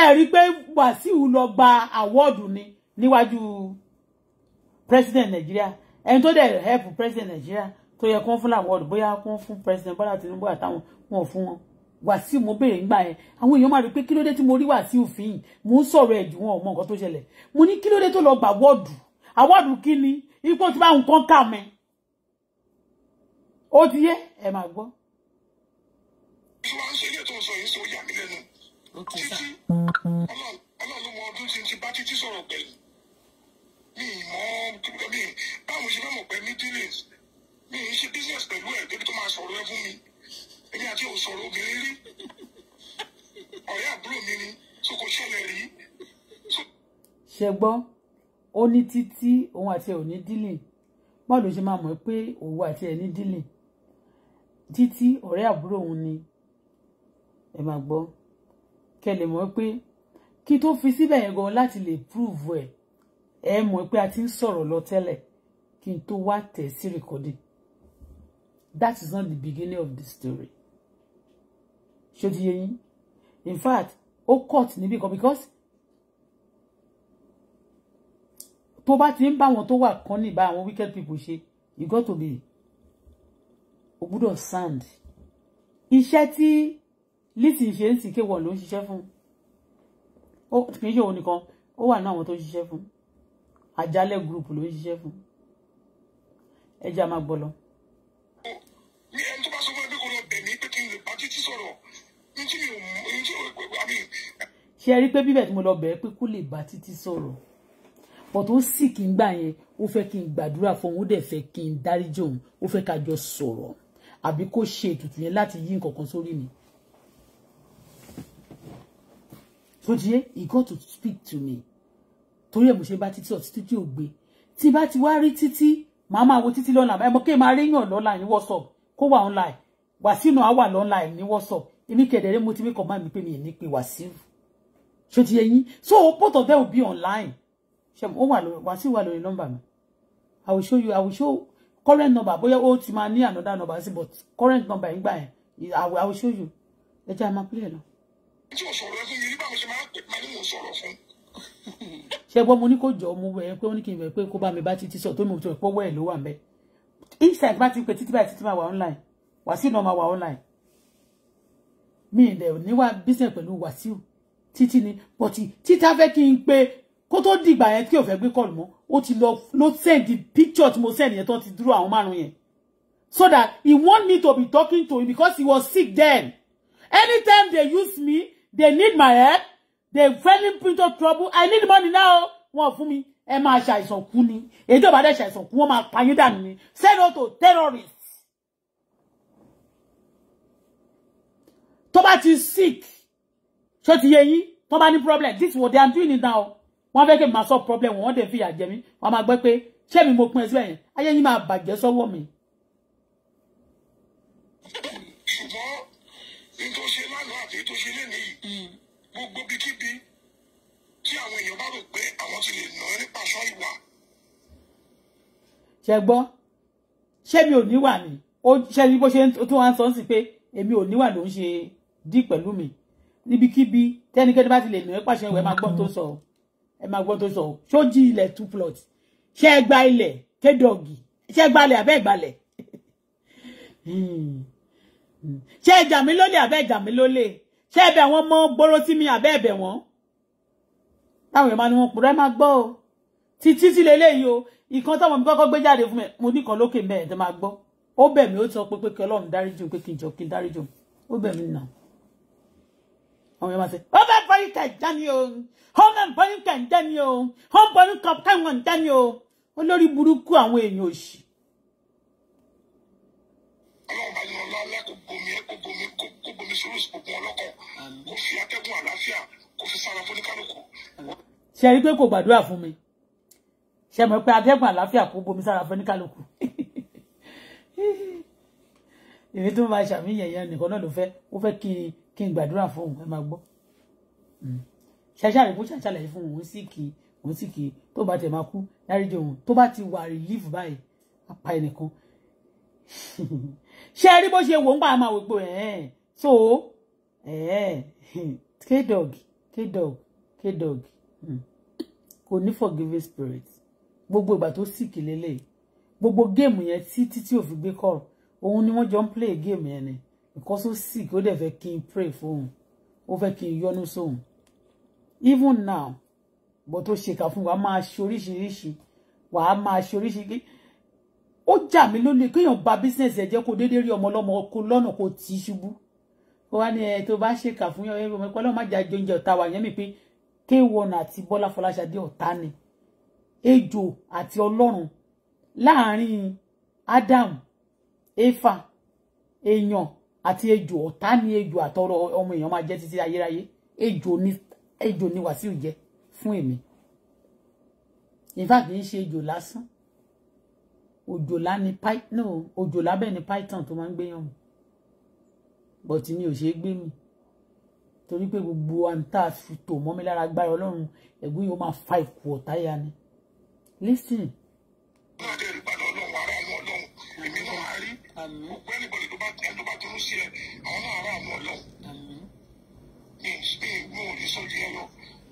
ẹ rí i pé wàsíù gba àwọ́ọ̀dù ni níwájú president nàìjíríà ẹni tó dẹ̀ help president nàìjíríà tó yẹ kó fún làwọ́ọ̀dù bóyá kó fún president bọ́lá tinubu àtàwọn wọn ò fún wọn wàsíù mo béèrè ńgbà yẹn àwọn èèyàn máa rí i pé kí ló dé tí mo rí wàsíù fìyìn mò ń sọ̀rọ̀ ẹ̀ jù wọn ò mọ nǹkan tó mo ní kí ló dé tó lọ gbà wọ́ọ̀dù àwọ́ọ̀dù kí ni ipò tí bá nǹkan ti yé ẹ máa gbọ́ bí wàá ń ṣe ilé tó ń sọ yìí sọ yà mí lẹ́nu títí ọlọ́run ọdún tí n ti bá títí sọ̀rọ̀ pẹ̀lú mi mọ́ mi báwo ṣe fẹ́ mọ̀ pé mi dealings mi ń ṣe business pẹ̀lú ẹ̀ débi tó máa sọ̀rọ̀ ẹ fún mi èmi àti òun obìnrin rí ọ̀rẹ́ àbúrò mi ni so kò ṣẹlẹ̀ rí. ṣẹgbọ́n ó ní títí òun àti ẹ̀ ò ní dealing báwo ló ṣe máa mọ̀ pé òun àti ẹ̀ ní dealing títí ọ̀rẹ́ àbúrò òun ni ẹ máa gbọ́ kẹ lè mọ̀ pé kí tó fi síbẹ̀ yẹn gan láti lè prove ẹ̀ ẹ mọ̀ pé a ti ń sọ̀rọ̀ lọ tẹ́lẹ̀ kí n tó wá tẹ̀ sí recording that is not the beginning of the story ṣé ti yé yín in fact ó cut níbí kan because tó bá ti ń bá wọn tó wà kán níbà àwọn wicked people ṣe you got to be o gbúdọ̀ sand iṣẹ́ tí lítì ṣe ń sì kéwọ̀ ló ń ṣiṣẹ́ fún ó kì í ṣe òun nìkan ó wà ní àwọn tó ń ṣiṣẹ́ fún àjálẹ̀ group ló ń ṣiṣẹ́ fún ẹja máa gbọ́ lọ. ní ẹni tó bá sọ fún ẹbí kò lọ bẹ̀ mí pé kí n lè pa títí sọ̀rọ̀ nítorí òun tí òun pẹ̀lú àmì. ṣé ẹ rí pé bíbẹ̀ tí mo lọ bẹ̀ ẹ́ pé kó lè bá títí sọ̀rọ̀ pọ̀ tó sì kí n gbà yẹn ó fẹ́ kí n gbàdúrà fún òun ó dẹ̀ fẹ́ kí n dáríjì òun ó fẹ́ ká jọ sọ̀rọ̀ àbí kó ṣe ètùtù yẹn láti yí nǹkan kan sórí mi. tó di he got to speak to me torí ẹ̀ mo ṣe bá títí ọ̀tí títí ò gbé tí bá ti wá rí títí màá máa wo títí lọ́la ẹ̀ mọ̀ kí n máa réyàn lọ́la ní WhatsApp kó wà online Wàsíù àwà lọ́la ní WhatsApp èmi kẹ̀dẹ̀rẹ́ mo ti mí kàn máa mi pé mi ní pé Wàsíù ṣó ti yé yín so both of them will be online ṣe ó wà lórí Wàsíù wà lórí number? mi I will show you I will show current number bóyá ó ti máa ní another number sí but current number yín gbà yẹn I will show you ẹ jẹ́ àmà pílẹ̀ lọ tí o sọ̀rọ̀ ẹ̀sìn yìí bá mi ṣe máa pè máa ní mò ń sọ̀rọ̀ fún. ṣé gbọ́ mo ní kó jọ mo wẹ̀ pé ó ní kí n wẹ̀ pé kó bá mi bá títí sọ tó mi ò tó pọ́wọ́ ẹ̀ ló wà mẹ́ inside bá ti pè títí báyìí títí máa wà online wàsíù náà máa wà online mi ìdẹ̀ níwà business pẹ̀lú wàsíù títí ni bọ̀tì títà fẹ́ kí n pé kó tó dìgbà yẹn tí ò fẹ́ gbé kọ́ọ̀lù mọ́ ó ti lọ ló send picture tí mo send yẹn tó ti dúró àwọn márùn-ún yẹn so that he want me to be talking to him because he was sick then anytime they use me they need my help they fell into trouble i need money now wọn fún mi ẹ máa ṣàìsàn kú ni èyí tó bá dẹ̀ ṣàìsàn kú wọn máa pa yín dànù ni say no to terrorists tó is sick ṣó ti yé yín tó bá ní problem this what they are doing it now wọn fẹ́ kí n máa problem wọn dẹ̀ fi ìyà jẹ mí wọn máa gbọ́ pé ṣé mi mo pín ẹ síbẹ̀ yẹn ayé yín máa bàjẹ́ sọ́wọ́ mi. ṣùgbọ́n nǹkan tó ṣe lẹ́nu gbogbo bikíbi tí àwọn èèyàn bá rò pé àwọn ti lè nà ẹ́ nípa ìwà. ṣe gbọ́ ṣé mi ò níwà ni ó ṣe ni bó ṣe tún wá ń sọ sí pé èmi ò níwà ló ń ṣe dí pẹ̀lú mi níbikíbi tẹ́nikẹ́ni bá ti lè nà ẹ́ pàṣẹ ìwà ẹ máa gbọ́ tó sọ ẹ máa gbọ́ tó sọ ṣó jí ilẹ̀ two plot ṣé ẹ gba ilẹ̀ kédọ̀gì ṣé ẹ gbalẹ̀ àbẹ́ ìgbalẹ̀ hmm. hmm. ṣé ẹ jà mí lólè àbẹ́ ìjà mí lólè ṣé ẹ̀bẹ̀ àwọn gbóró sí mi àbẹ́ ẹ̀bẹ̀ wọn táwọn èèyàn máa ní wọn pòrọ ẹ máa gbọ́ o títí sí leléyìí o ìkan táwọn mi kọ́kọ́ gbé jáde fún mi mo ní kan lókè mẹ́ẹ̀ tẹ́ máa gbọ́ ó bẹ̀ mí ó sọ pé pé kí ọlọ́run dáríjì pé kí n jọ kí n dáríjì ó bẹ̀ mí nà àwọn èèyàn máa ṣe ó bẹ́ẹ̀ bọ́yìn kà ni o ó bẹ́ẹ̀ bọ́yìn kà ni o ó bọ́yìn kà káwọn ni o olórí burúkú àwọn èèyàn òṣì. ọlọ́run sùúrù gbogbo ọlọ́kọ̀ kó fi atẹ́gùn àlàáfíà kó fi sára fún oníkálukú. ṣe rí i pé kò gbàdúrà fún mi ṣe mọ̀ pé atẹ́gùn àlàáfíà kó bomi sára fún oníkálukú èmi tó máa ṣàmìyàn yẹn nìkan náà ló fẹ́ ó fẹ́ kí kí n gbàdúrà fún òun ẹ máa gbọ́ hmm. ṣàṣàrè kó ṣàṣàlàyé fún òun sì kì òun sì kì tó bá tẹ̀ máa kú dáríjì òun tó bá ti wà rìlífù báyìí apá ẹnìkan ṣé rí bó ṣe wò ń bá a máa wò pé ẹ̀ so eh, kdog kdog kdog hmm. kò ní forgiving spirit gbogbo ìgbà tó sì kì lélẹ̀ gbogbo géèmù yẹn títí tí ò fi gbé kọ́ òun ni wọ́n jọ ń play game yẹn ni because ó sì kí ó dẹ̀ fẹ́ kí n pray fóun ó fẹ́ kí n yọ́nú sóun even now bó tó ṣe kà fún wa máa ṣe oríṣiríṣi wà á máa ṣe oríṣiríṣi ó jà mí lólè kéèyàn ba bísíǹsì ẹ̀ jẹ́ kó déédéé rí ọmọ ọlọ́mọ kó lọ́nà kó tì í ṣubú ó wá ní ẹ tó bá ṣèkà fún yẹn ọmọ ẹ̀kọ́ ọlọ́run má jà jẹ oúnjẹ ọ̀tá wa yẹn mi pé k àti Bọ́lá Fọláṣadé ọ̀tá ni ejò àti ọlọ́run láàrin Adam Efa èèyàn àti ejò ọ̀tá ni ejò àtọrọ ọmọ èèyàn máa jẹ́ títí ayérayé ejò ni ejò ni Wàsíù jẹ́ fún èmi in kì í ṣe ejò lásán òjòlá ni python òjòlá bẹ́ẹ̀ ni python tó máa ń gbéyàn mu bọ̀tí mi ò ṣe é gbé mi torí pé gbogbo àǹtá fi tò mọ́ mi lára gbára ọlọ́run ẹ̀gbọ́n yìí ó máa fa ìkù ọ̀tá ya ni listen.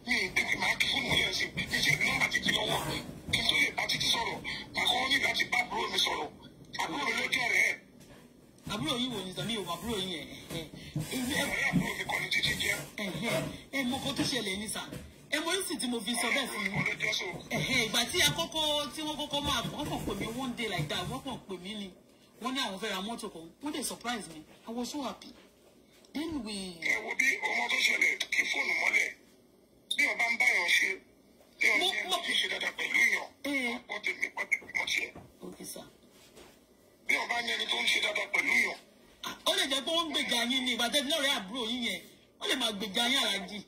mi ìdíbi máa kí fóònù yẹn sí ìṣe nọ́mbà ti di lọ́wọ́ kí n tó yẹ àti ti sọ̀rọ̀ àkọ́kọ́ nígbà tí bá àbúrò mi sọ̀rọ̀ àbúrò mi lọ́jọ́ rẹ̀ ẹ́ àbúrò yìí wò ní sàmì ìwà àbúrò yìí yẹn. ìwé àbúrò mi kọ́ ni títí jẹ́. ẹ mọ kó tó ṣẹlẹ̀ ní sà ẹ mọ ìsìn tí mo fi sọ bẹ́ẹ̀ fún mi. ìgbà tí àkọ́kọ́ tí wọ́n kọ́kọ́ máa wọ́n kàn pè mí one day like that wọ́n kàn pè mí ni wọ́n ní àwọn fẹ́ ra mọ́tò kan wọ́n dey surprise me I was so happy. then we. ẹ wo bí ọmọ tó ṣẹlẹ̀ kí fóònù mọ́lẹ̀ bí ọba ń báyọ̀ ṣe bí ọba bí ọba ní ẹni tó ń ṣe dáadáa pẹ̀lú yàn. ó lè jẹ́ pé ó ń gbèjà yín ní ìbàdàn náà rẹ̀ àbúrò yín yẹn ó lè máa gbèjà yín àràjì.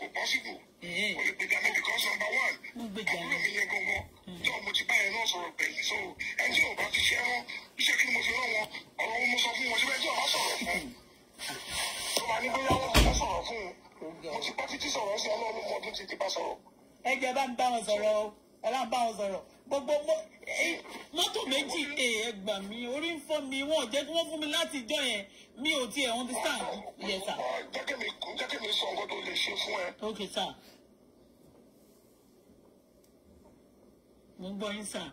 kò pọ́sibù kò lè gbèjà mi because number one àbúrò mi yẹn gangan tó hmm. mo ti bá yẹn náà sọ̀rọ̀ pẹ̀lú so ẹni tí ọba ti ṣe wọn iṣẹ́ kí ni mo fi rán wọn ọ̀rọ̀ mo sọ fún wọn síbẹ̀ tí ọba sọ̀rọ̀ fún tó máa ní bóyá wọn ti sọ̀rọ̀ fún mo ti bá títí sọ̀rọ̀ sí ọlọ́run mọ́tún ti ti bá sọ̀rọ̀. ẹ jẹ́ bá ń bá wọn sọ̀rọ̀ ọ ẹ bá wọn sọ̀rọ̀ gbogbo eh, mọ́tò méjì eh, ẹ gbà orí ń fọ́ mi wọn ò kí wọ́n fún mi láti ìjọ yẹn mi ò tiẹ̀ understand. yes sir. jẹ́kẹ́ mi jẹ́kẹ́ mi sọ nǹkan lè ṣe fún ẹ. okay sir. mo ń gbọ́ yín sir.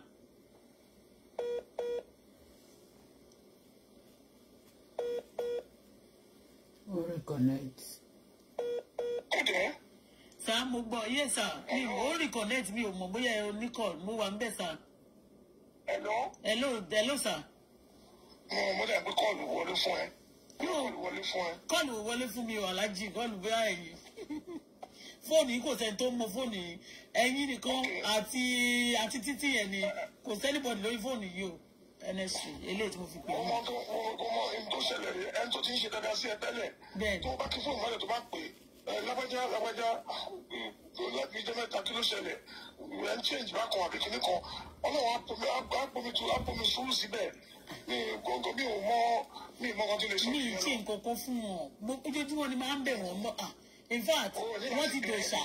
We'll reconnect. Okay sá mo gbọ́ yé sá mi ò reconnect mi ò mọ̀ bóyá ẹ oníkọ̀ mo wà ń bẹ̀ sá. hello. hello hello sá. mo mo dà pé kọ́ọ̀lù wọlé fún ẹ. kọ́ọ̀lù wọlé fún ẹ. kọ́ọ̀lù wọlé fún mi wà lájì kọ́ọ̀lù bóyá ẹ̀yìn fóònù yìí kò sẹ́ni tó mọ fóònù yìí ẹ̀yin nìkan àti àti títí yẹn ni kò sẹ́ni bọ̀dì lórí fóònù yìí o ẹnẹsì eléyìí tí mo fi pè é. ọmọ tó ṣẹlẹ̀ ẹni tó ti ń ṣe dáadáa sí ẹ tẹ́lẹ̀ tó bá kí fóònù mọ́lẹ̀ tó bá pè é. Eh, lágbájá lágbájá lágbájá mẹ́ta kí ló ṣẹlẹ̀ ẹ̀ ń change bákan àbí kíní kan ọlọ́run àpòmí tu àpòmí sùúrù síbẹ̀ mi mi ò mọ mi mọ kan tó lè sọ. mi ì tí nǹkan kan fún wọn ojoojúmọ́ ni máa ń bẹ̀ wọ́n náà ah, in fact oh, wọ́n ti dẹ̀ ṣá.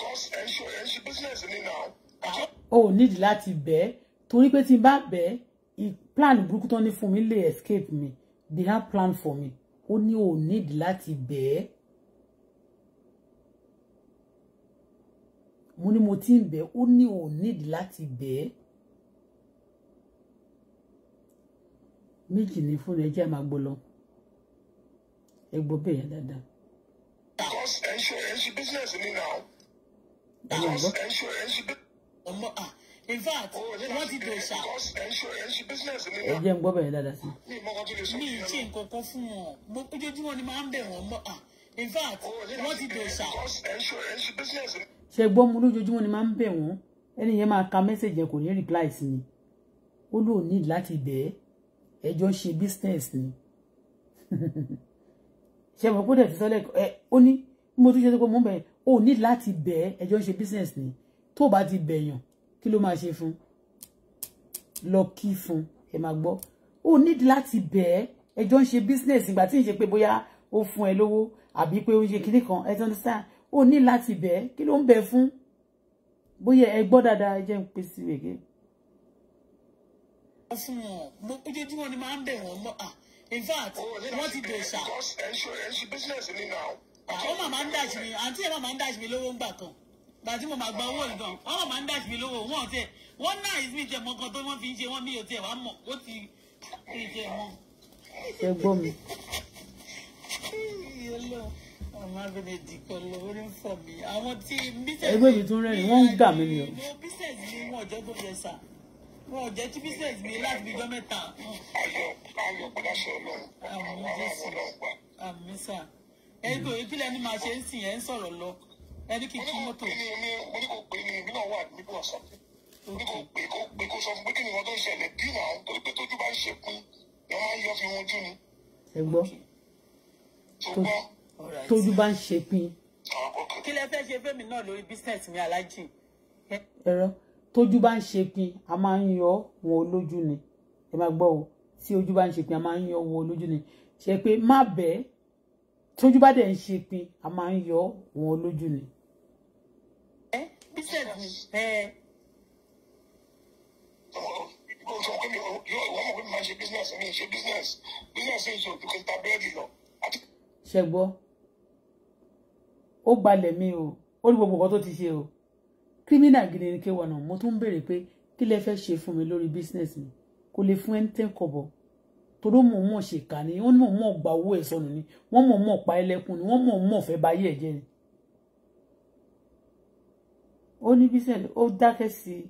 Ah, o ò láti bẹ́ẹ̀ torí pé tí n bá bẹ́ẹ̀ plan burúkú tán ní fún mi lè escape mi they have plan for me ó ní o ò nídìí láti bẹ́ẹ̀. mo ní mo ti ń bẹ̀ ó ní ò nídìí láti bẹ̀ ẹ́ méjì ní fún ẹ jẹ́ máa gbọ́ lọ ẹ gbọ́ bẹ́ẹ̀ yẹn dáadáa. ọmọ à in fact wọ́n ti dò ṣá. ẹ jẹ́ ń gbọ́ bẹ́ẹ̀ dáadáa sí. mi ì tí nǹkan kan fún wọn mo ojoojúmọ́ ni máa ń bẹ̀ wọ́n mọ́ à in fact wọ́n ti dò ṣá ṣe gbọ́ mu lójoojúmọ́ ni máa ń bẹ̀ wọ́n ẹni yẹn máa ka mẹ́sẹ̀jì yẹn kò ní reply sí mi ó lò ní láti bẹ̀ ẹ́ ẹjọ́ ṣe business ni ṣe mọ̀ kó dẹ̀ ti sọ́lẹ̀ ẹ ó ní mo tún ṣe tó pé mo bẹ̀ ó ní láti bẹ̀ ẹ́ ẹjọ́ ṣe business ni tó o bá ti bẹ̀yàn kí ló máa ṣe fún lọ kí fún ẹ máa gbọ́ ó ní láti bẹ̀ ẹ́ ẹjọ́ ṣe business ìgbà tí ń ṣe pé bóyá ó fún ẹ lówó àbí pé ó ń ṣe kinní kan ẹ tán ní sáà ó ní láti bẹ̀ ẹ́ kí ló ń bẹ̀ fún bóyá ẹ gbọ́ dáadáa jẹ́ ń pèsè wèké. fún wọn mo ojoojúmọ́ ni máa ń bẹ̀ wọ́n lọ ah, in fact wọ́n ti dè ṣá. àwọn ah, màmá ń dàjì mi àǹtí ẹ̀ màmá ń dàjì mi lówó ń gbà kan gbàtí mo máa gba owó ìgbọ̀n wọ́n màmá ń dàjì mi lówó wọn ò tẹ̀ wọ́n náà ìsìn ìjẹ̀mọ́ kan tó wọ́n fi ń ṣe wọ́n mi ò tẹ̀ mi. I'm not gonna dig a loading for me. I want to business. Ẹgbẹ́ mi tún rẹ́rìn, wọ́n ń gà mí ni o. Mo business mi wọ́n ọjọ́ tó yẹ sá. Wọ́n ọjọ́ tí business mi láti fi jọ́ mẹ́ta. Ayọ̀ ayọ̀ padà sọ lọ́wọ́. Àmì Jésù. Àmì sà. Ẹgbẹ́ òye kílẹ̀ ni màá ṣe ń sìn ẹ̀ ń sọ̀rọ̀ lọ. Ẹni kì í kí mọ́tò. Mo ní kò pè ní ìbí náà wà níbi ọ̀sán. Mo ní kò pè kó pè kó sọ fún pé kí ni wọ́n tó ń ṣẹlẹ̀ bí náà torí pé tójú bá ń ṣe kún ni wọ́n á yọ fi wọn ojú ni. Ẹ gbọ́. Ṣùgbọ́n tójú bá ń ṣe pin. Oh, kí lẹ fẹ́ ṣe fẹ́mi náà lórí business mi alájì. ẹ̀rọ tójú bá ń ṣe pin a máa ń yọ wọn olójú ni ẹ máa gbọ́ o tí ojú bá ń ṣe pin a máa ń yọ wọn olójú ni ṣe pé má bẹ́ẹ̀ tójú bá dẹ̀ ń ṣe pin a máa ń yọ wọn olójú ni. ẹ business mi ẹ. Mo sọ business business business ṣe ìṣòro kí n ta búrẹ́dì lọ ó gbalẹ̀ mi o ó ní gbogbo nǹkan tó ti ṣe o kírímínà gidi ni kéwà náà mo tún ń béèrè pé kí lẹ fẹ́ ṣe fún mi lórí bísínẹ́sì mi kò lè fún ẹni tẹ́ kọ̀bọ̀ torí ó mọ̀ mọ̀ ṣe kà ní wọ́n mọ̀ mọ̀ gba owó ẹ̀ sọnù ni wọ́n mọ̀ mọ̀ pa ẹlẹ́kùn ni wọ́n mọ̀ mọ̀ fẹ́ ba ayé ẹ̀ jẹ́ ni. ó ní bísínẹ́sì ó dákẹ́ sí i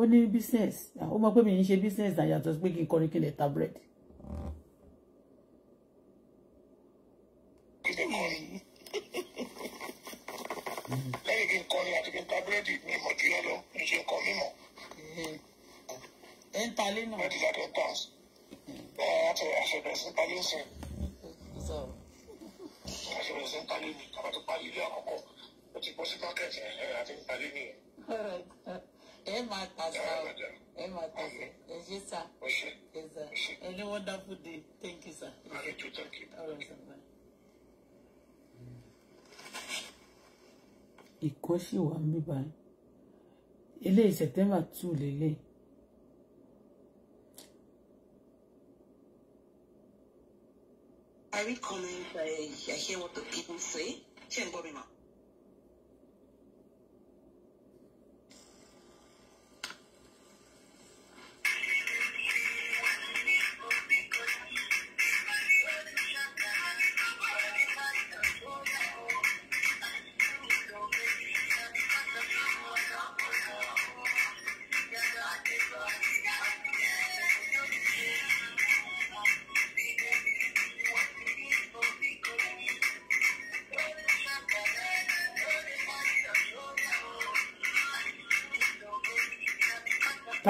ó ní bísínẹ́sì ó mọ̀ pé mi ń ṣe bísínẹ́sì àyàtọ̀ pé kí n kọrin kí n lè ta dádì mi mọ̀ jù yẹn lọ mi ṣe nǹkan mímọ̀. ẹ ń talé náà. lẹ́dí ládùn tán ẹ àti àṣẹbẹ̀ sí talé sí. àṣẹbẹ̀ sí talé mi tàbá tó parí ilé àkọ́kọ́ ó ti bọ́ sí mákẹ́tì ẹ àti talé mi. ẹ máa ta sa o ẹ máa ta sa ẹ ṣe sa ẹ ṣe ẹ ní wonderful day thank you sir. àlejò thank you. ìkan sì wà ń bíbá eléyìí september two lélẹ̀ I read comments, I, I hear what the people say. Ṣé ń gbọ́ mi mọ́?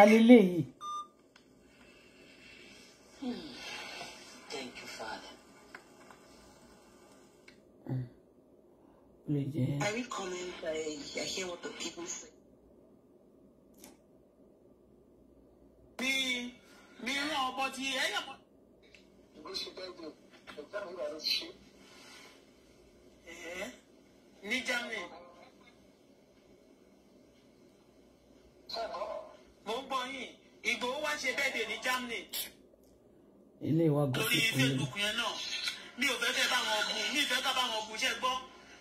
ta leléyìí. Thank you, Father. I read comments, I, I hear what the people say. ilé wa gòkè kúlẹ̀. orí facebook yẹn náà mi ò fẹ́ kẹ́ bá wọn bu mi fẹ́ kẹ́ bá wọn bu iṣẹ́ gbọ́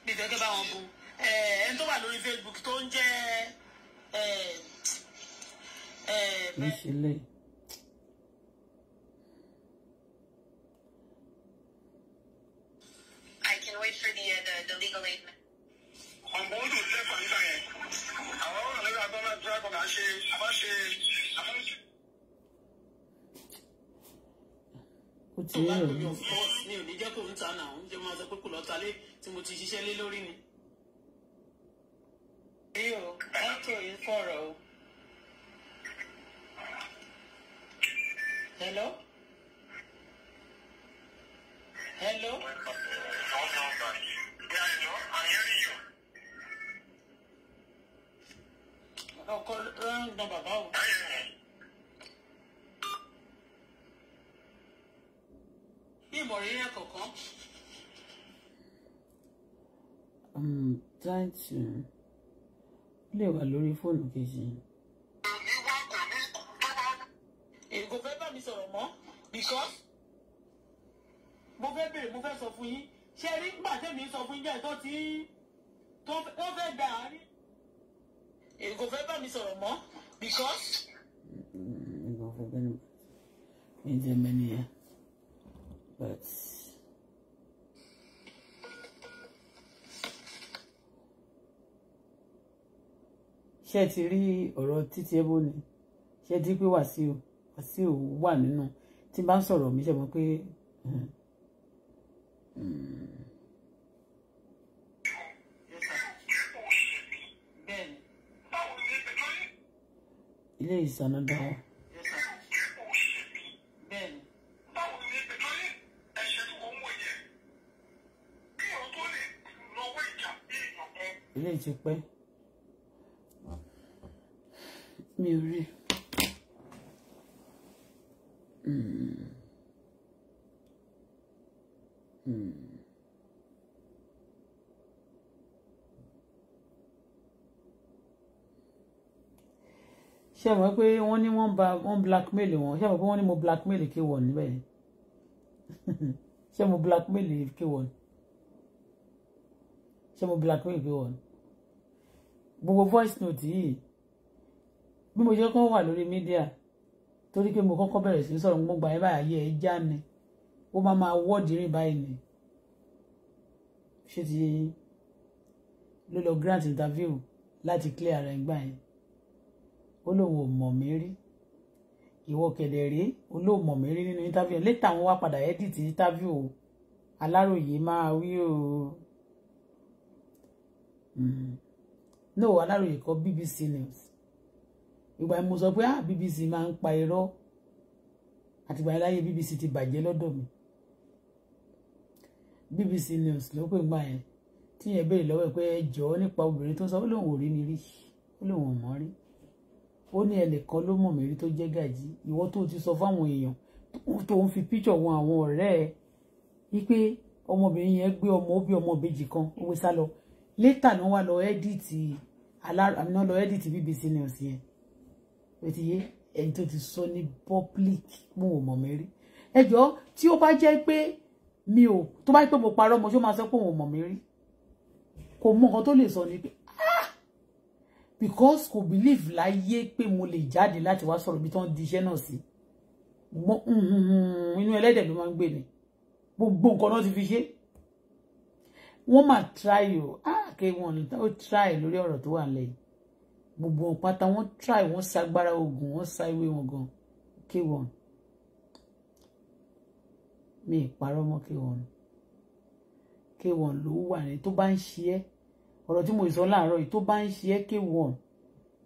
mi fẹ́ kẹ́ bá wọn bu ẹni tó wà lórí facebook tó ń jẹ́ ìṣẹ̀lẹ̀. ó ti rẹ̀ mí. mi ò ní jẹ́ kó ń ta náà oúnjẹ máa sọ pé kò lọ́ọ́ ta lé tí mo ti ṣiṣẹ́ lé lórí ni. rí o mọ́tò yìí fọ̀rọ̀ o. hello. hello. ọkọ ló ń dán bàbá o. I'm trying to táìtì lè wà phone fóònù kejì. èkó fẹ́ bá mi sọ̀rọ̀ mọ́ because mo fẹ́ béèrè mo fẹ́ sọ fún yín ṣé rí nígbà tẹ́mi sọ fún yín jẹ́ tó ti tó fẹ́ dà á rí. èkó fẹ́ bá mi sọ̀rọ̀ mọ́ because. èkó fẹ́ bá mi sọ̀rọ̀ mọ́ because but ṣé ti rí ọ̀rọ̀ títí ẹ bó ni ṣé ti pé Wàsíù Wàsíù wà nínú tí bá ń sọ̀rọ̀ mi ṣe mọ̀ pé hmm, hmm. ilé ìsànà dáwọ́. eléyìí ti pẹ́ mi ò rí mm. mm. ṣé mọ̀ pé wọ́n ní wọ́n ba wọ́n blackmail wọn ṣé mọ̀ pé wọ́n ní mo blackmail kéwọ̀n níbẹ̀ ṣé mo blackmail kéwọ̀n ṣé mo blackmail bí wọn gbogbo voice note yìí bí mo ṣe kọ́ wà lórí mídíà torí pé mo kọ́kọ́ bẹ̀rẹ̀ sí sọ̀rọ̀ mo gbà ẹ́ báyà yẹ ẹ́ já ni ó máa máa wọ́ọ̀dì rìn báyìí ni ṣé ti ló lọ grant interview láti clear ara ẹgbà yẹn ó lóun ò mọ̀ mí rí ìwọ kẹ̀dẹ̀ rèé ó lóun mọ̀ mí rí nínú interview létà wọn wá padà edit interview aláròyé máa wí o Mm. no aláròyé kọ BBC news ìgbà mo sọ pé ah BBC máa ń pa irọ́ àtìgbà láyé BBC ti bàjẹ́ lọ́dọ̀ mi BBC news ló pè gbà yẹn tí yẹn béèrè lọ́wọ́ ẹ̀ pé ẹ jọ̀ọ́ nípa obìnrin tó sọ ó lóun ò rí mi rí ó lóun ò mọ̀ rí ó ní ẹnìkan ló mọ̀ mí rí tó jẹ́ gàjí ìwọ tó ti sọ fáwọn èèyàn fi píṣọ̀ wọn àwọn ọ̀rẹ́ ẹ wípé ọmọbìnrin yẹn gbé ọmọ ó bí ọmọ kan ó gbé sá later náà wà lọ ẹ́díìtì alárànà lọ ẹ́díìtì BBC news yẹn wetin yé ẹni tó ti sọ ní public mo ò mọ̀ mẹ́rí ẹjọ́ tí ó bá jẹ́ pé mi ò tó bá jẹ́ pé mo parọ́ mo ṣó máa sọ pé òun ò mọ̀ mẹ́rí kò mọ nǹkan tó lè ni pé ah because kò believe láyé pé mo lè jáde láti wá sọ̀rọ̀ bí tó ń di iṣẹ́ náà sí mm-hmm, inú ẹlẹ́dẹ̀ ló máa ń gbé ni gbogbo nǹkan náà ti fi ṣe wọ́n máa try you. ah pé wọn ò try lórí ọ̀rọ̀ tó wà lẹ́yìn gbogbo wọn pátá wọn try wọn ṣagbára ogun wọn ṣa ìwé wọn gan k1 mi ìparọ́ mọ́ k1 k1 ló wà ní tó bá ń ṣe é ọ̀rọ̀ tí mo sọ láàárọ̀ yìí tó bá ń ṣe é k1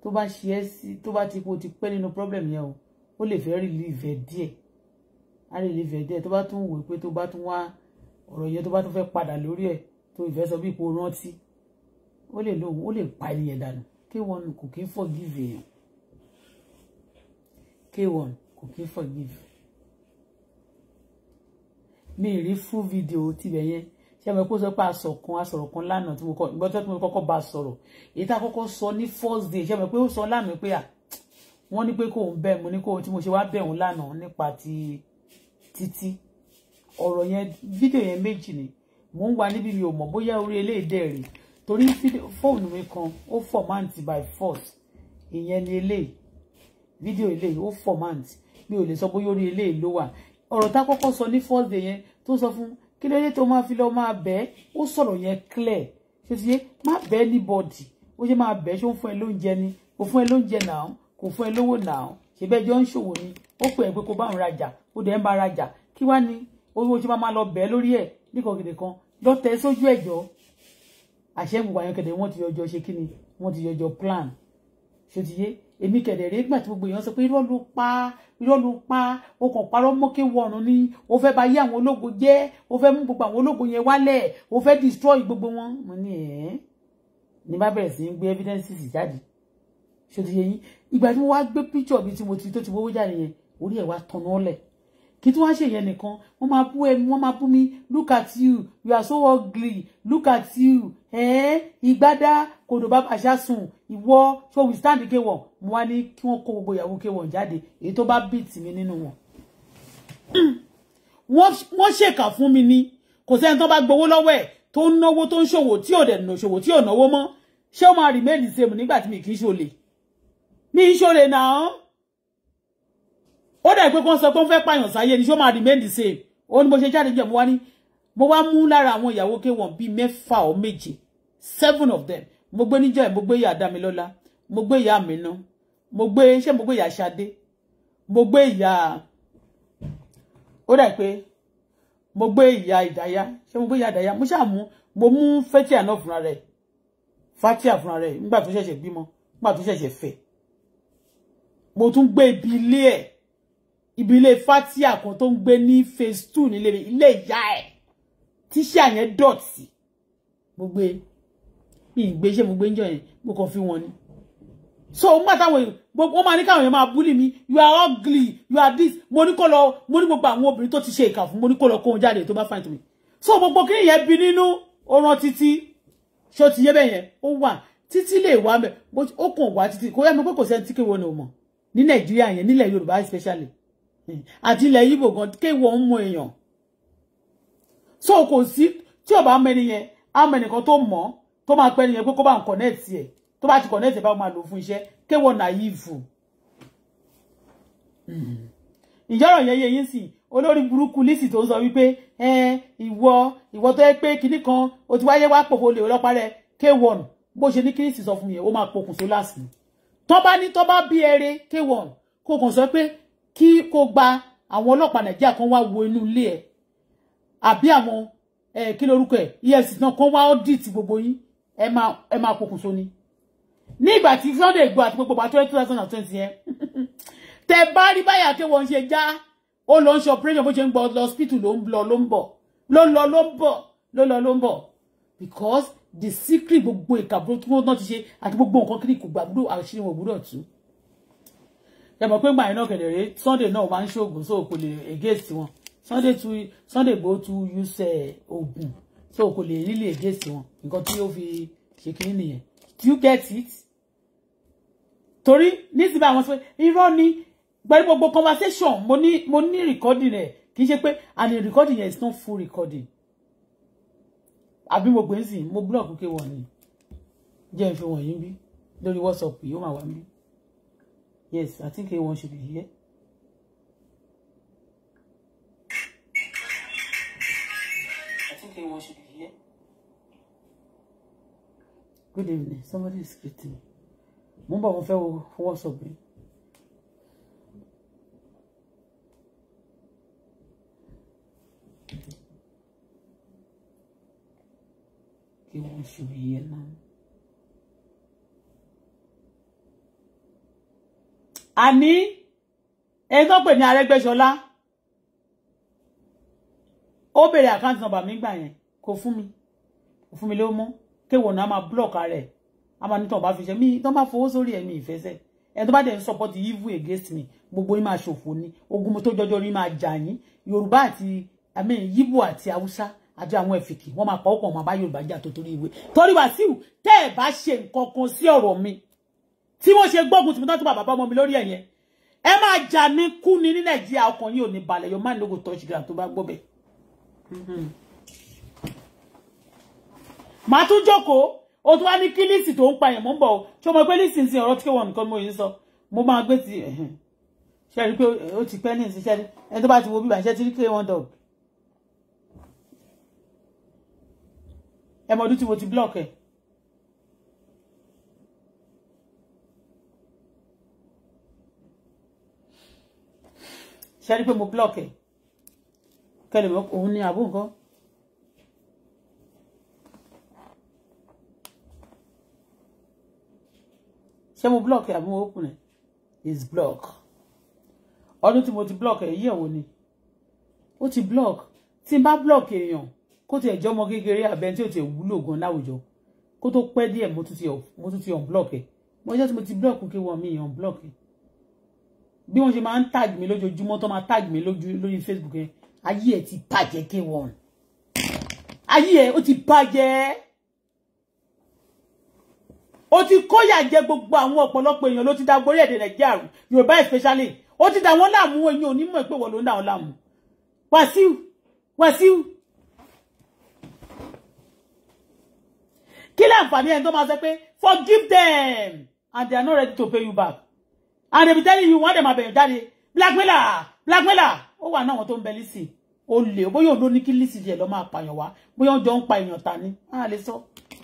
tó bá ṣe é sí tó bá ti kó ti pẹ́ nínú problem yẹn o ó lè fẹ́ relieve díẹ̀ á relieve díẹ̀ tó bá tún wò pé tó bá tún wá ọ̀rọ̀ yẹn tó bá tún fẹ́ padà lórí ẹ̀ tó ìfẹ́ sọ bí ipò rántí ó lè lóhun ó lè pa ẹni yẹn dànù k1 kò kí ń forgive èèyàn k1 kò kí ń forgive mi rí fún fídíò tibẹ̀ yẹn ṣé ẹ̀mọ́ kó sọ pé asọ̀kan asọ̀rọ̀ kan lánàá tí mo kọ́ ìgbọ́n tó mo kọ́kọ́ bá sọ̀rọ̀ èyí tá a kọ́kọ́ sọ ní first day ṣé ẹ̀mọ́ pé ó sọ lánàá pé à ah, wọ́n ní pé kò ń bẹ̀ mo ní kò tí mo ṣe wá bẹ̀ òun lánàá nípa ti títí ọ̀rọ̀ yẹn fídíò yẹn méjì ni mò ń wá níbi mi ò mọ̀ bóyá orí eléyìí dẹ̀ rèé torí fóònù mi kan ó format by force ìyẹn ni eléyìí fídíò eléyìí ó format mi ò lè sọ bóyá orí eléyìí ló wà ọ̀rọ̀ tá kọ́kọ́ sọ ní first day yẹn tó sọ fún kí ló dé tó máa fi lọ máa bẹ́ẹ̀ ó sọ̀rọ̀ yẹn clear ṣe ti yé má bẹ́ẹ̀ ní bọ́ọ̀dì ó ṣe máa bẹ́ẹ̀ ṣó ń fún ẹ lóúnjẹ ni kò fún ẹ lóúnjẹ náà kò fún ẹ lówó náà ṣe bẹ́ẹ̀ jọ ń ṣòwò ni ó pè é pé kó bá òun rajà ó dẹ̀ ń bá rajà kí wá ni owó ṣe máa lọ bẹ́ẹ̀ lórí ẹ̀ níkọ̀gìdì kan lọ́tẹ̀ sójú ẹ̀jọ́ àṣẹ̀mùwà yẹn kẹ̀dẹ̀ wọ́n ti yọjọ ṣe kí ni wọ́n ti yọjọ plan ṣe ti yé èmi kẹ̀dẹ̀ rẹ̀ gbà tí gbogbo èèyàn sọ pé irọ́ ló pa irọ́ ló pa ó kàn parọ́ mọ́kẹ́ wọ̀ọ̀nù ni ó fẹ́ ba yé àwọn ológo jẹ́ ó fẹ́ mú gbogbo àwọn ológo yẹn wálẹ̀ ó fẹ́ destroy gbogbo wọn mo ní ẹ̀ ní bá bẹ̀rẹ̀ sí ń gbé evidences jáde ṣe ti yé yín ìgbà tí mo wá gbé picture bí tí mo ti tó ti wọ́wọ́ jáde yẹn orí ẹ̀ wá tọ̀nà ọ̀lẹ̀ kí tí wọ́n ṣe yẹn nìkan wọ́n máa bú ẹnu wọ́n máa bú mi look at you you are so ugly look at you ìgbádá kòdò bá bàṣà sùn ìwọ so we stand kéwọ̀ mo wá ní kí wọ́n kó gbogbo ìyàwó kéwọ̀ jáde èyí tó bá beat mi nínú wọn. wọ́n ṣèkà fún mi ni kò sẹ́ni tó bá gbowó lọ́wọ́ ẹ̀ tó ń náwó tó ń ṣòwò tí ò dẹ̀ nà ṣòwò tí ò náwó mọ́ ṣé ó máa remain the nígbà tí mi kì í ṣòlè mi ń ṣòlè náà ó dẹ̀ pé kó sọ pé ó fẹ́ pààyàn sáyé ni ṣó máa remain the same ó ní mo ṣe jáde jẹ́ mo wá ní mo wá mú lára àwọn ìyàwó K1 bíi mẹ́fà ọ méje seven of them mo gbé níjọ́ ẹ̀ mo gbé ìyá Dámilọ́lá mo gbé ìyá Àmínà mo gbé ṣé mo gbé ìyá Ṣadé mo gbé ìyá ó dà pé mo gbé ìyá Ìdáyà ṣé mo gbé ìyá Ìdáyà mo ṣàmú mo mú Fatia náà fúnra rẹ̀ Fatia fúnra rẹ̀ nígbà tó ṣẹ̀ṣẹ̀ bímọ nígbà tó ṣẹ̀ṣẹ̀ fẹ́ mo tún gbé ibi ilé ẹ̀ ìbílẹ̀ fatia kan tó ń gbé ní phase two nílé ilé ìyá ẹ̀ tíṣà yẹn dọ̀tí mo gbé mi ì gbé mo gbé ń jọ mo kàn fi wọn ni so n gbà táwọn gbogbo wọn máa ní káwọn èèyàn máa búlì mi you are ugly you are this mo ní kó lọ mo ní gbogbo àwọn obìnrin tó ti ṣe ìkà fún mo ní kó lọ kó wọn to tó bá fine to me so gbogbo kí ìyẹn bi nínú oran títí ṣó ti yé bẹ́ẹ̀ yẹn ó wà títí lè wá mẹ́ ó kàn wá títí kó yẹ mi pé kò sẹ́ni tí kéwọn ò mọ̀ ní nàìjíríà yẹn le yorùbá especially àti ilẹ̀ yìbò gan kéwọ́ ń mọ èèyàn so kò sí tí ò bá mọ ẹni yẹn á mọ ẹnìkan tó mọ̀ tó máa pẹ́ ẹni yẹn pé kó bá ń kọ̀nẹ́ẹ̀tì ẹ̀ tó bá ti kọ̀nẹ́ẹ̀tì ẹ̀ bá máa lò fún iṣẹ́ kéwọ́ nàìfù ìjọ́rọ̀ hmm. yẹn yẹ yín sì olórí burúkú lísì tó ń sọ wípé ẹ ìwọ ìwọ tó yẹ pé kinní kan o ti wáyé wá pòfo lè ọlọ́pàá rẹ k1 bó ṣe ní kírísì sọ fún mi yẹn ó máa pokùnso láàsì tó bá ní tó bá bí ẹrẹ k1 kò kàn sọ pé kí kó gba àwọn ọlọ́pàá nàìjíríà kan wá wo inú ilé ẹ̀ àbí àwọn kí lorúkọ ẹ̀ efcc náà kan wá audit gbogbo yín ẹ máa ẹ máa pokùnso ni ní ìgbà tí sunday igbó àti gbogbo àti two thousand and twenty yẹn tẹ bá rí báyà tí wọn ṣe já ó lọ ń ṣe operation bó ṣe ń gbọ lọ hospital ló ń lọ ló ń bọ̀ ló ń lọ ló ń bọ̀ ló ń lọ ló ń bọ̀ because the secret gbogbo ìkàbúrò tí wọn náà ti ṣe àti gbogbo nǹkan kiri kò gbàgbúrò àṣírí wọn òwúrọ̀ tún ẹ mọ̀ pé gbà yín náà kẹ̀lẹ̀ rèé Sunday náà máa ń ṣoògùn so kò lè against wọn Sunday tu Sunday gbòó tu use eh, oògùn so kò lè lílè against wọn nǹkan tí ó fi ṣe kí nìyẹn do you get it torí nísìnyí àwọn sọ irọ́ ni gbẹ̀rú gbogbo conversation mo ní mo ní recording rẹ̀ kì í ṣe pé and the recording yẹn is not full recording àbí mo gbé ń sìn mo block kéwọ̀n ni jẹ́ ìfihàn yín bí lórí WhatsApp yìí ó máa wà mí. Yes, I think A1 should be here. I think a should be here. Good evening. Somebody is greeting me. Mumba, ń bọ̀, What's fẹ́ wọ́n sọ He wants to be here now. àní ẹni tó pè ní Arẹ́gbẹ́ṣọlá ó béèrè àkáǹtì nọ́mbà mi gbà yẹn kò fún mi kò fún mi ló mú kéwòn náà máa blọọkì rẹ a máa ní tó bá fi ṣe mí tó bá fowó sórí ẹ̀mí ìfẹsẹ̀ ẹni tó bá dẹ̀ ń support evil against me gbogbo yín máa ṣòfò ni ogun mo tó jọjọ rí máa jà yín Yorùbá àti amen Yíbò àti Haúsá àti àwọn ẹ̀fìkì wọ́n máa pa ọkọ̀ wọn bá Yorùbá jà tó torí ìwé torí Wàsíù tẹ́ ẹ̀ bá ṣe nǹkan kan sí ọ̀rọ̀ mi tí wọ́n ṣe gbógun tí mo tán tó bàbá ọmọ mi lórí ẹ̀ yẹn ẹ máa jà ní kú ni ní nàìjíríà ọkàn yìí ò ní balẹ̀ your mind no go touch ground tó bá gbọ́ bẹ́ẹ̀. màá tún jókòó o tún wá ní kí lísì tó ń pa yẹn mò ń bọ̀ o ṣé o mọ̀ pé lísì ń sin ọ̀rọ̀ tí kéwọ́n nìkan mo yìí sọ mo máa gbé ti ṣe rí i pé ó ti pẹ́ ní ìṣiṣẹ́ ẹni tó bá ti wo bíbá iṣẹ́ tí ní kéwọ́n dọ̀g ẹ mọ ọdún tí mo ti block ẹ ṣe rí pé mo block ẹ̀ kẹlẹ̀ mọ́ òun ni àbú nǹkan. ṣé mo block ẹ̀ àbí mo open ẹ̀ is block ọdún tí mo ti block ẹ̀ yí ẹ̀wò ni ó ti block tí n bá block èèyàn kó tiẹ̀ jẹ́ ọmọ kékeré abẹ́ tí ò tiẹ̀ wúlò gan láwùjọ kó tó pẹ́ díẹ̀ mo tún ti unblock ẹ̀ mo jẹ́ tí mo ti block kí wọ́n mi unblock ẹ̀ bí wọ́n ṣe máa ń tag mi lójoojúmọ́ tó máa tag mi lórí Facebook yẹn ayé ẹ̀ ti bàjẹ́ k1 ayé ẹ̀ ó ti bàjẹ́ ó ti kóyà jẹ gbogbo àwọn ọ̀pọ̀lọpọ̀ èèyàn ló ti da gborí èdè Nàìjíríà Yorùbá especially ó ti dà wọ́n láàmú èèyàn onímọ̀ pé wọ́n ló ń dà wọ́n láàmú Wàsíù Wàsíù kí láǹfààní ẹni tó máa sọ pé forgive them and they are not ready to pay you back and they be telling you one of them abẹ jáde blackmailer blackmailer ó wà náà wọn tó ń bẹ lísì ó lè bóyá òun ló ní kí lísì díẹ̀ lọ máa pààyàn wá bóyá ó jọ ń pa èèyàn ta ni á lè sọ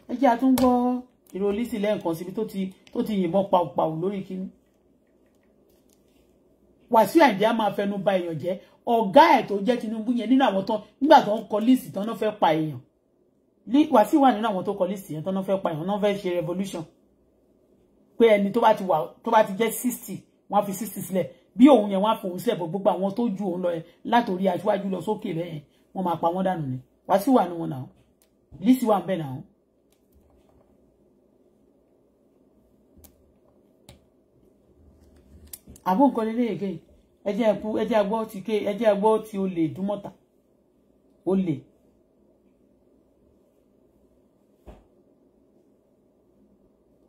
ẹ jẹ́ àtúngbọ́ ìró lísì lẹ́ẹ̀kan síbi tó ti tó ti yìnbọn pàùpàù lórí kíní Wàsíù Àyìndé á máa fẹnu ba èèyàn jẹ́ ọ̀gá ẹ̀ tó jẹ́ Tinubu yẹn nínú àwọn tán nígbà tó ń kọ lísì tán náà fẹ́ pa èèyàn Wàsíù wà nínú àwọn tó kọ lísì yẹn tán náà fẹ́ pa èèyàn náà fẹ́ ṣe revolution pé ẹni tó bá ti wà tó bá ti jẹ́ sixty wọ́n á fi sixty sílẹ̀ bí òun yẹn wọ́n á fòun sílẹ̀ bọ̀ gbogbo àwọn tó ju òun lọ yẹn látòrí aṣíwájú lọ sókè rẹ̀ yẹn wọ́n máa pa wọ́n dànù ni wá sí wà ní wọn náà lísì wà ń bẹ̀ náà. àbó nǹkan lè léyèké ẹjẹ ẹkú ẹjẹ agbọ́ ti ké ẹjẹ agbọ́ ti olè dúmọ́ta olè.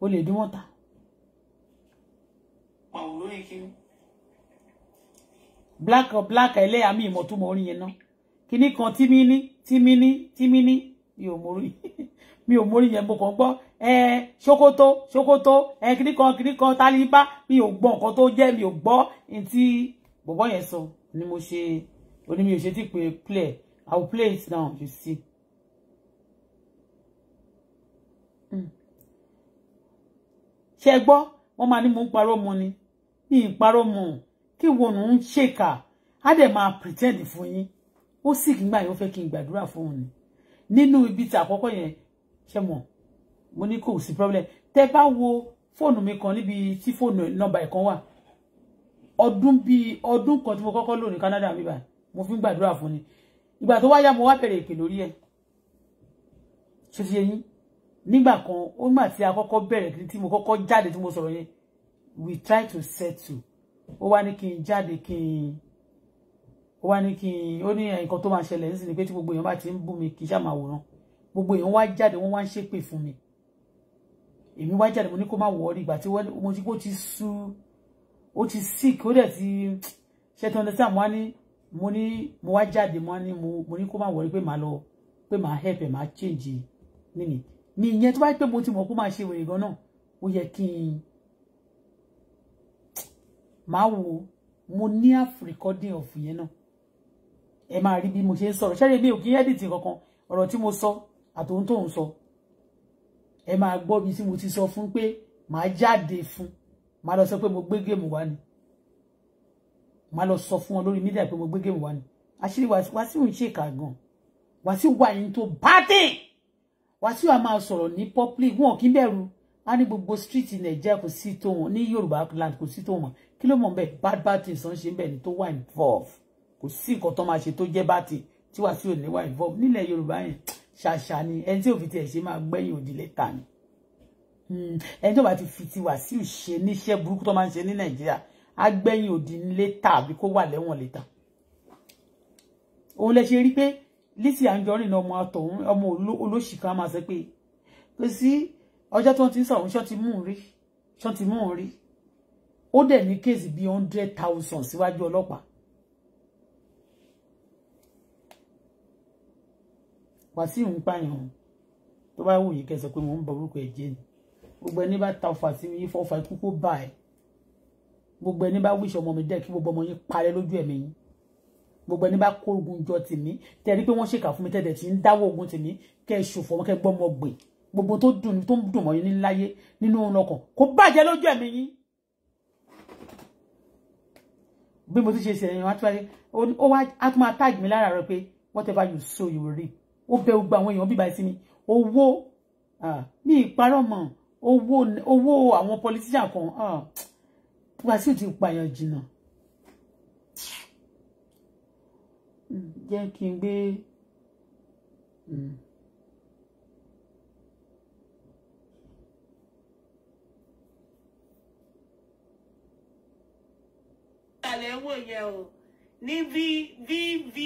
olè dúmọ́ta pàwọn olóyè black black ẹlẹ́yà mi ìmọ̀ tó mọ orin yẹn náà kinní kan tímíní tímíní tímíní mi ò mórí mi ò mórí yẹn mo kàn Eh ẹ ṣókótó ṣókótó ẹ kinní kan kinní kan tálíbá mi ò gbọ́ nǹkan tó jẹ́ mi ò gbọ́ ntí bọ̀bọ́ yẹn sọ ni mo ṣe oní ti play i will play it now you see. Hmm. ṣe gbọ́ wọ́n máa ní mò money ìparọ́ mọ̀ kí wọnú ń ṣèkà á de ma pretend fún yín ó sì kí n gbà yín ó fẹ́ kí n gbàdúrà fún òun ni nínú ibi tí àkọ́kọ́ yẹn ṣe mọ̀ mo ní kò sí problem tẹ́ bá wo fóònù mi kan níbi tí fóònù nọ́mbà kan wà ọdún bíi ọdún kan tí mo kọ́kọ́ lò ní Canada mi báyìí mo fi ń gbàdúrà fún ni ìgbà tó wáyá mo wá bẹ̀rẹ̀ ìpè lórí ẹ̀ ṣe ṣe yín nígbà kan ó gbà tí a kọ́kọ́ bẹ̀rẹ̀ mo kọ́kọ́ jáde tí mo sọ̀rọ̀ yẹn we try to settle ó wá ní kí n jáde kí n ó wá ní kí n ó ní nǹkan tó máa ṣẹlẹ̀ nísìnyí pé tí gbogbo èèyàn bá ti ń bú mi kì í ṣàmà wòran gbogbo èèyàn wá jáde wọ́n wá ń ṣépè fún mi èmi wá jáde mo ní kó má wọrí ìgbà tí mo ti kó ti sú ó ti sick ó dẹ̀ ti ṣe tí wọ́n ti sàmú wá ní mo ní mo wá jáde mo ní mo ní kó má wọrí pé màá lọ pé màá help ẹ̀ màá change nínú ní ìyẹn tó bá pẹ́ mo ti mọ̀ kó máa ṣe wèrè gan náà ó yẹ kí n máa wo mo ní half recording of yẹn náà ẹ máa rí bí mo ṣe ń sọ̀rọ̀ ṣẹ́rí mi ò kí edit kankan ọ̀rọ̀ tí mo sọ àtòun tóun sọ ẹ máa gbọ́ bí tí mo ti sọ fún pé màá jáde fún màá lọ sọ pé mo gbé géèmù wá ni màá lọ sọ fún wọn lórí mídíà pé mo gbé géèmù wá ni àṣírí Wàsíù ń ṣèkà gan Wàsíù wà ní tó bá dé Wàsíù a máa sọ̀rọ̀ ní pọ́pílì wọn kì bẹ̀rù a ní gbogbo street nàìjíríà kò sí tó wọn ní yorùbá land kò sí tó wọn kí ló mọ̀ ń bad bad things ń ṣe ń bẹ̀ ni tó wà involve kò sí nǹkan tó máa ṣe tó jẹ́ bàtì tí wàá sí òní wà involve nílẹ̀ yorùbá yẹn ṣàṣà ni ẹni tí òfin tiẹ̀ ṣe máa gbẹ́yìn òdìlẹ̀ ta ni hmm. ẹni tó bá ti fi ti wà sí ìṣe níṣẹ́ burúkú tó máa ń ṣe ní nàìjíríà á gbẹ́yìn òdìlẹ̀ ta àbí kó wà lẹ́wọ̀n lẹ́ta òun lẹ ṣe rí pé Lizzy Anjorin ọmọ àtọ̀hún ọmọ olóṣìkà máa sọ pé kò sí ọjọ́ tí wọ́n ti ń sọ̀rọ̀ ṣọ́ ti mú un rí ṣọ́ ti mú rí ó dẹ̀ ní kéèsì bíi hundred thousand síwájú ọlọ́pàá Wàsíù ń pààyàn tó bá wù yín kẹsàn pé mò ń bọ orúkọ ẹ̀ jẹ́ ni gbogbo ẹni bá ta ọfà sí yín fọfà ikú kó bá ẹ gbogbo ẹni bá wíṣọ ọmọ mi dẹ kí gbogbo ọmọ yín parẹ́ lójú ẹ̀mí yín gbogbo ẹni bá kó ogun jọ tèmi tẹrí pé wọ́n ṣèkà fún mi tẹdẹ tí ń dáwọ́ ogun tèmi kẹ ṣòfò wọn kẹ gbọmọ gbè gbogbo tó dùn tó ń dùn mọ́ yín níláyé nínú òun lọ́kàn kò bàjẹ́ lójú ẹ̀mí yín bí mo ti ṣe sẹ́yìn wá tí wá á tún máa tag mi lára rẹ pé whatever you sow you will reap ó bẹ gbogbo àwọn èèyàn bíbá sí mi owó ní ìparọ́ mọ̀ owó owó àwọn politician kan Wàsíù ti pààyàn jìnnà jẹ́ kí n gbé. Mm. lẹ́ ń wò yẹn o ní VVIP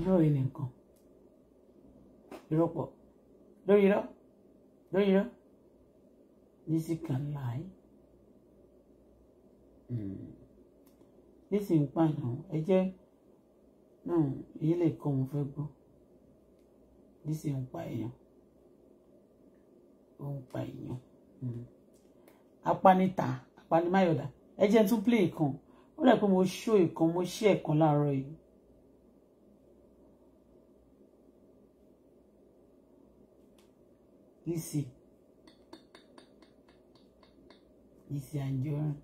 irọ́ rẹ nìkan irọ́ lórí irọ́ lórí irọ́ Lizzy can lie hmm. Lizzy ń pààyàn ẹ jẹ́ náà hmm, èyí lè kọ́ mo fẹ́ gbọ́ Lizzy ń pa ó ń pa èèyàn apanita apanimáyọ̀dá ẹ tún play kan ó dẹ̀ pé mo ṣó ìkan mo ṣí ẹ̀kan láàárọ̀ yìí. Lizzy Lizzy Anjorin.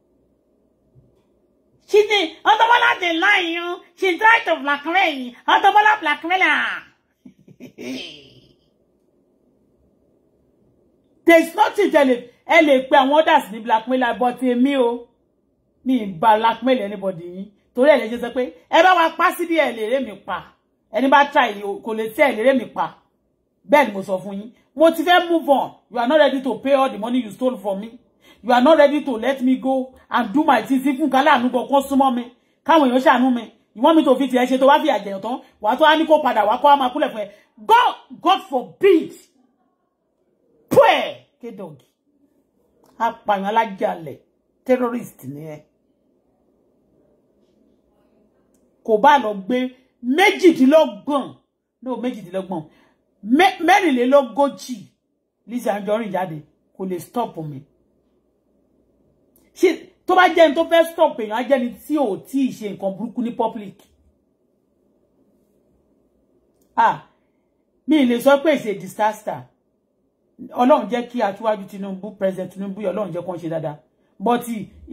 She did Auto dey lie you. She tried to blackmail Auto Bola blackmailer. there is nothing tẹ lè ẹ lè pe àwọn others ní blackmailer but èmi o mi ì ba blackmail anybody yín torí ẹ̀ lè jẹ́ sọ pé ẹ bá wa pa síbi ẹ̀ lèrè mi pa ẹni bá try kò lè tẹ́ ẹ̀ lèrè mi pa bẹ́ẹ̀ ni mo sọ fún yín mo ti fẹ́ move on you are not ready to pay all the money you stole from me you are not ready to let me go and do my things fún kálá ànúgbọ̀ kan súnmọ́ mi káwọn èèyàn ṣàánú mi you want me to fi tiẹ̀ ṣe tó wá fi àjẹyàn tán wàá tó á ní kó padà wá kó á máa kúlẹ̀ fún ẹ God God forbid pẹ́ẹ́ kédọ̀gì apààyàn alájàlẹ̀ terrorist ni ẹ kò bá lọ gbé méjìdínlọ́gbọ̀n no méjìdínlọ́gbọ̀n mẹ́rìnlélógójì Lizzy Anjorin jáde kò lè stop mi ṣe tó bá jẹ́ni tó fẹ́ stop èèyàn á jẹ́ni tí ò tí ì ṣe nǹkan burúkú ní public ah mi lè sọ pé it's a disaster ọlọ́run jẹ́ kí aṣíwájú tinubu president tinubu ọlọ́run jẹ́ kó ń ṣe dáadáa but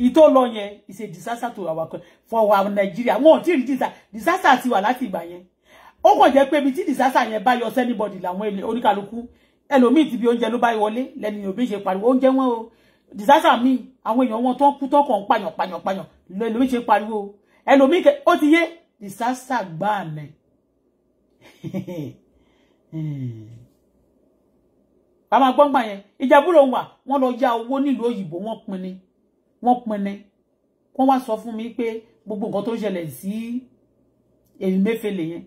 ìtò lọ yẹn is a disaster to our for our Nigeria wọn ò tí ì disaster disaster ti wà láti ìgbà yẹn ó kàn jẹ́ pé ibi tí disaster yẹn bá yọ sẹ́nibọ̀dì làwọn oníkàlùkù ẹlòmíì ti bí oúnjẹ ló bá wọlé lẹ́nu òbí ṣe pariwo oúnjẹ wọn o disaster míì àwọn èèyàn wọn tó ń kú tó kàn ń pàyàn pàyàn pàyàn lẹ́lòmíì ṣe pariwo ẹlòmíì kẹ ó ti yé disaster gbáà mẹ́. bàbá gbọ́ngbà yẹn ìjàbúrò wà wọ́n lọ ya owó nílùú òyìnbó wọ́n pin ni wọ́n pin ni wọ́n wá sọ fún mi pé gbogbo nǹkan tó ń ṣẹlẹ̀ sí èmi mẹ́fẹ̀lẹ̀ yẹn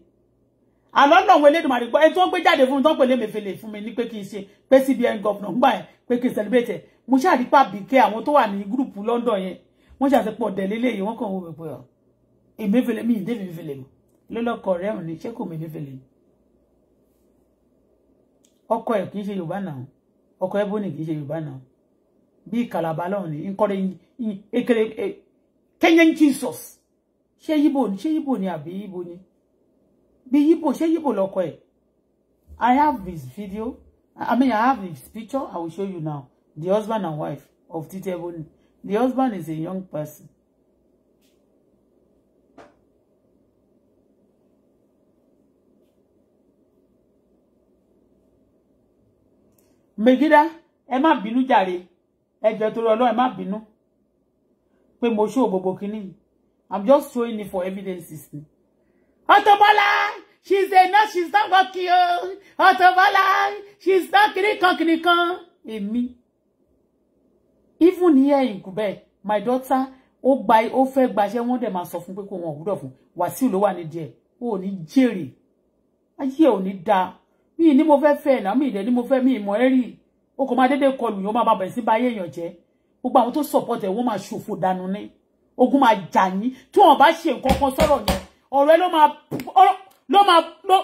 àlọ́ náà wọlé ìdùnnú àdìgbò ẹni tó ń gbé jáde fún mi tó ń pèlè mẹ́fẹ̀lẹ̀ fún mi ní pé kí n ṣe pé CBN governor ń gbà yẹn pé kí n celebrate ẹ̀ mo ṣáà rí pàbí kẹ́ àwọn tó wà ní gúrùpù o yẹn wọ́n ṣàṣẹ pọ̀ dẹ̀lé léyìí wọ́n kàn wọ́n pẹ̀pẹ̀ ọ̀ èmi mẹ́fẹ̀lẹ̀ mi ì ọkọ ẹ̀ kì í ṣe yorùbá náà ọkọ ebony kì í ṣe yorùbá náà bí kàlàbà lọ́hùn ní nkọ́rẹ́ ekele e, kenyan jesus ṣé yíbò ni ṣé yíbò ni àbí yíbò ni bí yíbò ṣé yíbò lọkọ ẹ̀ i have this video i mean i have this picture i will show you now the husband and wife of Titi Ebony the husband is a young person mègídá ẹ má bínú jàre ẹ jẹ́ torí Ọlọ́run ẹ má bínú pé mo ṣó gbogbo kínní i'm just showing it for evidences ni. Auto Bola she's a nurse she's not working o oh. Auto Bola she's not kìnìkan kìnìkan èmi even here in Quebec my daughter ó gba ó fẹ́ gbaṣẹ́ wọ́n dẹ̀ máa sọ fún pé kó wọn ò gbúdọ̀ fún Wàsíù ló wà nídìí ẹ̀ ó ní jèrè ayé ò ní dáa mi ní mo fẹ́ fẹ́ náà mi ìdẹ́ ní mo fẹ́ mi ìmọ̀ ẹ́ o kò máa dédé kọlù yóò máa bẹ̀rẹ̀ sí bá ayé èèyàn jẹ́ gbogbo àwọn tó support ẹ̀ wọ́n máa ṣòfò dànù ní ogun máa jà yín tí wọ́n bá ṣe nǹkan kan sọ̀rọ̀ yẹn ọ̀rọ̀ ẹ ló máa ló máa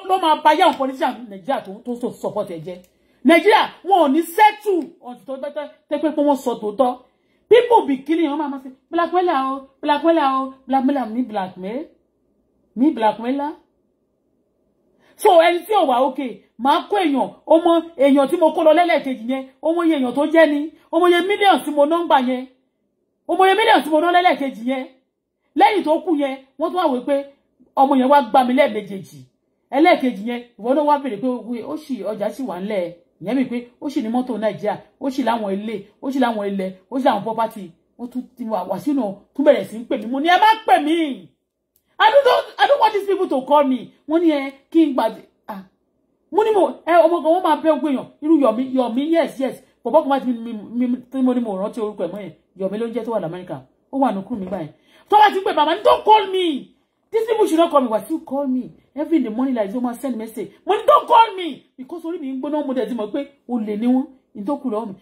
ló máa ba yá nǹkan níjà nàìjíríà tó tó support ẹ̀ jẹ́ nnkan kan soro yen oro lo ma lo ma lo ma ba ò e je naijiria won ni settle ọ̀tún tó tẹ́tẹ́ tẹ́pẹ́ pé wọ́n sọ tòótọ́ people be killing wọn máa ma ṣe blackmailer o blackmailer o blackmailer mi blackmail mi blackmailer so ẹni tí ò wà òkè máa kó èèyàn ọmọ èèyàn tí mo kó lọ lẹ́lẹ́kejì yẹn ọmọ iye èèyàn tó jẹ́ ni ọmọ iye mílíọ̀n tí mo nọ́ǹgbà yẹn ọmọ iye mílíọ̀n tí mo ná lẹ́lẹ́kejì yẹn lẹ́yìn tó kú yẹn wọ́n tún wà wí pé ọmọ yẹn wá gbà mí lẹ́ẹ̀mejèèjì ẹlẹ́ẹ̀kejì yẹn ìwọ náà wá béèrè pé ó sì ọjà sì wà ńlẹ̀ ìyẹn mi pé ó sì ní mọ́tò nàìjíríà ó sì láwọn ilé ó sì láwọn ilẹ̀ ó sì láwọn pọ́pátì ó tún ti wà wá sínú tún bẹ̀rẹ̀ sí ń pè mí mo ní ẹ má pè mí I don't know, I don't want these people to call me. Money eh king but ah. money more eh. ẹ ọmọ kan wọ́n máa bẹ́ ògùn èèyàn irú Yomi Yomi yes yes. Bọ̀bọ̀ kan máa ti mi tí mo ní mo rántí orúkọ ẹ̀ mọ́ yẹn Yomi ló ń jẹ́ tó wà l'Amẹ́ríkà. Ó wà nùkú mi báyìí. Tó bá ti mo money mo ranti oruko e mo yomi lo n je to wa ní don't call me. These people should not call me. Why you call me. Every in the morning like you must send message. Money do don't call me. Because only me. ń gbóná mo dẹ̀ ti mọ̀ pé olè ni wọ́n. Ìdókùn lọ́wọ́ mi.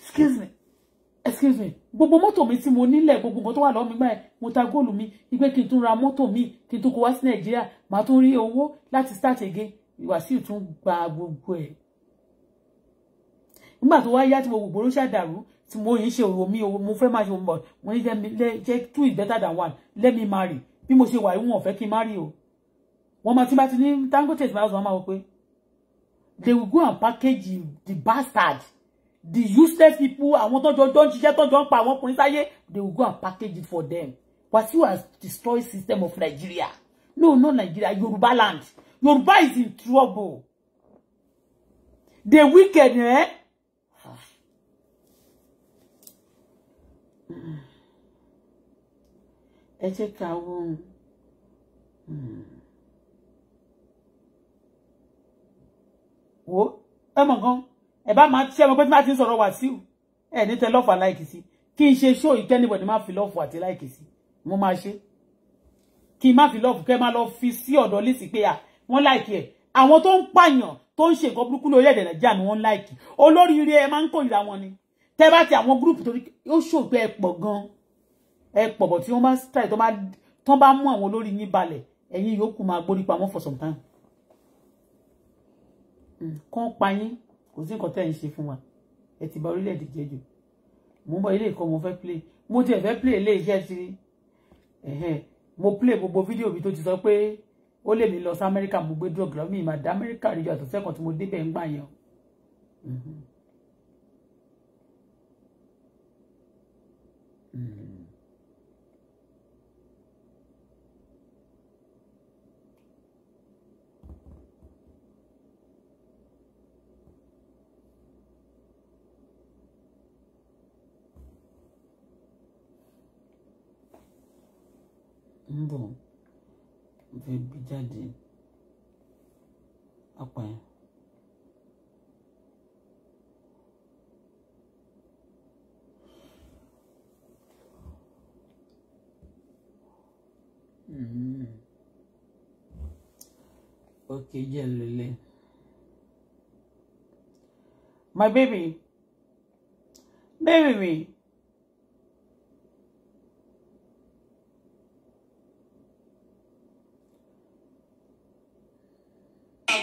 excuse me. excuse me gbogbo mọ́tò mi tí mo nílẹ̀ gbogbo nǹkan tó wà lọ́wọ́ mi gbà yẹn mo ta góòlù mi ìgbé kí n tún ra mọ́tò mi kí n tún kó wá sí nàìjíríà màá tún rí owó láti start again wàsíù tún gba gbogbo ẹ̀ nígbà tó wá yá tí mo wò gbòòrò ṣàdàrú tí mo yìí ṣe òwò mi òwò mo fẹ́ máa ṣe òwò mo ní jẹ́ two is better than one let me marry bí mo ṣe wà yìí wọn ò fẹ́ kí n marry o wọ́n máa ti bá ti ní Dangote ti máa sọ wọn máa wọ pé they will go and package the bastard the useless people àwọn tó jọ ń ṣiṣẹ́ tó jọ ń pa àwọn ọkùnrin sáyé they will go and package it for them But you have destroyed system of Nigeria no no Nigeria Yoruba land Yoruba is in trouble the wicked eh? ẹ jẹ́ ká wọ́n. Hmm. wo ẹ mọ̀ gan-an ẹ bá máa ṣe ẹmọ pé tí máa ti ń sọ̀rọ̀ Wàsíù ẹ ní tẹ lọ́ọ̀fù àláìkì sí kí n ṣe ṣó ìkẹ́nìbọ̀dì má fi lọ́ọ̀fù àti láìkì sí mo máa ṣe kí n má fi lọ́ọ̀fù kẹ́ má lọ fi sí ọ̀dọ̀ lísì pé à ah, wọ́n láìkì ẹ̀ àwọn tó ń pààyàn tó ń ṣe nǹkan burúkú lórí ẹ̀dẹ̀ nàìjíríà ni wọ́n láìkì olóríire ẹ máa ń kórìíra wọn ni tẹ́ bá ti àwọn gúrùpù o show pe ẹ pọ̀ gan ẹ pọ̀ bọ̀ tí wọ́n bá strike tó bá mú àwọn olórí yín balẹ̀ ẹ̀yin yòókù máa gbórí pamọ́ for some time hmm, kan pa yín kò sí nǹkan tẹ́ ń ṣe fún wa ẹ ti bà orílẹ̀-èdè jẹ́ jù mo ń bọ̀ ilé ìkọ́ mo fẹ́ play mo tiẹ̀ fẹ́ play ilé iṣẹ́ ti mo play gbogbo fídíò mi tó ti sọ pé ó lè mi lọ sí amẹ́ríkà mo gbé dúró gírọ́mì mà dá amẹ́ríkà rí ju àtúnṣe kan tí mo débẹ̀ ń gbà yẹn Mm-hmm. ń bọ̀ mo fẹ́ jáde apá hmm. Okay, yeah, My baby, baby me.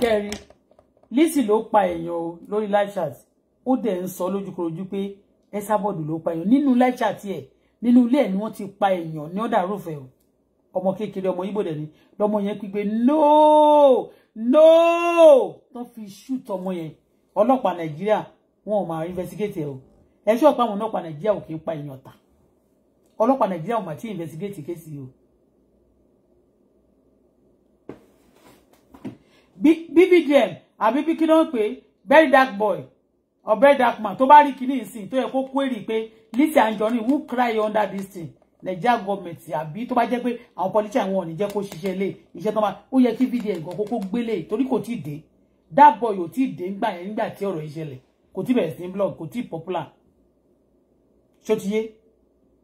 kẹrin Lizzy ló pa èèyàn lórí live chat ó dẹ̀ ń sọ lójúkorojú pé Esabod ló pa èèyàn nínú live chat ẹ̀ nínú ilé ẹ̀ ni wọ́n ti pa èèyàn ní ọ̀dà rúfẹ́ o ọmọ kékeré ọmọ Ìgbò dẹ̀ ni lọ́mọ yẹn pípé nóò nóò tó fi ṣùtọ̀ ọmọ yẹn ọlọ́pàá Nàìjíríà wọn ò máa investigate ẹ o ẹ ṣọ́ọ̀pá àwọn ọlọ́pàá Nàìjíríà ò kì í pa èèyàn ta ọlọ́pàá Nàìjíríà ò máa ti investigate kéèsì o BBDM àbí bí kí ló ń pè very dark boy or very dark man tó bá rí kíní ìsìn tó yẹ kó query pé Lizzy Anjorin who cry under this thing Nigeria government àbí tó bá jẹ́ pé àwọn politician wọn ò ní jẹ́ kó ṣiṣẹ́ lé iṣẹ́ tó máa ó yẹ kí BDM gan kókó gbélé torí kò tí ì dé dark boy ò tí ì dé ńgbà yẹn nígbà tí ọ̀rọ̀ yìí ṣẹlẹ̀ kò tí ì bẹ̀rẹ̀ sí ní blog kò tí ì popular ṣótiyé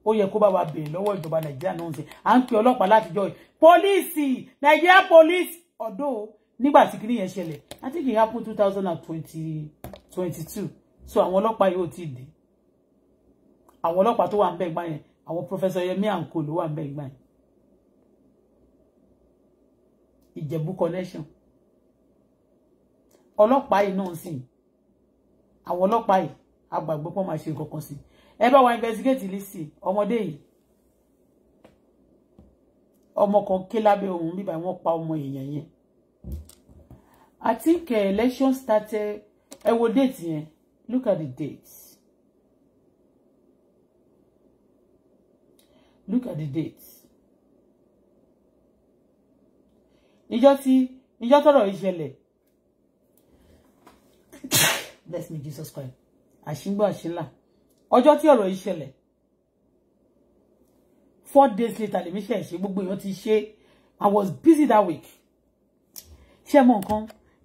ó yẹ kó bá wa béèrè lọ́wọ́ ìjọba Nàìjíríà náà ń ṣe à ń pè ọlọ́pàá látijọ́ yìí pólíìsì Nàìjíríà police ọ̀dọ́ nígbà tí kinní yẹn ṣẹlẹ̀ i think it happened two thousand and twenty twenty two so àwọn ọlọ́pàá yóò ti dé àwọn ọlọ́pàá tó wà ń bẹ̀ gbà yẹn àwọn professor Yemi anko ló wà ń bẹ̀ gbà yẹn Ìjẹ̀bú connection ọlọ́pàá yìí náà sì àwọn ọlọ́pàá yìí agbàgbọ́ pọ́n máa ṣe nǹkan kan sí ẹ bá wa investigate lisi ọmọdé yìí ọmọ kan ké lábẹ́ òun bíbá wọn pa ọmọ èèyàn yẹn I think uh, election started. I will date here. Look at the dates. Look at the dates. You just Níjọ́ tí níjọ́ tọ́rọ̀ ìṣẹ̀lẹ̀. Bless me Jesus Christ. Àṣìngbọ́ àṣìnlà. Ọjọ́ tí ọ̀rọ̀ ìṣẹ̀lẹ̀. Four days later lèmi ṣe ṣe gbogbo èèyàn ti she. I was busy that week. Ṣé mo nǹkan?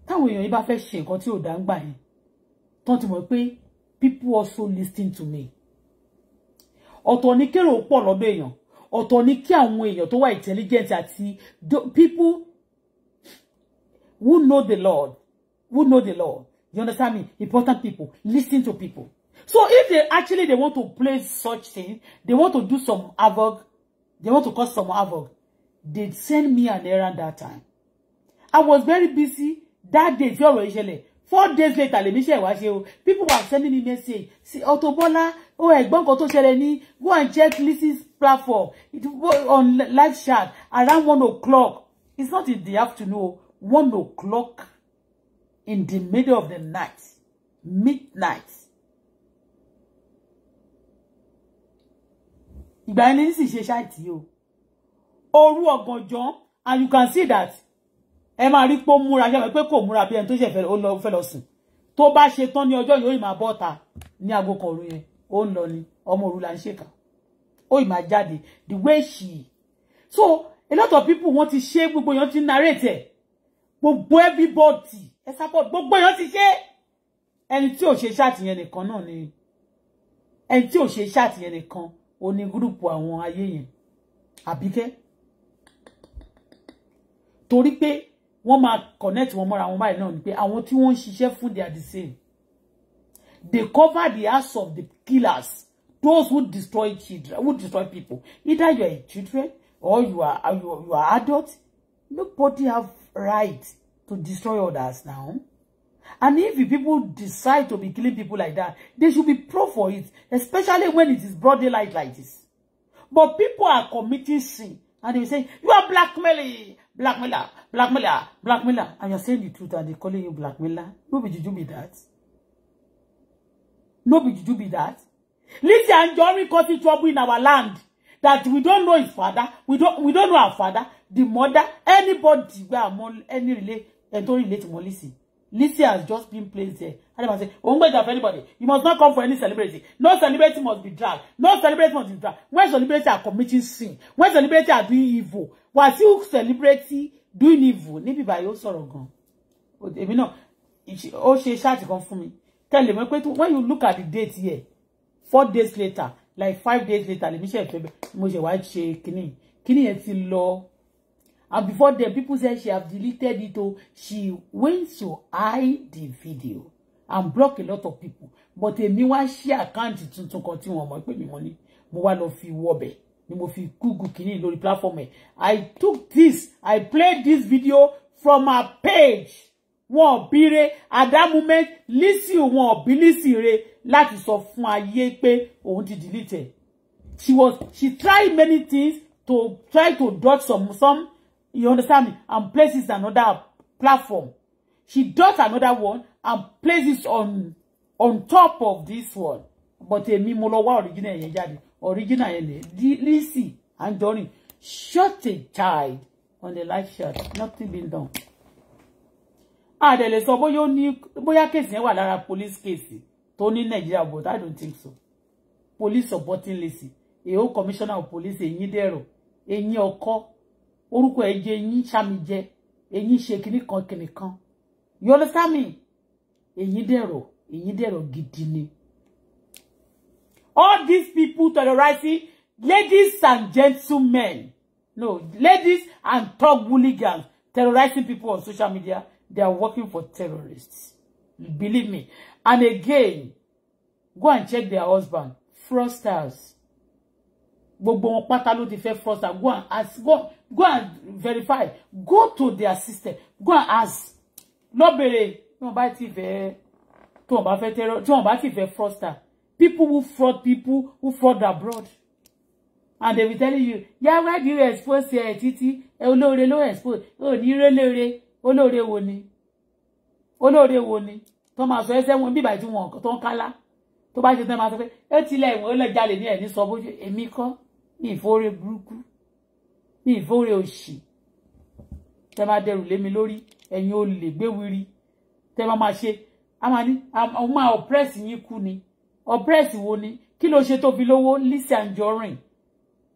táwọn èèyàn yìí bá fẹ́ ṣe nǹkan tí ò dá ń gbà yẹn tán ti mọ̀ pé people also listening to me ọ̀tọ̀ ni kérò pọ̀ lọ́dọ̀ èèyàn ọ̀tọ̀ ni kí àwọn èèyàn tó wà intelligent àti people who know the Lord who know the Lord you understand me important people listen to people so if they actually they want to play such thing they want to do some havoc they want to cause some havoc they send me an errand that time I was very busy that day four days later lèmi ṣe wá ṣe people were sending me message Autobola Auto Bola o ẹ̀gbọ́n kan tó go and check Lisis platform it on live chat around one o'clock it's not in the afternoon one o'clock in the middle of the night midnight By any situation, you ṣe ṣáìtì are òru and you can see that ẹ máa rí pé ó múra ṣe pé kò múra bí ẹni tó ṣe fẹ́ lọ sùn tó bá ṣe tán ní ọjọ́ yìí ó ì máa bọ́ ta ní aago kan òru yẹn ó ń lọ ni ọmọ òru là ń ṣèkà ó ì máa jáde the way she so a lot of people wọ́n ti ṣe gbogbo èèyàn ti narrate ẹ̀ gbogbo everybody ẹ support gbogbo èèyàn ti ṣe ẹni tí ò ṣe ṣáàtì yẹn nìkan náà ni ẹni tí ò ṣe ṣáàtì yẹn nìkan ó ní gúrùpù àwọn ayé yẹn àbíkẹ́ torí pé One máa connect wọn and wọn báyìí náà ni pé àwọn tí wọ́n ń ṣiṣẹ́ fún they are the same they cover the ass of the killers those who destroy children who destroy people either you are children or you are you, you are adults. nobody have right to destroy others now and if people decide to be killing people like that they should be pro for it especially when it is broad daylight like this but people are committing sin and they say you are blackmailing blackmailer, blackmailer, blackmailer. And you're saying the truth and they're calling you blackmailer. Nobody did juju be that. Nobody did juju be that. Lizzy caught in trouble in our land that we don't know his father, we don't we don't know our father, the mother, anybody where among any relate eh, and don't relate to Molisi? Lizzy has just been placed there. And they must say, oh, wait anybody. You must not come for any celebrity. No celebrity must be dragged. No celebrity must be dragged. When celebrities are committing sin, when celebrities are doing evil, Wasiu celebrity doing evil níbi báyìí ó sọ̀rọ̀ gan-an èmi náà ó ṣe ṣáàtì kan fún mi tẹ́lẹ̀ mọ́ pé when you look at the date here four days later like five days later lèmi ṣe ìfẹ́ mo ṣe wá ṣe kínní kínní yẹn ti lọ and before then people said she have deleted it o she went to hide the video and block a lot of people but èmi wá ṣí àkáǹtì tuntun kan tí wọ́n mọ̀ pé mi mọ́ ni mo wá lọ fi wọ́ ni mo fi google kìíní lórí platform ẹ̀ i took this i played this video from her page wọn ò bíire at that moment Lizzy wọn ò bí Lizzy re láti sọ fún ayé pé òun ti delete she was she tried many things to try to dodge some some you understand me and places another platform she does another one and places on on top of this one but èmi mo lọ wá original yẹn jáde original yẹn lè Lizzy Anjorin shot a child on the live shot nothing been done. àdẹ̀lẹ̀ sọ bóyá ó ní bóyá kéèsì yẹn wà lára police case tó ní Nàìjíríà but I don't think so police supporting Lizzy èyó commissioner of police èyí dẹ̀rọ̀ èyí ọkọ́ orúkọ ẹ̀jẹ̀ èyí sàmìjẹ èyí ṣe kìnnì kan kìnnì kan you understand me èyí dẹ̀rọ̀ èyí dẹ̀rọ̀ gidi ni. All these people terrorizing ladies and gentlemen. No, ladies and thug hooligans terrorizing people on social media. They are working for terrorists. Believe me. And again, go and check their husband. Fraudsters. fẹ́ Go and ask. Go, go and verify. Go to their system. Go and ask. Nobody. Nobody. ti fẹ́ tí wọ́n bá fẹ́ terror tí wọ́n bá the, fe ti won ba fe terror ti won People who fraud people who fraud abroad. And they will tell you, yeah, why do you expose your titi? Olóore ló expose. Oh, ni lóore. Olóore wo ni. Olóore wo ni. Tó máa sọ ẹsẹ̀ wọn bí bá ti wọn ton kala. Tó bá ṣe tán máa sọ pé ẹ ti le wọn lè jalè ní ẹ ní sọ bó èmi a mi me for a fore òṣì. Tẹ́ máa dẹrù lé mi lórí ẹ̀yin ò lè gbé wiri. Tẹ́ máa máa ṣe a máa a máa oppress yín kú Or press ni kí ló ṣe tó fi lówó Lizzy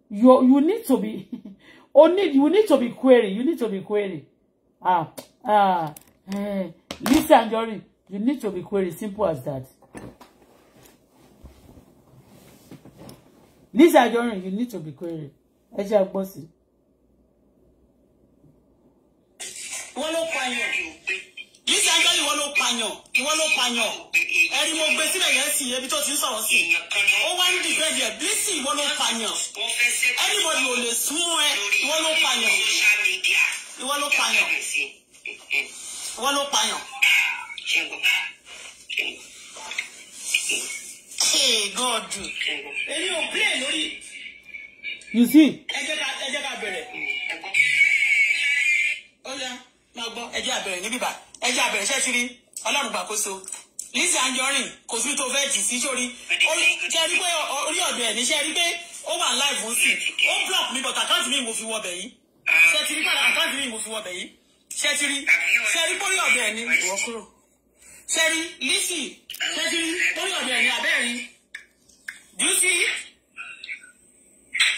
you you need to be Or need you need to be query you need to be query ah ah eh, Lizzy Anjorin you need to be query simple as that Lizzy Anjorin you need to be query As your àgbọ̀ sí. wọ́n ló pa Lizzy Anjorin ìwọ ló pààyàn ìwọ ló pààyàn ẹ̀rí mo gbé sílẹ̀ yẹn sí ebi tó ti ń sọ̀rọ̀ sí ó wá ń dìbẹ́ díẹ̀ Lizzy ìwọ ló pààyàn everybody ò lè sún ẹ ìwọ ló pààyàn ìwọ ló pààyàn ìwọ ló pààyàn. God èmi ò bí ẹ lórí. you see. ẹ jẹ́ ká ẹ jẹ́ ká bẹ̀rẹ̀. ó yá máa gbọ́ ẹ jẹ́ àbẹ̀rẹ̀ níbí báyìí ẹ jẹ́ àbẹ̀rẹ̀ ti rí ọlọ́run gbàkóso Lizzy Anjorin kò sí tó fẹ́ jì sí sórí ṣe rí pé orí ọ̀dọ̀ ní ṣe rí pé ó wà láì sí ó block mi but àkáǹtì mi mo fi wọ yìí ṣe ti rí pé àkáǹtì mi mo fi wọ yìí ṣe ti rí ṣe rí pé orí ọ̀dọ̀ ní ìwọ kúrò ṣe rí Lizzy ṣe ti rí orí ọ̀dọ̀ ẹ̀ ní abẹ́rin dùsí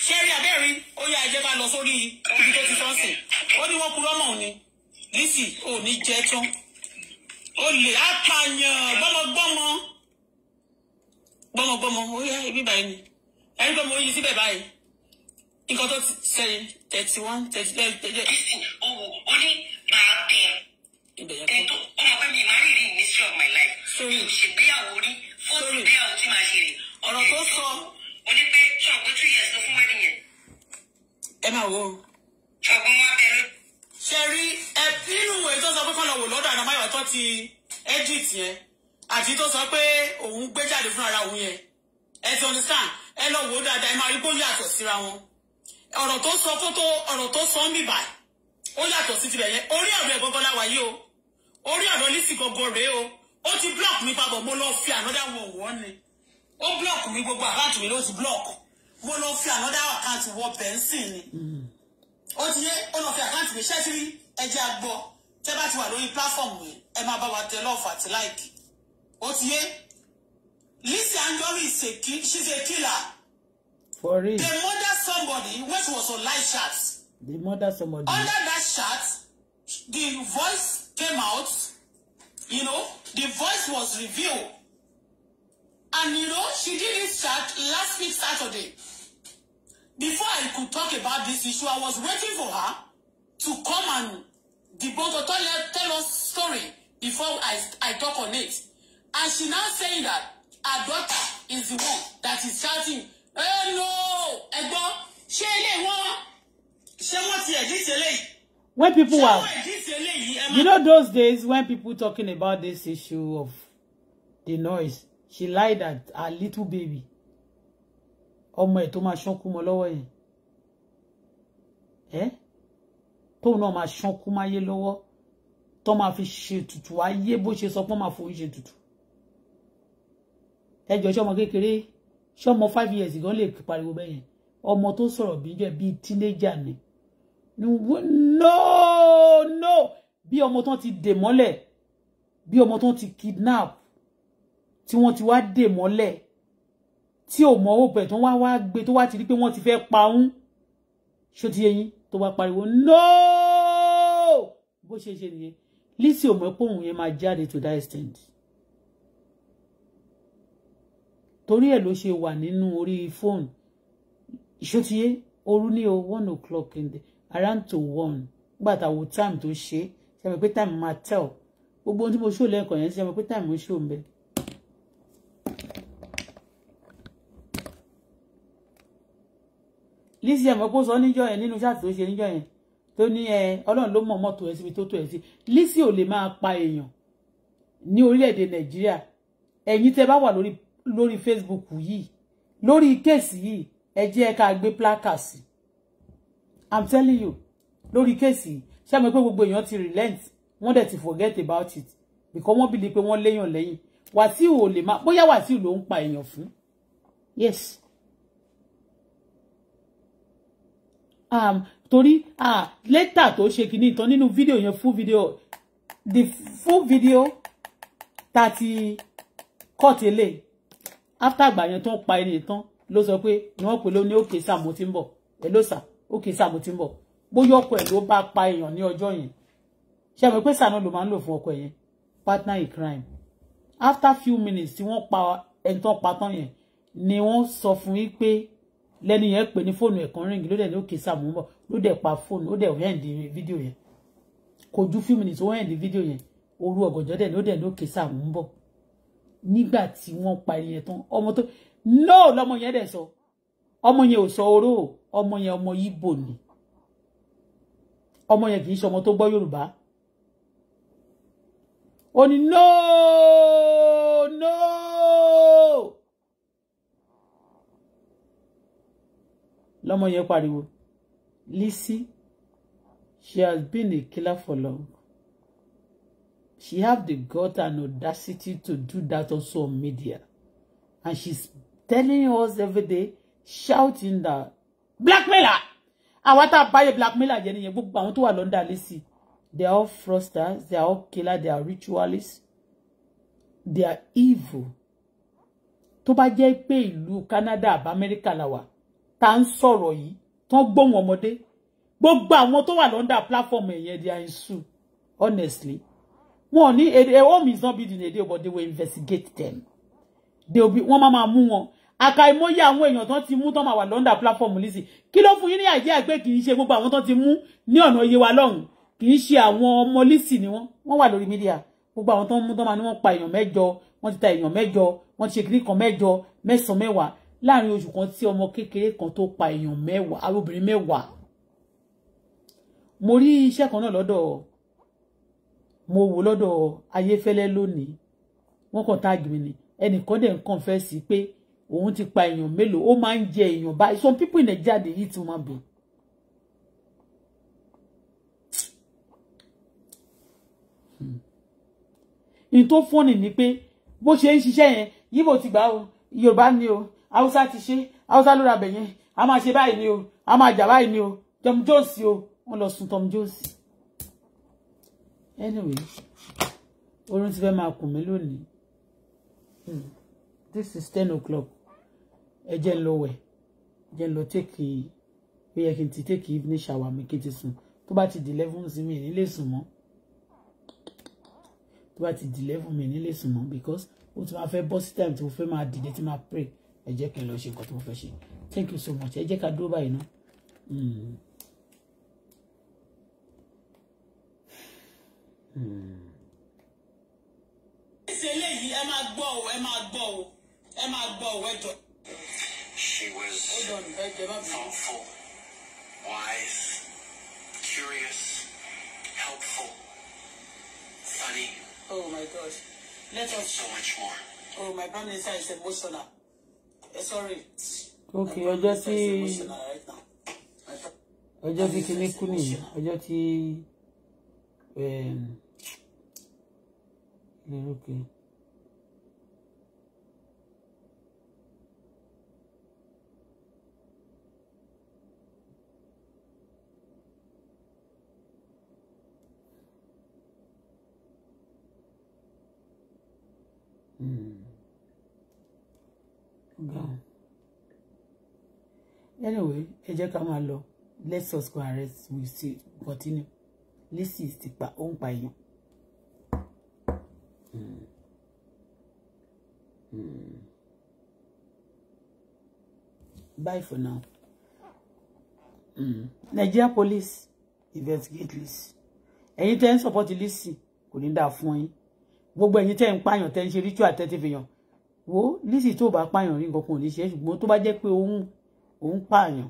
ṣe rí abẹ́rin ó yá ẹ jẹ́ lọ sórí ibi tó ti sọ́ọ̀sì ó ní wọ́n kúrọ́mọ̀ ni. Lizzy ò ní jẹ tán olè apààyàn gbọmọgbọmọ gbọmọgbọmọ ó yá ibi báyìí ni ẹni pé mo yí síbẹ̀ báyìí nǹkan tó ti sẹ́yìn thirty one eh, thirty eh, nine eh. thirty nine. owó ó ní màá tẹ ẹ tó ọmọ pé mi máa rí rí ministry of my life ṣègbéyàwó rí fóònù ìgbéyàwó tí màá ṣe rè. ọ̀rọ̀ tó sọ. ó ní pé ṣọ̀gbọ́n two years ló fún wẹ́ẹ̀dì yẹn. ẹ máa wo. ṣọ̀gbọ́n wa bẹ̀rẹ̀ ṣẹ̀rí ẹ nínú èyí tó sọ pé kọ́lọ̀ wò lọ́dọ̀ àdámáyọ̀ tó ti edit yẹn àti tó sọ pé òun gbé jáde fún ara òun yẹn ẹ ti understand ẹ lọ wò ó dáadáa ẹ máa rí bóyá àtọ̀ síra wọn ọ̀rọ̀ tó sọ kó tó ọ̀rọ̀ tó sọ ń bì báyìí ó yàtọ̀ sí tirẹ̀ yẹn orí ọ̀dọ̀ ẹ̀ gangan láwa yìí o orí ọ̀dọ̀ lísì gangan rèé o ó ti block mi papọ̀ mo lọ fi another one wọ́n ni ó block mi gbogbo àkáǹtì mi ló ti block mo lọ fi another account wọ pẹ̀nsì ni. Mm -hmm ó ti yé ó lọ fi àkáǹtì mi ṣẹ́ sírí ẹjẹ́ agbọ́ tẹ́ bá ti wà lórí pláfọ́ọ̀mù yìí ẹ máa bá wa tẹ lọ́ọ̀fù àti láìkì ó ti yé Lizzy Anjorin is a kill she's a killer. for real they murder somebody when she was on live chat. they murder somebody. under that chat the voice came out you know the voice was revealed and you know she did this chat last week Saturday before I could talk about this issue, I was waiting for her to come and debunk or tell, tell us story before I, I talk on it. And she now saying that her daughter is the one that is shouting, Hey, eh, no! Ẹ̀gbọ́n, ṣé ilé When people were, you know, those days when people talking about this issue of the noise, she lied that her little baby ọmọ ẹ̀ tó máa ṣánkú mọ́ lọ́wọ́ yẹn ẹ́ tóun náà máa ṣánkú máyé lọ́wọ́ tó máa fi ṣe tutù ayé bó ṣe sọ pé máa fòun ṣe tutù ẹjọ́ ṣọmọ kékeré ṣọmọ five years gan lè pariwo bẹ́yẹn ọmọ tó sọ̀rọ̀ bí jẹ́ bíi teenager ni no no bí ọmọ tán ti dè mọ́lẹ̀ bí ọmọ tán ti kidnap tí wọ́n ti wá dè mọ́lẹ̀ tí ò mọ owó bẹ̀ tó wá wá gbé tó wá ti rí pé wọ́n ti fẹ́ pa òun ṣó ti yé yín tó wá pariwo nóò bó ṣe ṣe nìyẹn Lizzy ò mọ̀ pé òun yẹn máa jáde to that extent torí ẹ̀ ló ṣe wà nínú orí fóònù ṣó ti yé òru ní o one o'clock in the around to one nígbà táwo time to ṣe ṣe mọ̀ pé time máa tẹ̀ ọ́ gbogbo ohun tí mo ṣó lẹ́ẹ̀kan yẹn ṣe mọ̀ pé time mo ṣó ń Lizzie ẹ̀ mọ́ pé ó sọ níjọ́ yẹn nínú ṣáàtì tó ṣe níjọ́ yẹn tó ní ẹ Ọlọ́run ló mọ̀ mọ́tò ẹ síbi tó tó ẹ sí Lizzie ò lè máa pa èèyàn ní orílẹ̀-èdè Nàìjíríà ẹ̀yin tẹ́ bá wà lórí lórí Facebook yìí lórí kéèsì yìí ẹ jẹ́ ká gbé placard i'm telling you lórí kéèsì yìí ṣé àmọ́ pé gbogbo èèyàn ti relent wọ́n dẹ̀ ti forget about it because wọ́n bìlì pé wọ́n léèyàn lẹ́yìn Wàsíù ò lè má bóyá Wàsíù ló ń pa èèyàn fún yes um, torí ah, lẹ́tà tó ṣe kìíní ìtàn nínú fídíò yẹn full video the full video tá a ti cut ele after àgbà yẹn tó ń pa ẹni ìtàn ló sọ pé ni wọ́n pè ló ní òkè sáà mo ti ń bọ̀ ẹ ló sà òkè sáà mo ti ń bọ̀ bóyá ọkọ ẹ̀ ló bá pa èèyàn ní ọjọ́ yẹn ṣe mọ̀ pé sànà ló máa ń lò fún ọkọ yẹn partner in crime after few minutes tí wọ́n pa ẹni tán pa tán yẹn ni wọ́n sọ fún yín pé lẹ́ni yẹn pè ní fóònù ẹ̀kan ríngì ló dẹ̀ ní òkè sàmú bọ̀ ló dẹ̀ pa fóònù ó dẹ̀ hẹ́ǹdì fídíò yẹn kò ju few minutes ó hẹ́ǹdì fídíò yẹn òru ọ̀gànjọ́ dẹ̀ ní ó dẹ̀ ní òkè sàmú bọ̀ nígbà tí wọ́n parí yẹn tán ọmọ tó no lọmọ yẹn dẹ̀ sọ ọmọ yẹn ò sọ oró ọmọ yẹn ọmọ Ìgbò ni ọmọ yẹn kì í ṣe ọmọ tó gbọ́ Yorùbá ó ní no no lọ́mọ yẹn pariwo Lizzy she has been a killer for long she have the gut and audacity to do that also on media and she's telling us every day shouting that blackmailer àwọn tá a báyé blackmailer jẹ nìyẹn gbogbo àwọn tó wà lọ́ndà Lizzy they are all fraudsters they are all killer they are ritualists they are evil tó bá jẹ́ pé ìlú Canada àbá Amẹ́ríkà la tá ń sọ̀rọ̀ yìí tán gbóhùn ọmọdé gbogbo àwọn tó wà lọ́ndà platform ẹ̀yẹn they are honestly wọn ní home is not building a day but they will investigate them they will be wọ́n máa máa mú wọn àkàìmọye àwọn èèyàn tán ti mú tán máa wà lọ́ndà platform lísì kí ló fún yín ní àìjẹ́ àgbẹ̀ kì í ṣe gbogbo àwọn tán ti mú ní ọ̀nà iye wa lọ́hùn kì í ṣe àwọn ọmọ lísì ni wọ́n wọ́n wà lórí mídíà gbogbo àwọn tán mú tán máa ní wọ́n pa èèyàn mẹ́jọ wọ́n ti ta èèyàn mẹ́jọ wọ́n ti ṣe kiri kan mẹ́jọ mẹ́sàn-án láàrin oṣù kan tí ọmọ kékeré kan tó pa èèyàn mẹ́wàá arúbìnrin mẹ́wàá mo rí iṣẹ́ kan náà lọ́dọ̀ mo wò lọ́dọ̀ ayéfẹ́lẹ́ lónìí wọ́n kàn táàgì mi ni ẹnìkan dẹ̀ ń kọ̀ǹfẹ́sì pé òun ti pa èèyàn mélòó ó máa ń jẹ èèyàn báyìí some people in Nigeria dey eat human being. Hmm. n tó fọ́nì ni pé bó ṣe ń ṣiṣẹ́ yẹn yíbo ti gbà o Yorùbá ni o haúsá ti ṣe haúsá ló ra bẹ̀ a máa ṣe báyìí ni o a máa jà báyìí ni o Tom Jones o wọ́n lọ sùn Tom Jones anyway oorun ti fẹ́ máa kùn mí lónìí hmm, this is ten o'clock ẹ jẹ́ ń lọ wẹ̀ jẹ́ ń lọ take ó yẹ kí n ti take evening shower mi kí n ti sùn tó bá ti di eleven sí mi nílé sùn mọ́ tó bá ti di eleven mi nílé sùn mọ́ because ó ti máa fẹ́ bọ́ sí time tí mo fẹ́ máa dìde tí máa pray ẹ jẹ́ kí n lọ ṣe nǹkan tí mo fẹ́ ṣe thank you so much ẹ jẹ́ ká dúró báyìí ná. Hmm. Hmm. ṣe eléyìí ẹ máa gbọ́ o ẹ máa gbọ́ o ẹ máa gbọ́ o ẹ She was thoughtful, wise, curious, helpful, funny. Oh my gosh. Let us. So much more. Oh, my grandmother is emotional. Eh, sorry. ok ọjọ́ tí ọjọ́ tí kinní kú nìyí ọjọ́ tí lórúkọ. Mm. Hmm. anyway ẹ jẹ́ ká máa lọ let us go arrest we see continue Lizzy ti pa ó ń pa èèyàn. Hmm. Hmm. Bye for now. Mm. Nigeria police investigate Lizzy. Ẹ̀yin tẹ́ ń support Lizzy kò ní dáa fún yín. Gbogbo ẹ̀yin tẹ́ ń pààyàn tẹ́ ń ṣe ritual tẹ́ ti fi yàn wo Lizzy tó bá pààyàn rí nǹkan kan ò ní ṣe é ṣùgbọ́n tó bá jẹ́ pé òun òun pààyàn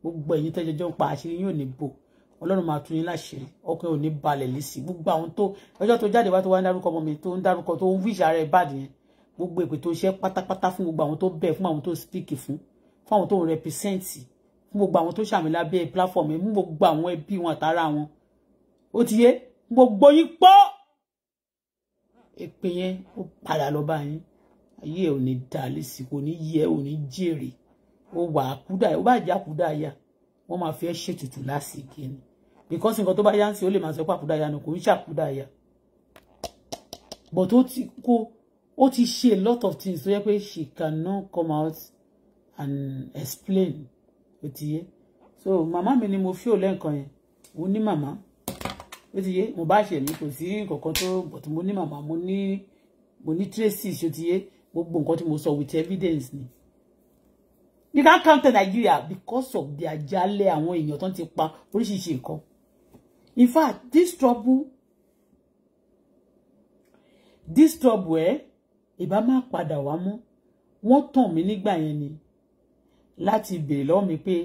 gbogbo ẹ̀yin tẹ́jọjọ́ ń pa àṣírí yóò ní bò ọlọ́run máa tún yín láṣìírí ọkàn ò ní balẹ̀ Lizzy gbogbo àwọn tó ọjọ́ tó jáde wá tó wá ń dárúkọ ọmọ mi tó ń dárúkọ tó ń wíṣà rẹ̀ bàdì yẹn gbogbo èpè tó ṣe pátápátá fún gbogbo àwọn tó bẹ̀ fún àwọn tó spíkì fún fún àwọn tó ń rẹpísẹ́ǹtì fún gbogbo àwọn tó ṣàmì lábẹ́ pláfọ̀mù fún gbogbo àwọn ẹbí wọn àtàrà wọn ó ti yé gbogbo yín pọ́ èpè yẹn ó padà lọ bá yín ayé ẹ ò ní da lẹ́sì kò ní yẹ ò ní jèrè ó wà àkúdà ó bá jẹ́ àkúdà yá wọ́n máa fi ẹ́ ṣètùtù lásìkò ni because nǹkan tó bá yá ń sìn ó lè máa sọ pé àkúdà yá ni kò ń ṣàkúdà yá but ó ti kó ó ti ṣe a lot of things tó yẹ pé she cannot come out and explain ó ti yé so màmá mi ni mo fi ò lẹ́ǹkan yẹn mo ní màmá ó ti yé mo bá ṣe mí kò sí nǹkan kan tó but mo ní màmá mo ní mo ní tracy ṣó ti yé gbogbo nǹkan tí mo sọ with evidence ni you can count Nigeria because of the àjálẹ̀ àwọn èèyàn tó ń ti pa oríṣiríṣi nǹkan in fact this trouble this trouble eh, ẹ ìbá má padà wá mọ́ wọ́n tàn mí nígbà yẹn ni láti béèrè lọ́wọ́ mi pé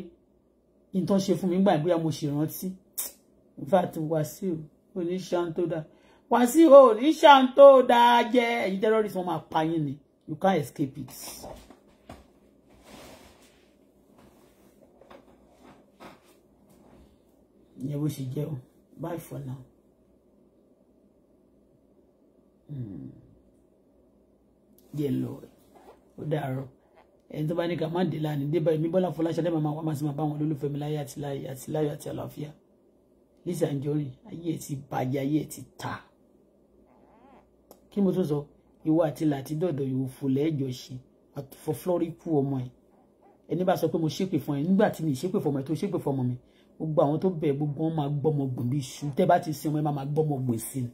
nǹkan ṣe fún mi nígbà bóyá mo ṣèrántí in fact Wàsíù oníṣàǹtó dáa Wàsíù oníṣàǹtó dáa jẹ́ ẹ̀yin terrorist wọ́n máa pa yín ni. You can't escape it. Yeah, we should go. Bye for now. Mm. Yeah, Lord. Ó dàárọ̀. Ẹni tó bá ní ká má dé lánìí, dé báyìí, mi Bọ́lá Fọláṣadé màmá wa máa sì máa bá wọn olólùfẹ́ mi láyé àti láyé àti láyé àti àlàáfíà. Lizzy Anjorin, ayé ẹ̀ ti bàjẹ́, ta. Kí ìwọ àti láti dọ̀dọ̀ yòó fò lẹ́ẹ̀jọ́ ṣe àtòfò flọ́rí kú ọmọ ẹ̀ ẹni bá sọ pé mo ṣépè fún ẹ nígbà tí mi ṣépè fún ọmọ ẹ tó ṣépè fún ọmọ mi gbogbo àwọn tó bẹ̀ gbogbo wọn máa gbọ́mọ gbòǹbì iṣu tẹ́ bá ti sin ọmọ ẹ máa máa gbọ́mọ gbòǹsìn